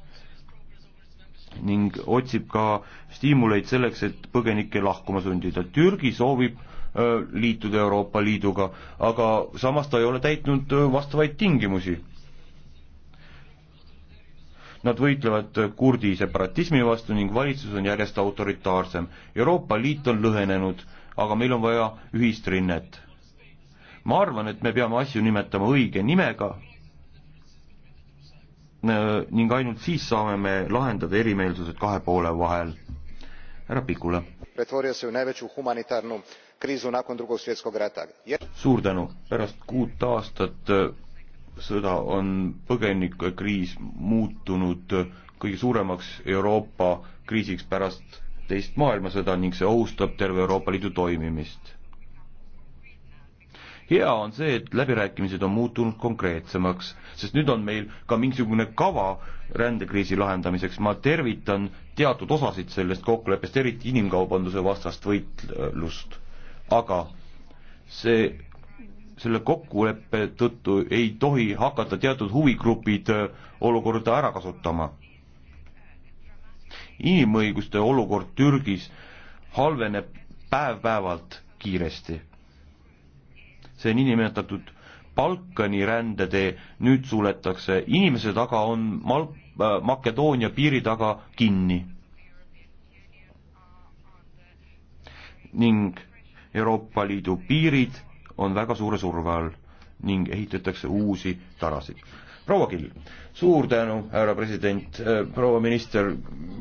ning otsib ka stiimuleid selleks, et põgenikke lahkuma sundida. Türgi soovib äh, liituda Euroopa Liiduga, aga samas ta ei ole täitnud äh, vastavaid tingimusi Nad võitlevad kurdi separatismi vastu ning valitsus on järjest autoritaarsem. Euroopa Liit on lõhenenud, aga meil on vaja ühist rinnet. ma arvan, et me peame asju nimetama õige nimega äh, ning ainult siis saame me lahendada erimeelsused kahe poole vahel. härra Pikula. suur tänu, pärast kuut aastat äh, sõda on põgenikekriis muutunud kõige suuremaks Euroopa kriisiks pärast teist maailmasõda ning see ohustab terve Euroopa Liidu toimimist. hea on see, et läbirääkimised on muutunud konkreetsemaks, sest nüüd on meil ka mingisugune kava rändekriisi lahendamiseks, ma tervitan teatud osasid sellest kokkuleppest, eriti inimkaubanduse vastast võitlust, aga see selle kokkuleppe tõttu ei tohi hakata teatud huvigrupid äh, olukorda ära kasutama. inimõiguste olukord Türgis halveneb päev-päevalt kiiresti. see niinimetatud Balkani rändetee nüüd suletakse, inimese taga on Mal-, äh, Makedoonia piiri taga kinni. ning Euroopa Liidu piirid on väga suure surve all ning ehitatakse uusi tarasid. proua Kill, suur tänu, härra president, äh, proua minister,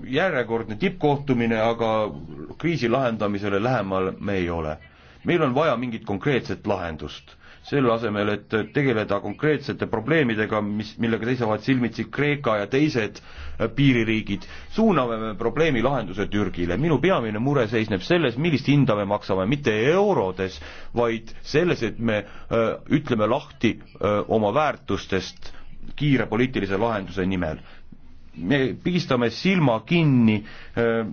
järjekordne tippkohtumine, aga kriisi lahendamisele lähemal me ei ole. meil on vaja mingit konkreetset lahendust selle asemel, et tegeleda konkreetsete probleemidega, mis, millega seisavad silmitsi Kreeka ja teised äh, piiririigid, suuname me probleemi lahenduse Türgile. minu peamine mure seisneb selles, millist hinda me maksame, mitte eurodes, vaid selles, et me öö, äh, ütleme lahti öö, äh, oma väärtustest kiire poliitilise lahenduse nimel. me pigistame silma kinni öö,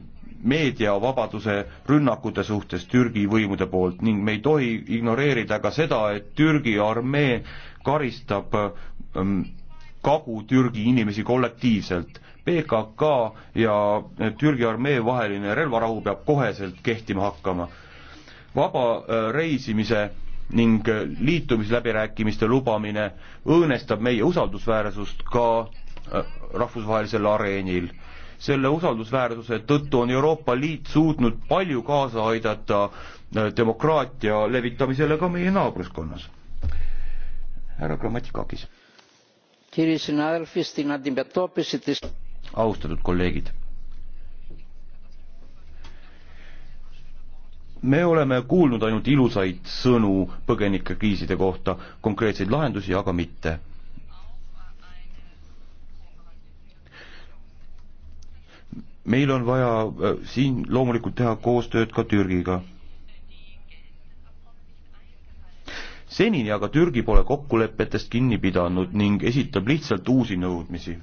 meediavabaduse rünnakute suhtes Türgi võimude poolt ning me ei tohi ignoreerida ka seda, et Türgi armee karistab ähm, Kagu-Türgi inimesi kollektiivselt. PKK ja Türgi armee vaheline relvarahu peab koheselt kehtima hakkama. vaba äh, reisimise ning äh, liitumisläbirääkimiste lubamine õõnestab meie usaldusväärsust ka äh, rahvusvahelisel areenil selle usaldusväärsuse tõttu on Euroopa Liit suutnud palju kaasa aidata äh, demokraatia levitamisele ka meie naabruskonnas. härra Grammatikakis. austatud kolleegid me oleme kuulnud ainult ilusaid sõnu põgenikekriiside kohta, konkreetseid lahendusi aga mitte meil on vaja äh, siin loomulikult teha koostööd ka Türgiga. senini aga Türgi pole kokkulepetest kinni pidanud ning esitab lihtsalt uusi nõudmisi.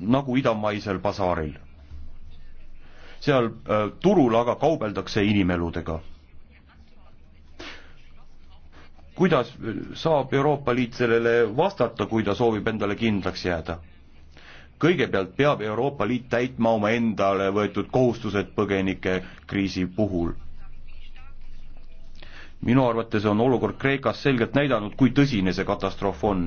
nagu idamaisel basaaril. seal äh, turul aga kaubeldakse inimeludega kuidas äh, saab Euroopa Liit sellele vastata, kui ta soovib endale kindlaks jääda? kõigepealt peab Euroopa Liit täitma omaendale võetud kohustused põgenikekriisi puhul. minu arvates on olukord Kreekas selgelt näidanud, kui tõsine see katastroof on.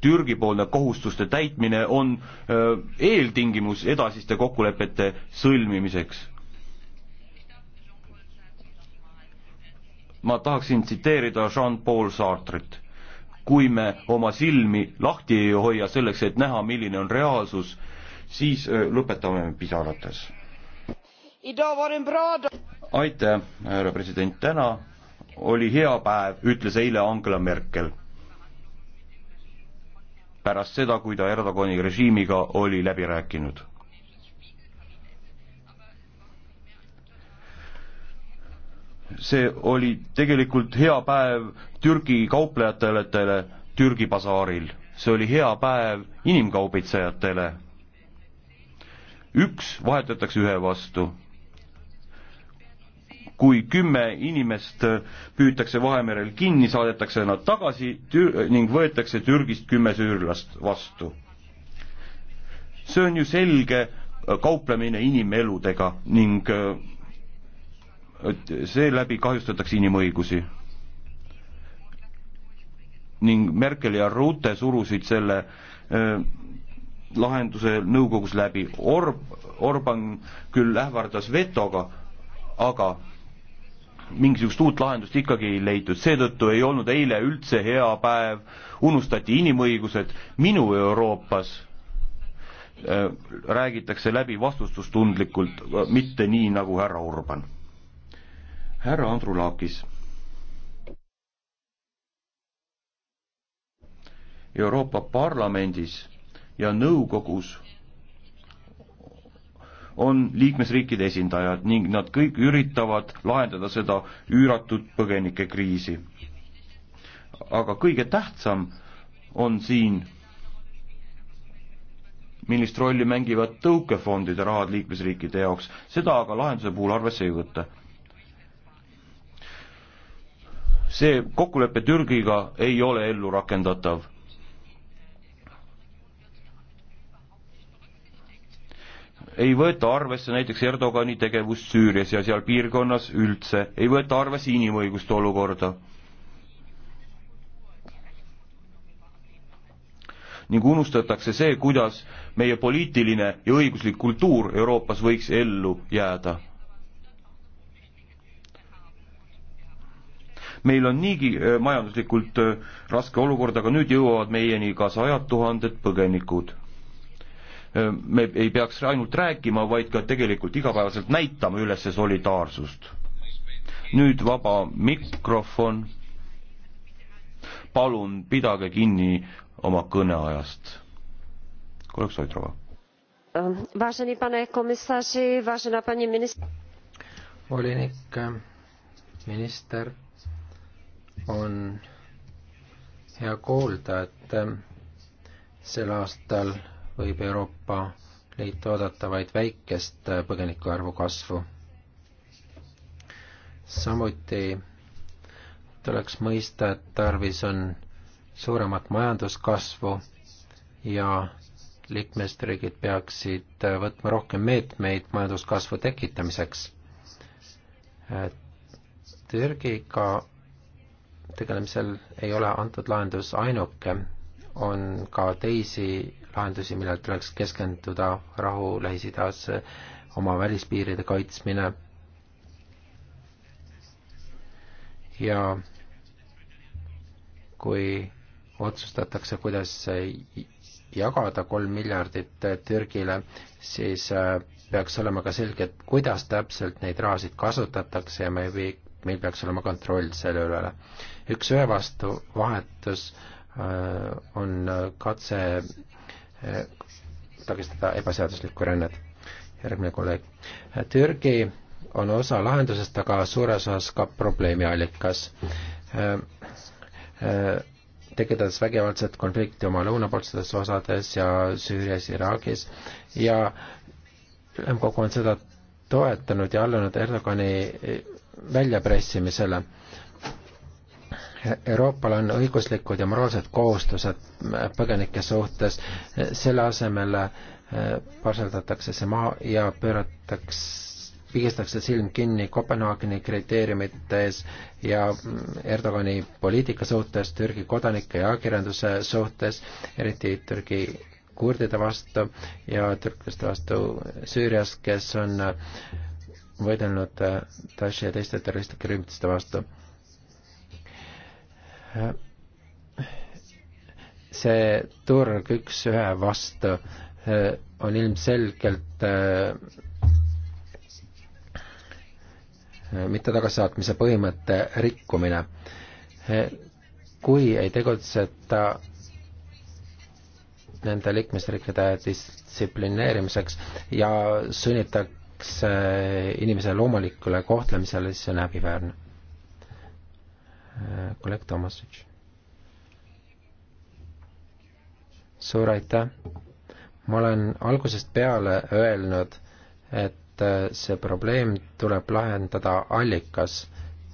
Türgi-poolne kohustuste täitmine on öö, eeltingimus edasiste kokkulepete sõlmimiseks ma tahaksin tsiteerida Jean-Paul Sartre't kui me oma silmi lahti ei hoia selleks, et näha, milline on reaalsus, siis äh, lõpetame pisarates. aitäh, härra president, täna oli hea päev, ütles eile Angela Merkel. pärast seda, kui ta Erdogani režiimiga oli läbi rääkinud see oli tegelikult hea päev Türgi kauplejatele Türgi basaaril, see oli hea päev inimkaubitsejatele. üks vahetatakse ühe vastu. kui kümme inimest püütakse Vahemerel kinni, saadetakse nad tagasi tür-, ning võetakse Türgist kümme süürlast vastu. see on ju selge kauplemine inimeludega ning äh, seeläbi kahjustatakse inimõigusi. ning Merkel ja Rute surusid selle öö, äh, lahenduse nõukogus läbi, Orb-, Orban küll ähvardas vetoga, aga mingisugust uut lahendust ikkagi ei leitud, seetõttu ei olnud eile üldse hea päev, unustati inimõigused, minu Euroopas äh, räägitakse läbi vastutustundlikult, mitte nii, nagu härra Orban härra Andrulakis. Euroopa Parlamendis ja nõukogus on liikmesriikide esindajad ning nad kõik üritavad lahendada seda üüratud põgenikekriisi. aga kõige tähtsam on siin, millist rolli mängivad tõukefondide rahad liikmesriikide jaoks, seda aga lahenduse puhul arvesse ei võta see kokkulepe Türgiga ei ole ellu rakendatav. ei võeta arvesse näiteks Erdogani tegevust Süürias ja seal piirkonnas üldse, ei võeta arvesse inimõiguste olukorda. ning unustatakse see, kuidas meie poliitiline ja õiguslik kultuur Euroopas võiks ellu jääda meil on niigi äh, majanduslikult äh, raske olukord, aga nüüd jõuavad meieni ka sajad tuhanded põgenikud. Äh, me ei peaks ainult rääkima, vaid ka tegelikult igapäevaselt näitama üles solidaarsust. nüüd vaba mikrofon. palun pidage kinni oma kõneajast. kolleeg Soitrova.
Vážený pane komisaři, vážená paní ministr-.
volinik, minister on hea kuulda, et sel aastal võib Euroopa Liit oodata vaid väikest põgeniku arvu kasvu. samuti tuleks mõista, et tarvis on suuremat majanduskasvu ja liikmesriigid peaksid võtma rohkem meetmeid majanduskasvu tekitamiseks. Türgiga tegelemisel ei ole antud lahendus ainuke, on ka teisi lahendusi, millele tuleks keskenduda, rahu Lähis-Idas, oma välispiiride kaitsmine ja kui otsustatakse, kuidas jagada kolm miljardit Türgile, siis äh, peaks olema ka selge, et kuidas täpselt neid rahasid kasutatakse ja me ei või, meil peaks olema kontroll selle üle üks-ühe vastu vahetus äh, on äh, katse äh, takistada ebaseaduslikku rännet. järgmine kolleeg. Türgi on osa lahendusest, aga suures osas ka probleemi allikas. tekitades vägivaldset konflikti oma lõunapoolsetes osades ja Süürias, Iraagis ja ülemkogu on seda toetanud ja allunud Erdogani väljapressimisele Euroopal on õiguslikud ja moraalsed kohustused äh, põgenike suhtes, selle asemel äh, parseldatakse see maha ja pööratakse pigistakse silm kinni Kopenhaageni kriteeriumite ees ja mm, Erdogani poliitika suhtes, Türgi kodanike ja ajakirjanduse suhtes, eriti Türgi kurdide vastu ja türklaste vastu Süürias, kes on äh, võidelnud Daeshi ja teiste terroristlike rühmituste vastu see turg üks-ühe vastu eh, on ilmselgelt eh, mitte tagasisaatmise põhimõtte rikkumine. Eh, kui ei tegutseta nende liikmesriikide distsiplineerimiseks ja sunnitakse inimese loomulikule kohtlemisele, siis see on häbiväärne kolleeg Tomasitš. suur aitäh! ma olen algusest peale öelnud, et äh, see probleem tuleb lahendada allikas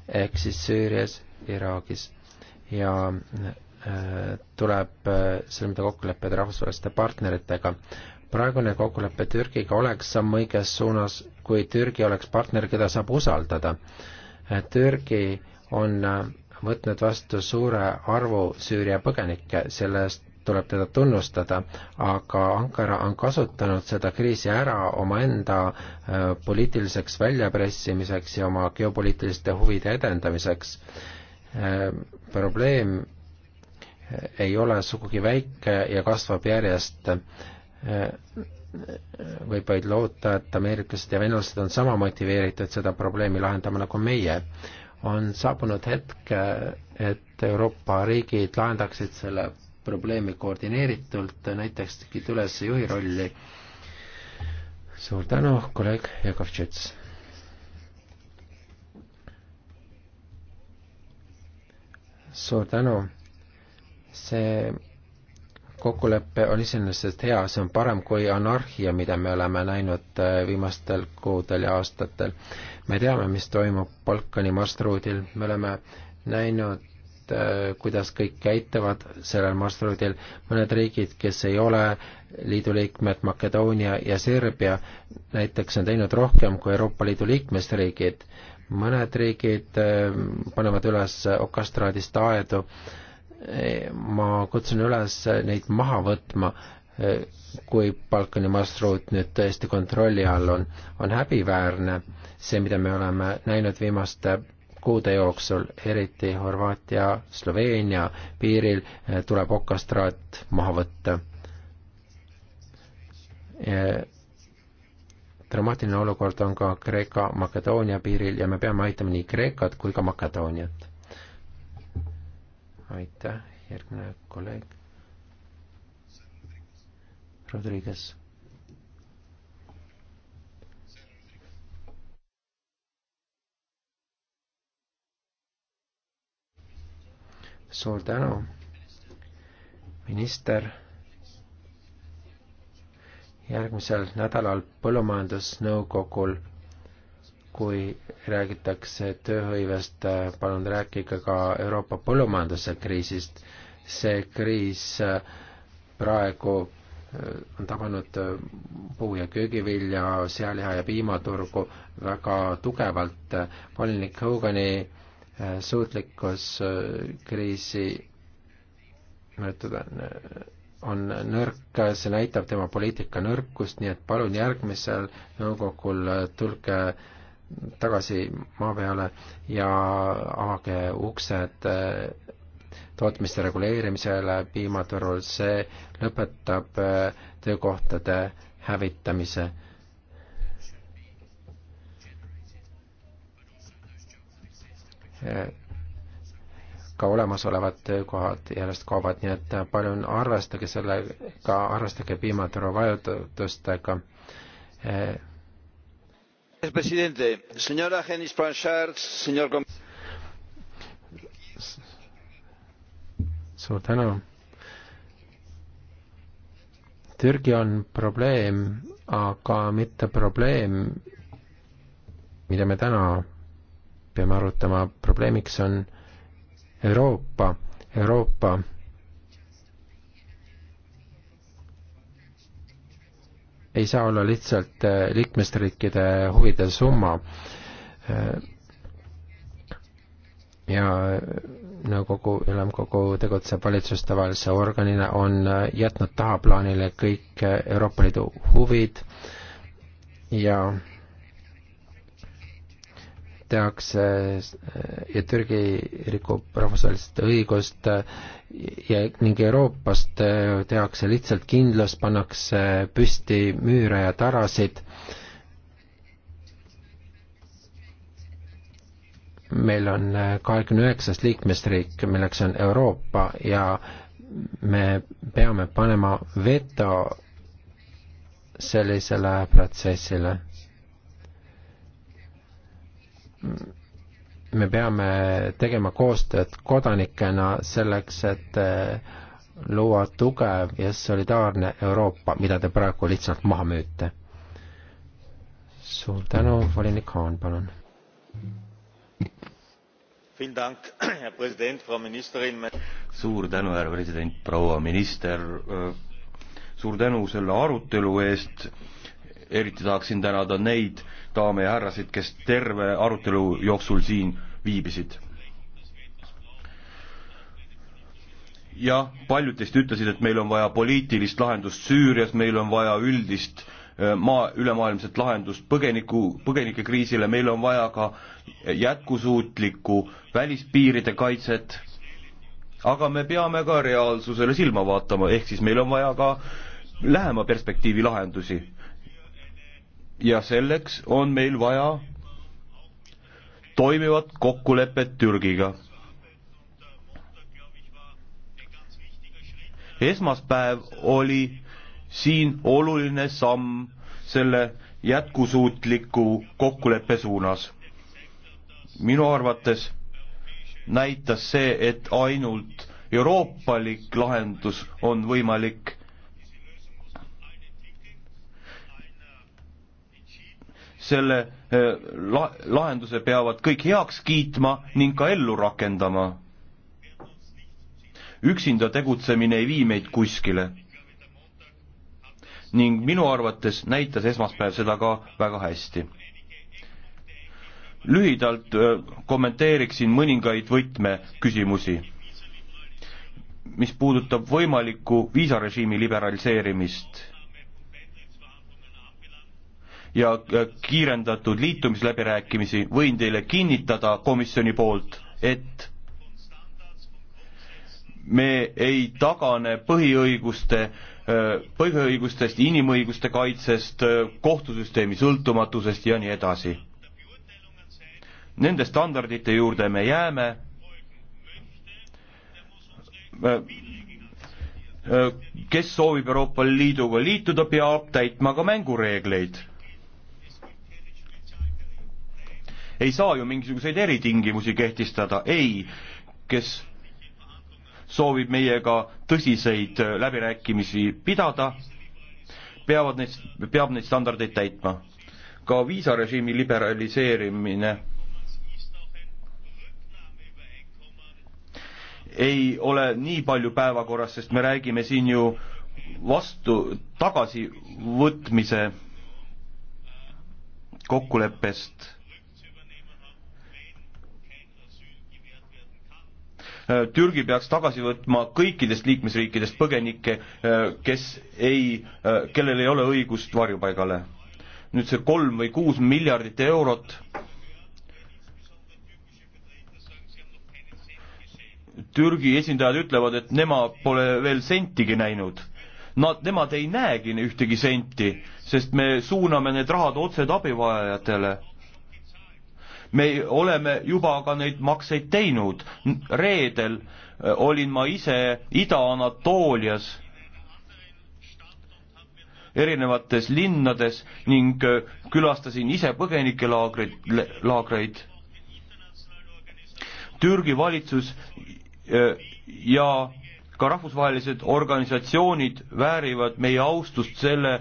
ehk siis Süürias, Iraagis ja äh, tuleb äh, sõlmida kokkulepped rahvusvaheliste partneritega. praegune kokkulepe Türgiga oleks samm õiges suunas, kui Türgi oleks partner, keda saab usaldada. Türgi on võtnud vastu suure arvu Süüria põgenikke, selle eest tuleb teda tunnustada, aga Ankara on kasutanud seda kriisi ära omaenda äh, poliitiliseks väljapressimiseks ja oma geopoliitiliste huvide edendamiseks. Äh, probleem äh, ei ole sugugi väike ja kasvab järjest võib vaid loota, et ameeriklased ja venelased on sama motiveeritud seda probleemi lahendama nagu meie on saabunud hetk, et Euroopa riigid lahendaksid selle probleemi koordineeritult, näiteks tegid üles juhi rolli. suur tänu, kolleeg Jakovtšets. suur tänu. see kokkulepe on iseenesest hea, see on parem kui anarhia, mida me oleme näinud äh, viimastel kuudel ja aastatel me teame, mis toimub Balkani marsruudil, me oleme näinud, äh, kuidas kõik käituvad sellel marsruudil, mõned riigid, kes ei ole liidu liikmed, Makedoonia ja Serbia näiteks on teinud rohkem kui Euroopa Liidu liikmesriigid, mõned riigid äh, panevad üles okastraadist aedu, äh, ma kutsun üles neid maha võtma kui Balkani marsruut nüüd tõesti kontrolli all on, on häbiväärne see, mida me oleme näinud viimaste kuude jooksul, eriti Horvaatia, Sloveenia piiril eh, tuleb okastraat maha võtta. Eh, dramaatiline olukord on ka Kreeka-Makedoonia piiril ja me peame aitama nii Kreekat kui ka Makedooniat. aitäh, järgmine kolleeg. Rodriguez. suur tänu, minister. järgmisel nädalal Põllumajandusnõukogul, kui räägitakse tööhõivest, palun rääkige ka Euroopa põllumajanduse kriisist. see kriis äh, praegu Äh, on tabanud äh, puu- ja köögivilja, sealiha ja piimaturgu väga tugevalt. volinik Hogani äh, suutlikkus kriisi mõjutada on nõrk, see näitab tema poliitika nõrkust, nii et palun järgmisel nõukogul tulge tagasi maa peale ja avage uksed tootmiste reguleerimisele piimaturul, see lõpetab äh, töökohtade hävitamise. Äh, ka olemasolevad töökohad järjest kaovad, nii et palun arvestage sellega, arvestage piimaturu vajutustega señor äh,
presidente señora hennis plasschaert señor comisario
suur tänu. Türgi on probleem, aga mitte probleem, mida me täna peame arutama, probleemiks on Euroopa, Euroopa ei saa olla lihtsalt äh, liikmesriikide huvide summa. Äh, ja nõukogu, ülemkogu tegutseb valitsustevahelise organina, on jätnud tahaplaanile kõik Euroopa Liidu huvid ja tehakse ja Türgi rikub rahvusvahelist õigust ja ning Euroopast tehakse lihtsalt kindlust, pannakse püsti müüre ja tarasid äh, meil on äh, kahekümne üheksas liikmesriik, milleks on Euroopa ja me peame panema veto sellisele protsessile. me peame tegema koostööd kodanikena selleks, et äh, luua tugev ja solidaarne Euroopa, mida te praegu lihtsalt maha müüte. suur tänu, volinik Haan, palun suur tänu, härra president,
proua minister, suur tänu selle arutelu eest, eriti tahaksin tänada neid daame ja härrasid, kes terve arutelu jooksul siin viibisid. jah, paljud teist ütlesid, et meil on vaja poliitilist lahendust Süürias, meil on vaja üldist maa, ülemaailmset lahendust põgeniku, põgenikekriisile, meil on vaja ka jätkusuutlikku välispiiride kaitset, aga me peame ka reaalsusele silma vaatama, ehk siis meil on vaja ka lähema perspektiivi lahendusi. ja selleks on meil vaja toimivat kokkulepet Türgiga. esmaspäev oli siin oluline samm selle jätkusuutliku kokkuleppe suunas. minu arvates näitas see, et ainult euroopalik lahendus on võimalik. selle eh, la-, lahenduse peavad kõik heaks kiitma ning ka ellu rakendama. üksinda tegutsemine ei vii meid kuskile ning minu arvates näitas esmaspäev seda ka väga hästi. lühidalt äh, kommenteeriksin mõningaid võtmeküsimusi, mis puudutab võimalikku viisarežiimi liberaliseerimist ja äh, kiirendatud liitumisläbirääkimisi, võin teile kinnitada komisjoni poolt, et me ei tagane põhiõiguste põhiõigustest, inimõiguste kaitsest, kohtusüsteemi sõltumatusest ja nii edasi. Nende standardite juurde me jääme. kes soovib Euroopa Liiduga liituda, peab täitma ka mängureegleid. ei saa ju mingisuguseid eritingimusi kehtestada, ei, kes soovib meiega tõsiseid äh, läbirääkimisi pidada, peavad neid, peab neid standardeid täitma. ka viisarežiimi liberaliseerimine ei ole nii palju päevakorras, sest me räägime siin ju vastu, tagasivõtmise kokkuleppest Äh, Türgi peaks tagasi võtma kõikidest liikmesriikidest põgenikke, äh, kes ei, äh, kellel ei ole õigust varjupaigale. nüüd see kolm või kuus miljardit eurot Türgi esindajad ütlevad, et nemad pole veel sentigi näinud. Nad, nemad ei näegi ühtegi senti, sest me suuname need rahad otse abivajajatele me oleme juba ka neid makseid teinud. reedel äh, olin ma ise Ida-Anatoolias erinevates linnades ning äh, külastasin ise põgenikelaagreid, laagreid. Türgi valitsus äh, ja ka rahvusvahelised organisatsioonid väärivad meie austust selle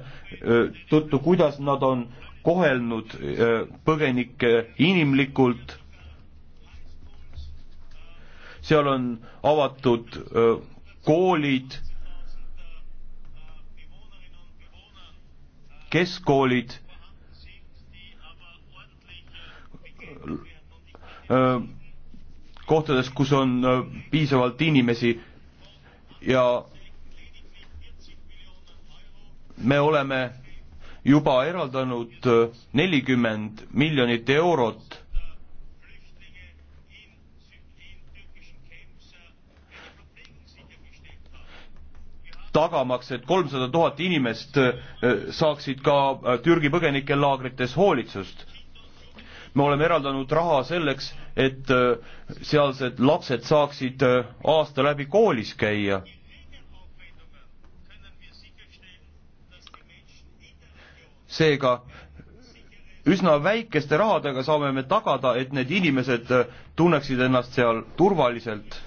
tõttu, kuidas nad on kohelnud põgenikke inimlikult. seal on avatud koolid, keskkoolid, kohtades, kus on piisavalt inimesi ja me oleme juba eraldanud äh, nelikümmend miljonit eurot tagamaks, et kolmsada tuhat inimest äh, saaksid ka äh, Türgi põgenikelaagrites hoolitsust. me oleme eraldanud raha selleks, et sealsed lapsed saaksid aasta läbi koolis käia seega üsna väikeste rahadega saame me tagada, et need inimesed äh, tunneksid ennast seal turvaliselt.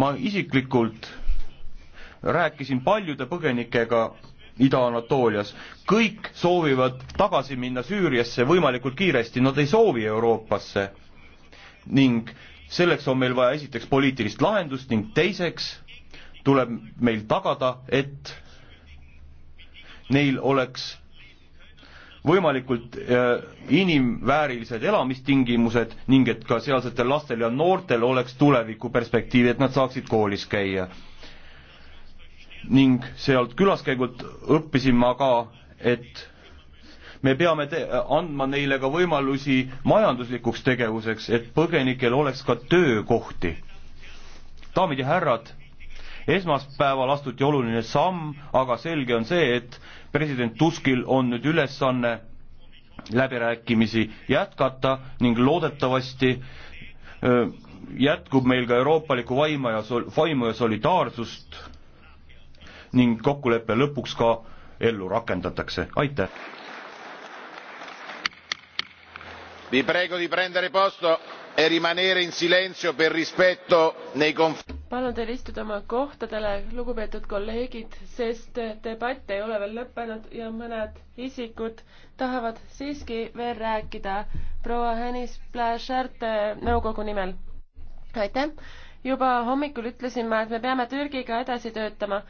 ma isiklikult rääkisin paljude põgenikega Ida-Anatoolias, kõik soovivad tagasi minna Süüriasse võimalikult kiiresti, nad ei soovi Euroopasse. ning selleks on meil vaja esiteks poliitilist lahendust ning teiseks tuleb meil tagada, et neil oleks võimalikult äh, inimväärilised elamistingimused ning et ka sealsetel lastel ja noortel oleks tulevikuperspektiiv, et nad saaksid koolis käia. ning sealt külaskäigult õppisin ma ka, et me peame te-, andma neile ka võimalusi majanduslikuks tegevuseks, et põgenikel oleks ka töökohti. daamid ja härrad, esmaspäeval astuti oluline samm, aga selge on see, et president Tuskil on nüüd ülesanne läbirääkimisi jätkata ning loodetavasti jätkub meil ka euroopalikku vaima ja sol-, vaimu ja solidaarsust ning kokkulepe lõpuks ka ellu rakendatakse, aitäh! vi prego di prendere posto
e rimanere in silenzio per rispetto nei confronti.
palun teil istuda oma kohtadele lugupeetud kolleegid sest debatt ei ole veel lõppenud ja mõned isikud tahavad siiski veel rääkida proua hennis plaschert äh, nõukogu nimel. aitäh juba hommikul ütlesime et me peame türgiga edasi töötama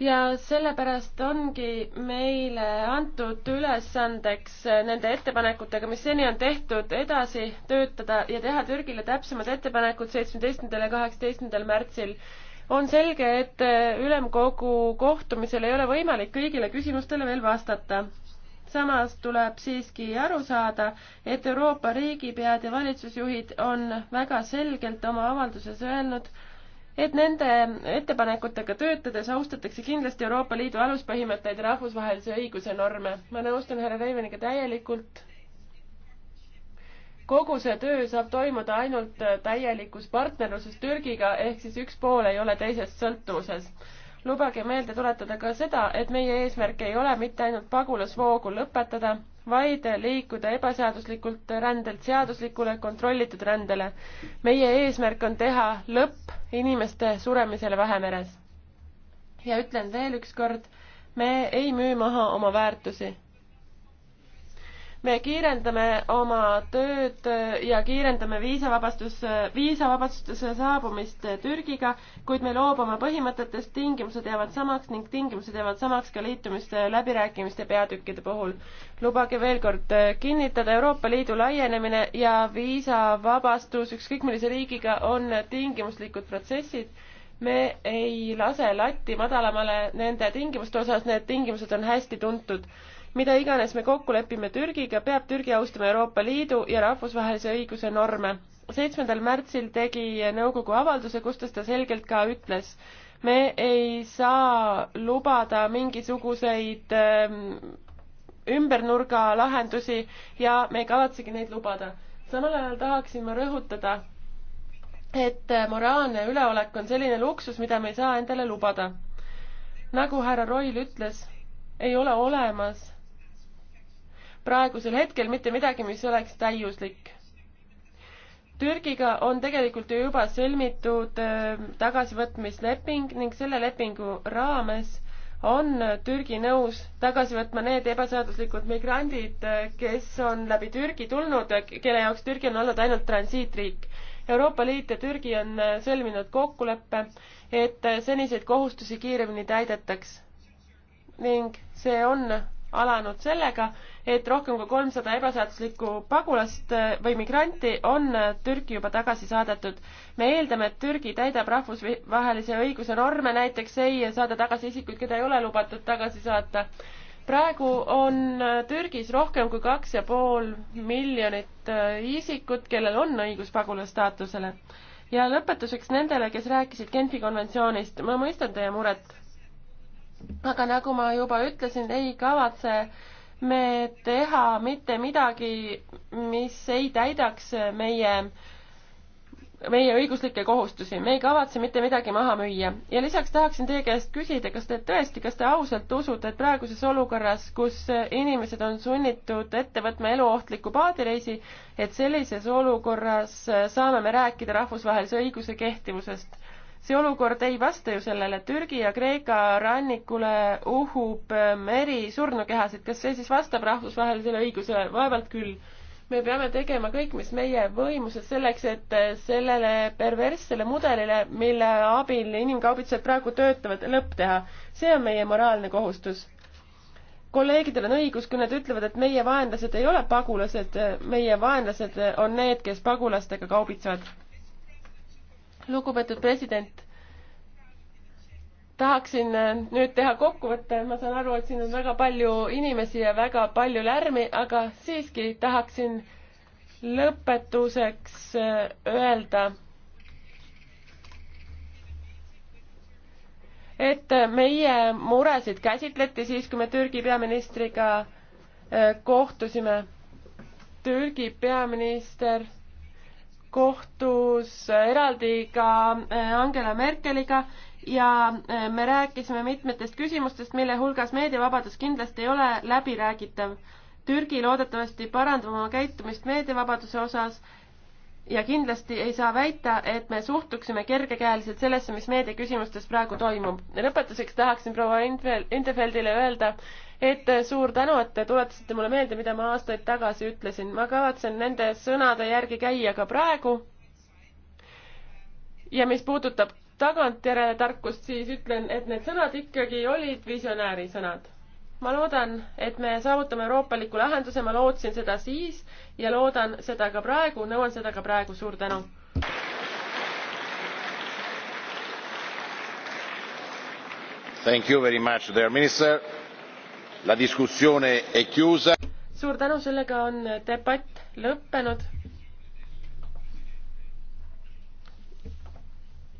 ja sellepärast ongi meile antud ülesandeks nende ettepanekutega, mis seni on tehtud, edasi töötada ja teha Türgile täpsemad ettepanekud seitsmeteistkümnendal ja kaheksateistkümnendal märtsil. on selge, et ülemkogu kohtumisel ei ole võimalik kõigile küsimustele veel vastata. samas tuleb siiski aru saada, et Euroopa riigipead ja valitsusjuhid on väga selgelt oma avalduses öelnud, et nende ettepanekutega töötades austatakse kindlasti Euroopa Liidu aluspõhimõtteid ja rahvusvahelise õiguse norme. ma nõustun härra Reiveniga täielikult. kogu see töö saab toimuda ainult täielikus partnerluses Türgiga, ehk siis üks pool ei ole teisest sõltuvuses. lubage meelde tuletada ka seda, et meie eesmärk ei ole mitte ainult pagulasvoogu lõpetada vaid liikuda ebaseaduslikult rändelt seaduslikule kontrollitud rändele. meie eesmärk on teha lõpp inimeste suremisele Vahemeres. ja ütlen veel ükskord, me ei müü maha oma väärtusi me kiirendame oma tööd ja kiirendame viisavabastus, viisavabastuse saabumist Türgiga, kuid me loobume põhimõtetest, tingimused jäävad samaks ning tingimused jäävad samaks ka liitumiste läbirääkimiste peatükkide puhul. lubage veel kord kinnitada, Euroopa Liidu laienemine ja viisavabastus ükskõik millise riigiga on tingimuslikud protsessid me ei lase latti madalamale nende tingimuste osas, need tingimused on hästi tuntud mida iganes me kokku lepime Türgiga, peab Türgi austama Euroopa Liidu ja rahvusvahelise õiguse norme. seitsmendal märtsil tegi nõukogu avalduse, kus ta seda selgelt ka ütles. me ei saa lubada mingisuguseid ähm, ümbernurga lahendusi ja me ei kavatsegi neid lubada. samal ajal tahaksin ma rõhutada, et moraalne üleolek on selline luksus, mida me ei saa endale lubada. nagu härra Roil ütles, ei ole olemas praegusel hetkel mitte midagi, mis oleks täiuslik. Türgiga on tegelikult ju juba sõlmitud äh, tagasivõtmisleping ning selle lepingu raames on Türgi nõus tagasi võtma need ebaseaduslikud migrandid, äh, kes on läbi Türgi tulnud, äh, kelle jaoks Türgi on olnud ainult transiitriik. Euroopa Liit ja Türgi on sõlminud kokkuleppe, et seniseid kohustusi kiiremini täidetaks. ning see on alanud sellega, et rohkem kui kolmsada ebaseaduslikku pagulast äh, või migranti on äh, Türki juba tagasi saadetud. me eeldame, et Türgi täidab rahvusvahelise õiguse norme, näiteks ei saada tagasi isikuid, keda ei ole lubatud tagasi saata. praegu on äh, Türgis rohkem kui kaks ja pool miljonit isikut, kellel on õigus pagulasstaatusele. ja lõpetuseks nendele, kes rääkisid Genfi konventsioonist, ma mõistan teie muret aga nagu ma juba ütlesin, ei kavatse me teha mitte midagi, mis ei täidaks meie, meie õiguslikke kohustusi, me ei kavatse mitte midagi maha müüa. ja lisaks tahaksin teie käest küsida, kas te tõesti, kas te ausalt usute, et praeguses olukorras, kus inimesed on sunnitud ette võtma eluohtliku paadireisi, et sellises olukorras saame me rääkida rahvusvahelise õiguse kehtivusest? see olukord ei vasta ju sellele, Türgi ja Kreeka rannikule uhub äh, meri surnukehasid, kas see siis vastab rahvusvahelisele õigusele, vaevalt küll. me peame tegema kõik, mis meie võimuses selleks, et äh, sellele perverssele mudelile, mille abil inimkaubitsejad praegu töötavad, lõpp teha. see on meie moraalne kohustus kolleegidel on õigus, kui nad ütlevad, et meie vaenlased ei ole pagulased, meie vaenlased on need, kes pagulastega kaubitsevad lugupeetud president. tahaksin äh, nüüd teha kokkuvõtte, ma saan aru, et siin on väga palju inimesi ja väga palju lärmi, aga siiski tahaksin lõpetuseks äh, öelda, et äh, meie muresid käsitleti siis, kui me Türgi peaministriga kohtusime. Türgi peaminister kohtus eraldi ka äh, Angela Merkeliga ja äh, me rääkisime mitmetest küsimustest, mille hulgas meediavabadus kindlasti ei ole läbiräägitav. Türgi loodetavasti parandab oma käitumist meediavabaduse osas ja kindlasti ei saa väita, et me suhtuksime kergekäeliselt sellesse, mis meediaküsimustes praegu toimub. lõpetuseks tahaksin proua Intefeldile öelda, et suur tänu, et te tuletasite mulle meelde, mida ma aastaid tagasi ütlesin. ma kavatsen nende sõnade järgi käia ka praegu. ja mis puudutab tagantjärele tarkust, siis ütlen, et need sõnad ikkagi olid visionääri sõnad ma loodan, et me saavutame euroopaliku lahenduse, ma lootsin seda siis ja loodan seda ka praegu, nõuan seda ka praegu, suur tänu.
Thank you very much, dear minister. La discussione è chiusa.
suur tänu, sellega on debatt lõppenud.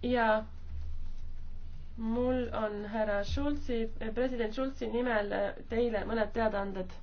ja mul on härra Schulzi, president Schulzi nimel teile mõned teadaanded